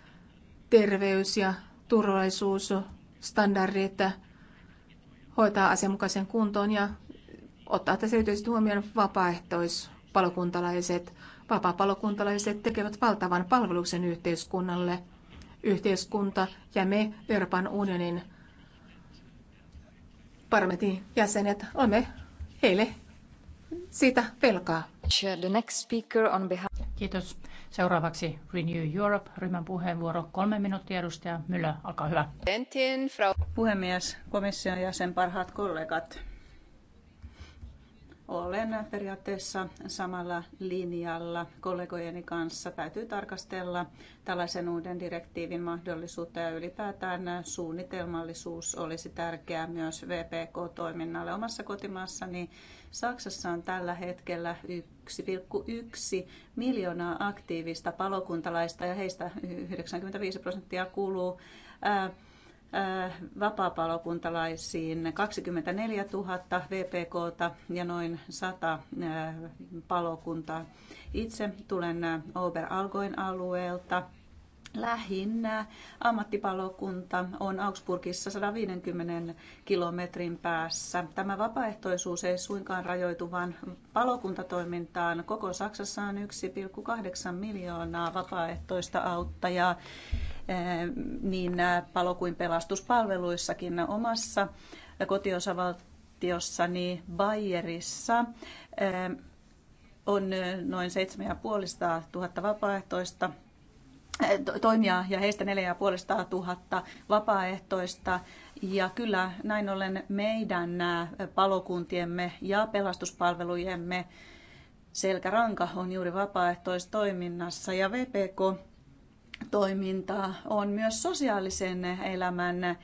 terveys ja turvallisuus että hoitaa asianmukaisen kuntoon ja ottaa tässä erityisesti huomioon vapaaehtoispalokuntalaiset. Vapaa-palokuntalaiset tekevät valtavan palveluksen yhteiskunnalle. Yhteiskunta ja me Euroopan unionin parlamentin jäsenet olemme heille siitä velkaa. The next speaker on behalf Kiitos. Seuraavaksi Renew Europe-ryhmän puheenvuoro. Kolme minuuttia edustaja Myllä, olkaa hyvä. Puhemies, komission jäsen, parhaat kollegat olen periaatteessa samalla linjalla kollegojeni kanssa. Täytyy tarkastella tällaisen uuden direktiivin mahdollisuutta ja ylipäätään suunnitelmallisuus olisi tärkeää myös VPK-toiminnalle. Omassa kotimaassani Saksassa on tällä hetkellä 1,1 miljoonaa aktiivista palokuntalaista ja heistä 95 prosenttia kuuluu vapaapalokuntalaisiin 24 000 VPK ja noin 100 palokuntaa. Itse tulen Oberalgoin alueelta. lähinnä ammattipalokunta on Augsburgissa 150 kilometrin päässä. Tämä vapaaehtoisuus ei suinkaan rajoitu, vaan palokuntatoimintaan. Koko Saksassa on 1,8 miljoonaa vapaaehtoista auttajaa Eh, niin eh, palo- kuin pelastuspalveluissakin omassa kotiosavaltiossani Bayerissa eh, on noin 7500 000 vapaaehtoista toimia ja heistä 4500 000 vapaaehtoista. Ja kyllä näin ollen meidän palokuntiemme ja pelastuspalvelujemme selkäranka on juuri vapaaehtoistoiminnassa ja VPK toiminta on myös sosiaalisen elämän eh,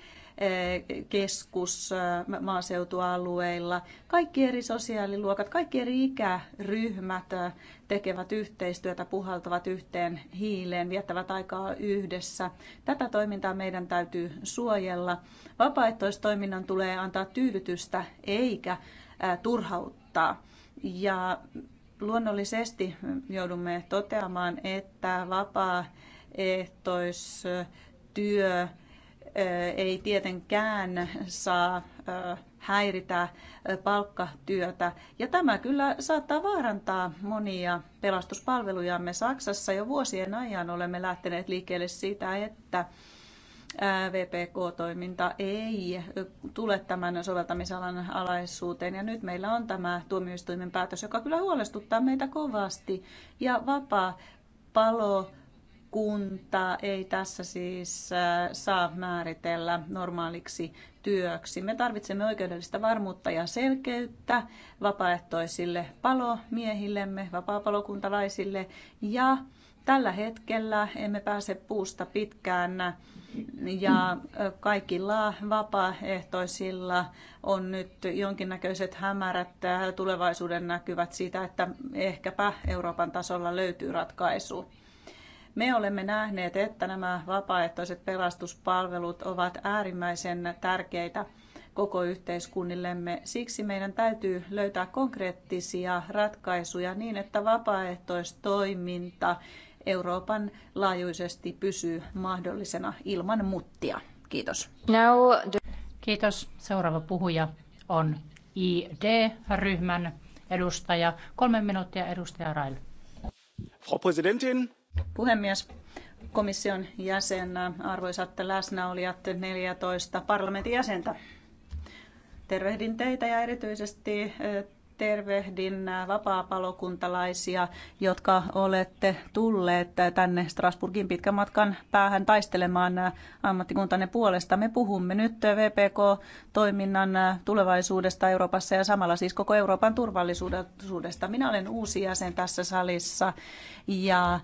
keskus eh, maaseutualueilla. Kaikki eri sosiaaliluokat, kaikki eri ikäryhmät eh, tekevät yhteistyötä, puhaltavat yhteen hiileen, viettävät aikaa yhdessä. Tätä toimintaa meidän täytyy suojella. Vapaaehtoistoiminnan tulee antaa tyydytystä eikä turhauttaa. Ja luonnollisesti joudumme toteamaan, että vapaa vapaaehtoistyö ei tietenkään saa häiritä palkkatyötä. Ja tämä kyllä saattaa vaarantaa monia pelastuspalvelujamme. Saksassa jo vuosien ajan olemme lähteneet liikkeelle siitä, että VPK-toiminta ei tule tämän soveltamisalan alaisuuteen. Ja nyt meillä on tämä tuomioistuimen päätös, joka kyllä huolestuttaa meitä kovasti. Ja vapaa palo kunta ei tässä siis saa määritellä normaaliksi työksi. Me tarvitsemme oikeudellista varmuutta ja selkeyttä vapaaehtoisille palomiehillemme, vapaapalokuntalaisille ja tällä hetkellä emme pääse puusta pitkään ja kaikilla vapaaehtoisilla on nyt jonkinnäköiset hämärät tulevaisuuden näkyvät siitä, että ehkäpä Euroopan tasolla löytyy ratkaisu. Me olemme nähneet, että nämä vapaaehtoiset pelastuspalvelut ovat äärimmäisen tärkeitä koko yhteiskunnillemme. Siksi meidän täytyy löytää konkreettisia ratkaisuja niin, että vapaaehtoistoiminta Euroopan laajuisesti pysyy mahdollisena ilman muttia. Kiitos. Kiitos. Seuraava puhuja on ID-ryhmän edustaja. Kolme minuuttia edustaja Rail. Frau Präsidentin, Puhemies, komission jäsen, arvoisat läsnäolijat, 14 parlamentin jäsentä. Tervehdin teitä ja erityisesti tervehdin vapaapalokuntalaisia, jotka olette tulleet tänne Strasburgin pitkän matkan päähän taistelemaan ammattikuntanne puolesta. Me puhumme nyt VPK-toiminnan tulevaisuudesta Euroopassa ja samalla siis koko Euroopan turvallisuudesta. Minä olen uusi jäsen tässä salissa ja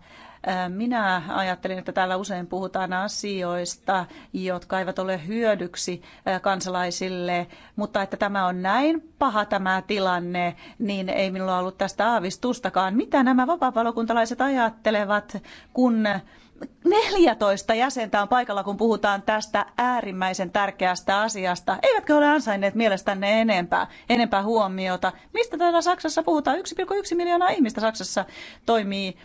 Äh, minä ajattelin, että täällä usein puhutaan asioista, jotka eivät ole hyödyksi äh, kansalaisille, mutta että tämä on näin paha tämä tilanne, niin ei minulla ollut tästä aavistustakaan. Mitä nämä vapaa ajattelevat, kun 14 jäsentä on paikalla, kun puhutaan tästä äärimmäisen tärkeästä asiasta. Eivätkö ole ansainneet mielestänne enempää, enempää huomiota? Mistä täällä Saksassa puhutaan? 1,1 miljoonaa ihmistä Saksassa toimii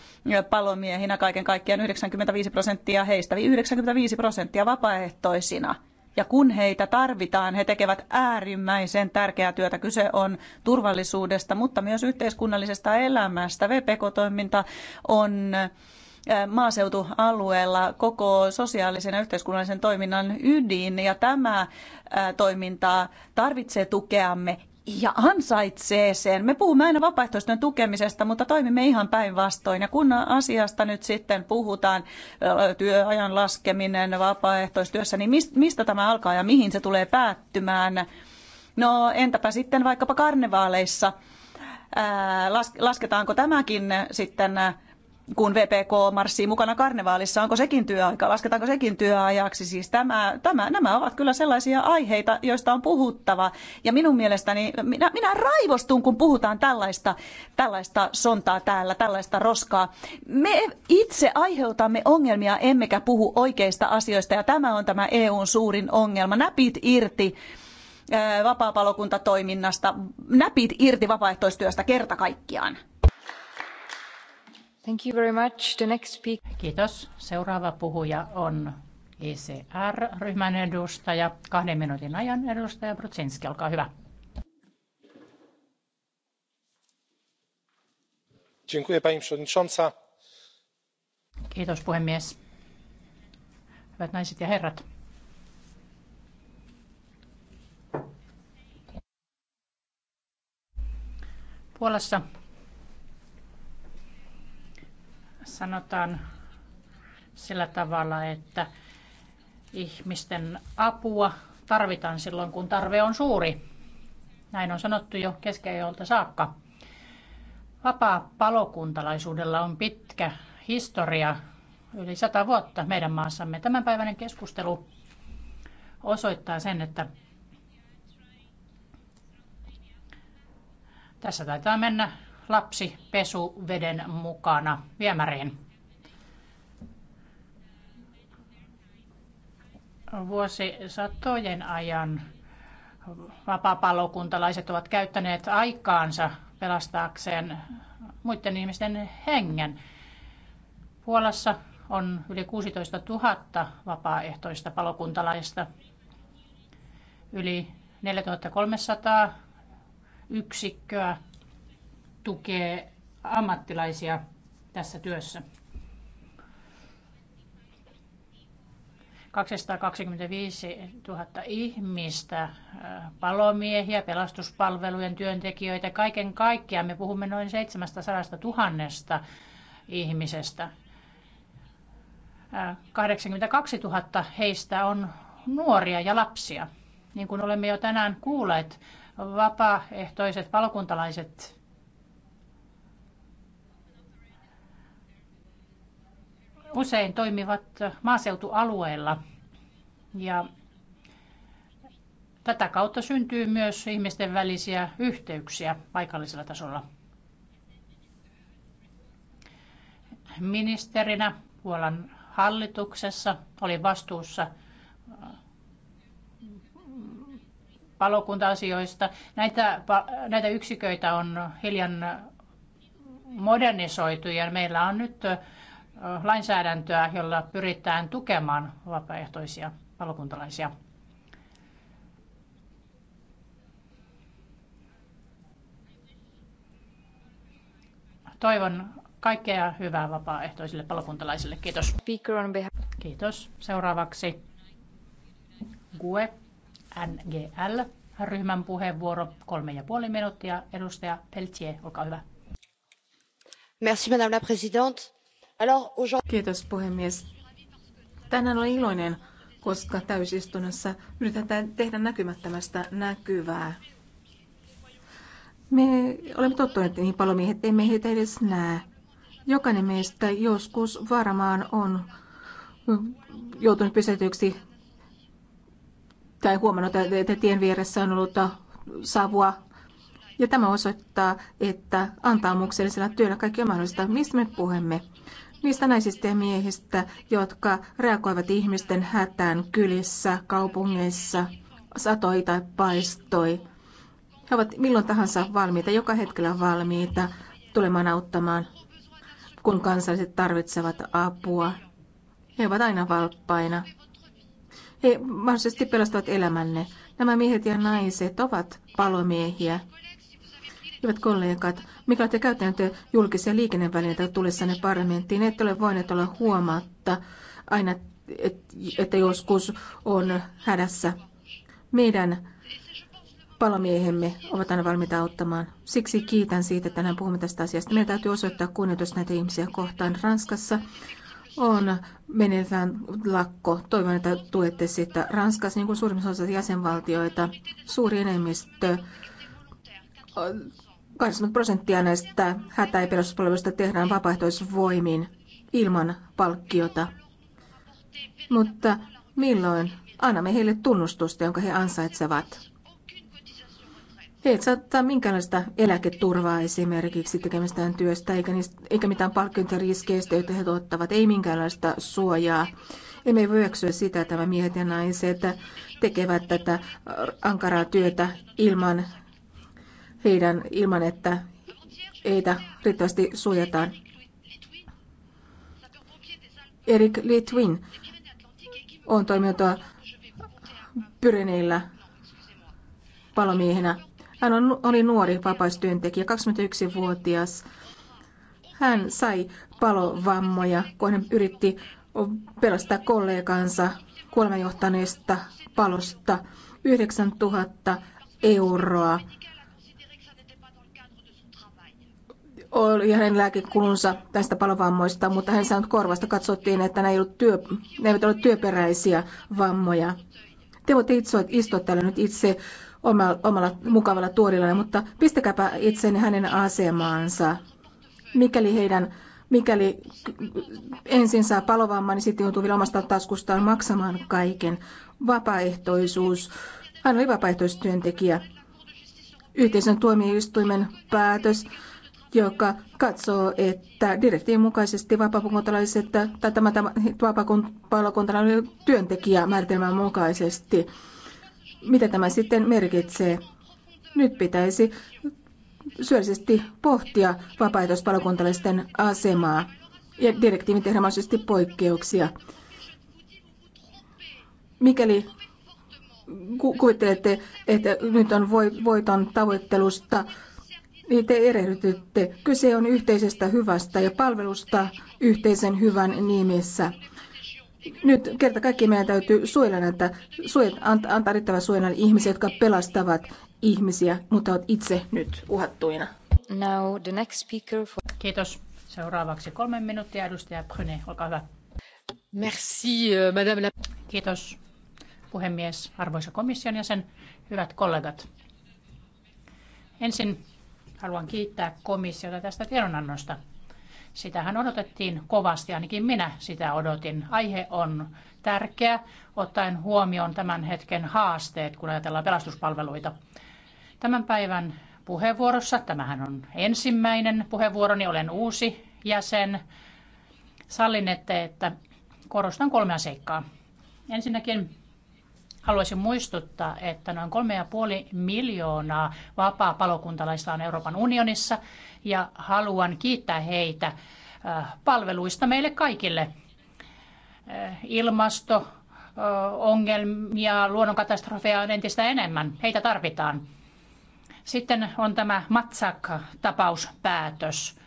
palomiehinä kaiken kaikkiaan. 95 prosenttia heistä, 95 prosenttia vapaaehtoisina. Ja kun heitä tarvitaan, he tekevät äärimmäisen tärkeää työtä. Kyse on turvallisuudesta, mutta myös yhteiskunnallisesta elämästä. VPK-toiminta on maaseutualueella koko sosiaalisen ja yhteiskunnallisen toiminnan ydin ja tämä toiminta tarvitsee tukeamme ja ansaitsee sen. Me puhumme aina vapaaehtoisten tukemisesta, mutta toimimme ihan päinvastoin. Ja kun asiasta nyt sitten puhutaan, työajan laskeminen vapaaehtoistyössä, niin mistä tämä alkaa ja mihin se tulee päättymään? No entäpä sitten vaikkapa karnevaaleissa? Lasketaanko tämäkin sitten kun VPK marssii mukana karnevaalissa, onko sekin työaika, lasketaanko sekin työajaksi. Siis tämä, tämä, nämä ovat kyllä sellaisia aiheita, joista on puhuttava. Ja minun mielestäni, minä, minä raivostun, kun puhutaan tällaista, tällaista sontaa täällä, tällaista roskaa. Me itse aiheutamme ongelmia, emmekä puhu oikeista asioista, ja tämä on tämä EUn suurin ongelma. Näpit irti vapaa-palokuntatoiminnasta, näpit irti vapaaehtoistyöstä kerta kaikkiaan. Thank you very much. The next speaker. Kiitos. Seuraava puhuja on ECR-ryhmän edustaja. Kahden minuutin ajan edustaja Brudzinski, olkaa hyvä. Dziękuję, pani przewodnicząca. Kiitos puhemies. Hyvät naiset ja herrat. Puolassa sanotaan sillä tavalla, että ihmisten apua tarvitaan silloin, kun tarve on suuri. Näin on sanottu jo keskeijolta saakka. Vapaa palokuntalaisuudella on pitkä historia, yli sata vuotta meidän maassamme. Tämänpäiväinen keskustelu osoittaa sen, että tässä taitaa mennä lapsi pesuveden mukana viemäriin. Vuosisatojen ajan vapaapalokuntalaiset ovat käyttäneet aikaansa pelastaakseen muiden ihmisten hengen. Puolassa on yli 16 000 vapaaehtoista palokuntalaista. Yli 4300 yksikköä tukee ammattilaisia tässä työssä. 225 000 ihmistä, äh, palomiehiä, pelastuspalvelujen työntekijöitä, kaiken kaikkiaan me puhumme noin 700 000 ihmisestä. 82 äh, 000 heistä on nuoria ja lapsia. Niin kuin olemme jo tänään kuulleet, vapaaehtoiset palokuntalaiset usein toimivat maaseutualueella ja tätä kautta syntyy myös ihmisten välisiä yhteyksiä paikallisella tasolla. Ministerinä Puolan hallituksessa oli vastuussa äh, palokunta-asioista. Näitä, näitä yksiköitä on hiljan modernisoitu ja meillä on nyt äh, lainsäädäntöä, jolla pyritään tukemaan vapaaehtoisia palokuntalaisia. Toivon kaikkea hyvää vapaaehtoisille palokuntalaisille. Kiitos. Kiitos. Seuraavaksi GUE NGL ryhmän puheenvuoro kolme ja puoli minuuttia. Edustaja Peltier, olkaa hyvä. Merci, madame la présidente Kiitos puhemies. Tänään olen iloinen, koska täysistunnossa yritetään tehdä näkymättömästä näkyvää. Me olemme tottuneet niin palomiehet, emme heitä edes näe. Jokainen meistä joskus varmaan on joutunut pysäytyksi tai huomannut, että tien vieressä on ollut savua. Ja tämä osoittaa, että antaamuksellisella työllä kaikki on mahdollista. Mistä me puhemme? niistä naisista ja miehistä, jotka reagoivat ihmisten hätään kylissä, kaupungeissa, satoi tai paistoi. He ovat milloin tahansa valmiita, joka hetkellä valmiita tulemaan auttamaan, kun kansalaiset tarvitsevat apua. He ovat aina valppaina. He mahdollisesti pelastavat elämänne. Nämä miehet ja naiset ovat palomiehiä. Hyvät kollegat, mikä te käytäntö julkisia liikennevälineitä tullessanne parlamenttiin, ette ole voineet olla huomaatta aina, että joskus on hädässä. Meidän palomiehemme ovat aina valmiita auttamaan. Siksi kiitän siitä, että tänään puhumme tästä asiasta. Meidän täytyy osoittaa kunnioitus näitä ihmisiä kohtaan. Ranskassa on menetään lakko. Toivon, että tuette sitä. Ranskassa, niin kuin suurimmassa osassa jäsenvaltioita, suuri enemmistö 80 prosenttia näistä hätä- ja pelastuspalveluista tehdään vapaaehtoisvoimin ilman palkkiota. Mutta milloin annamme heille tunnustusta, jonka he ansaitsevat? He eivät saattaa minkäänlaista eläketurvaa esimerkiksi tekemistään työstä, eikä, niistä, eikä mitään palkkioita riskeistä, joita he tuottavat, ei minkäänlaista suojaa. Emme voi hyväksyä sitä, että tämä miehet ja naiset tekevät tätä ankaraa työtä ilman heidän ilman, että heitä riittävästi suojataan. Erik Litwin on toiminut Pyreneillä palomiehenä. Hän on, oli nuori vapaistyöntekijä, 21-vuotias. Hän sai palovammoja, kun hän yritti pelastaa kollegansa kuolemanjohtaneesta palosta 9000 euroa oli hänen lääkekulunsa tästä palovammoista, mutta hän saanut korvasta. Katsottiin, että ne, eivät, työ, ne eivät ole työperäisiä vammoja. Te voitte itse istua täällä nyt itse omalla, omalla mukavalla tuolilla, mutta pistäkääpä itse hänen asemaansa. Mikäli heidän mikäli ensin saa palovamman, niin sitten joutuu vielä omasta taskustaan maksamaan kaiken. Vapaaehtoisuus. Hän oli vapaaehtoistyöntekijä. Yhteisön tuomioistuimen päätös joka katsoo, että direktiivin mukaisesti vapaakuntalaiset tai tämä, tämä vapaakuntalainen työntekijä määritelmän mukaisesti. Mitä tämä sitten merkitsee? Nyt pitäisi syöllisesti pohtia vapaaehtoispalokuntalaisten asemaa ja direktiivin tehdä mahdollisesti poikkeuksia. Mikäli kuvittelette, että nyt on voiton tavoittelusta niin te erehdytytte. Kyse on yhteisestä hyvästä ja palvelusta yhteisen hyvän nimissä. Nyt kerta kaikki meidän täytyy suojella näitä, antaa riittävän suojelun ihmisiä, jotka pelastavat ihmisiä, mutta ovat itse nyt uhattuina. Now the next speaker for... Kiitos. Seuraavaksi kolme minuuttia. Edustaja Brune, olkaa hyvä. Merci, euh, madame la... Kiitos, puhemies, arvoisa komission jäsen, hyvät kollegat. Ensin Haluan kiittää komissiota tästä tiedonannosta. Sitähän odotettiin kovasti, ainakin minä sitä odotin. Aihe on tärkeä, ottaen huomioon tämän hetken haasteet, kun ajatellaan pelastuspalveluita. Tämän päivän puheenvuorossa, tämähän on ensimmäinen puheenvuoroni, olen uusi jäsen. Sallinette, että korostan kolmea seikkaa. Ensinnäkin Haluaisin muistuttaa, että noin 3,5 miljoonaa vapaa palokuntalaista on Euroopan unionissa ja haluan kiittää heitä äh, palveluista meille kaikille. Äh, ilmasto, äh, ongelmia, luonnonkatastrofeja on entistä enemmän. Heitä tarvitaan. Sitten on tämä Matsak-tapauspäätös.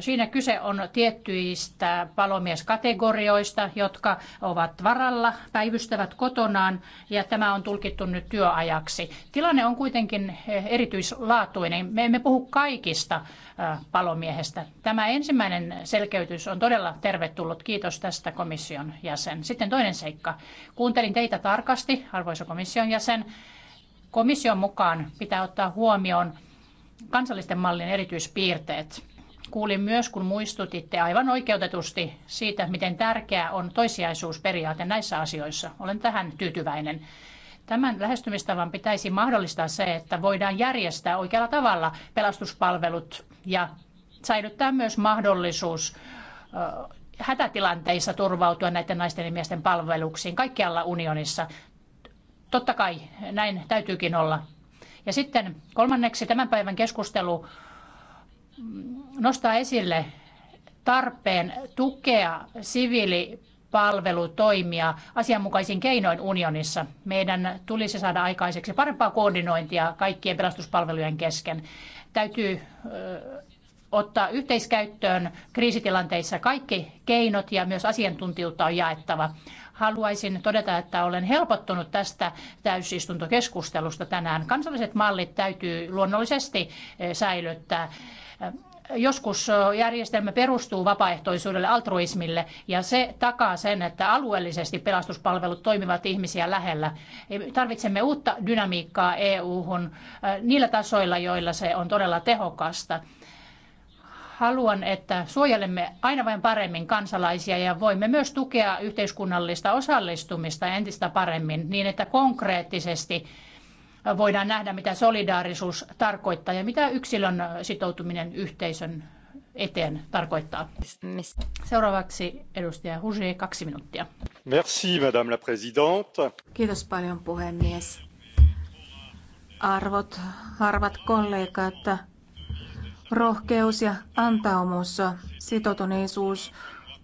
Siinä kyse on tiettyistä palomieskategorioista, jotka ovat varalla, päivystävät kotonaan ja tämä on tulkittu nyt työajaksi. Tilanne on kuitenkin erityislaatuinen. Me emme puhu kaikista palomiehestä. Tämä ensimmäinen selkeytys on todella tervetullut. Kiitos tästä komission jäsen. Sitten toinen seikka. Kuuntelin teitä tarkasti, arvoisa komission jäsen. Komission mukaan pitää ottaa huomioon kansallisten mallien erityispiirteet Kuulin myös, kun muistutitte aivan oikeutetusti siitä, miten tärkeää on toisiaisuusperiaate näissä asioissa. Olen tähän tyytyväinen. Tämän lähestymistavan pitäisi mahdollistaa se, että voidaan järjestää oikealla tavalla pelastuspalvelut ja säilyttää myös mahdollisuus hätätilanteissa turvautua näiden naisten ja miesten palveluksiin kaikkialla unionissa. Totta kai näin täytyykin olla. Ja sitten kolmanneksi tämän päivän keskustelu nostaa esille tarpeen tukea siviilipalvelutoimia asianmukaisin keinoin unionissa. Meidän tulisi saada aikaiseksi parempaa koordinointia kaikkien pelastuspalvelujen kesken. Täytyy ottaa yhteiskäyttöön kriisitilanteissa kaikki keinot ja myös asiantuntijuutta on jaettava. Haluaisin todeta, että olen helpottunut tästä täysistuntokeskustelusta tänään. Kansalliset mallit täytyy luonnollisesti säilyttää Joskus järjestelmä perustuu vapaaehtoisuudelle, altruismille, ja se takaa sen, että alueellisesti pelastuspalvelut toimivat ihmisiä lähellä. Tarvitsemme uutta dynamiikkaa EU-hun niillä tasoilla, joilla se on todella tehokasta haluan, että suojelemme aina vain paremmin kansalaisia ja voimme myös tukea yhteiskunnallista osallistumista entistä paremmin niin, että konkreettisesti voidaan nähdä, mitä solidaarisuus tarkoittaa ja mitä yksilön sitoutuminen yhteisön eteen tarkoittaa. Seuraavaksi edustaja Husi, kaksi minuuttia. Merci, madame la présidente. Kiitos paljon puhemies. Arvot, harvat kollegat, rohkeus ja antaumus, sitoutuneisuus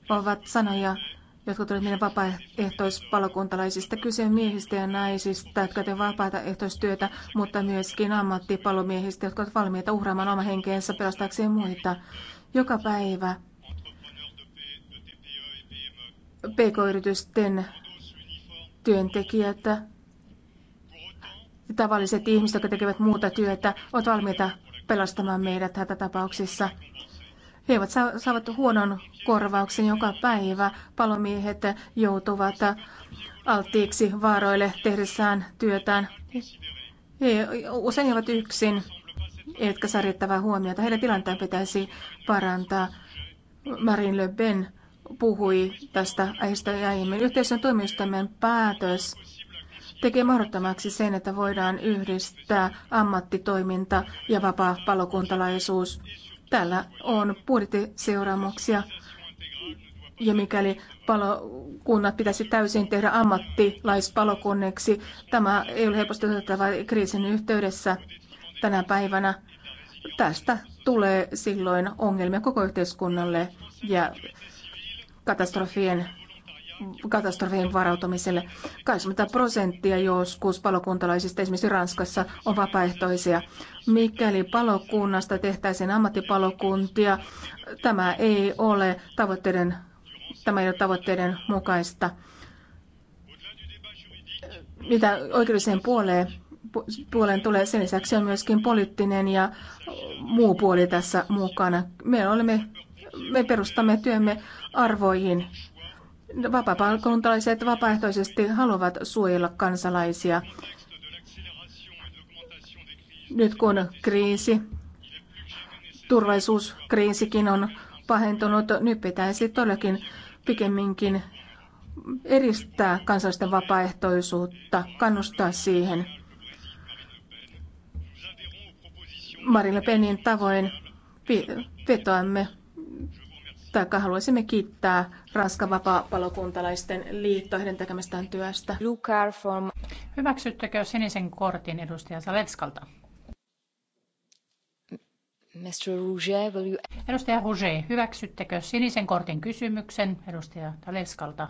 ovat sanoja, jotka tulivat meidän vapaaehtoispalokuntalaisista. Kyse miehistä ja naisista, jotka tekevät vapaata ehtoistyötä, mutta myöskin ammattipalomiehistä, jotka ovat valmiita uhraamaan oma henkeensä pelastaakseen muita. Joka päivä pk-yritysten työntekijät tavalliset ihmiset, jotka tekevät muuta työtä, ovat valmiita pelastamaan meidät hätätapauksissa. He ovat saavat huonon korvauksen joka päivä. Palomiehet joutuvat alttiiksi vaaroille tehdessään työtään. He usein ovat yksin, etkä saa riittävää huomiota. Heidän tilanteen pitäisi parantaa. Marine Le Pen puhui tästä aiheesta aiemmin. Yhteisön tuomioistuimen päätös tekee mahdottomaksi sen, että voidaan yhdistää ammattitoiminta ja vapaa palokuntalaisuus. Täällä on budjettiseuraamuksia ja mikäli palokunnat pitäisi täysin tehdä ammattilaispalokunneksi, tämä ei ole helposti otettava kriisin yhteydessä tänä päivänä. Tästä tulee silloin ongelmia koko yhteiskunnalle ja katastrofien katastrofien varautumiselle. 80 prosenttia joskus palokuntalaisista esimerkiksi Ranskassa on vapaaehtoisia. Mikäli palokunnasta tehtäisiin ammattipalokuntia, tämä ei ole tavoitteiden, tämä ei ole tavoitteiden mukaista. Mitä oikeudelliseen puoleen, puoleen tulee, sen lisäksi on myöskin poliittinen ja muu puoli tässä mukana. Me, olemme, me perustamme työmme arvoihin vapaa vapaaehtoisesti haluavat suojella kansalaisia. Nyt kun kriisi, turvallisuuskriisikin on pahentunut, nyt pitäisi todellakin pikemminkin edistää kansallisten vapaaehtoisuutta, kannustaa siihen. Marine Penin tavoin vetoamme Taikka haluaisimme kiittää Ranskan vapaa-palokuntalaisten liitto heidän tekemästään työstä. Hyväksyttekö sinisen kortin edustaja Salevskalta? Mr. Edustaja Rouge, hyväksyttekö sinisen kortin kysymyksen edustaja Talevskalta?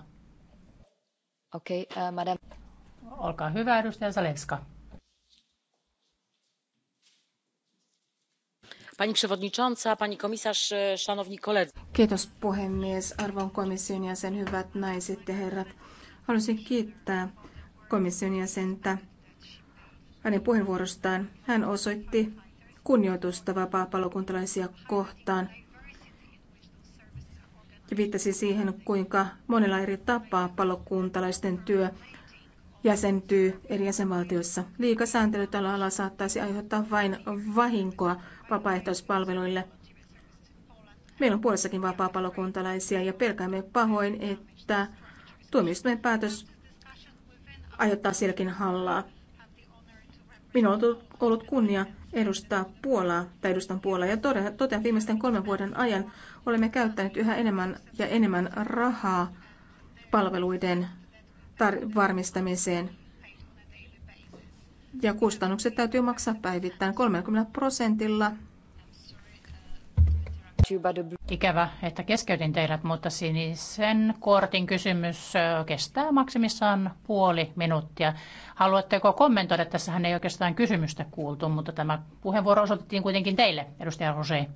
Okei, okay, uh, madam. Olkaa hyvä, edustaja Salevska. Pani przewodnicząca, pani komisarz, e, szanowni koledzy. Kiitos puhemies, arvon komission jäsen, hyvät naiset ja herrat. Haluaisin kiittää komission jäsentä hänen puheenvuorostaan. Hän osoitti kunnioitusta vapaa-palokuntalaisia kohtaan ja viittasi siihen, kuinka monella eri tapaa palokuntalaisten työ jäsentyy eri jäsenvaltioissa. Liikasääntely tällä alalla saattaisi aiheuttaa vain vahinkoa vapaaehtoispalveluille. Meillä on puolessakin vapaapalokuntalaisia ja pelkäämme pahoin, että tuomioistuimen päätös aiheuttaa sielläkin hallaa. Minulla on ollut kunnia edustaa Puolaa, tai edustan Puolaa, ja totean viimeisten kolmen vuoden ajan olemme käyttäneet yhä enemmän ja enemmän rahaa palveluiden varmistamiseen. Ja kustannukset täytyy maksaa päivittäin 30 prosentilla. Ikävä, että keskeytin teidät, mutta sinisen kortin kysymys kestää maksimissaan puoli minuuttia. Haluatteko kommentoida? Tässähän ei oikeastaan kysymystä kuultu, mutta tämä puheenvuoro osoitettiin kuitenkin teille, edustaja Rose.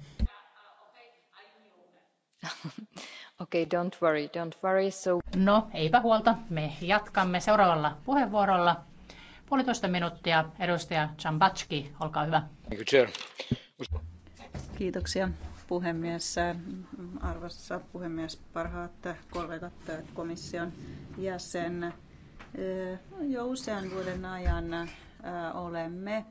Okay, don't worry, don't worry. So... No, eipä huolta. Me jatkamme seuraavalla puheenvuorolla. Puolitoista minuuttia. Edustaja Chambatski, olkaa hyvä. Kiitoksia puhemies. Arvossa puhemies, parhaat kollegat, komission jäsen. Jo usean vuoden ajan olemme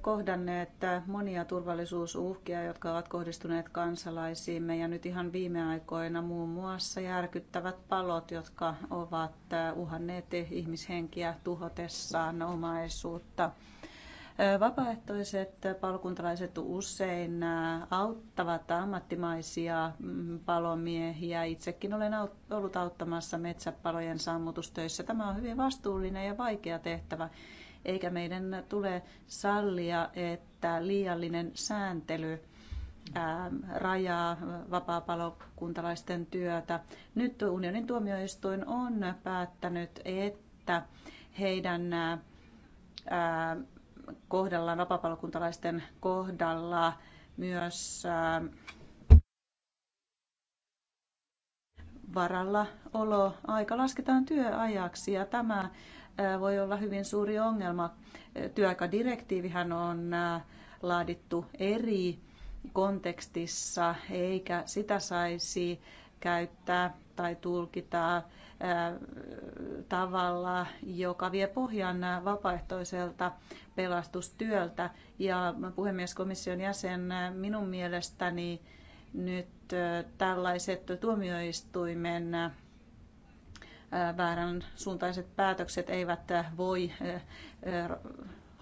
kohdanneet monia turvallisuusuhkia, jotka ovat kohdistuneet kansalaisiimme ja nyt ihan viime aikoina muun muassa järkyttävät palot, jotka ovat uhanneet ihmishenkiä tuhotessaan omaisuutta. Vapaaehtoiset palokuntalaiset usein auttavat ammattimaisia mm, palomiehiä. Itsekin olen ollut auttamassa metsäpalojen sammutustöissä. Tämä on hyvin vastuullinen ja vaikea tehtävä eikä meidän tule sallia, että liiallinen sääntely ähm, rajaa vapaa-palokuntalaisten työtä. Nyt unionin tuomioistuin on päättänyt, että heidän ähm, kohdallaan, vapaa-palokuntalaisten kohdalla myös ähm, varalla olo aika lasketaan työajaksi ja tämä voi olla hyvin suuri ongelma. Työaikadirektiivihän on laadittu eri kontekstissa, eikä sitä saisi käyttää tai tulkita tavalla, joka vie pohjan vapaaehtoiselta pelastustyöltä. Ja puhemieskomission jäsen minun mielestäni nyt tällaiset tuomioistuimen väärän suuntaiset päätökset eivät voi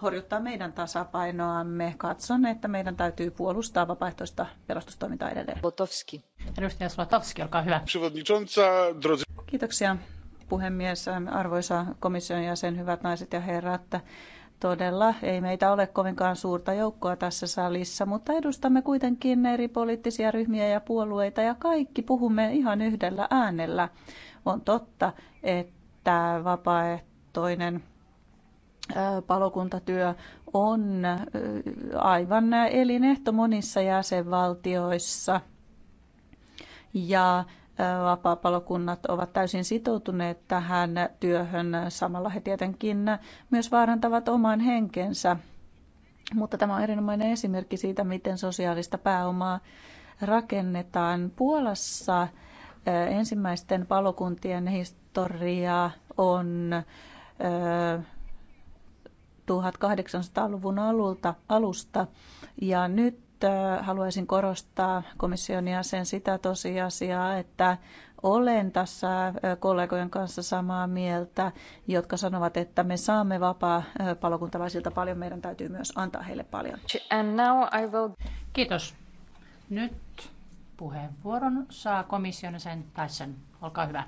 horjuttaa meidän tasapainoamme. Katson, että meidän täytyy puolustaa vapaaehtoista pelastustoimintaa edelleen. Botowski. Edustaja Slotowski, olkaa hyvä. Kiitoksia puhemies, arvoisa komission jäsen, hyvät naiset ja herrat. Todella ei meitä ole kovinkaan suurta joukkoa tässä salissa, mutta edustamme kuitenkin eri poliittisia ryhmiä ja puolueita ja kaikki puhumme ihan yhdellä äänellä. On totta, että vapaaehtoinen palokuntatyö on aivan elinehto monissa jäsenvaltioissa. Ja vapaapalokunnat ovat täysin sitoutuneet tähän työhön. Samalla he tietenkin myös vaarantavat oman henkensä. Mutta tämä on erinomainen esimerkki siitä, miten sosiaalista pääomaa rakennetaan. Puolassa ensimmäisten palokuntien historia on 1800-luvun alusta. Ja nyt haluaisin korostaa komission jäsen sitä tosiasiaa, että olen tässä kollegojen kanssa samaa mieltä, jotka sanovat, että me saamme vapaa palokuntalaisilta paljon, meidän täytyy myös antaa heille paljon. And now I will... Kiitos. Nyt Puheenvuoron saa komission sen Tyson. Olkaa hyvä.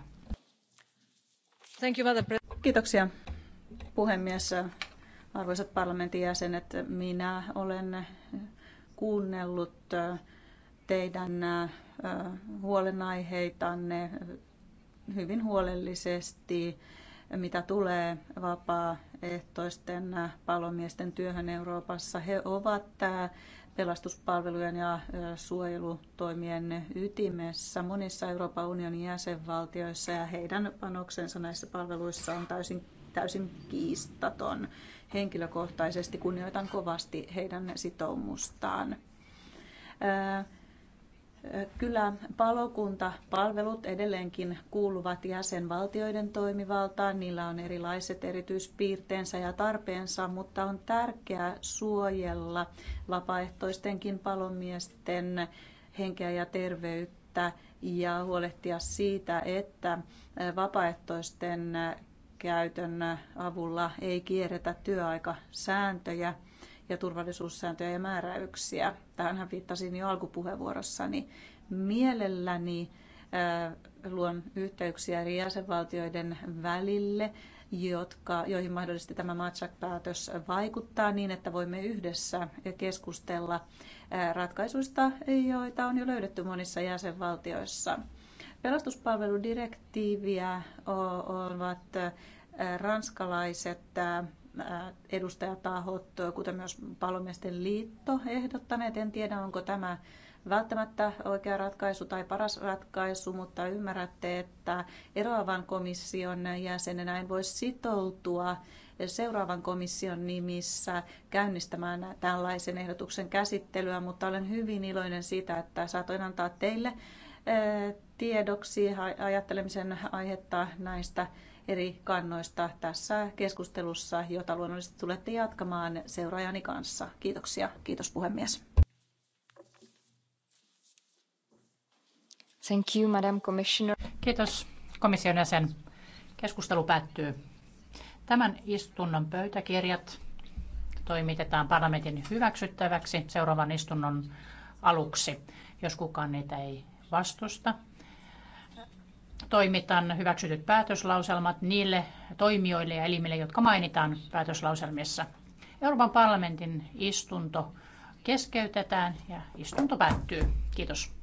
Thank you, Kiitoksia puhemies. Arvoisat parlamentin jäsenet, minä olen kuunnellut teidän äh, huolenaiheitanne hyvin huolellisesti, mitä tulee vapaaehtoisten äh, palomiesten työhön Euroopassa. He ovat äh, pelastuspalvelujen ja suojelutoimien ytimessä monissa Euroopan unionin jäsenvaltioissa ja heidän panoksensa näissä palveluissa on täysin, täysin kiistaton. Henkilökohtaisesti kunnioitan kovasti heidän sitoumustaan. Kyllä palokuntapalvelut edelleenkin kuuluvat jäsenvaltioiden toimivaltaan, niillä on erilaiset erityispiirteensä ja tarpeensa, mutta on tärkeää suojella vapaaehtoistenkin palomiesten henkeä ja terveyttä ja huolehtia siitä, että vapaaehtoisten käytön avulla ei kierretä työaikasääntöjä ja turvallisuussääntöjä ja määräyksiä. Tähänhän viittasin jo alkupuheenvuorossani. Mielelläni äh, luon yhteyksiä eri jäsenvaltioiden välille, jotka, joihin mahdollisesti tämä Matchak-päätös vaikuttaa niin, että voimme yhdessä keskustella äh, ratkaisuista, joita on jo löydetty monissa jäsenvaltioissa. Pelastuspalveludirektiiviä ovat äh, ranskalaiset Äh, edustajatahot, kuten myös palomiesten liitto, ehdottaneet. En tiedä, onko tämä välttämättä oikea ratkaisu tai paras ratkaisu, mutta ymmärrätte, että eroavan komission jäsenenä en voi sitoutua seuraavan komission nimissä käynnistämään tällaisen ehdotuksen käsittelyä, mutta olen hyvin iloinen siitä, että saatoin antaa teille äh, tiedoksi ajattelemisen aihetta näistä eri kannoista tässä keskustelussa, jota luonnollisesti tulette jatkamaan seuraajani kanssa. Kiitoksia. Kiitos puhemies. Thank you, Madam Commissioner. Kiitos komission jäsen. Keskustelu päättyy. Tämän istunnon pöytäkirjat toimitetaan parlamentin hyväksyttäväksi seuraavan istunnon aluksi. Jos kukaan niitä ei vastusta, toimitan hyväksytyt päätöslauselmat niille toimijoille ja elimille, jotka mainitaan päätöslauselmissa. Euroopan parlamentin istunto keskeytetään ja istunto päättyy. Kiitos.